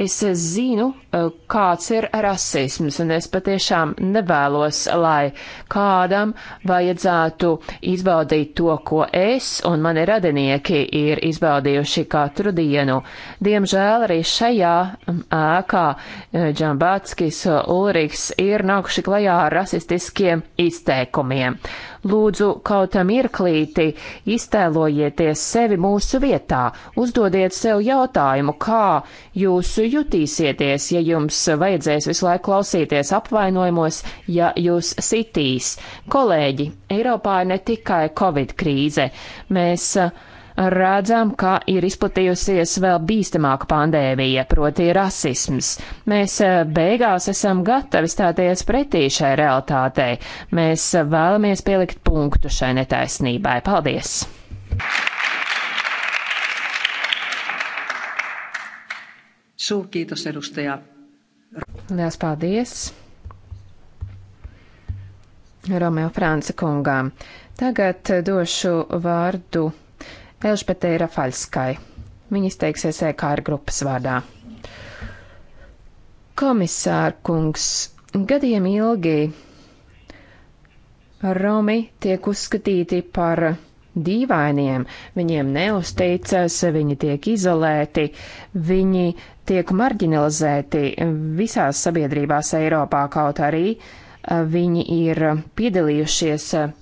Es eh, zinu, eh, kāds ir rasisms, un es patiešām nevēlos, lai kādam vajadzētu izbaudīt to, ko es un mani radinieki ir izbaudījuši katru dienu. Diemžēl arī šajā mm, ēkā Džambatskis Ulriks ir nākuši klajā ar rasistiskiem izteikumiem. Lūdzu, kaut mirklīti iztēlojieties sevi mūsu vietā, uzdodiet sev jautājumu, kā jūs jutīsieties, ja jums vajadzēs visu laiku klausīties apvainojumos, ja jūs sitīs. Kolēģi, Eiropā ir ne tikai Covid krīze. Mēs uh, redzam, ka ir izplatījusies vēl bīstamāka pandēmija, proti rasisms. Mēs eh, beigās esam gatavi stāties pretī šai realitātei. Mēs vēlamies pielikt punktu šai netaisnībai. Paldies! Suurkiitos edustaja. Lielas paldies Romeo Franca kungām. Tagad došu vārdu Pelšpetē Rafaļskai. Viņa izteiksies EKR grupas vārdā. Komisārkungs, gadiem ilgi Romi tiek uzskatīti par dīvainiem, viņiem neuzteicas, viņi tiek izolēti, viņi tiek marginalizēti visās sabiedrībās Eiropā, kaut arī eh, viņi ir piedalījušies eh,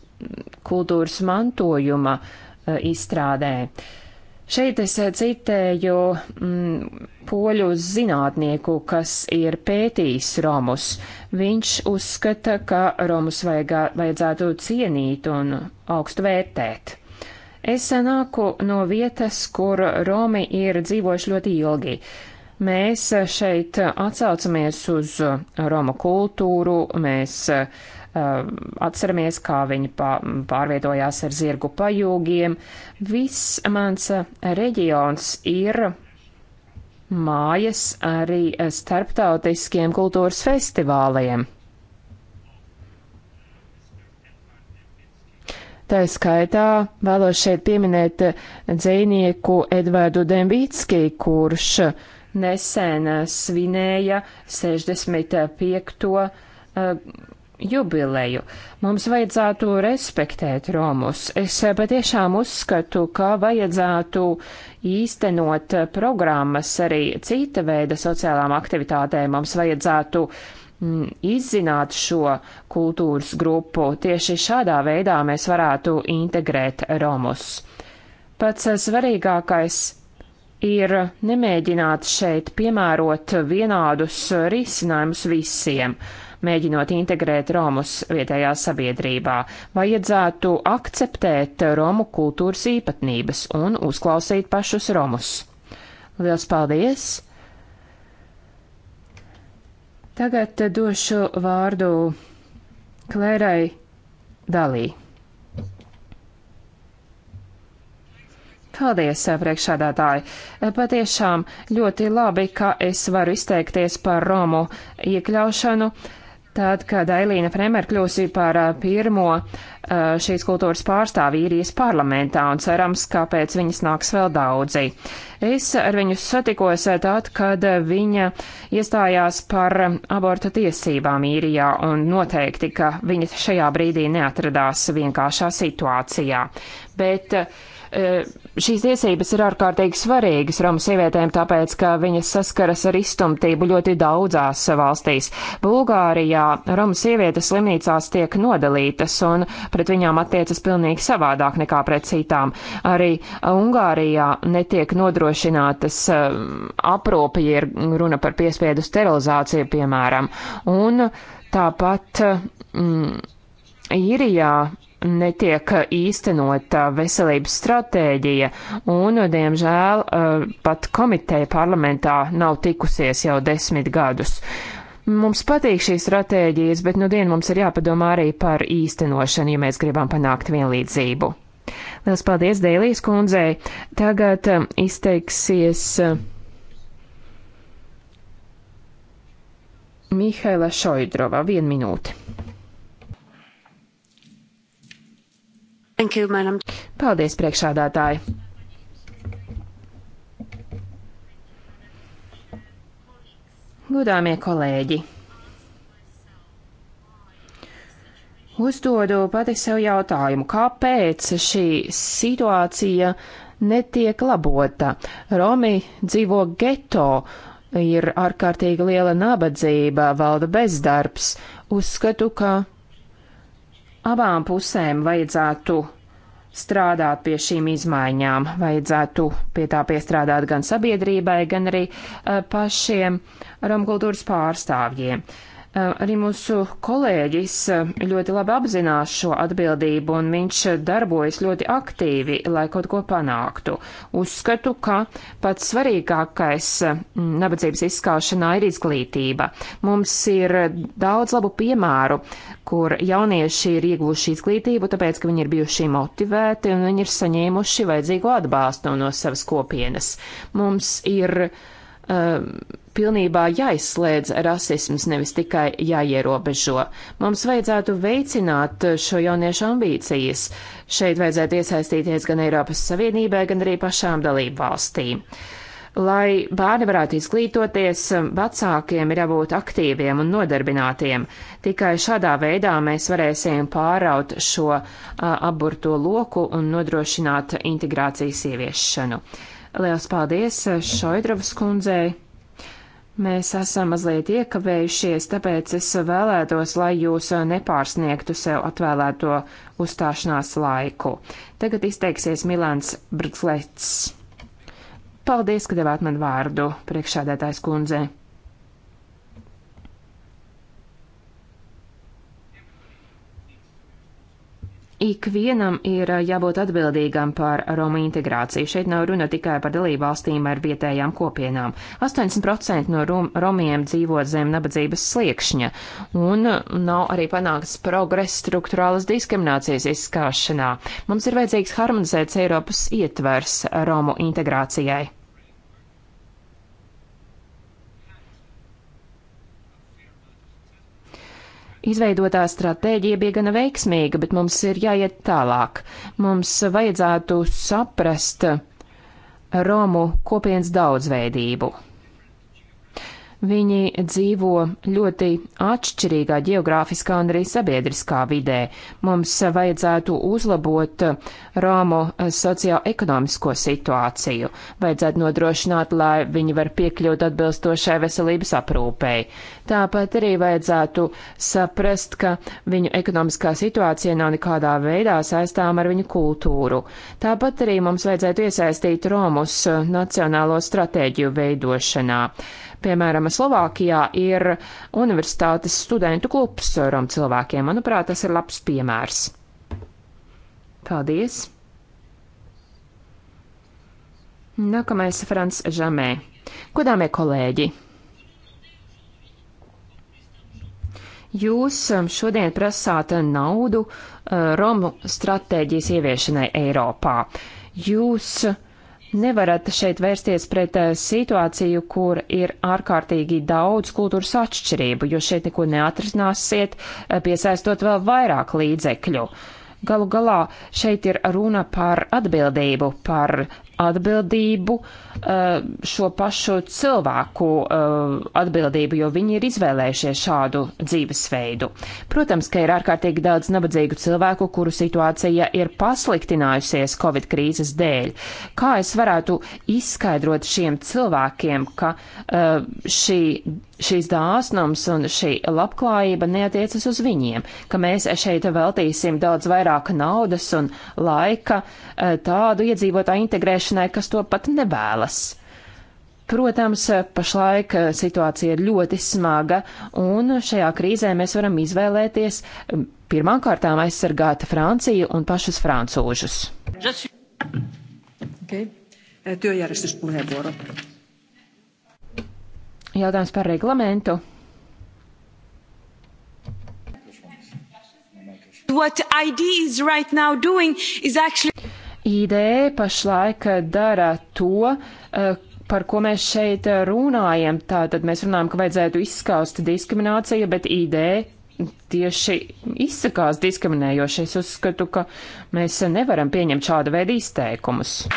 kultūras mantojuma uh, Eh, izstrādē. Šeit es eh, citēju mm, poļu zinātnieku, kas ir pētījis romus. Viņš uzskata, ka romus vajagā, vajadzētu cienīt un augstu vērtēt. Es eh, nāku no vietas, kur romi ir dzīvojuši ļoti ilgi. Mēs šeit atsaucamies uz Roma kultūru, mēs Ehm, atceramies, kā viņi pārvietojās ar zirgu pajūgiem. Viss mans eh, reģions ir mājas arī eh, starptautiskiem kultūras festivāliem. Tā skaitā vēlos šeit pieminēt eh, dzīnieku Edvardu Dembītski, kurš nesen svinēja 65 jubileju. Mums vajadzētu respektēt Romus. Es eh, patiešām uzskatu, ka vajadzētu īstenot eh, programmas arī cita veida sociālām aktivitātēm. Mums vajadzētu mm, izzināt šo kultūras grupu. Tieši šādā veidā mēs varētu integrēt Romus. Pats eh, svarīgākais ir nemēģināt šeit piemērot vienādus risinājumus visiem. Uh, mēģinot integrēt Romus vietējā sabiedrībā. Vajadzētu akceptēt Romu kultūras īpatnības un uzklausīt pašus Romus. Liels paldies! Tagad došu vārdu Klērai Dalī. Paldies, priekšādātāji! Patiešām ļoti labi, ka es varu izteikties par Romu iekļaušanu Tad, kad Ailīna Fremer kļūsi par pirmo šīs kultūras pārstāvi īrijas parlamentā un cerams, ka pēc viņas nāks vēl daudzi. Es ar viņu satikos tad, kad viņa iestājās par aborta tiesībām īrijā un noteikti, ka viņa šajā brīdī neatradās vienkāršā situācijā. Bet uh, E, šīs tiesības ir ārkārtīgi svarīgas Romu sievietēm, tāpēc, ka viņas saskaras ar izstumtību ļoti daudzās valstīs. Bulgārijā Romu sievietes slimnīcās tiek nodalītas un pret viņām attiecas pilnīgi savādāk nekā pret citām. Arī Ungārijā netiek nodrošinātas e, apropi, ja ir runa par piespiedu sterilizāciju, piemēram. Un tāpat mm, īrijā netiek īstenota veselības stratēģija, un, diemžēl, eh, pat komiteja parlamentā nav tikusies jau desmit gadus. Mums patīk šīs stratēģijas, bet nu dienu mums ir jāpadomā arī par īstenošanu, ja mēs gribam panākt vienlīdzību. Lielas paldies Dēlīs kundzei. Tagad eh, izteiksies eh, Mihaila Šoidrova. Vienu minūti. You, Paldies, priekšādātāji! Gudāmie kolēģi! Uzdodu pati sev jautājumu, kāpēc šī situācija netiek labota? Romi dzīvo geto, ir ārkārtīgi liela nabadzība, valda bezdarbs. Uzskatu, ka Abām pusēm vajadzētu strādāt pie šīm izmaiņām, vajadzētu pie tā piestrādāt gan sabiedrībai, gan arī eh, pašiem romkultūras pārstāvjiem. Uh, Eh, arī mūsu kolēģis eh, ļoti labi apzinās šo atbildību, un viņš darbojas ļoti aktīvi, lai kaut ko panāktu. Uzskatu, ka pats svarīgākais eh, nabadzības izskaušanā ir izglītība. Mums ir daudz labu piemēru, kur jaunieši ir ieguvuši izglītību, tāpēc, ka viņi ir bijuši motivēti un viņi ir saņēmuši vajadzīgo atbalstu no savas kopienas. Mums ir. Uh, um, pilnībā jāizslēdz rasisms, nevis tikai jāierobežo. Mums vajadzētu veicināt šo jauniešu ambīcijas. Šeit vajadzētu iesaistīties gan Eiropas Savienībai, gan arī pašām dalību valstīm. Lai bērni varētu izglītoties, vecākiem ir jābūt aktīviem un nodarbinātiem. Tikai šādā veidā mēs varēsim pāraut šo a, aburto loku un nodrošināt integrācijas ieviešanu. Lielas paldies Šoidrovas kundzei! Mēs esam mazliet iekavējušies, tāpēc es vēlētos, lai jūs nepārsniegtu sev atvēlēto uzstāšanās laiku. Tagad izteiksies Milāns Brglets. Paldies, ka devāt man vārdu, priekšādētājs kundzei. ikvienam ir eh, jābūt atbildīgam par Romu integrāciju. Šeit nav runa tikai par dalību valstīm ar vietējām kopienām. 80% no rom, Romiem dzīvo zem nabadzības sliekšņa, un nav arī panākts progress struktūrālas diskriminācijas izskāšanā. Mums ir vajadzīgs harmonizēts Eiropas ietvers Romu integrācijai. Izveidotā stratēģija bija gana veiksmīga, bet mums ir jāiet tālāk. Mums vajadzētu saprast Romu kopienas daudzveidību. Viņi dzīvo ļoti atšķirīgā geogrāfiskā un arī sabiedriskā vidē. Mums vajadzētu uzlabot Romu sociālo-ekonomisko situāciju, vajadzētu nodrošināt, lai viņi var piekļūt atbilstošai veselības aprūpei. Tāpat arī vajadzētu saprast, ka viņu ekonomiskā situācija nav nekādā veidā saistām ar viņu kultūru. Tāpat arī mums vajadzētu iesaistīt Romus nacionālo stratēģiju veidošanā. Piemēram, Slovākijā ir universitātes studentu klubs Rom cilvēkiem. Manuprāt, tas ir labs piemērs. Paldies! Nākamais Frans Žamē. Godāmie kolēģi! Jūs um, šodien prasāt naudu uh, Romu stratēģijas ieviešanai Eiropā. Jūs uh, nevarat šeit vērsties pret eh, situāciju, kur ir ārkārtīgi daudz kultūras atšķirību, jo šeit neko neatrisināsiet, eh, piesaistot vēl vairāk līdzekļu. Galu galā šeit ir runa par atbildību, par atbildību uh, Eh, šo pašu cilvēku eh, atbildību, jo viņi ir izvēlējušies šādu dzīvesveidu. Protams, ka ir ārkārtīgi daudz nabadzīgu cilvēku, kuru situācija ir pasliktinājusies Covid krīzes dēļ. Kā es varētu izskaidrot šiem cilvēkiem, ka eh, šī, šīs dāsnums un šī labklājība neatiecas uz viņiem, ka mēs šeit veltīsim daudz vairāk naudas un laika tādu iedzīvotāju integrēšanai, kas to pat nevēlas? signāls. Protams, pašlaik eh, situācija ir ļoti smaga, un šajā krīzē mēs varam izvēlēties pirmām kārtām aizsargāt Franciju un pašus francūžus. Okay. Eh, työjärjestyspuheenvuoro. Jautājums par reglamentu. What ID is right now doing is actually ID pašlaik dara to, eh, par ko mēs šeit runājam. Tātad mēs runājam, ka vajadzētu izskaust diskrimināciju, bet ID tieši izsakās diskriminējoši. Es uzskatu, ka mēs nevaram pieņemt šādu veidu izteikumus.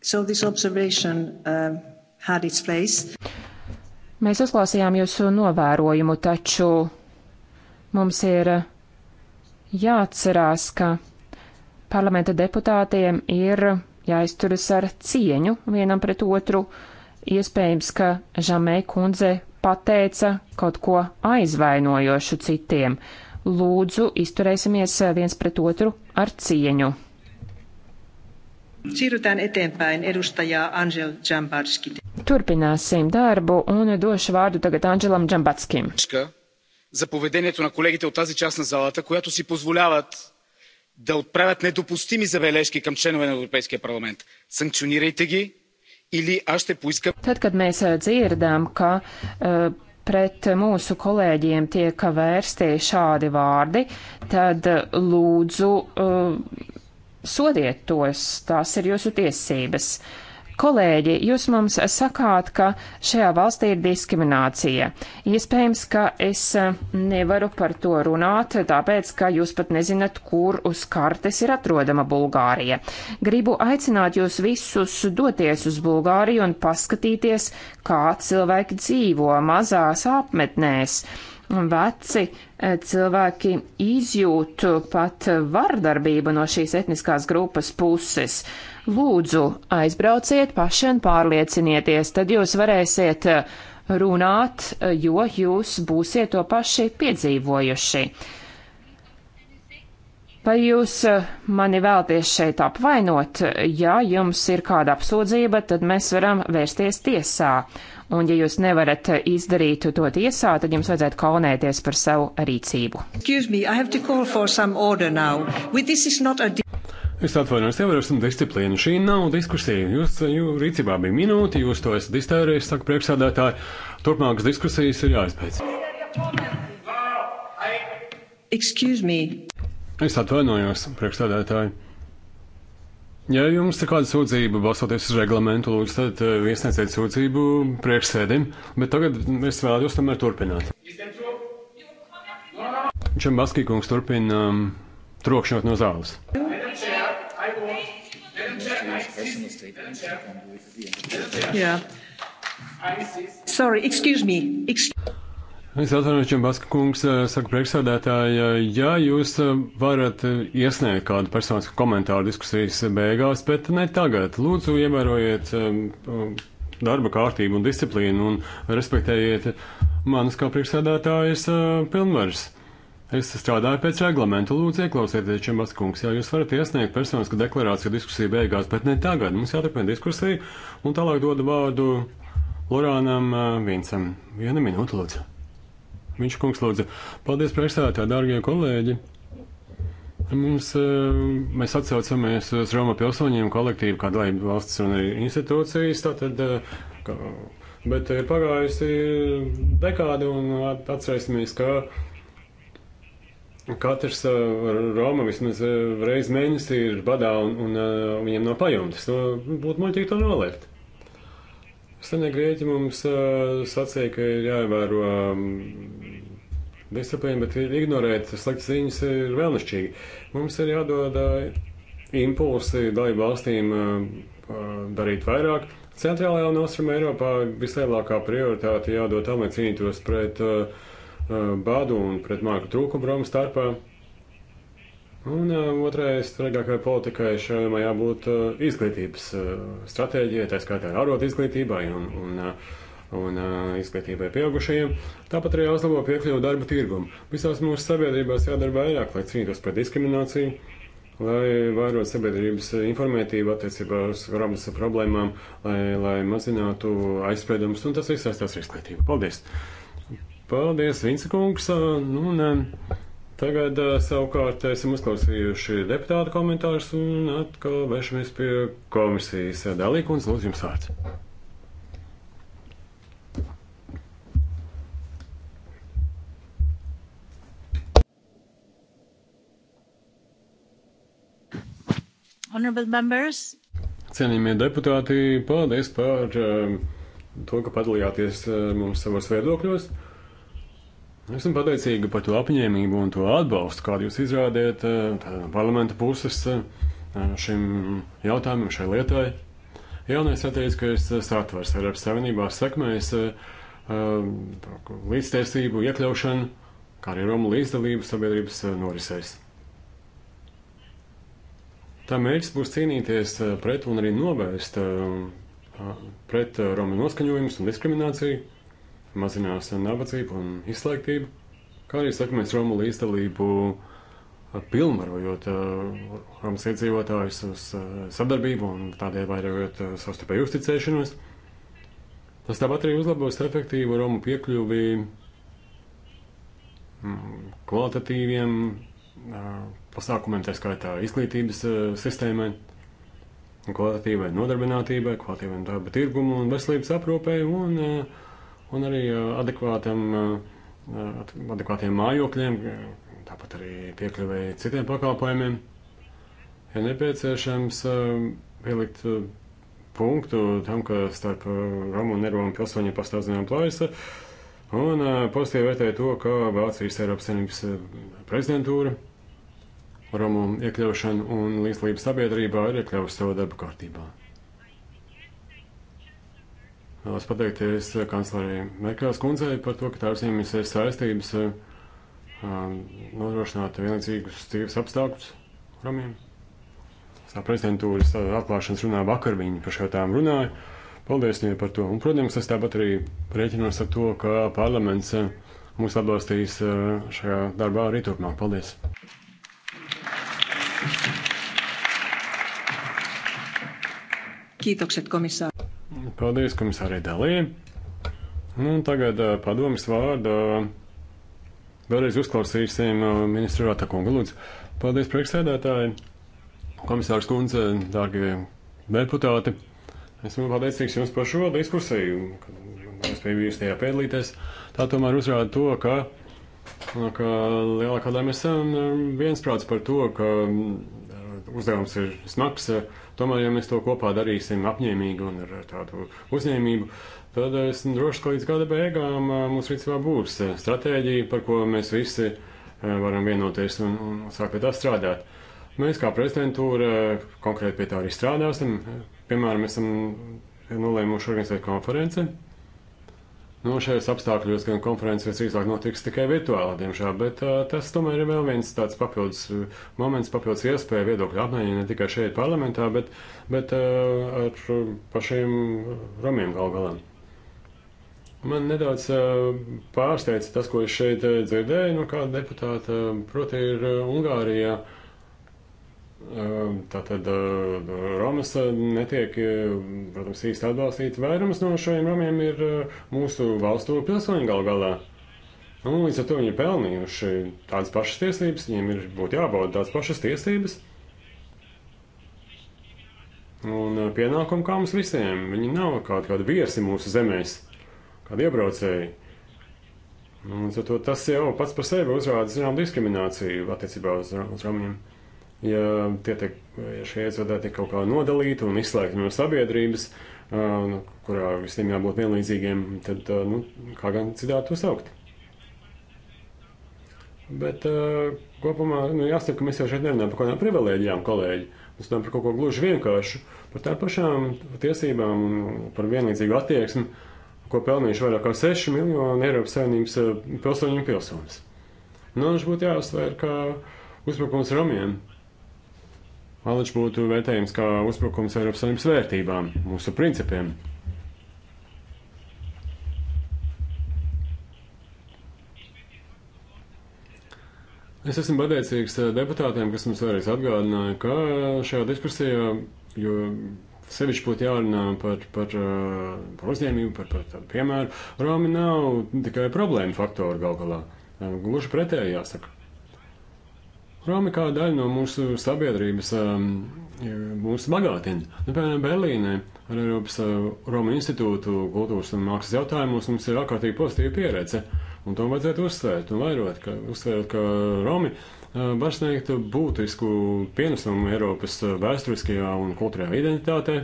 So this observation uh, had its place. Mēs uzklausījām jūsu novērojumu, taču mums ir jāatcerās, ka parlamenta deputātiem ir jāizturas ar cieņu vienam pret otru. Iespējams, ka Žamē kundze pateica kaut ko aizvainojošu citiem. Lūdzu, izturēsimies viens pret otru ar cieņu. Siirrytään eteenpäin edustaja Angel Jambatski. Turpināsim darbu un došu vārdu tagad Angelam Jambatskim. Ska за поведението на колегите от тази част на залата която си позволяват да отправят недопустими забележки към членове на Европейския парламент. Санкционирайте ги или аз ще поискам. Tad, kad mēs dzirdam, ka uh, pret mūsu kolēģiem tiek vērsti šādi vārdi, tad lūdzu uh, sodiet tos, tās ir jūsu tiesības. Uh, Kolēģi, jūs mums sakāt, ka šajā valstī ir diskriminācija. Iespējams, ka es eh, nevaru par to runāt, tāpēc, ka jūs pat nezināt, kur uz kartes ir atrodama Bulgārija. Gribu aicināt jūs visus doties uz Bulgāriju un paskatīties, kā cilvēki dzīvo mazās apmetnēs. Veci eh, cilvēki izjūt pat vardarbību no šīs etniskās grupas puses. Uh, Lūdzu, aizbrauciet paši un pārliecinieties, tad jūs varēsiet eh, runāt, eh, jo jūs būsiet to paši piedzīvojuši. Vai jūs eh, mani vēlties šeit apvainot? Ja jums ir kāda apsūdzība, tad mēs varam vērsties tiesā. Un ja jūs nevarat izdarīt to tiesā, tad jums vajadzētu kaunēties par savu rīcību. Me, a... Es atvainojos, jau esmu disciplīna. Šī nav diskusija. Jūs jū, rīcībā bija minūte, jūs to esat iztērējis, saka priekšsādātāji. Turpmākas diskusijas ir jāizbeidz. Es atvainojos, priekšsādātāji. Ja jums ir kāda sūdzība, balstoties uz reglamentu, lūdzu, tad uh, iesniedziet sūdzību priekšsēdim, bet tagad es vēlētos tomēr turpināt. Čembaskī kungs turpina um, trokšņot no zāles. Jā. Sorry, excuse me. Excuse Es atvainojos, Čembaska kungs, eh, saka priekšsādētāji, eh, ja jūs eh, varat iesniegt kādu personisku komentāru diskusijas beigās, bet ne tagad. Lūdzu, ievērojiet darba kārtību un disciplīnu un respektējiet manas kā priekšsādētājas pilnvaras. Es strādāju pēc reglamenta. Lūdzu, ieklausieties, Čembas kungs. Jā, jūs varat iesniegt personisku deklarāciju diskusiju beigās, bet ne tagad. Mums jāturpina diskusija. Un tālāk dodu vārdu Lorānam Vincam. Viena minūte, lūdzu. Viņš kungs lūdzu. Paldies, priekšstādātāji, dārgie kolēģi. Mums, mēs atcaucamies uz Roma pilsoņiem kolektīvu, kā dalību valsts un arī institūcijas. Tātad, ka, bet ir pagājusi dekāde un atcerēsimies, ka Nu, katrs Roma vismaz reizi mēnesī ir badā un, un, un viņiem nav pajumtes. Nu, būtu muļķīgi to noliegt. Senie grieķi mums sacīja, ka ir jāievēro disciplīna, bet ignorēt sliktas ziņas ir vēlnišķīgi. Mums ir jādod impulsi dalību valstīm darīt vairāk. Centrālajā un Austrum Eiropā vislielākā prioritāte jādod tam, lai cīnītos pret uh, badu un pret māku trūkumu Romas starpā. Un otrais, svarīgākai politikai šajā jābūt izglītības stratēģijai, tā skaitā ārot izglītībai un, un, un izglītībai pieaugušajiem. Tāpat arī jāuzlabo piekļuvu darba tirgumu. Visās mūsu sabiedrībās jādara vairāk, lai cīnītos pret diskrimināciju, lai vairot sabiedrības informētību attiecībā uz Romas problēmām, lai, lai mazinātu aizspriedumus, un tas viss saistās ar izglītību. Paldies! Paldies, Vincekungs. Nu, ne. Tagad savukārt esam uzklausījuši deputātu komentārus un atkal vēršamies pie komisijas. Dalīkums, lūdzu, jums vārds. Cienījamie deputāti, paldies par to, ka padalījāties mums savos viedokļos. Esmu pateicīga par to apņēmību un to atbalstu, kādu jūs izrādiet eh, parlamenta puses eh, šim jautājumam, šai lietai. Jaunais attiecīgais eh, satvers Eiropas Savienībā sekmēs līdztiesību iekļaušanu, kā arī Romu līdzdalību sabiedrības norisēs. Tā mērķis būs cīnīties pret un arī novērst pret Romu noskaņojumus un diskrimināciju mazinās nabadzību un izslēgtību, kā arī sekmēs Romu līdzdalību pilnvarojot Romas iedzīvotājus uz sadarbību un tādēļ vairojot savstarpēju uzticēšanos. Tas tāpat arī uzlabos efektīvu Romu piekļuvi kvalitatīviem pasākumiem, tā skaitā izglītības sistēmai kvalitatīvai nodarbinātībai, kvalitatīvai darba tirgumu un veselības aprūpēju un uh, un arī adekvātam, adekvātiem mājokļiem, tāpat arī piekļuvēji citiem pakalpojumiem. Ir nepieciešams pielikt punktu tam, ka starp Romu un Eiromu pilsoņiem pastāv zinām plājas. Un pozitīvi vērtēja to, ka Vācijas Eiropas Savienības prezidentūra Romu iekļaušanu un līdzlību sabiedrībā ir iekļauts savu darbu kārtībā. Vēlos pateikties eh, kanclerei Merkels kundzei par to, ka tā uzņēmusies saistības eh, um, nodrošināt vienlīdzīgus dzīves apstākļus romiem. Tā prezidentūras eh, atklāšanas runā vakar viņi par šo tām runāja. Paldies viņai par to. Un, protams, es tāpat arī rēķinos ar to, ka parlaments mūs atbalstīs šajā darbā arī turpmāk. Paldies! Kiitokset komisāri. Paldies, komisārei Dalī. Nu, tagad padomas vārdu. Vēlreiz uzklausīsim ministru Ratakungu. Lūdzu, paldies, priekšsēdētāji, komisārs kundze, dārgie deputāti. Esmu pateicīgs jums par šo diskusiju, kad es biju jūs tajā piedalīties. Tā tomēr uzrāda to, ka, nu, ka lielākā daļa mēs esam viensprāts par to, ka uzdevums ir smags. Uh, Tomēr, ja mēs to kopā darīsim apņēmīgi un ar tādu uzņēmību, tad es droši ka līdz gada beigām mums rīcībā būs stratēģija, par ko mēs visi varam vienoties un, un sākt pie tā strādāt. Mēs kā prezidentūra konkrēti pie tā arī strādāsim. Piemēram, mēs esam nolēmuši organizēt konferenci Nu, šajos apstākļos gan konferences visdrīzāk notiks tikai virtuāli, diemžēl, bet uh, tas tomēr ir vēl viens tāds papildus moments, papildus iespēja viedokļu apmaiņai ne tikai šeit parlamentā, bet, bet uh, ar pašiem romiem gal galā. Man nedaudz uh, pārsteidza tas, ko es šeit dzirdēju no nu, kāda deputāta, proti ir Ungārijā. Uh, Ehm, tātad eh, Romas eh, netiek, eh, protams, īsti atbalstīta. Vairums no šiem romiem ir mūsu valstu pilsoņi gal galā. Un nu, līdz ar to viņi ir pelnījuši tādas pašas tiesības, viņiem ir būtu jābauda tādas pašas tiesības. Un pienākumu kā mums visiem. Viņi nav kaut kādi viesi mūsu zemēs, kādi iebraucēji. Un līdz ar to tas jau pats par sevi uzrāda zinām diskrimināciju attiecībā uz, uz romiem. Ram ja, tie tiek, ja šie iedzīvotāji tiek kaut kā nodalīti un izslēgti no sabiedrības, nu, kurā visiem jābūt vienlīdzīgiem, tad nu, kā gan citādi to saukt. Bet kopumā nu, jāsaka, ka mēs jau šeit nerunājam par kaut kādām privilēģijām, kolēģi. Mēs runājam par kaut ko gluži vienkāršu, par tām pašām tiesībām un par vienlīdzīgu attieksmi, ko pelnījuši vairāk kā 6 miljoni Eiropas Savienības pilsoņu un pilsonis. Nu, viņš būtu jāuzsver, ka uzbrukums Romiem Maličs būtu vērtējums kā uzbrukums Eiropas Savienības vērtībām, mūsu principiem. Es esmu pateicīgs deputātiem, kas mums vēlreiz atgādināja, ka šajā diskusijā, jo sevišķi būtu jārunā par, par, par uzņēmību, par, par tādu piemēru, Romi nav tikai problēma faktori gal galā. Gluži pretēji jāsaka. Romi kā daļa no mūsu sabiedrības um, mūsu bagātina. Nu, piemēram, Berlīnē ar Eiropas uh, Romu institūtu kultūras un mākslas jautājumos mums ir ārkārtīgi pozitīva pieredze. Un to vajadzētu uzsvērt un vairot, ka, uzsvērt, ka Romi uh, var sniegt būtisku pienesumu Eiropas uh, vēsturiskajā un kultūrajā identitātē.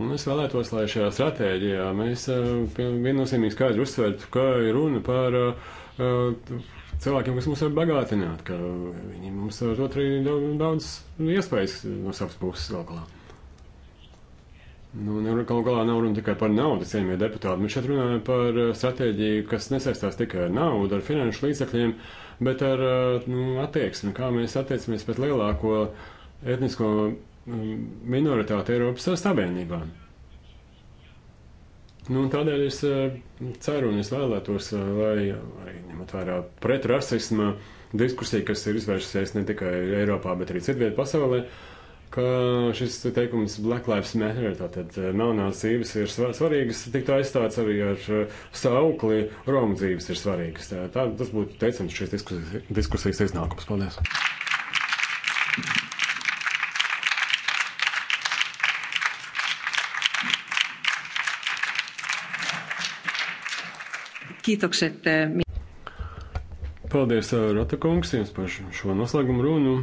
Un es vēlētos, lai šajā stratēģijā mēs viennozīmīgi skaidri uzsvērtu, ka ir runa par uh, cilvēkiem, kas mūs var bagātināt, ka viņi mums var dot arī daudz iespējas no savas puses galu galā. Nu, galu galā nav runa tikai par naudu, cienījamie deputāti. Mēs šeit runājam par eh, stratēģiju, kas nesaistās tikai ar naudu, ar finanšu līdzekļiem, bet ar eh, nu, attieksmi, kā mēs attiecamies pret lielāko etnisko mm, minoritāti Eiropas Savienībā. Nu, tādēļ es eh, ceru un es vēlētos, eh, lai, lai ņemot vērā pretrasisma diskusija, kas ir izvērsusies ne tikai Eiropā, bet arī citvietā pasaulē, ka šis teikums Black Lives Matter, tātad melnās eh, dzīves ir svarīgas, tiktu aizstāts arī ar saukli Romu dzīves ir svarīgas. Tā, tas būtu teicams šīs diskusijas, diskusijas iznākums. Paldies! Kiitokset. Eh, Paldies, eh, Rata kungs, jums par šo noslēgumu runu.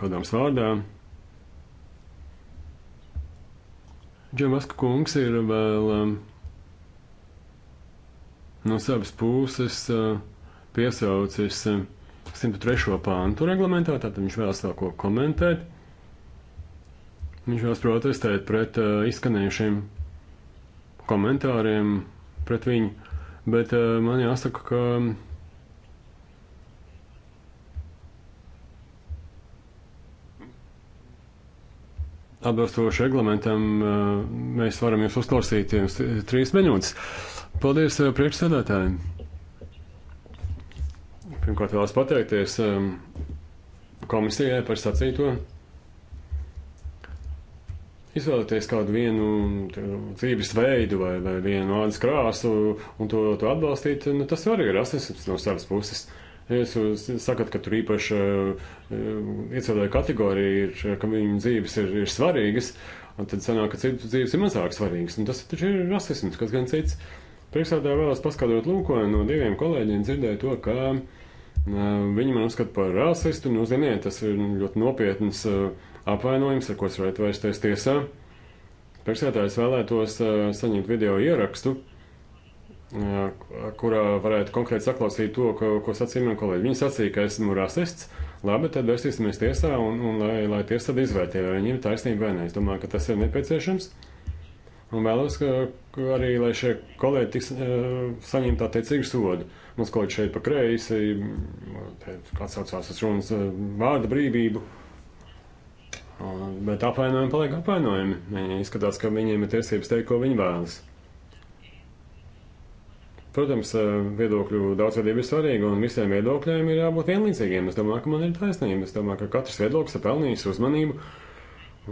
Padoms vārdā. Džemaska kungs ir vēl um, no savas puses uh, piesaucis uh, 103. pāntu reglamentā, tātad viņš vēlas vēl ko komentēt. Viņš vēlas protestēt pret uh, izskanējušiem komentāriem pret viņu. Bet eh, man jāsaka, ka. Atbilstoši reglamentam, eh, mēs varam jūs uzklausīt jums trīs minūtes. Paldies eh, priekšsēdētājiem! Pirmkārt, vēlos pateikties komisijai par sacīto izvēlēties kādu vienu dzīves veidu vai, vai vienu ādas krāsu un to, to atbalstīt, nu, tas arī ir rasisms no savas puses. Jūs sakat, ka tur īpaši uh, iecēlēja kategorija, ir, ka viņu dzīves ir, ir svarīgas, un tad sanāk, ka citu dzīves ir mazāk svarīgas. Un tas taču ir rasisms, kas gan cits. Priekšsēdē vēlos paskatot lūko, no diviem kolēģiem dzirdēju to, ka uh, viņi man uzskata par rasistu, nu, ziniet, tas ir ļoti nopietns uh, eh, apvainojums, ar ko es varētu vērsties tiesā. Priekšsētājs vēlētos uh, saņemt video ierakstu, uh, kurā varētu konkrēti saklausīt to, ko, ko sacīja man kolēģi. Viņi sacīja, ka esmu rasists. Labi, tad vērsīsimies tiesā un, un lai, lai tiesa tad izvērtē, vai viņiem ir taisnība vai nē. Es domāju, ka tas ir nepieciešams. Un vēlos, ka, ka arī, lai šie kolēģi tiks uh, saņemta attiecīgu sodu. Mums kolēģi šeit pa kreisi, kāds saucās uz runas uh, vārda brīvību. Uh, Bet apvainojumi paliek apvainojumi. Viņi izskatās, ka viņiem ir tiesības teikt, ko viņi vēlas. Protams, e, viedokļu daudzveidība ir svarīga, un visiem viedokļiem ir jābūt vienlīdzīgiem. Es domāju, ka man ir taisnība. Es domāju, ka katrs viedoklis ir pelnījis uzmanību.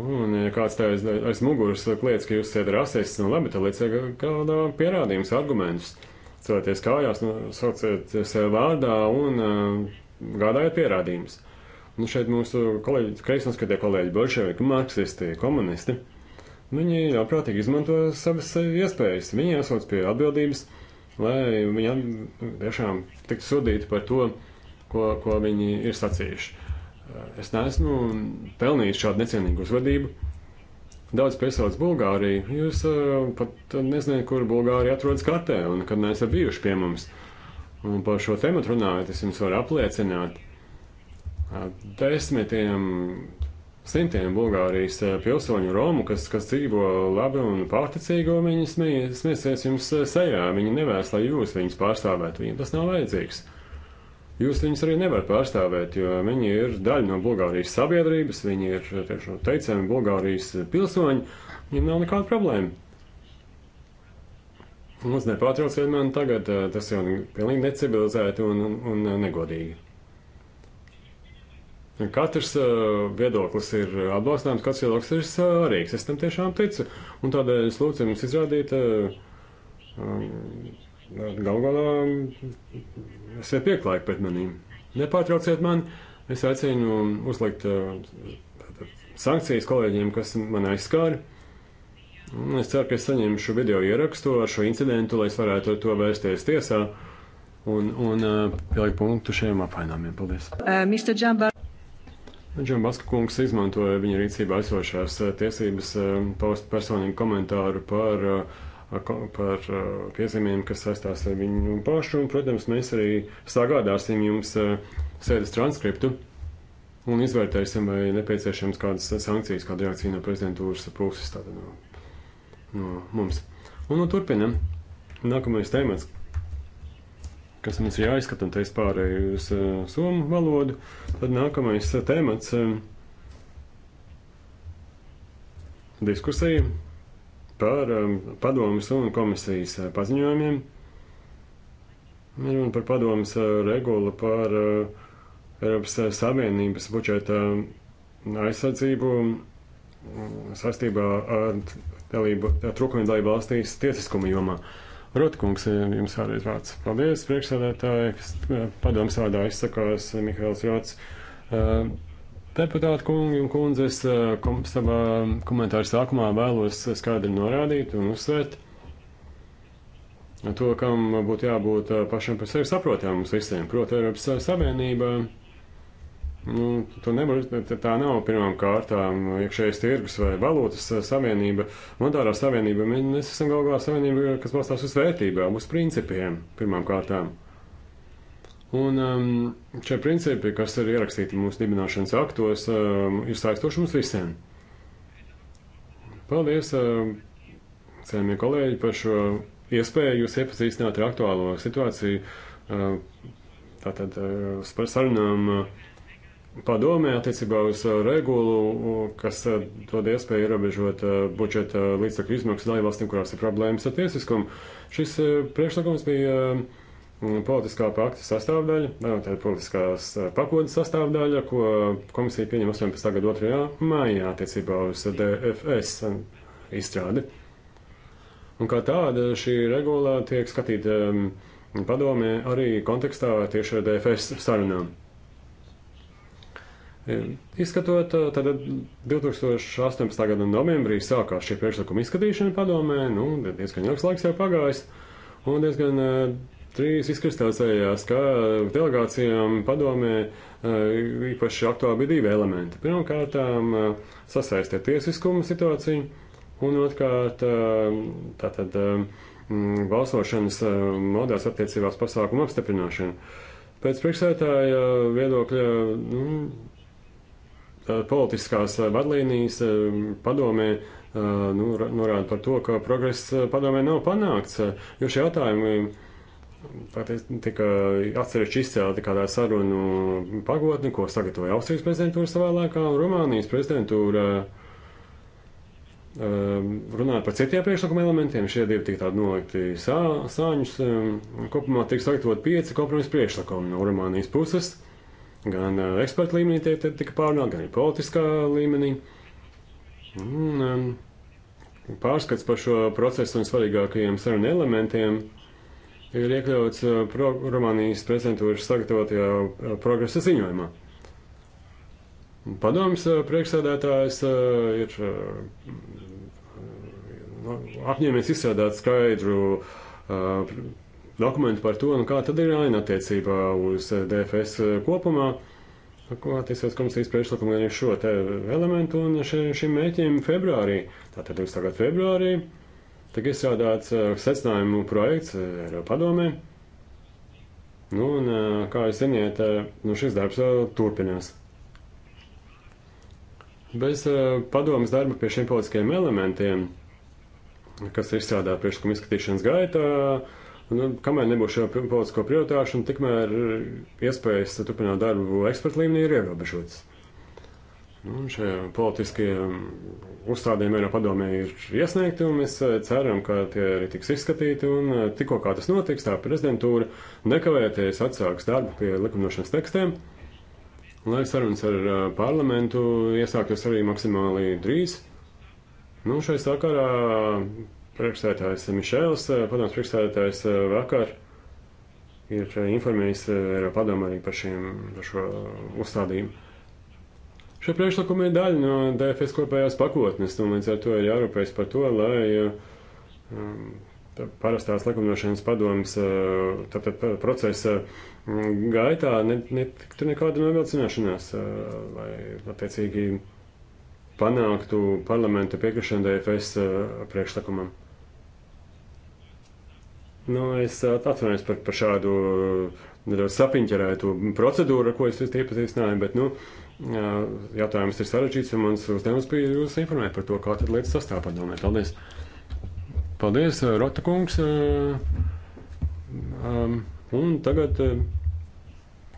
Un, ja kāds tā aiz, aiz muguras kliedz, ka jūs esat rasists, nu labi, tad lieciet kādā pierādījums, argumentus. Cilvēties kājās, nu, sauciet sev vārdā un uh, gādājiet pierādījumus. Nu, šeit mūsu kolēģi, kreisnoskatie kolēģi, bolševiki, marksisti, komunisti, viņi ļaunprātīgi izmanto savas eh, iespējas. Viņi jāsauc pie atbildības, lai viņi tiešām tiktu sodīti par to, ko, ko viņi ir sacījuši. Eh, es neesmu pelnījis šādu necienīgu uzvedību. Daudz piesauc Bulgāriju. Jūs uh, pat nezināt, kur Bulgārija atrodas kartē un kad neesat bijuši pie mums. Un par šo tēmu runājot, es jums varu apliecināt, desmitiem, simtiem Bulgārijas eh, pilsoņu Romu, kas, kas dzīvo labi un pārticīgi, un viņi smiesies jums eh, sejā. Viņi nevēlas, lai jūs viņus pārstāvētu. Viņiem tas nav vajadzīgs. Jūs viņus arī nevarat pārstāvēt, jo viņi ir daļa no Bulgārijas sabiedrības, viņi ir tiešām teicami Bulgārijas pilsoņi, viņiem nav nekāda problēma. Mums nepārtrauc vienmēr tagad, eh, tas jau ir pilnīgi necivilizēti un, un, un negodīgi. Katrs uh, viedoklis ir atbalstāms, kāds viedoklis ir svarīgs. Eh, es tam tiešām ticu. Un tādēļ es lūdzu jums izrādīt, uh, um, galu galā mm, esiet pieklājīgi pret manīm. Nepārtrauciet mani, es aicinu uzlikt uh, sankcijas kolēģiem, kas man aizskāra. Un es ceru, ka es saņemšu video ierakstu ar šo incidentu, lai es varētu ar to vērsties tiesā un, un uh, pielikt punktu šiem apvainojumiem. Paldies! Uh, Džambaska kungs izmantoja viņa rīcībā esošās eh, tiesības eh, paust personīgu komentāru par, eh, par piezīmēm, kas saistās ar viņu pašu, un, protams, mēs arī sagādāsim jums sēdes transkriptu un izvērtēsim, vai nepieciešams kādas sankcijas, kāda reakcija no prezidentūras puses, tātad no, no mums. Un no nu, turpinam. Nākamais temats, kas mums ir jāizskata, un te es pārēju uz uh, somu valodu. Tad nākamais uh, eh, tēmats uh, eh, diskusija par um, padomus un komisijas uh, paziņojumiem. Runa par padomus uh, regulu par uh, Eiropas Savienības budžeta aizsardzību mm, saistībā ar dalību, trūkumiem dalību valstīs tiesiskuma jomā. Uh, Rotkungs, jums vēlreiz vārds. Paldies, priekšsēdētāji, kas eh, padoms vārdā izsakās eh, Mihails Rots. Eh, deputāti kungi un kundzes kom, savā komentāru sākumā vēlos skaidri norādīt un uzsvērt to, kam būtu jābūt pašam par sevi saprotamam mums visiem. Proti, Eiropas Savienība Nu, to nevar, tā nav pirmām kārtām iekšējais tirgus vai valūtas eh, savienība. Monetārā savienība, mēs esam galvā savienība, kas balstās uz vērtībām, uz principiem pirmām kārtām. Un um, šie principi, kas ir ierakstīti mūsu dibināšanas aktos, um, ir saistoši mums visiem. Paldies, um, cienījamie kolēģi, par šo iespēju jūs iepazīstināt ar aktuālo situāciju. Um, tātad uh, par sarunām. Uh, padomē attiecībā uz uh, regulu, kas uh, dod iespēju ierobežot uh, budžeta līdzekļu izmaksas dalībvalstīm, kurās ir problēmas ar tiesiskumu. Šis priekšlikums bija um, politiskā pakta sastāvdaļa, nu, tā ir politiskās pakodas sastāvdaļa, ko komisija pieņem 18. gada 2. maijā attiecībā uz DFS izstrādi. Un kā tāda šī regulā tiek skatīta um, padomē arī kontekstā tieši ar DFS sarunām. E, Izskatot, e, tad 2018. gada novembrī sākās šī priekšlikuma izskatīšana padomē, nu, diezgan ilgs laiks jau pagājis, un diezgan e, trīs izkristalizējās, ka delegācijām padomē īpaši aktuāli bija divi elementi. Pirmkārt, sasaistīt tiesiskumu situāciju, un otrkārt, tātad balsošanas modās attiecībās pasākumu apstiprināšanu. Pēc priekšsētāja viedokļa nu, Eh, politiskās eh, vadlīnijas eh, padomē nu, norāda par to, ka progress padomē nav panākts, jo šie jautājumi tika atsevišķi izcēlti kādā sarunu pagotni, ko sagatavoja Austrijas prezidentūra savā laikā un Rumānijas prezidentūra runājot par citiem priekšlikuma elementiem, šie divi tika tādi nolikti sā, sāņus. Kopumā tika sagatavot pieci kompromisa priekšlikumi no Rumānijas puses. Gan eksperta līmenī tie tika pārunāti, gan arī politiskā līmenī. Un, um, pārskats par šo procesu un svarīgākajiem sarunu elementiem ir iekļauts pro Rumānijas prezidentūras sagatavotajā progresa ziņojumā. Padoms priekšsēdētājs ir apņēmies izstrādāt skaidru dokumentu par to, nu kā tad ir aina attiecībā uz DFS eh, kopumā, ko attiecās komisijas priekšlikumu gan ir šo te elementu un še, šim mēķim februārī. Tātad jūs tagad februārī tiek izstrādāts eh, secinājumu projekts eh, Eiropa padomē. Nu, un, kā jūs ziniet, nu, šis darbs vēl turpinās. Bez padomas darba pie šiem politiskajiem elementiem, kas ir izstrādāti priekšlikuma izskatīšanas gaitā, uh, Nu, kamēr nebūs šo politisko prioritāšu, tikmēr iespējas turpināt darbu eksperta līmenī ir ierobežotas. Nu, šie politiskie um, uzstādījumi Eiropā padomē ir iesniegti, un mēs uh, ceram, ka tie arī tiks izskatīti. Un uh, tikko kā tas notiks, tā prezidentūra nekavēties atsāks darbu pie likumdošanas tekstiem, lai sarunas ar uh, parlamentu iesāktos arī maksimāli drīz. Nu, šai sakarā priekšsēdētājs Mišēls, eh, padoms priekšsēdētājs eh, vakar ir eh, informējis Eiropa padomu arī par, šiem, par šo uzstādījumu. Šie priekšlikumi ir daļa no DFS kopējās pakotnes, un līdz ar to ir jārūpējas par to, lai um, parastās likumdošanas padomas tātad procesa mm, gaitā netiktu ne, nekāda novilcināšanās, lai attiecīgi panāktu parlamenta piekrišanu DFS priekšlikumam. Nu, es uh, atvainojos par, par šādu uh, sapiņķerētu procedūru, ar ko es jūs iepazīstināju, bet, nu, uh, jautājums ir sarežģīts, un mans uzdevums bija jūs informēt par to, kā tad lietas sastāv padomē. Paldies! Paldies, Rota kungs! Um, un tagad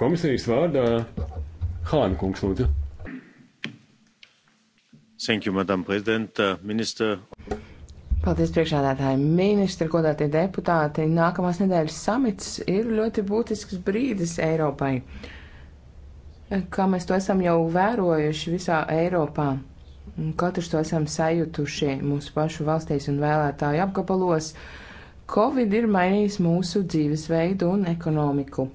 komisijas vārdā Hāna kungs lūdzu. Thank you, Madam President, uh, Minister. Paldies priekšādātāji ministri, godātie deputāti. Nākamās nedēļas samits ir ļoti būtisks brīdis Eiropai, kā mēs to esam jau vērojuši visā Eiropā. Katrs to esam sajutuši mūsu pašu valstīs un vēlētāju apgabalos. Covid ir mainījis mūsu dzīvesveidu un ekonomiku.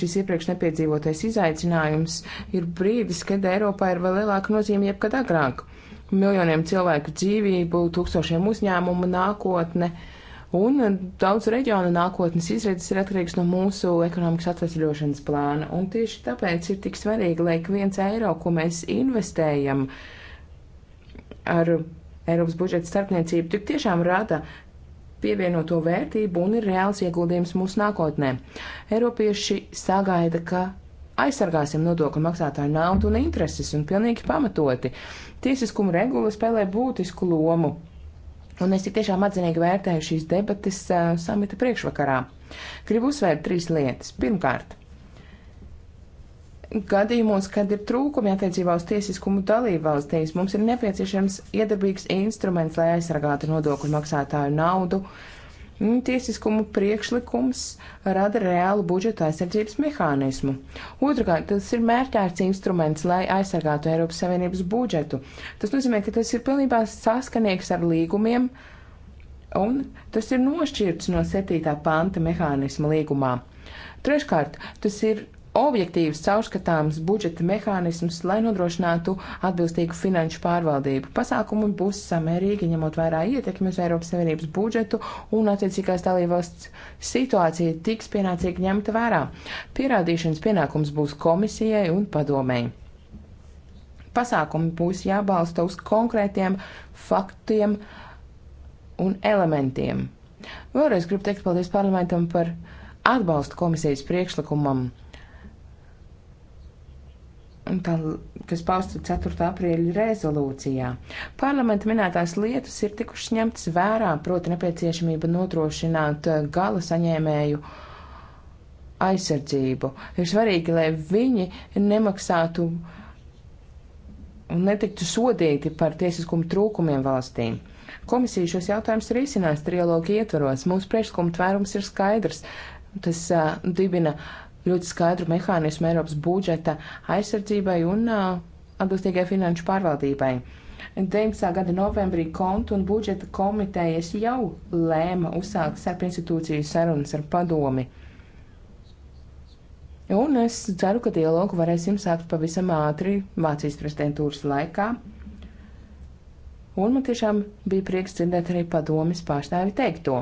Šis iepriekš nepiedzīvotais izaicinājums ir brīdis, kad Eiropā ir vēl lielāka nozīme jebkad agrāk miljoniem cilvēku dzīvību, tūkstošiem uzņēmumu nākotne. Un daudz reģionu nākotnes izredzes ir atkarīgs no mūsu ekonomikas atvesļošanas plāna. Un tieši tāpēc ir tik svarīgi, lai ik viens eiro, ko mēs investējam ar Eiropas budžeta starpniecību, tik tiešām rada pievienoto vērtību un ir reāls ieguldījums mūsu nākotnē. Eiropieši sagaida, ka aizsargāsim nodokļu maksātāju naudu un intereses, un pilnīgi pamatoti tiesiskuma regula spēlē būtisku lomu. Un es tik tiešām atzinīgi vērtēju šīs debates uh, samita priekšvakarā. Gribu uzsvērt trīs lietas. Pirmkārt, gadījumos, kad ir trūkumi attiecībā uz tiesiskumu dalību valstīs, mums ir nepieciešams iedarbīgs instruments, lai aizsargātu nodokļu maksātāju naudu, uh, tiesiskumu priekšlikums rada reālu budžeta aizsardzības mehānismu. Otrakārt, tas ir mērķērts instruments, lai aizsargātu Eiropas Savienības budžetu. Tas nozīmē, ka tas ir pilnībā saskanīgs ar līgumiem, un tas ir nošķirts no 7. panta mehānisma līgumā. Treškārt, tas ir objektīvs, caurskatāms budžeta mehānisms, lai nodrošinātu atbilstīgu finanšu pārvaldību. Pasākumi būs samērīgi, ņemot vērā ietekmi uz Eiropas Savienības budžetu un attiecīgās dalībvalsts situācija tiks pienācīgi ņemta vērā. Pierādīšanas pienākums būs komisijai un padomēji. Pasākumi būs jābalsta uz konkrētiem faktiem un elementiem. Vēlreiz gribu teikt paldies parlamentam par atbalstu komisijas priekšlikumam tā, kas pausta 4. aprīļa rezolūcijā. Parlamenta minētās lietas ir tikušas ņemtas vērā, proti nepieciešamība nodrošināt eh, gala saņēmēju aizsardzību. Ir svarīgi, lai viņi nemaksātu un netiktu sodīti par tiesiskumu trūkumiem valstīm. Komisija šos jautājumus risinās trialogu ietvaros. Mūsu priekšlikuma tvērums ir skaidrs. Tas uh, dibina uh, ļoti skaidru mehānismu Eiropas budžeta aizsardzībai un uh, atbilstīgai finanšu pārvaldībai. 19. gada novembrī kontu un budžeta komitejas jau lēma uzsākt starp institūciju sarunas ar padomi. Un es ceru, ka dialogu varēsim sākt pavisam ātri Vācijas prezidentūras laikā. Un man tiešām bija prieks dzirdēt arī padomis pārstāvi teikto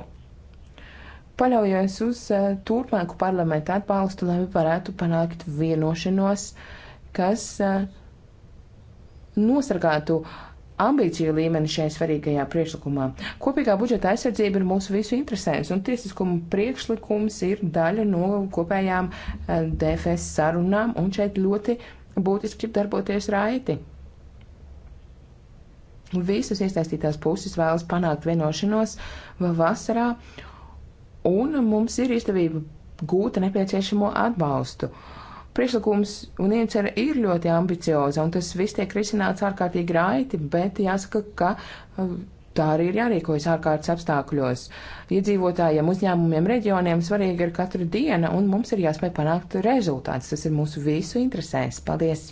paļaujos uz eh, turpmāku parlamentu atbalstu, lai varētu panākt vienošanos, kas eh, nosargātu ambīciju līmeni šajā svarīgajā priekšlikumā. Kopīgā budžeta aizsardzība ir mūsu visu interesēs, un tiesiskuma priekšlikums ir daļa no kopējām eh, DFS sarunām, un šeit ļoti būtiski ir darboties raiti. Visas iesaistītās puses vēlas panākt vienošanos vēl vasarā, un mums ir izdevība gūta nepieciešamo atbalstu. Priekšlikums un iecerē ir ļoti ambicioza, un tas viss tiek risināts ārkārtīgi raiti, bet jāsaka, ka uh, tā arī ir jārīkojas ārkārtas apstākļos. Iedzīvotājiem, uzņēmumiem, reģioniem svarīga ir katra diena, un mums ir jāspēj panākt rezultāts. Tas ir mūsu visu interesēs. Paldies!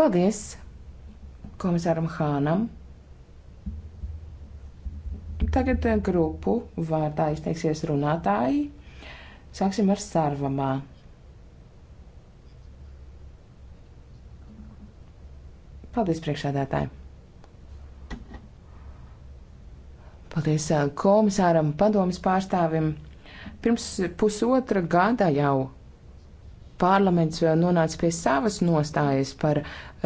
Paldies komisāram Hānam! Tagad eh, grupu vārdā izteiksies runātāji. Sāksim ar sarvamā. Paldies priekšādātāji. Paldies eh, komisāram, padomas pārstāvim. Pirms pusotra gada jau parlaments eh, nonāca pie savas nostājas par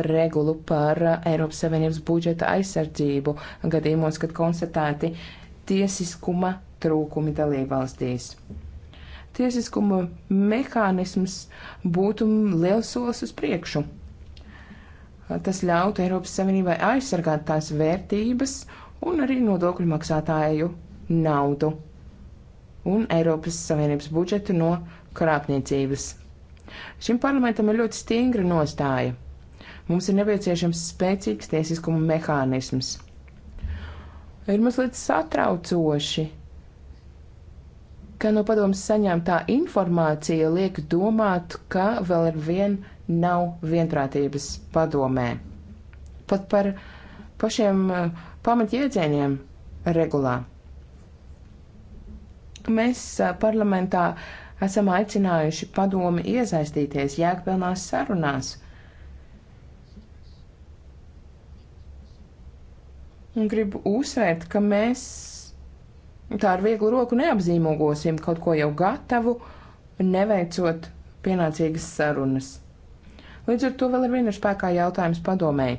regulu par eh, Eiropas Savienības budžeta aizsardzību gadījumos, kad konstatēti tiesiskuma trūkumi dalībvalstīs. Tiesiskuma mehānisms būtu liels solis uz priekšu. Tas ļautu Eiropas Savienībai aizsargāt tās vērtības un arī nodokļu maksātāju naudu un Eiropas Savienības budžetu no krāpniecības. Šim parlamentam ir ļoti stingra nostāja. Mums ir nepieciešams spēcīgs tiesiskuma mehānisms. Ir mazliet satraucoši, ka no padomas saņemtā informācija liek domāt, ka vēl ar vienu nav vienprātības padomē. Pat par pašiem eh, pamatjēdzieniem regulā. Mēs eh, parlamentā uh, esam aicinājuši padomi iesaistīties jēgpilnās sarunās. Un gribu uzsvērt, ka mēs tā ar vieglu roku neapzīmogosim kaut ko jau gatavu, neveicot pienācīgas sarunas. Līdz ar to vēl ir viena spēkā jautājums padomēji.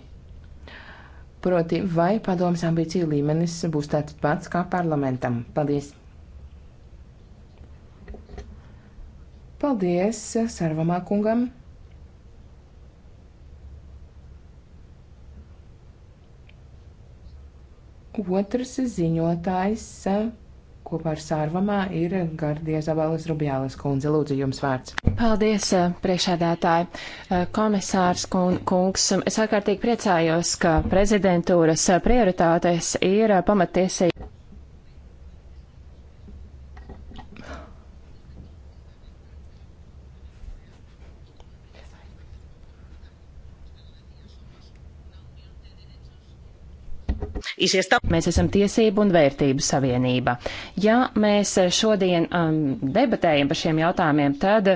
Proti, vai padomas ambīciju līmenis būs tāds pats kā parlamentam? Paldies! Paldies Sarvamā kungam! Otrs ziņotājs kopā ar Sārvamā ir Gardija Zabalas Rubjālas kundze. Lūdzu, jums vārds. Paldies, priekšādātāji. Komisārs kungs, es ārkārtīgi priecājos, ka prezidentūras prioritātes ir pamatiesība. Mēs esam tiesību un vērtību savienība. Ja mēs šodien um, debatējam par šiem jautājumiem, tad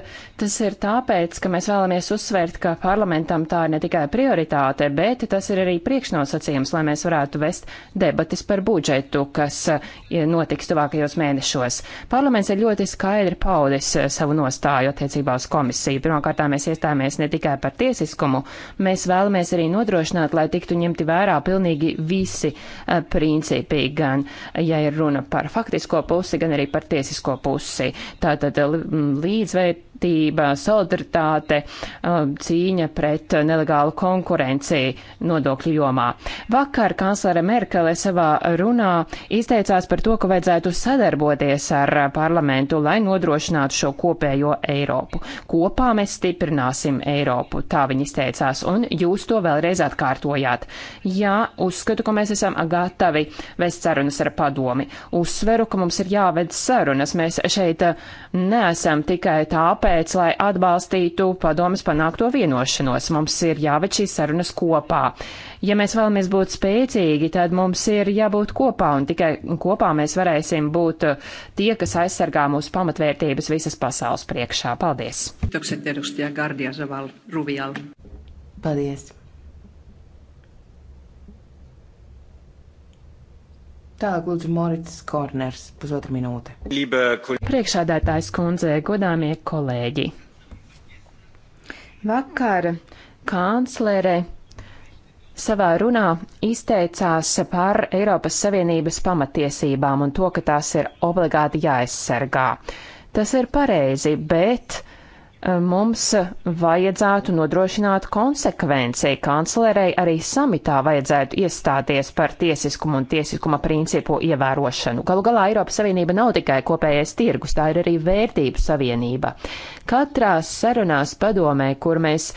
tas ir tāpēc, ka mēs vēlamies uzsvērt, ka parlamentam tā ir ne tikai prioritāte, bet tas ir arī priekšnosacījums, lai mēs varētu vest debatis par budžetu, kas notiks tuvākajos mēnešos. Parlaments ir ļoti skaidri paudis uh, savu nostāju attiecībā uz komisiju. Pirmkārt, mēs iestājāmies ne tikai par tiesiskumu, mēs vēlamies arī nodrošināt, lai tiktu ņemti vērā pilnīgi visi Eh, principi, gan, eh, ja ir runa par faktisko pusi, gan arī par tiesisko pusi. Tātad eh, mm, līdzvērtīgi vienprātība, solidaritāte, uh, cīņa pret nelegālu konkurenci nodokļu jomā. Vakar kanclere Merkele savā runā izteicās par to, ka vajadzētu sadarboties ar parlamentu, lai nodrošinātu šo kopējo Eiropu. Kopā mēs stiprināsim Eiropu, tā viņa izteicās, un jūs to vēlreiz atkārtojāt. Jā, uzskatu, ka mēs esam gatavi vest sarunas ar padomi. Uzsveru, ka mums ir jāved sarunas. Mēs šeit uh, neesam tikai tāpēc, tāpēc, lai atbalstītu padomas panākto vienošanos, mums ir jāved šīs sarunas kopā. Ja mēs vēlamies būt spēcīgi, tad mums ir jābūt kopā, un tikai kopā mēs varēsim būt uh, tie, kas aizsargā mūsu pamatvērtības visas pasaules priekšā. Paldies! Paldies! Tālāk lūdzu Morits Korners, pusotra minūte. Priekšādātājs kundze, godāmie kolēģi. Vakar kanclere savā runā izteicās par Eiropas Savienības pamatiesībām un to, ka tās ir obligāti jāaizsargā. Tas ir pareizi, bet mums vajadzētu nodrošināt konsekvenci. Kanclerei arī samitā vajadzētu iestāties par tiesiskumu un tiesiskuma principu ievērošanu. Galu galā Eiropas Savienība nav tikai kopējais tirgus, tā ir arī vērtību savienība. Katrās sarunās padomē, kur mēs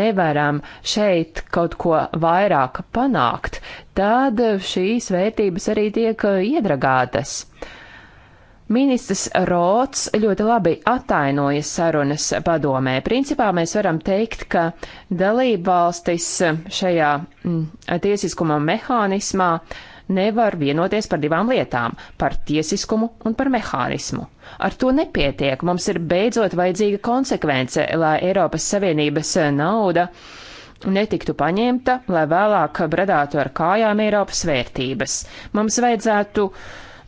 nevaram šeit kaut ko vairāk panākt, tad šīs vērtības arī tiek iedragātas. Uh, Ministrs Rots ļoti labi atainoja sarunas padomē. Principā mēs varam teikt, ka dalība valstis šajā mm, tiesiskuma mehānismā nevar vienoties par divām lietām - par tiesiskumu un par mehānismu. Ar to nepietiek. Mums ir beidzot vajadzīga konsekvence, lai Eiropas Savienības nauda netiktu paņemta, lai vēlāk bradātu ar kājām Eiropas vērtības. Mums vajadzētu uh,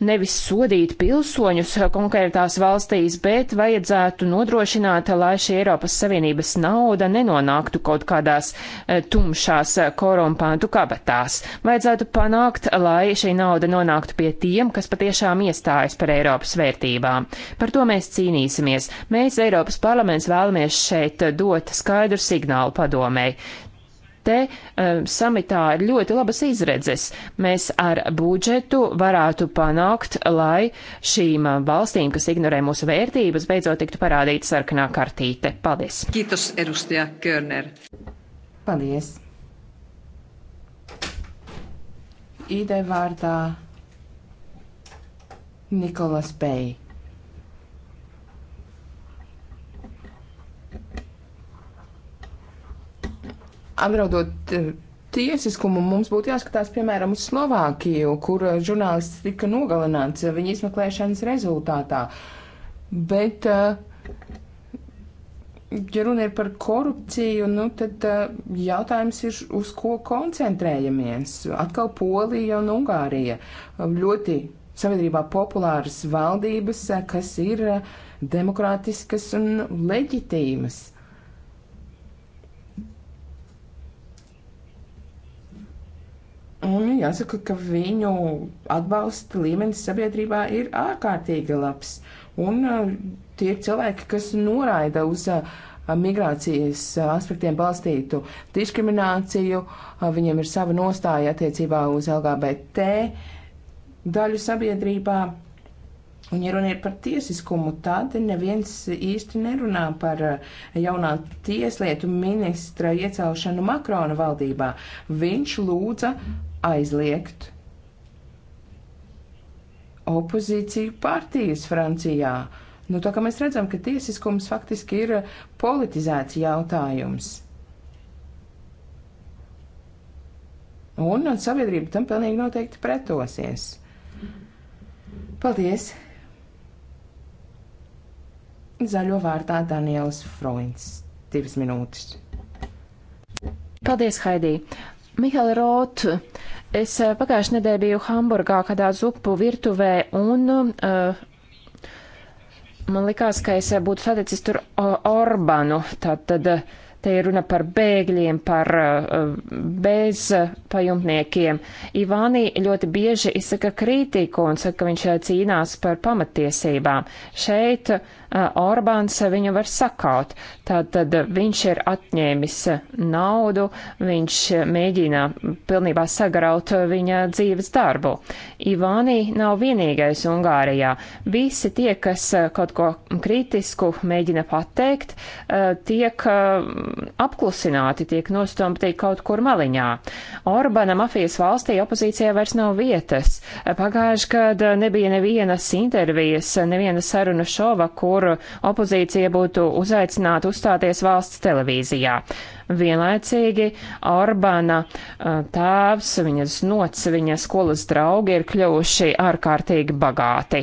nevis sodīt pilsoņus konkrētās valstīs, bet vajadzētu nodrošināt, lai šī Eiropas Savienības nauda nenonāktu kaut kādās eh, tumšās eh, korumpantu kabatās. Vajadzētu panākt, lai šī nauda nonāktu pie tiem, kas patiešām iestājas par Eiropas vērtībām. Par to mēs cīnīsimies. Mēs, Eiropas parlaments, vēlamies šeit dot skaidru signālu padomēji. Te um, samitā ir ļoti labas izredzes. Mēs ar budžetu varētu panākt, lai šīm eh, valstīm, kas ignorē mūsu vērtības, beidzot tiktu parādīta sarkanā kartīte. Paldies! Kitos, Erustijā Körner! Paldies! Ideja vārdā Nikolas Pei. apdraudot eh, tiesiskumu mums būtu jāskatās, piemēram, uz Slovākiju, kur eh, žurnālists tika nogalināts eh, viņa izmeklēšanas rezultātā. Bet, ja runa ir par korupciju, nu, tad jautājums ir, uz ko koncentrējamies. Atkal Polija un Ungārija ļoti sabiedrībā populāras valdības, kas ir demokrātiskas un leģitīmas. Un jāsaka, ka viņu atbalsta līmenis sabiedrībā ir ārkārtīgi labs. Un uh, tie ir cilvēki, kas noraida uz uh, migrācijas uh, aspektiem balstītu diskrimināciju, viņiem ir sava nostāja attiecībā uz LGBT daļu sabiedrībā. Un, ja runa ir par tiesiskumu, tad neviens īsti nerunā par jaunā tieslietu ministra iecelšanu Makrona valdībā. Viņš lūdza aizliegt opozīciju partijas Francijā. Nu, tā kā mēs redzam, ka tiesiskums faktiski ir politizēts jautājums. Un, un sabiedrība tam pilnīgi noteikti pretosies. Paldies! Zaļo vārtā Daniels Froins. Divas minūtes. Paldies, Haidī! Mihāla Rota, es eh, pagājušajā nedēļā biju Hamburgā kādā zupu virtuvē un uh, man likās, ka es eh, būtu saticis tur Orbanu. Tātad te ir runa par bēgļiem, par uh, bezpajumtniekiem. Ivānī ļoti bieži izsaka kritiku un saka, ka viņš cīnās par pamatiesībām. Šeit uh, Eh, Orbāns eh, viņu var sakaut. Tātad viņš ir atņēmis eh, naudu, viņš mēģina pilnībā sagraut viņa dzīves darbu. Ivānī nav vienīgais Ungārijā. Visi tie, kas kaut ko kritisku mēģina pateikt, tiek apklusināti, tiek nostumti kaut kur maliņā. Orbana mafijas valstī opozīcijai vairs nav vietas. Pagājuši, kad nebija nevienas intervijas, nevienas sarunas šova, kur kur opozīcija būtu uzaicināta uzstāties valsts televīzijā. Vienlaicīgi Orbāna uh, tēvs, viņas nots, viņas skolas draugi ir kļuvuši ārkārtīgi bagāti.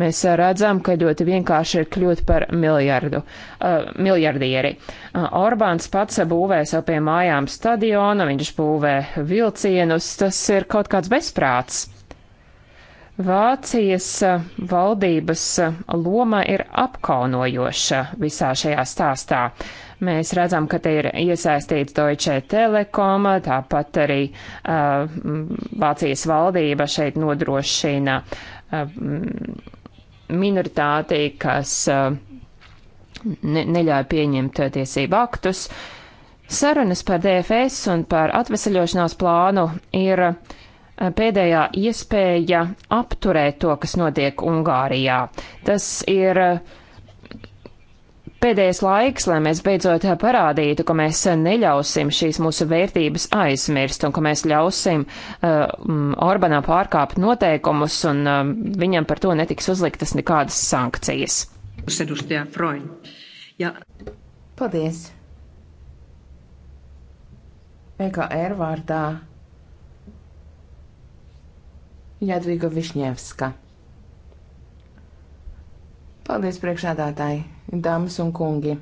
Mēs redzam, ka ļoti vienkārši ir kļūt par miljardu, uh, miljardieri. Uh, Orbāns pats būvē sev pie mājām stadionu, viņš būvē vilcienus, tas ir kaut kāds bezprāts. Vācijas valdības loma ir apkaunojoša visā šajā stāstā. Mēs redzam, ka te ir iesaistīts Deutsche Telekom, tāpat arī uh, Vācijas valdība šeit nodrošina uh, minoritāti, kas uh, ne, neļauj pieņemt tiesību aktus. Sarunas par DFS un par atvesaļošanās plānu ir uh, Eh, pēdējā iespēja apturēt to, kas notiek Ungārijā. Tas ir eh, pēdējais laiks, lai mēs beidzot eh, parādītu, ka mēs neļausim šīs mūsu vērtības aizmirst un ka mēs ļausim uh, mm, Orbanā pārkāpt noteikumus un uh, viņam par to netiks uzliktas nekādas sankcijas. Paldies! PKR e vārdā Jadviga Višņevska. Paldies, priekšādātāji, dāmas un kungi.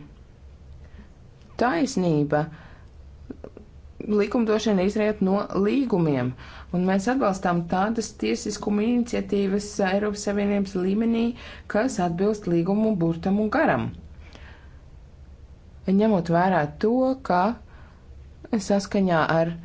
Taisnība likumdošana izriet no līgumiem, un mēs atbalstām tādas tiesiskuma iniciatīvas Eiropas Savienības līmenī, kas atbilst līgumu burtam un garam. Ņemot vērā to, ka saskaņā ar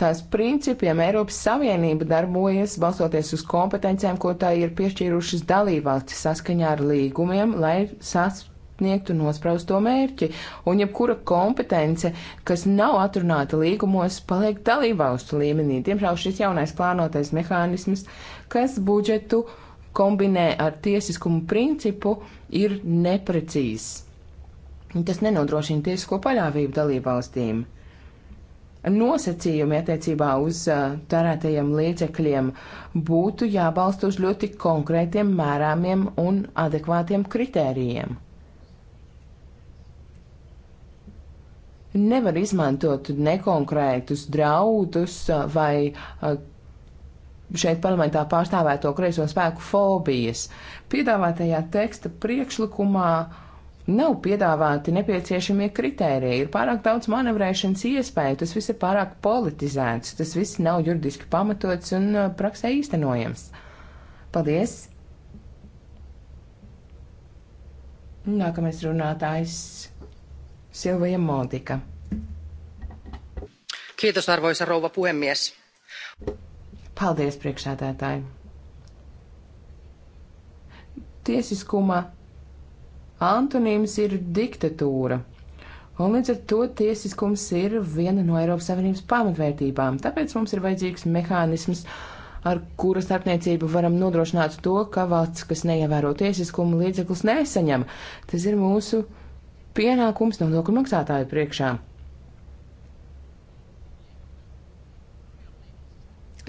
tās principiem Eiropas Savienība darbojas balstoties uz kompetencijām, ko tā ir piešķīrušas dalībvalstis saskaņā ar līgumiem, lai sasniegtu nospraustu mērķi. Un jebkura kompetence, kas nav atrunāta līgumos, paliek dalībvalstu līmenī. Diemžēl šis jaunais plānotais mehānisms, kas budžetu kombinē ar tiesiskumu principu, ir neprecīzs. Tas nenodrošina tiesisko paļāvību dalībvalstīm. valstīm nosacījumi attiecībā uz uh, tērētajiem līdzekļiem būtu jābalst uz ļoti konkrētiem mērāmiem un adekvātiem kritērijiem. Nevar izmantot nekonkrētus draudus vai uh, šeit parlamentā pārstāvēto kreiso spēku fobijas. Piedāvātajā teksta priekšlikumā uh, Nav piedāvāti nepieciešamie kritēriji, ir pārāk daudz manevrēšanas iespēju, tas viss ir pārāk politizēts, tas viss nav juridiski pamatots un uh, praksē īstenojams. Paldies! Nākamais runātājs Silvija Modika. Kiitos, arvoisa rouva puhemies. Paldies, priekšsēdētāji. Tiesiskuma Antonīms ir diktatūra. Un līdz ar to tiesiskums ir viena no Eiropas Savienības pamatvērtībām. Tāpēc mums ir vajadzīgs mehānisms, ar kura starpniecību varam nodrošināt to, ka valsts, kas neievēro tiesiskumu, līdzeklis nesaņem. Tas ir mūsu pienākums nodokļu maksātāju priekšā.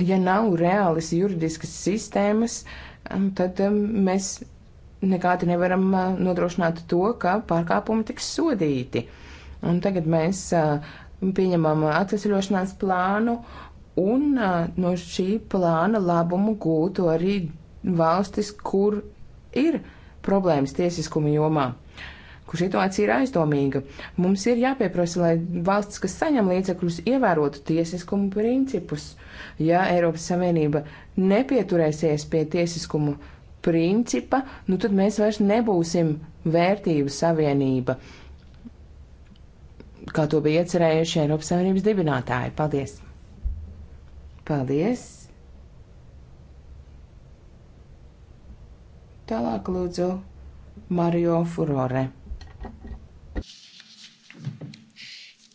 Ja nav reālas juridiskas sistēmas, tad um, mēs nekādi nevaram nodrošināt to, ka pārkāpumi tiks sodīti. Un tagad mēs pieņemam atvesļošanās plānu, un no šī plāna labumu gūtu arī valstis, kur ir problēmas tiesiskuma jomā kur situācija ir aizdomīga. Mums ir jāpieprasa, lai valsts, kas saņem līdzekļus, ievērotu tiesiskumu principus. Ja Eiropas Savienība nepieturēsies pie tiesiskumu principus, principa, nu tad mēs vairs nebūsim vērtību savienība, kā to bija iecerējuši Eiropas Savienības dibinātāji. Paldies! Paldies! Tālāk lūdzu Mario Furore.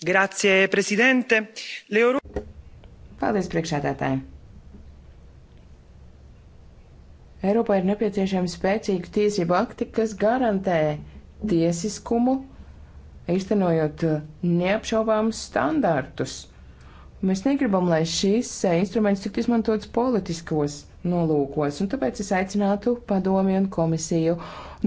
Grazie, prezidente. Leoru... Paldies, priekšādātāji! Eiropā ir nepieciešami spēcīgi tiesību akti, kas garantē tiesiskumu, īstenojot uh, neapšaubāmus standartus. Mēs negribam, lai šis uh, instruments tiktu izmantots politiskos nolūkos, un tāpēc es aicinātu padomi un komisiju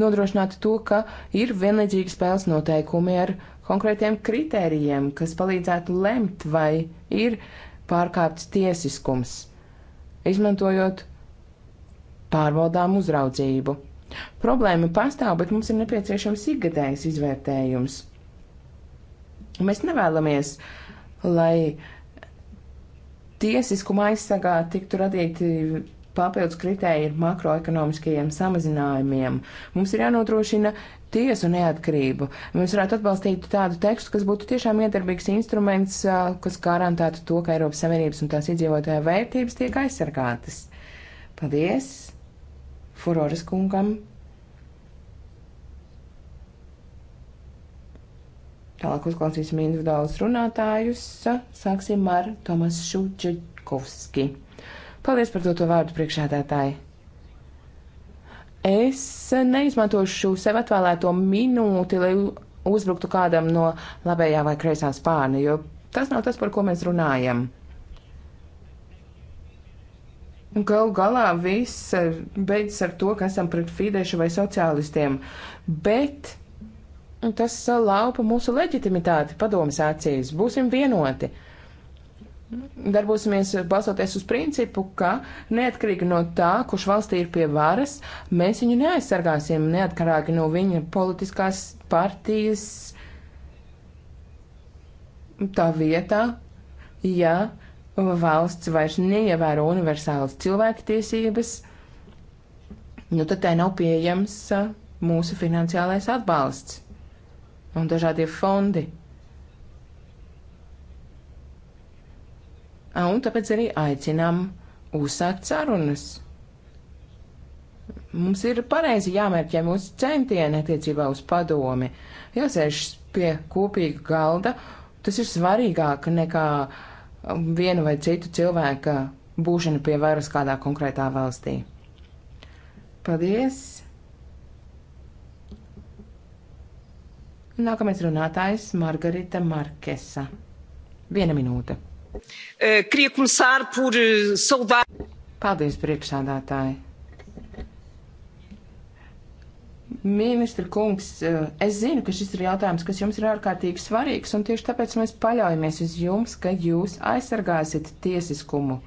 nodrošināt to, ka ir vienlīdzīgi spēles noteikumi ar konkrētiem kritērijiem, kas palīdzētu lemt, vai ir pārkāpts tiesiskums, izmantojot pārvaldām uzraudzību. Problēma pastāv, bet mums ir nepieciešams ikgadējs izvērtējums. Mēs nevēlamies, lai tiesiskuma aizsargā tiktu radīti papildus kritēji ar makroekonomiskajiem samazinājumiem. Mums ir jānodrošina tiesu neatkarību. Mēs varētu atbalstīt tādu tekstu, kas būtu tiešām iedarbīgs instruments, kas garantētu to, ka Eiropas Savienības un tās iedzīvotāja vērtības tiek aizsargātas. Paldies! Furoras kungam. Tālāk uzklausīsim individuālus runātājus. Sāksim ar Tomas Šučakovski. Paldies par doto vārdu priekšādātāji. Es neizmantošu sev atvēlēto minūti, lai uzbruktu kādam no labējā vai kreisā spārna, jo tas nav tas, par ko mēs runājam. Galu galā viss beidzas ar to, ka esam pret fīdēšu vai sociālistiem, bet nu, tas laupa mūsu leģitimitāti padomas acīs. Būsim vienoti. Darbosimies balsoties uz principu, ka neatkarīgi no tā, kurš valstī ir pie varas, mēs viņu neaizsargāsim neatkarīgi no viņa politiskās partijas tā vietā, ja valsts vairs neievēro universālas cilvēktiesības, nu tad tai nav pieejams mūsu finansiālais atbalsts un dažādie fondi. Un tāpēc arī aicinām uzsākt sarunas. Mums ir pareizi jāmērķē mūsu centieni attiecībā uz padomi, jāsēž pie kopīga galda. Tas ir svarīgāk nekā uh, vienu vai citu cilvēku būšanu pie varas kādā konkrētā valstī. Paldies! Nākamais runātājs - Margarita Markesa. Viena minūte. Eh, eh, Paldies, priekšsādātāji! Ministra kungs, eh, es zinu, ka šis ir jautājums, kas jums ir ārkārtīgi svarīgs, un tieši tāpēc mēs paļaujamies uz jums, ka jūs aizsargāsiet tiesiskumu.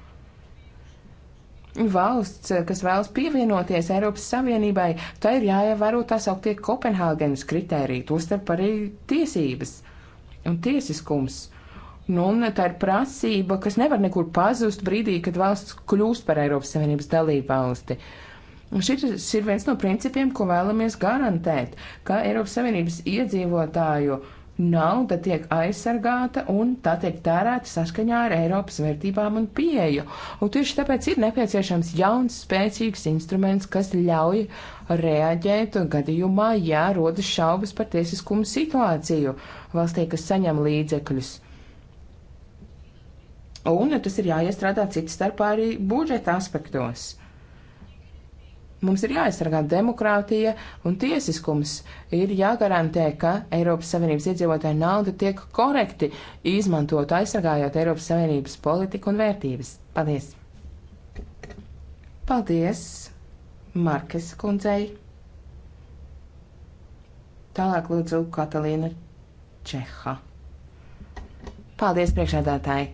Valsts, eh, kas vēlas pievienoties Eiropas Savienībai, tā ir jāievēro tā sauktie Kopenhāgenes kritēriji, tostarp arī tiesības un tiesiskums. Nu, un tā ir prasība, kas nevar nekur pazust brīdī, kad valsts kļūst par Eiropas Savienības dalību valsti. Uh, Šis ir viens no principiem, ko vēlamies garantēt, ka Eiropas Savienības iedzīvotāju nauda tiek aizsargāta un tā tiek tērēta saskaņā ar Eiropas vērtībām un pieeju. Un tieši tāpēc ir nepieciešams jauns, spēcīgs instruments, kas ļauj reaģēt gadījumā, ja rodas šaubas par tiesiskumu situāciju valstī, kas saņem līdzekļus. Un tas ir jāiestrādā cits starpā arī budžeta aspektos. Mums ir jāaizsargā demokrātija un tiesiskums. Ir jāgarantē, ka Eiropas Savienības iedzīvotāja nauda tiek korekti izmantot, aizsargājot Eiropas Savienības politiku un vērtības. Paldies! Paldies Markes kundzei! Tālāk lūdzu Katalīna Čeha. Paldies priekšādātāji!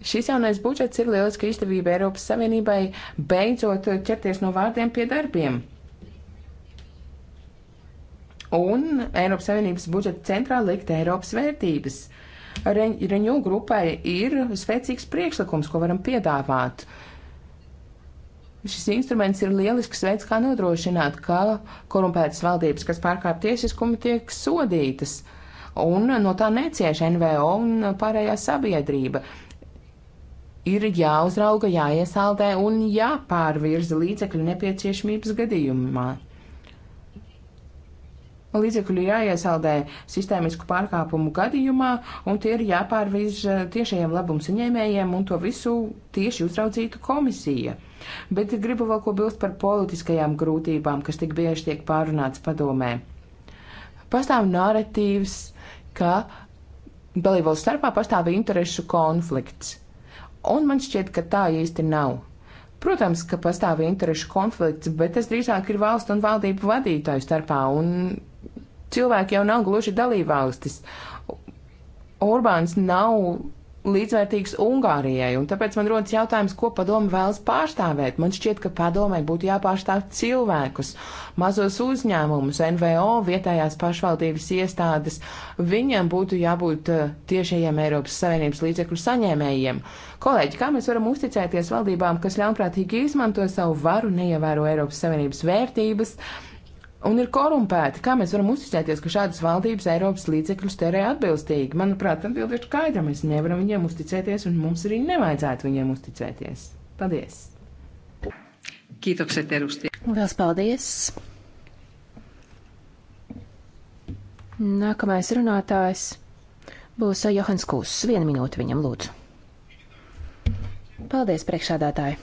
Šis jaunais budžets ir lieliska izdevība Eiropas Savienībai beidzot ķerties no vārdiem pie darbiem. Un Eiropas Savienības budžeta centrā likt Eiropas vērtības. Reņu grupai ir spēcīgs priekšlikums, ko varam piedāvāt. Šis instruments ir lielisks veids, kā nodrošināt, ka korumpētas valdības, kas pārkāpj tiesiskumu, tiek sodītas. Un no tā necieš NVO un pārējā sabiedrība ir jāuzrauga, jāiesaldē un jāpārvirza līdzekļu nepieciešamības gadījumā. Līdzekļi ir jāiesaldē sistēmisku pārkāpumu gadījumā, un tie ir jāpārvirz tiešajiem labumsaņēmējiem, un to visu tieši uzraudzītu komisija. Bet gribu vēl ko bilst par politiskajām grūtībām, kas tik bieži tiek pārunāts padomē. Pastāv narratīvs, ka dalībvalsts starpā pastāv interešu konflikts un man šķiet, ka tā īsti nav. Protams, ka pastāv interešu konflikts, bet tas drīzāk ir valstu un valdību vadītāju starpā, un cilvēki jau nav gluži dalībvalstis. Orbāns nav līdzvērtīgs Ungārijai, un tāpēc man rodas jautājums, ko padome vēlas pārstāvēt. Man šķiet, ka padomai būtu jāpārstāv cilvēkus, mazos uzņēmumus, NVO, vietējās pašvaldības iestādes. Viņiem būtu jābūt eh, tiešajiem Eiropas Savienības līdzekļu saņēmējiem. Kolēģi, kā mēs varam uzticēties valdībām, kas ļaunprātīgi izmanto savu varu, neievēro Eiropas Savienības vērtības? un ir korumpēti. Kā mēs varam uzticēties, ka šādas valdības Eiropas līdzekļus tērē atbilstīgi? Manuprāt, atbildi ir skaidra. Mēs nevaram viņiem uzticēties, un mums arī nevajadzētu viņiem uzticēties. Paldies! Kiitokset edustaja. Lielas paldies! Nākamais runātājs būs Johans Kūss. Vienu minūti viņam lūdzu. Paldies, priekšādātāji!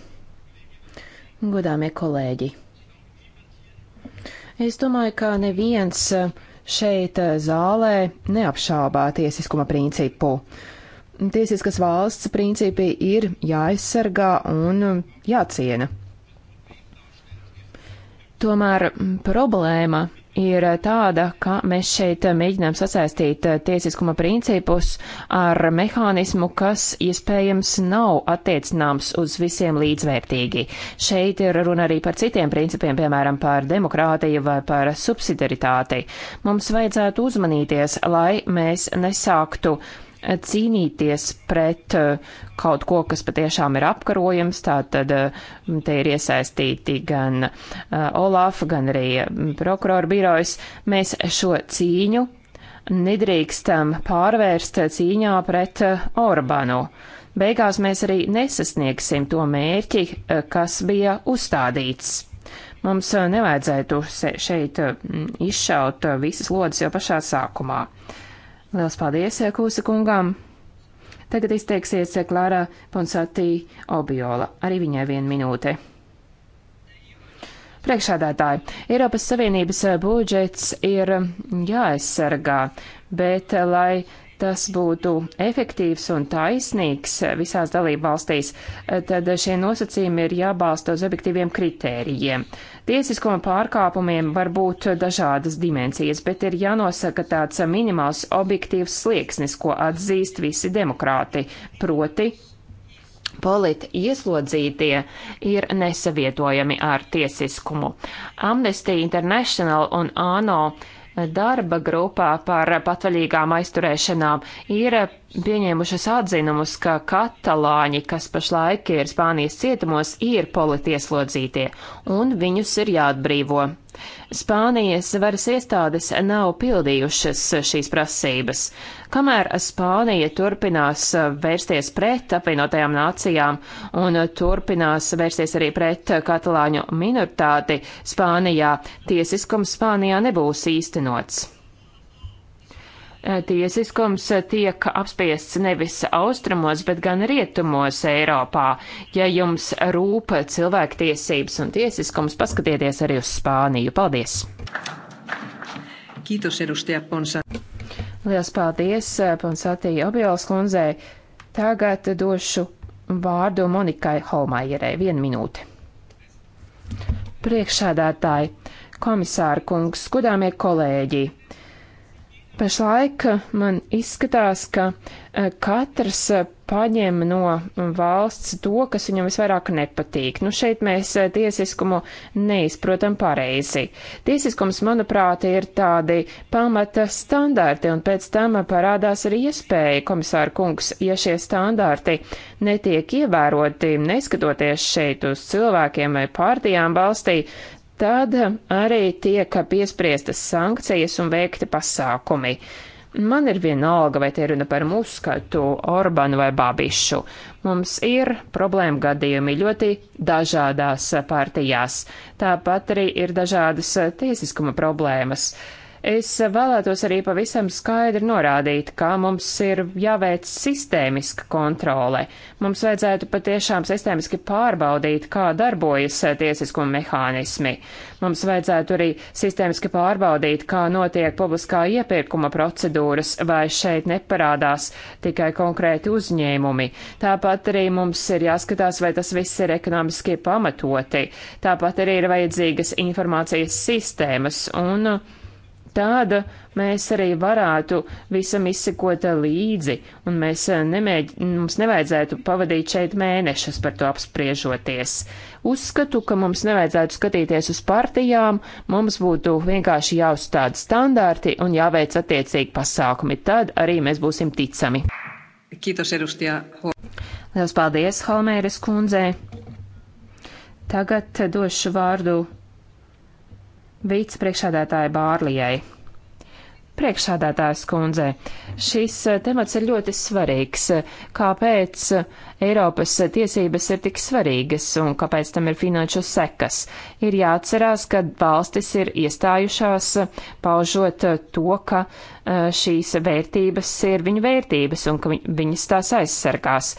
Godāmie kolēģi! Es domāju, ka neviens eh, šeit eh, zālē neapšaubā tiesiskuma principu. Tiesiskas valsts principi ir jāaizsargā un eh, jāciena. Tomēr problēma ir eh, tāda, ka mēs šeit eh, mēģinām sasaistīt eh, tiesiskuma principus ar mehānismu, kas iespējams nav attiecināms uz visiem līdzvērtīgi. Šeit ir runa arī par citiem principiem, piemēram, par demokrātiju vai par subsidiaritāti. Mums vajadzētu uzmanīties, lai mēs nesāktu uh, cīnīties pret eh, kaut ko, kas patiešām ir apkarojams. Tātad eh, te ir iesaistīti gan eh, Olaf, gan arī mm, prokuroru birojas. Mēs šo cīņu nedrīkstam pārvērst cīņā pret Orbanu. Beigās mēs arī nesasniegsim to mērķi, kas bija uzstādīts. Mums nevajadzētu šeit izšaut visas lodes jau pašā sākumā. Uh, Lielas paldies, eh, Kūsa kungām! Tagad izteiksies eh, Klārā Ponsatī Obiola. Arī viņai viena minūte. Priekšādātāji, Eiropas Savienības eh, budžets ir mm, jāaizsargā, bet, lai tas būtu efektīvs un taisnīgs visās dalību valstīs, tad šie nosacījumi ir jābalsta uz objektīviem kritērijiem. Tiesiskuma pārkāpumiem var būt dažādas dimensijas, bet ir jānosaka tāds minimāls objektīvs slieksnis, ko atzīst visi demokrāti, proti politi ieslodzītie ir nesavietojami ar tiesiskumu. Amnesty International un ANO uh, darba grupā par patvaļīgām aizturēšanām ir pieņēmušas atzinumus, ka katalāņi, kas pašlaik ir Spānijas cietumos, ir politieslodzītie, un viņus ir jāatbrīvo. Spānijas varas iestādes nav pildījušas šīs prasības. Kamēr Spānija turpinās vērsties pret apvienotajām nācijām un turpinās vērsties arī pret katalāņu minoritāti Spānijā, tiesiskums Spānijā nebūs īstenots. Eh, tiesiskums eh, tiek apspiests nevis austrumos, bet gan rietumos Eiropā. Ja jums rūp cilvēktiesības un tiesiskums, paskatieties arī uz Spāniju. Paldies! Kītos, Erustija Ponsa. Lielas paldies, eh, Ponsatija Objāls kundzei. Tagad došu vārdu Monikai Holmajerei. Vienu minūti. Priekšādātāji, komisāra kungs, skudāmie kolēģi. Pašlaik man izskatās, ka e, katrs e, paņem no valsts to, kas viņam visvairāk nepatīk. Nu, šeit mēs e, tiesiskumu neizprotam pareizi. Tiesiskums, manuprāt, ir tādi pamata standarti, un pēc tam parādās arī iespēja, komisāra kungs, ja šie standarti netiek ievēroti, neskatoties šeit uz cilvēkiem vai pārtījām valstī, tad arī tiek piespriestas sankcijas un veikti pasākumi. Man ir vienalga, vai te ir runa par muskatu, Orbanu vai Babišu. Mums ir problēma gadījumi ļoti dažādās partijās. Tāpat arī ir dažādas tiesiskuma problēmas. Uh, Es vēlētos arī pavisam skaidri norādīt, ka mums ir jāveic sistēmiska kontrole. Mums vajadzētu patiešām sistēmiski pārbaudīt, kā darbojas tiesiskuma mehānismi. Mums vajadzētu arī sistēmiski pārbaudīt, kā notiek publiskā iepirkuma procedūras, vai šeit neparādās tikai konkrēti uzņēmumi. Tāpat arī mums ir jāskatās, vai tas viss ir ekonomiski pamatoti. Tāpat arī ir vajadzīgas informācijas sistēmas un uh, tad mēs arī varētu visam izsekot līdzi, un mēs eh, nemēģ, mums nevajadzētu pavadīt šeit mēnešus par to apspriežoties. Uzskatu, ka mums nevajadzētu skatīties uz partijām, mums būtu vienkārši jāuzstāda standārti un jāveic attiecīgi pasākumi, tad arī mēs būsim ticami. Kiitos, edustaja. Lielas paldies, Halmēres kundzei. Tagad došu vārdu Vīts priekšādātāja Bārlijai. Priekšādātājs kundze, šis eh, temats ir ļoti svarīgs. Kāpēc Eiropas tiesības ir tik svarīgas un kāpēc tam ir finanšu sekas? Ir jāatcerās, ka valstis ir iestājušās paužot to, ka uh, Eh, šīs vērtības ir viņu vērtības un ka viņas tās aizsargās.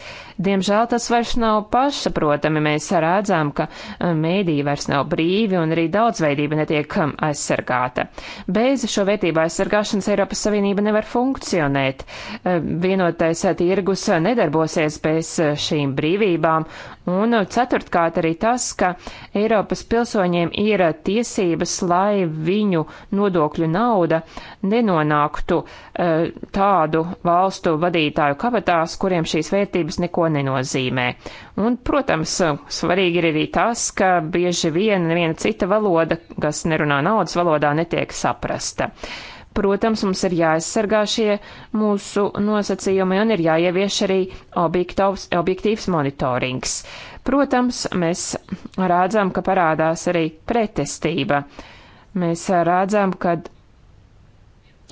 Diemžēl tas vairs nav pašsaprotami. Mēs redzam, ka eh, mēdī vairs nav brīvi un arī daudzveidība netiek um, aizsargāta. Bez šo vērtību aizsargāšanas Eiropas Savienība nevar funkcionēt. Eh, vienotais tirgus nedarbosies bez šīm brīvībām Un uh, ceturtkārt arī tas, ka Eiropas pilsoņiem ir tiesības, lai viņu nodokļu nauda nenonāktu uh, tādu valstu vadītāju kabatās, kuriem šīs vērtības neko nenozīmē. Un, protams, uh, svarīgi ir arī tas, ka bieži vien neviena cita valoda, kas nerunā naudas valodā, netiek saprasta protams, mums ir jāaizsargā šie mūsu nosacījumi un ir jāievieš arī objektīvs monitorings. Protams, mēs rādzām, ka parādās arī pretestība. Mēs rādzām, ka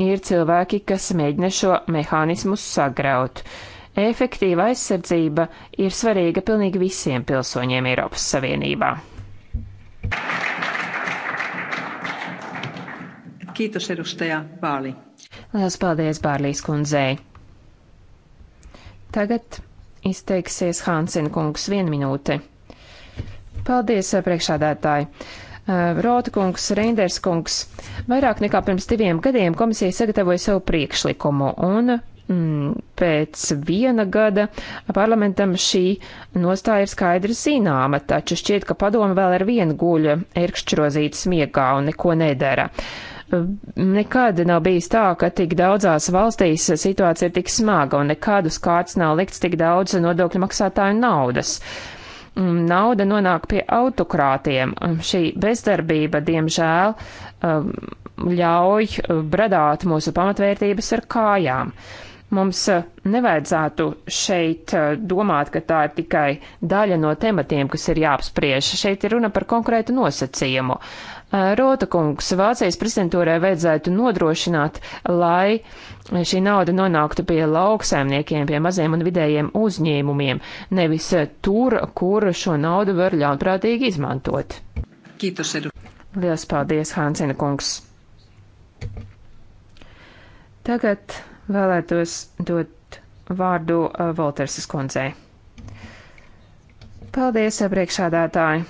ir cilvēki, kas mēģina šo mehānismu sagraut. Efektīva aizsardzība ir svarīga pilnīgi visiem pilsoņiem Eiropas Savienībā. Thank you. Kītos edustajā Bāli. Lielas paldies Bārlīs kundzei. Tagad izteiksies Hansen kungs vienu minūti. Paldies, eh, priekšādātāji! Eh, Rota kungs, Reinders kungs, vairāk nekā pirms diviem gadiem komisija sagatavoja savu priekšlikumu un mm, pēc viena gada parlamentam šī nostāja ir skaidri zināma, taču šķiet, ka padoma vēl ar vienu guļu erkšķrozītas miegā un neko nedara. Nekad nav bijis tā, ka tik daudzās valstīs situācija ir tik smaga un nekad uz kārts nav likts tik daudz nodokļu maksātāju naudas. Mm, nauda nonāk pie autokrātiem. Šī bezdarbība, diemžēl, um, ļauj bradāt mūsu pamatvērtības ar kājām. Mums eh, nevajadzētu šeit eh, domāt, ka tā ir tikai daļa no tematiem, kas ir jāapspriež. Šeit ir runa par konkrētu nosacījumu. Eh, Rota kungs, Vācijas prezidentūrē vajadzētu nodrošināt, lai šī nauda nonāktu pie lauksaimniekiem, pie maziem un vidējiem uzņēmumiem, nevis tur, kur šo naudu var ļaunprātīgi izmantot. Kītos, Edu. Lielas paldies, Hansina kungs. Tagad Vēlētos dot vārdu uh, Volterses kundzei. Paldies, uh, priekšādātāji!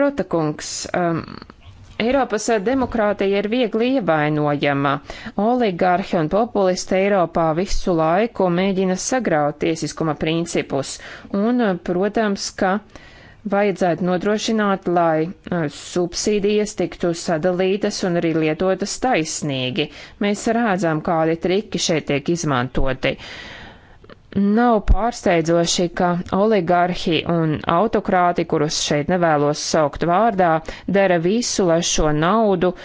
Rota kungs, um, Eiropas uh, demokrātija ir viegli ievainojama. Oligarhi un populisti Eiropā visu laiku mēģina sagraut tiesiskuma principus, un, protams, ka uh, vajadzētu nodrošināt, lai uh, subsīdijas tiktu sadalītas un arī lietotas taisnīgi. Mēs redzam, kādi triki šeit tiek izmantoti. Nav pārsteidzoši, ka oligarhi un autokrāti, kurus šeit nevēlos saukt vārdā, dara visu, lai šo naudu uh,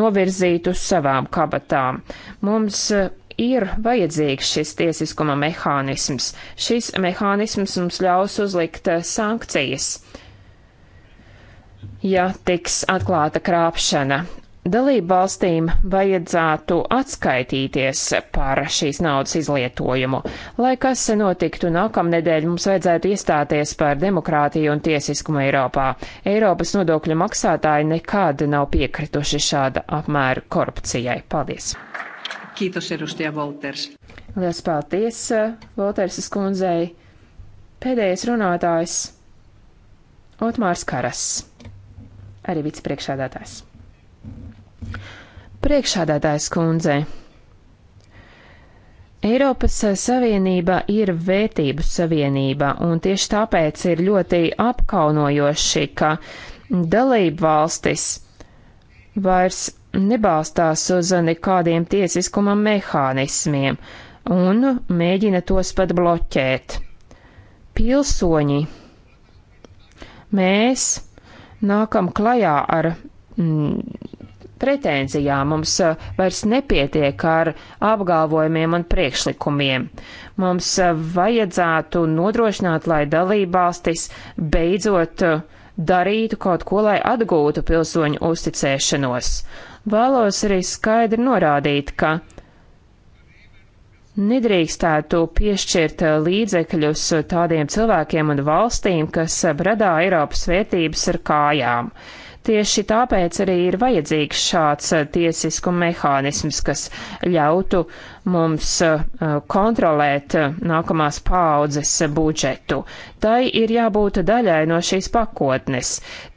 novirzītu savām kabatām. Mums uh, ir vajadzīgs šis tiesiskuma mehānisms. Šis mehānisms mums ļaus uzlikt eh, sankcijas, ja tiks atklāta krāpšana. Dalību valstīm vajadzētu atskaitīties par šīs naudas izlietojumu. Lai kas notiktu nākamnedēļ, mums vajadzētu iestāties par demokrātiju un tiesiskumu Eiropā. Eiropas nodokļu maksātāji nekad nav piekrituši šāda apmēra korupcijai. Paldies! Kītos, Erustija Volters. Lielas paldies, eh, Voltersas kundzei. Pēdējais runātājs - Otmārs Karas, arī vicepriekšādātājs. Priekšādātājs kundzei. Eiropas Savienība ir vērtību savienība, un tieši tāpēc ir ļoti apkaunojoši, ka dalību valstis vairs nebalstās uz nekādiem tiesiskuma mehānismiem un mēģina tos pat bloķēt. Pilsoņi, mēs nākam klajā ar mm, pretenzijām, mums uh, vairs nepietiek ar apgalvojumiem un priekšlikumiem. Mums uh, vajadzētu nodrošināt, lai dalībvalstis beidzot uh, darītu kaut ko, lai atgūtu pilsoņu uzticēšanos. Vēlos arī skaidri norādīt, ka nedrīkstētu piešķirt līdzekļus tādiem cilvēkiem un valstīm, kas bradā Eiropas vērtības ar kājām. Uh, Tieši tāpēc arī ir vajadzīgs šāds eh, tiesisku mehānisms, kas ļautu mums eh, eh, kontrolēt nākamās paaudzes budžetu. Tai ir jābūt daļai no šīs pakotnes.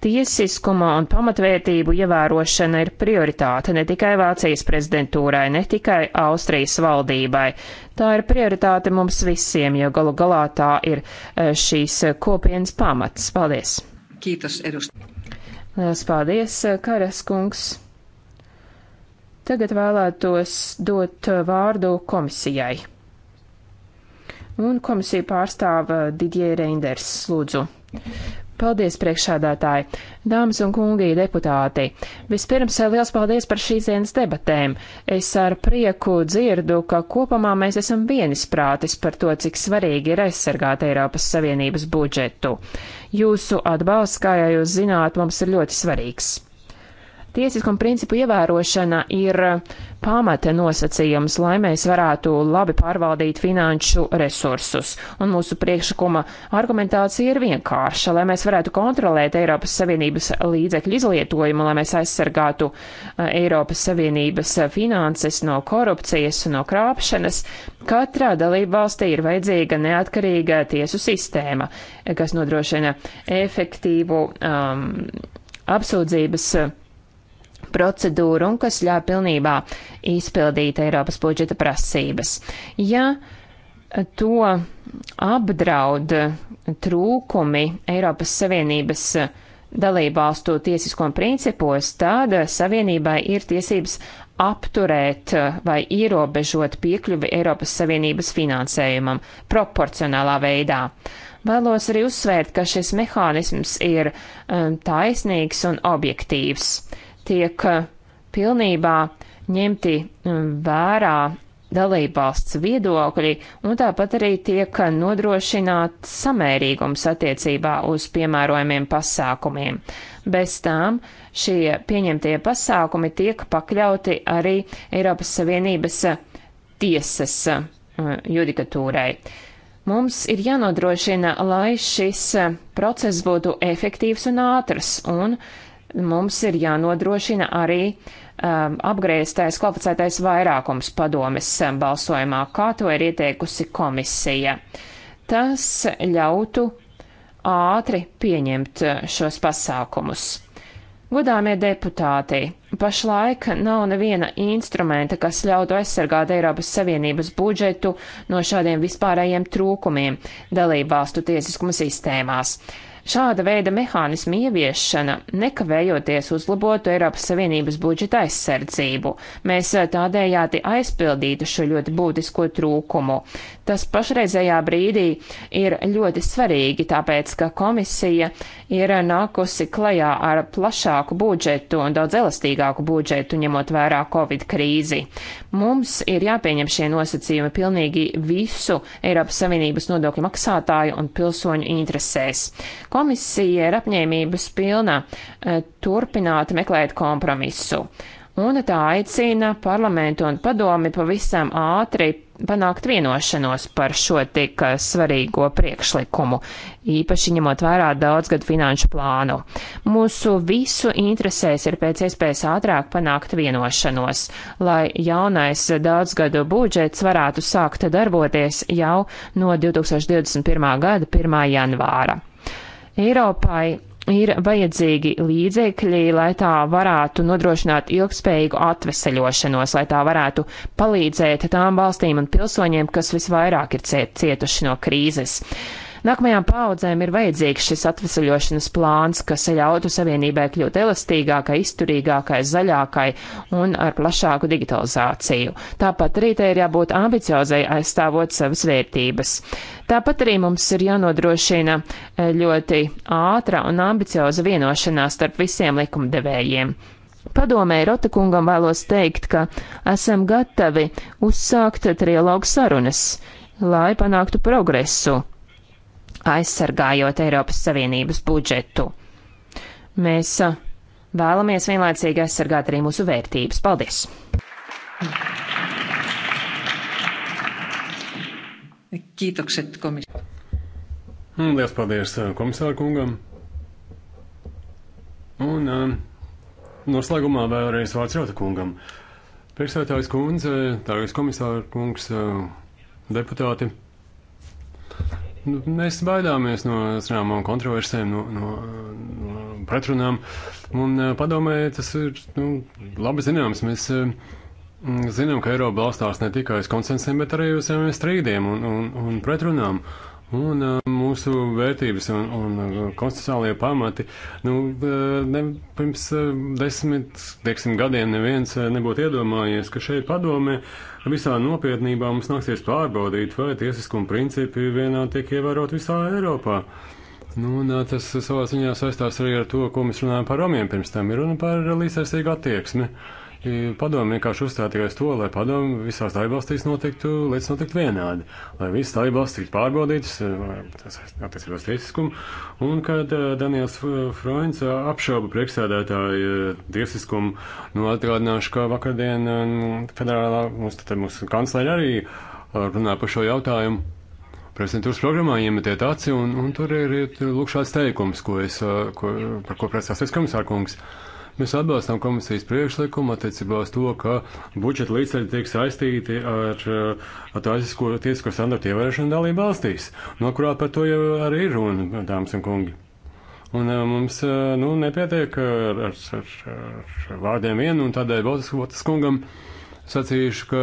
Tiesiskuma un pamatvērtību ievērošana ir prioritāte ne tikai Vācijas prezidentūrai, ne tikai Austrijas valdībai. Tā ir prioritāte mums visiem, jo galu galā tā ir šīs kopienas pamats. Paldies! Kītas, edust. Lielas paldies, Karas kungs! Tagad vēlētos dot vārdu komisijai. Un komisija pārstāv Didier Reinders, lūdzu. Paldies, priekšādātāji! Dāmas un kungi, deputāti! Vispirms eh, liels paldies par šīs dienas debatēm. Es ar prieku dzirdu, ka kopumā mēs esam vienisprātis par to, cik svarīgi ir aizsargāt Eiropas Savienības budžetu. Jūsu atbalsts, kā jau jūs zināt, mums ir ļoti svarīgs. Tiesiskuma principu ievērošana ir eh, pamata nosacījums, lai mēs varētu labi pārvaldīt finanšu resursus. Un mūsu priekšlikuma argumentācija ir vienkārša, lai mēs varētu kontrolēt Eiropas Savienības līdzekļu izlietojumu, lai mēs aizsargātu eh, Eiropas Savienības finanses no korupcijas un no krāpšanas. Katrā dalība valstī ir vajadzīga neatkarīga tiesu sistēma, kas nodrošina efektīvu um, apsūdzības procedūru un kas ļauj pilnībā izpildīt Eiropas budžeta prasības. Ja to apdraud trūkumi Eiropas Savienības dalībvalstu tiesisko principos, tad Savienībai ir tiesības apturēt vai ierobežot piekļuvi Eiropas Savienības finansējumam proporcionālā veidā. Vēlos arī uzsvērt, ka šis mehānisms ir um, taisnīgs un objektīvs. Uh, tiek eh, pilnībā ņemti mm, vērā dalībvalsts viedokļi, un tāpat arī tiek eh, nodrošināts samērīgums attiecībā uz piemērojumiem pasākumiem. Bez tām šie pieņemtie pasākumi tiek pakļauti arī Eiropas Savienības eh, tiesas judikatūrai. Mums ir jānodrošina, lai šis process būtu efektīvs un ātrs, un mums ir jānodrošina arī um, apgrieztais kvalificētais vairākums padomes um, balsojumā, kā to ir ieteikusi komisija. Tas ļautu ātri pieņemt uh, šos pasākumus. Godāmie deputāti, pašlaik nav neviena instrumenta, kas ļautu aizsargāt Eiropas Savienības budžetu no šādiem vispārējiem trūkumiem dalību valstu tiesiskuma sistēmās. Šāda veida mehānismu ieviešana nekavējoties uzlabotu Eiropas Savienības budžeta aizsardzību. Mēs eh, tādējādi aizpildītu šo ļoti būtisko trūkumu. Tas pašreizējā brīdī ir ļoti svarīgi, tāpēc, ka komisija ir nākusi klajā ar plašāku budžetu un daudz elastīgāku budžetu, ņemot vērā Covid krīzi. Mums ir jāpieņem šie nosacījumi pilnīgi visu Eiropas Savienības nodokļu maksātāju un pilsoņu interesēs. Komisija ir apņēmības pilna eh, turpināt meklēt kompromisu un tā aicina parlamentu un padomi pavisam ātri panākt vienošanos par šo tik svarīgo priekšlikumu, īpaši ņemot vērā daudzgadu finanšu plānu. Mūsu visu interesēs ir pēc iespējas ātrāk panākt vienošanos, lai jaunais daudzgadu budžets varētu sākt darboties jau no 2021. gada 1. janvāra. Eiropai ir vajadzīgi līdzekļi, lai tā varētu nodrošināt ilgspējīgu atveseļošanos, lai tā varētu palīdzēt tām valstīm un pilsoņiem, kas visvairāk ir cietuši no krīzes. Uh, Nākamajām paudzēm ir vajadzīgs šis atvesaļošanas plāns, kas ļautu savienībai kļūt elastīgākai, izturīgākai, zaļākai un ar plašāku digitalizāciju. Tāpat arī te ir jābūt ambiciozai aizstāvot savas vērtības. Tāpat arī mums ir jānodrošina eh, ļoti ātra un ambicioza vienošanās starp visiem likumdevējiem. Padomē Rotakungam vēlos teikt, ka esam gatavi uzsākt trialogu sarunas, lai panāktu progresu aizsargājot Eiropas Savienības budžetu. Mēs vēlamies vienlaicīgi aizsargāt arī mūsu vērtības. Paldies! Kiitokset komisāram. Mm, Lielas paldies komisāru kungam. Un um, noslēgumā vēlreiz vārds Jota kungam. Priekšsētājs kundze, tāgais komisāra kungs, deputāti. Nu, mēs baidāmies no zināmām kontroversēm, no, no, no pretrunām. Un eh, padomē, tas ir nu, labi zināms. Mēs eh, mm, zinām, ka Eiropa balstās ne tikai uz konsensiem, bet arī uz saviem eh, strīdiem un, un, un pretrunām. Uh, Un uh, mūsu vērtības un, un uh, konstitucionālie pamati, nu, uh, ne, pirms desmit, teiksim, gadiem neviens nebūtu iedomājies, ka šeit padomē visā nopietnībā mums nāksies pārbaudīt, vai tiesiskuma principi vienā tiek ievērot visā Eiropā. Nu, un, tas savā ziņā saistās arī ar to, ko mēs runājam par romiem pirms tam, ir runa par līdzsaistīgu attieksmi. Uh, Padomu vienkārši uzstāja tikai uz to, lai padomu visās dalībvalstīs notiktu lietas notiktu vienādi, lai visas dalībvalstis tiktu pārbaudītas, tas attiecībā uz tiesiskumu, un kad Daniels Froins apšauba priekšsēdētāju tiesiskumu, nu atgādināšu, ka vakardien federālā mūsu, mūsu kanclēra arī runāja par šo jautājumu prezidentūras programmā iemetiet aci, un, un tur ir, ir lūk šāds teikums, ko es, ko, par ko prasās komisārkungs. kungs Mēs atbalstām komisijas priekšlikumu attiecībā uz to, ka budžeta līdzekļi tiek saistīti ar, uh, ar taisisko tiesisko standartu ievērošanu dalību valstīs, no kurā par to jau arī ir runa, dāmas un kungi. Un uh, mums uh, nu, nepietiek ar, ar, ar, ar vārdiem vien, un tādēļ Baltas kungam. Uh, sacījuši, ka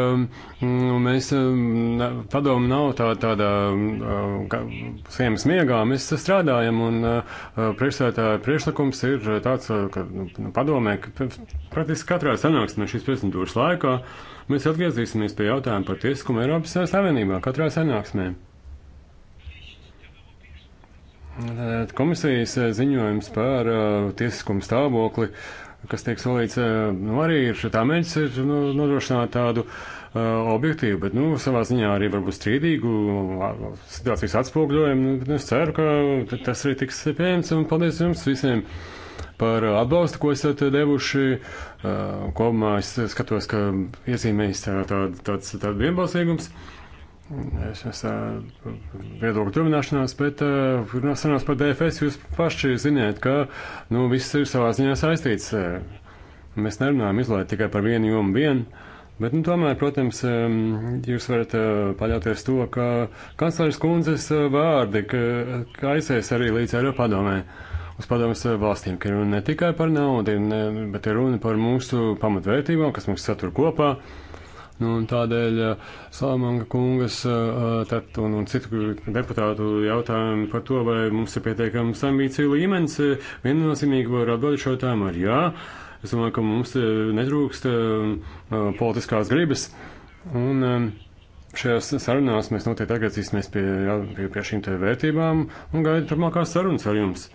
nu, mēs mm, padomu nav tā, tādā mm, sienas miegā, mēs strādājam un priekšsētāja priekšlikums ir tāds, ka nu, padomē, ka praktiski katrā sanāksmē šīs prezidentūras laikā mēs atgriezīsimies pie jautājuma par tiesiskumu Eiropas Savienībā katrā sanāksmē. Komisijas ziņojums par uh, tiesiskumu stāvokli uh, kas tiek solīts, eh, nu, arī ir šitā mērķis ir nu, nodrošināt tādu uh, objektīvu, bet, nu, savā ziņā arī varbūt strīdīgu situācijas atspogļojumu. Nu, es ceru, ka tas arī tiks pieņemts, un paldies jums visiem par atbalstu, ko esat devuši. Uh, kopumā es skatos, ka iezīmējas tā, tā, tāds, tāds vienbalsīgums. Tā Es esmu viedokļu tuvināšanās, bet runāšanās par DFS jūs paši ziniet, ka nu, viss ir savā ziņā saistīts. Mēs nerunājam izlēt tikai par vienu jomu vienu, bet nu, tomēr, protams, jūs varat paļauties to, ka kancleris kundzes vārdi kaisēs arī līdz Eiropadomē uz padomus valstīm, ka runa ne tikai par naudu, ne, bet ir runa par mūsu pamatvērtībām, kas mums satur kopā. Uh, Nu, un tādēļ uh, Salamanga kungas uh, uh, tad, un, un citu deputātu jautājumu par to, vai mums ir pietiekams ambīciju līmenis, viennozīmīgi var atbildēt šo tēmu ar jā. Es domāju, ka mums nedrūkst politiskās gribas. Un, um, Šajās sarunās mēs noteikti atgriezīsimies pie, pie, pie šīm te vērtībām un gaidu turpmākās sarunas ar jums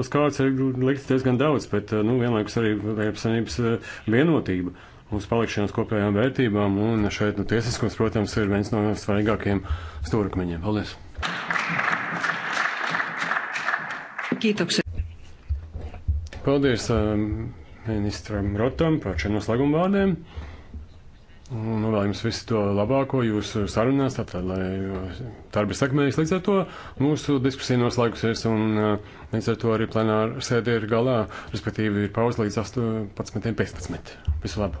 uz kārtas ir likts diezgan daudz, bet nu, vienlaikus arī Eiropas Savienības vienotība uz palikšanas kopējām vērtībām, un šeit nu, tiesiskums, protams, ir viens no svarīgākajiem stūrakmeņiem. Paldies! Kītoks. Paldies um, ministram Rotam par šiem noslēguma vārdiem. Un nu, vēl jums visu to labāko jūsu sarunās, tātad, lai uh, darbi sekmējas līdz ar to. Mūsu diskusija noslēgusies, un uh, līdz ar to arī plenāra sēde ir galā, respektīvi ir pauze līdz 18.15. Visu labu!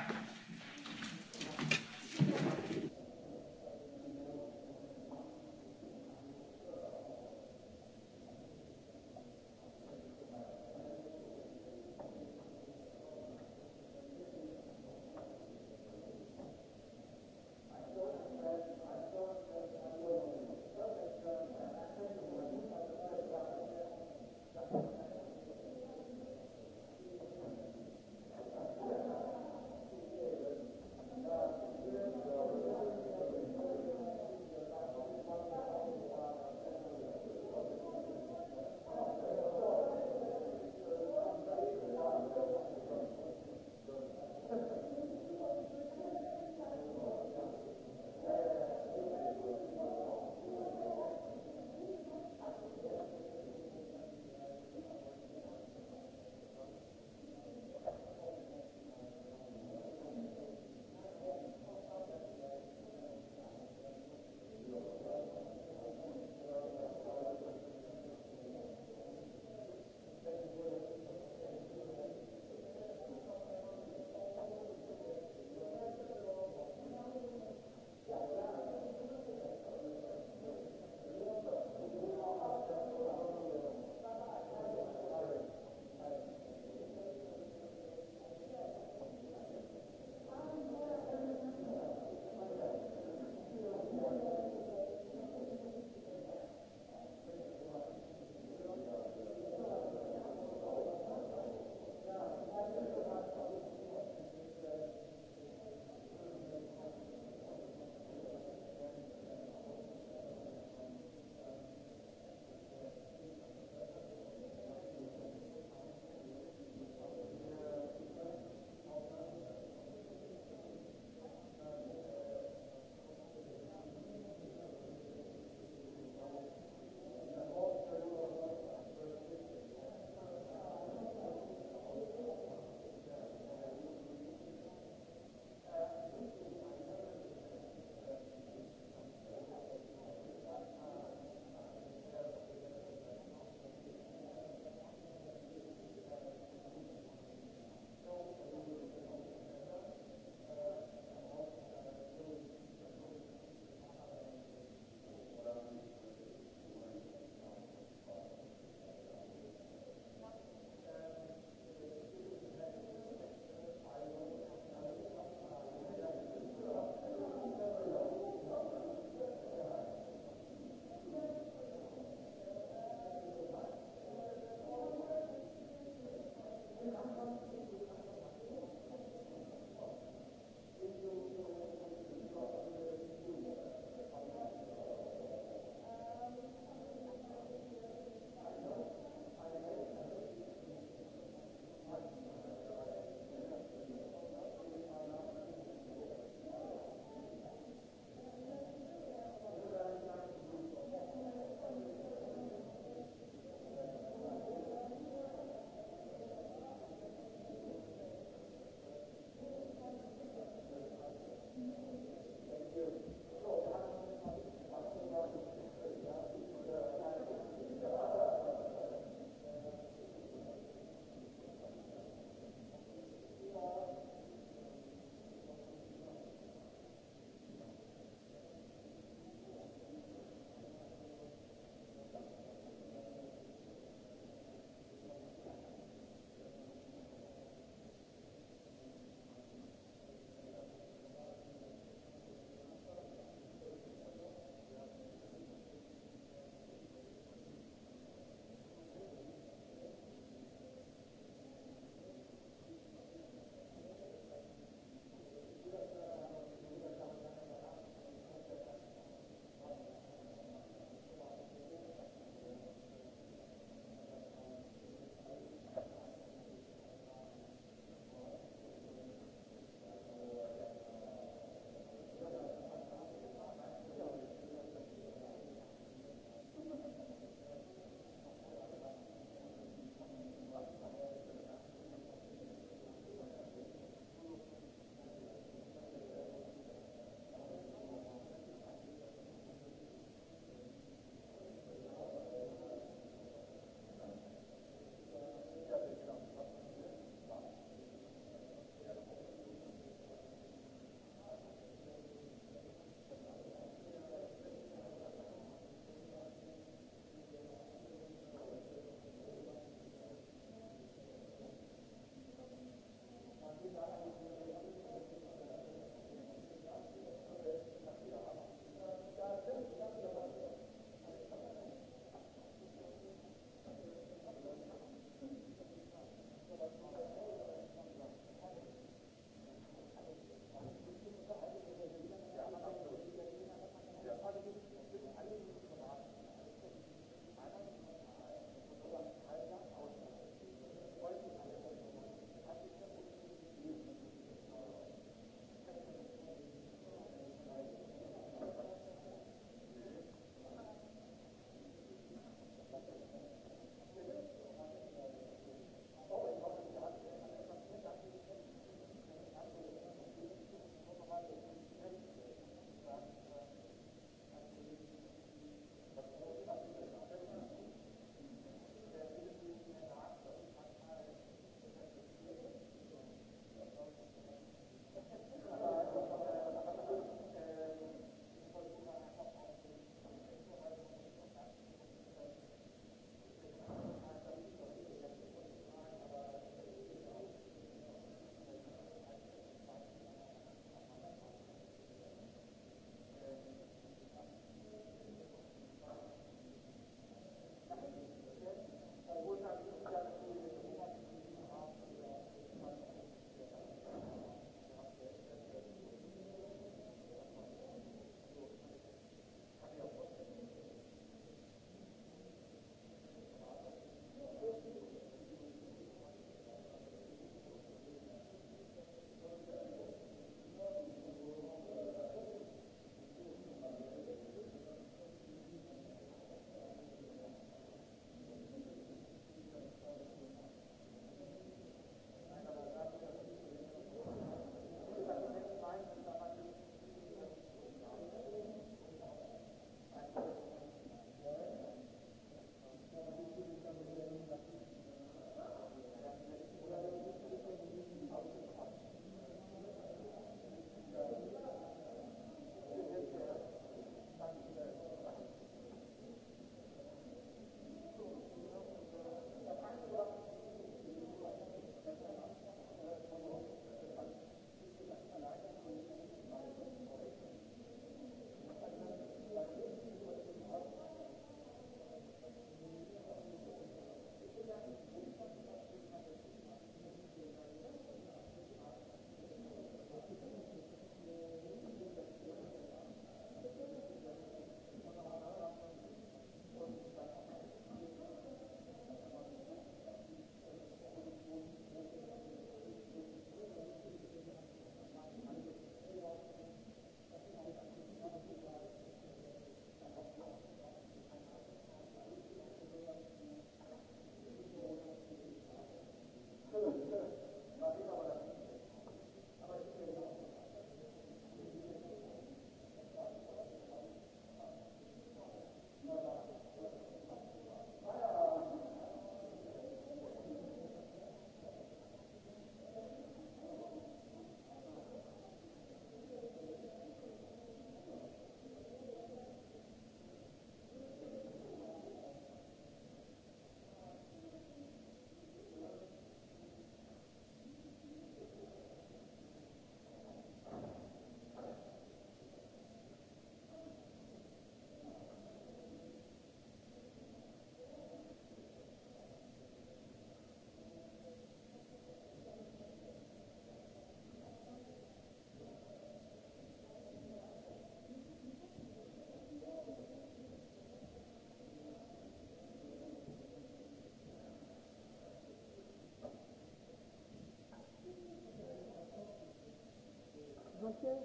handicapés.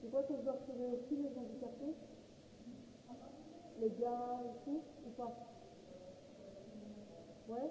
Tu crois que je dois retrouver aussi les handicapés Les gars et tout, ou pas Ouais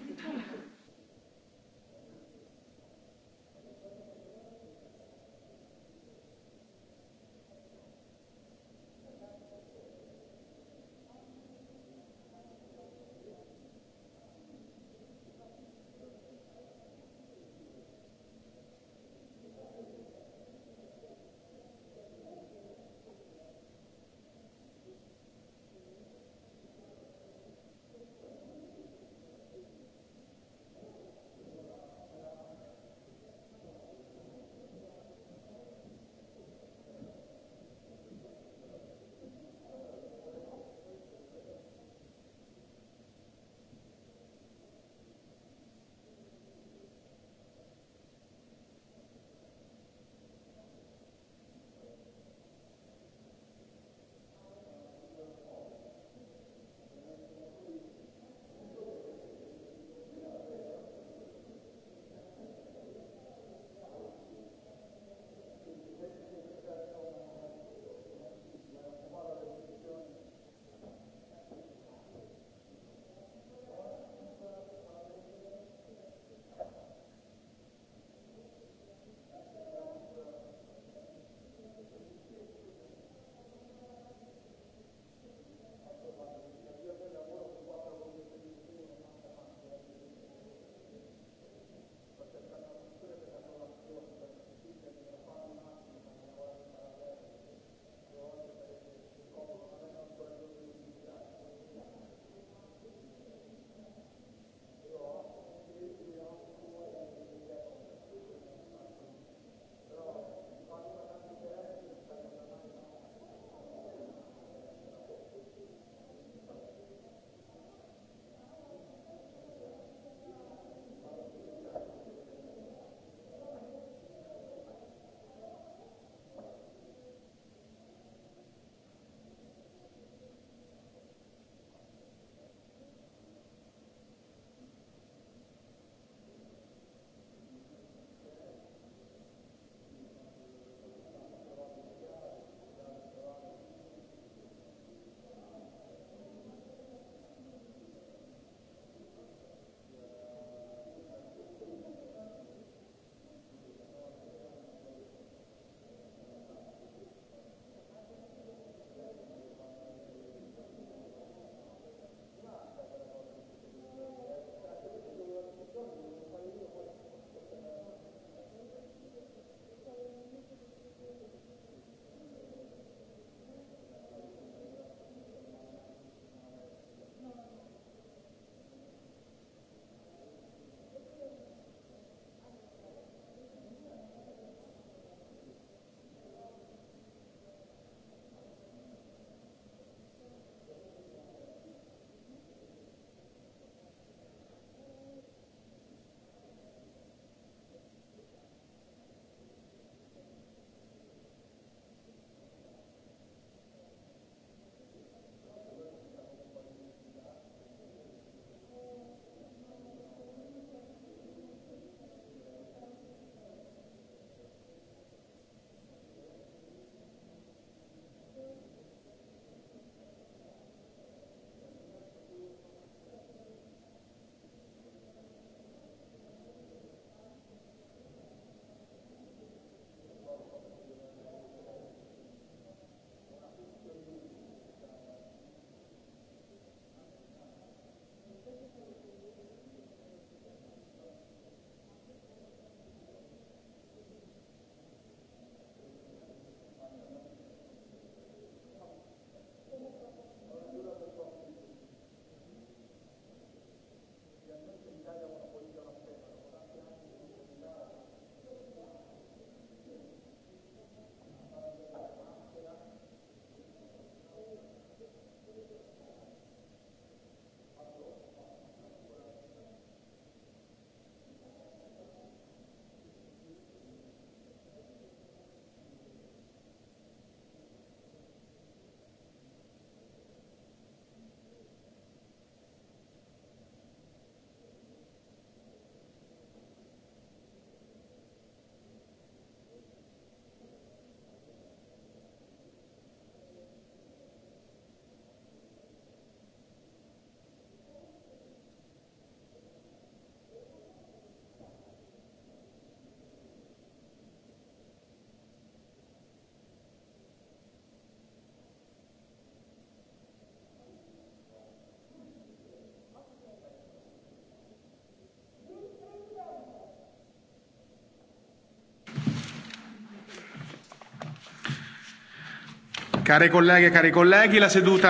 Care kolēģi, care kolēģi, la seduta.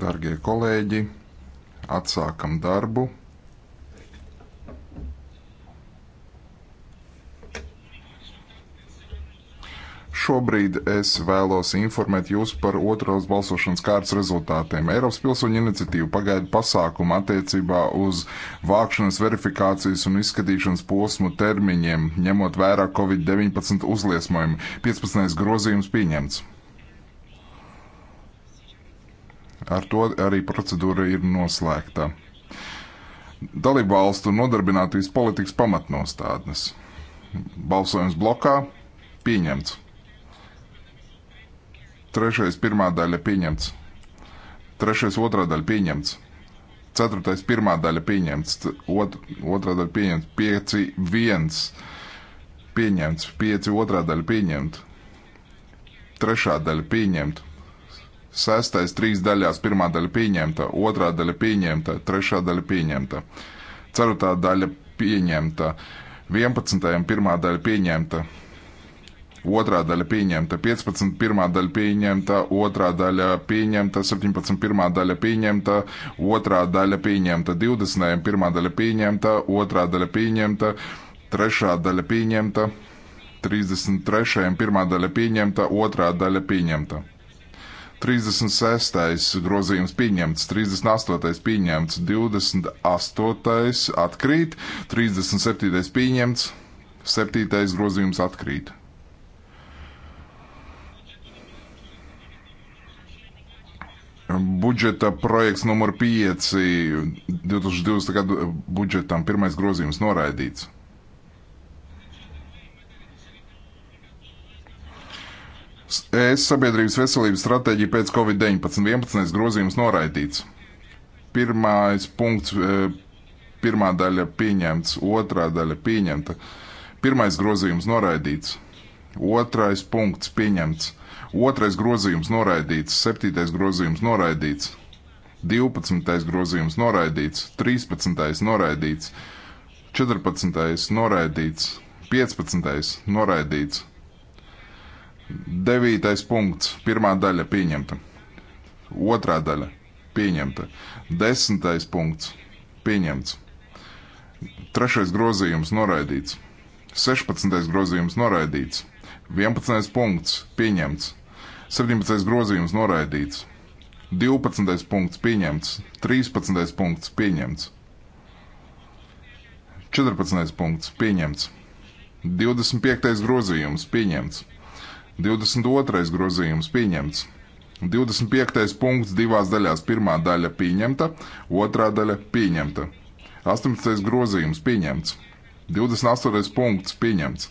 Dargie kolēģi, atsākam darbu. Šobrīd es vēlos informēt jūs par otros balsošanas kārtas rezultātiem. Eiropas pilsoņu iniciatīva pagaidu pasākumu attiecībā uz vākšanas verifikācijas un izskatīšanas posmu termiņiem, ņemot vērā Covid-19 uzliesmojumu. 15. grozījums pieņemts. Ar to arī procedūra ir noslēgta. Dalību valstu nodarbinātības politikas pamatnostādnes. Balsojums blokā pieņemts. Trešais pirmā daļa pieņemts. Trešais otrā daļa pieņemts. Ceturtais pirmā daļa pieņemts. Ot, otrā daļa pieņemts. Pieci viens pieņemts. Pieci otrā daļa pieņemta. Trešā daļa pieņemta. Sestais trīs daļās. Pirmā daļa pieņemta, otrā daļa pieņemta, trešā daļa pieņemta. Ceturtā daļa pieņemta. 11. pirmā daļa pieņemta. Otrā daļa pieņemta, 15. pirmā daļa pieņemta, otrā daļa pieņemta, 17. pirmā daļa pieņemta, otrā daļa pieņemta, 20. pirmā daļa pieņemta, otrā daļa pieņemta, trešā daļa pieņemta, 33. pirmā daļa pieņemta, otrā daļa pieņemta. 36. grozījums pieņemts, 38. pieņemts, 28. atkrīt, 37. pieņemts, 7. grozījums atkrīt. Budžeta projekts numur 5 2020. gadu budžetam pirmais grozījums noraidīts. Es sabiedrības veselības stratēģija pēc Covid-19 11. grozījums noraidīts. Pirmais punkts, e, pirmā daļa pieņemts, otrā daļa pieņemta. Pirmais grozījums noraidīts. Otrais punkts pieņemts. Otrais grozījums noraidīts. Septītais grozījums noraidīts. 12. grozījums noraidīts, 13. noraidīts, 14. noraidīts, 15. noraidīts, Devītais punkts, pirmā daļa pieņemta. Otrā daļa pieņemta. Desmitais punkts pieņemts. Trešais grozījums noraidīts. 16. grozījums noraidīts. 11. punkts pieņemts. 17. grozījums noraidīts. 12. punkts pieņemts. 13. punkts pieņemts. 14. punkts pieņemts. 25. grozījums pieņemts. 22. grozījums pieņemts. 25. punkts divās daļās. Pirmā daļa pieņemta, otrā daļa pieņemta. 18. grozījums pieņemts. 28. punkts pieņemts.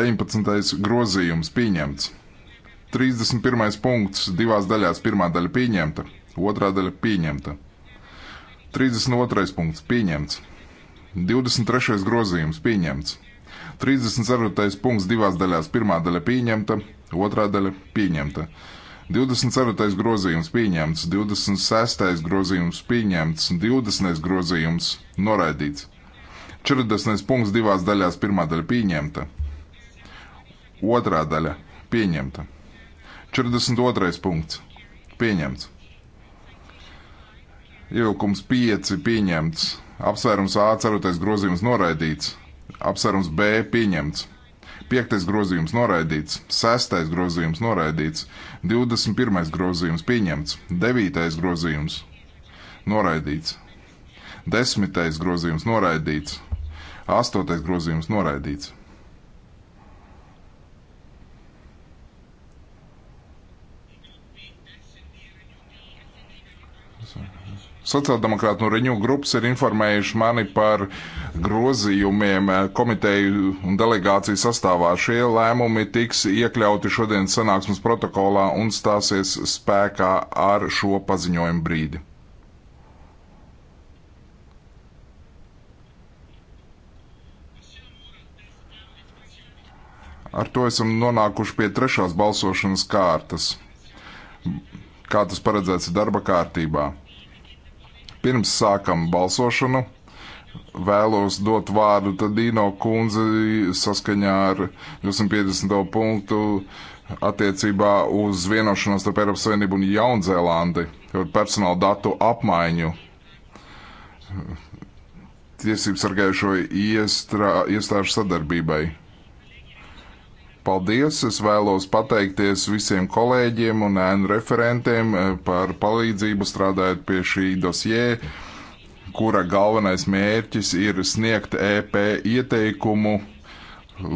19. grozījums pieņemts. 31. punkts divās daļās. Pirmā daļa pieņemta, otrā daļa pieņemta. 32. punkts pieņemts. 23. grozījums pieņemts. 34. punkts divās daļās. Pirmā daļa pieņemta, otrā daļa pieņemta. 24. grozījums pieņemts, 26. grozījums pieņemts, 20. grozījums noraidīts. 40. punkts divās daļās. Pirmā daļa pieņemta, otrā daļa pieņemta. 42. punkts pieņemts. Ievilkums 5 pieņemts. Apsvērums A ceturtais grozījums noraidīts. Apsvērums B pieņemts. Piektais grozījums noraidīts, sestais grozījums noraidīts, 21. grozījums pieņemts, 9. grozījums noraidīts, 10. grozījums noraidīts, 8. grozījums noraidīts. Sociāldemokrāti no Reņģu grupas ir informējuši mani par grozījumiem komiteju un delegāciju sastāvā. Šie lēmumi tiks iekļauti šodienas sanāksmes protokolā un stāsies spēkā ar šo paziņojumu brīdi. Ar to esam nonākuši pie trešās balsošanas kārtas, kā tas paredzēts darba kārtībā. Pirms sākam balsošanu, vēlos dot vārdu Tadīno kundzi saskaņā ar 250. punktu attiecībā uz vienošanos starp Eiropas Savienību un Jaunzēlandi par personāla datu apmaiņu. Tiesības sargājušo iestāžu sadarbībai. Paldies! Es vēlos pateikties visiem kolēģiem un ēnu referentiem eh, par palīdzību strādājot pie šī dosjē, kura galvenais mērķis ir sniegt EP ieteikumu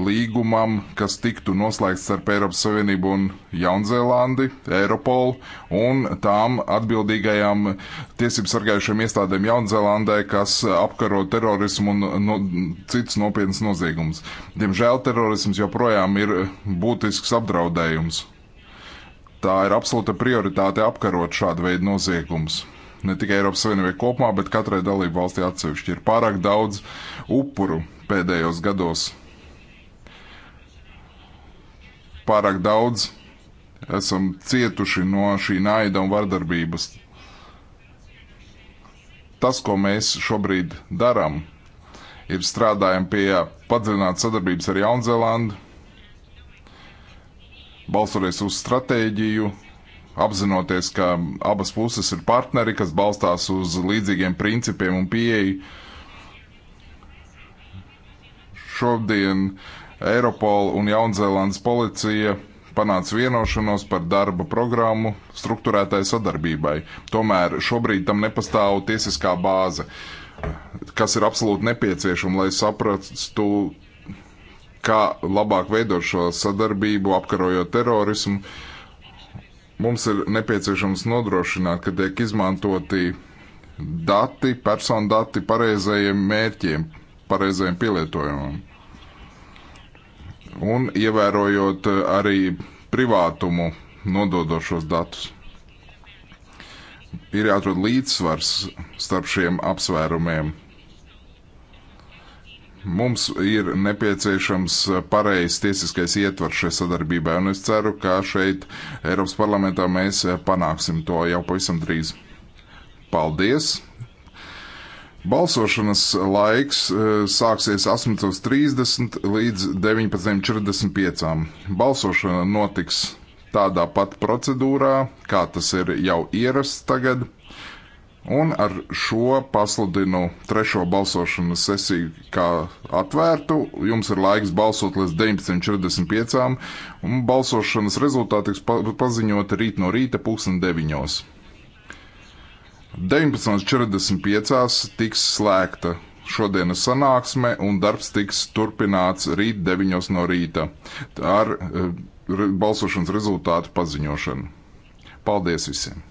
līgumam, kas tiktu noslēgts starp Eiropas Savienību un Jaunzēlandi, Eiropolu un tām atbildīgajām tiesību sargājušiem iestādēm Jaunzēlandē, kas apkaro terorismu un no, cits nopietnas noziegums. Diemžēl terorisms joprojām ir būtisks apdraudējums. Tā ir absolūta prioritāte apkarot šādu veidu noziegumus ne tikai Eiropas Savienībai kopumā, bet katrai dalību valstī atsevišķi ir pārāk daudz upuru pēdējos gados pārāk daudz esam cietuši no šī naida un vardarbības. Tas, ko mēs šobrīd darām, ir strādājam pie padziļinātas sadarbības ar Jaunzēlandi, balstoties uz stratēģiju, apzinoties, ka abas puses ir partneri, kas balstās uz līdzīgiem principiem un pieeju. Šodien uh, Eiropola un Jaunzēlandes policija panāca vienošanos par darba programmu struktūrētai sadarbībai. Tomēr šobrīd tam nepastāv tiesiskā bāze, kas ir absolūti nepieciešama, lai saprastu, kā labāk veidot šo sadarbību, apkarojot terorismu. Mums ir nepieciešams nodrošināt, ka tiek izmantoti dati, personu dati pareizajiem mērķiem, pareizajiem pielietojumam un ievērojot eh, arī privātumu nododošos datus. Ir jāatrod līdzsvars starp šiem apsvērumiem. Mums ir nepieciešams pareizs tiesiskais ietvars šai sadarbībai, un es ceru, ka šeit Eiropas parlamentā mēs panāksim to jau pavisam drīz. Paldies! Balsošanas laiks eh, sāksies 18.30 līdz 19.45. Balsošana notiks tādā pat procedūrā, kā tas ir jau ierasts tagad. Un ar šo pasludinu trešo balsošanas sesiju kā atvērtu. Jums ir laiks balsot līdz 19.45, un balsošanas rezultāti tiks paziņoti rīt no rīta pusdien deviņos. 19.45. tiks slēgta šodienas sanāksme un darbs tiks turpināts rīt 9 no rīta ar eh, balsošanas rezultātu paziņošanu. Paldies visiem!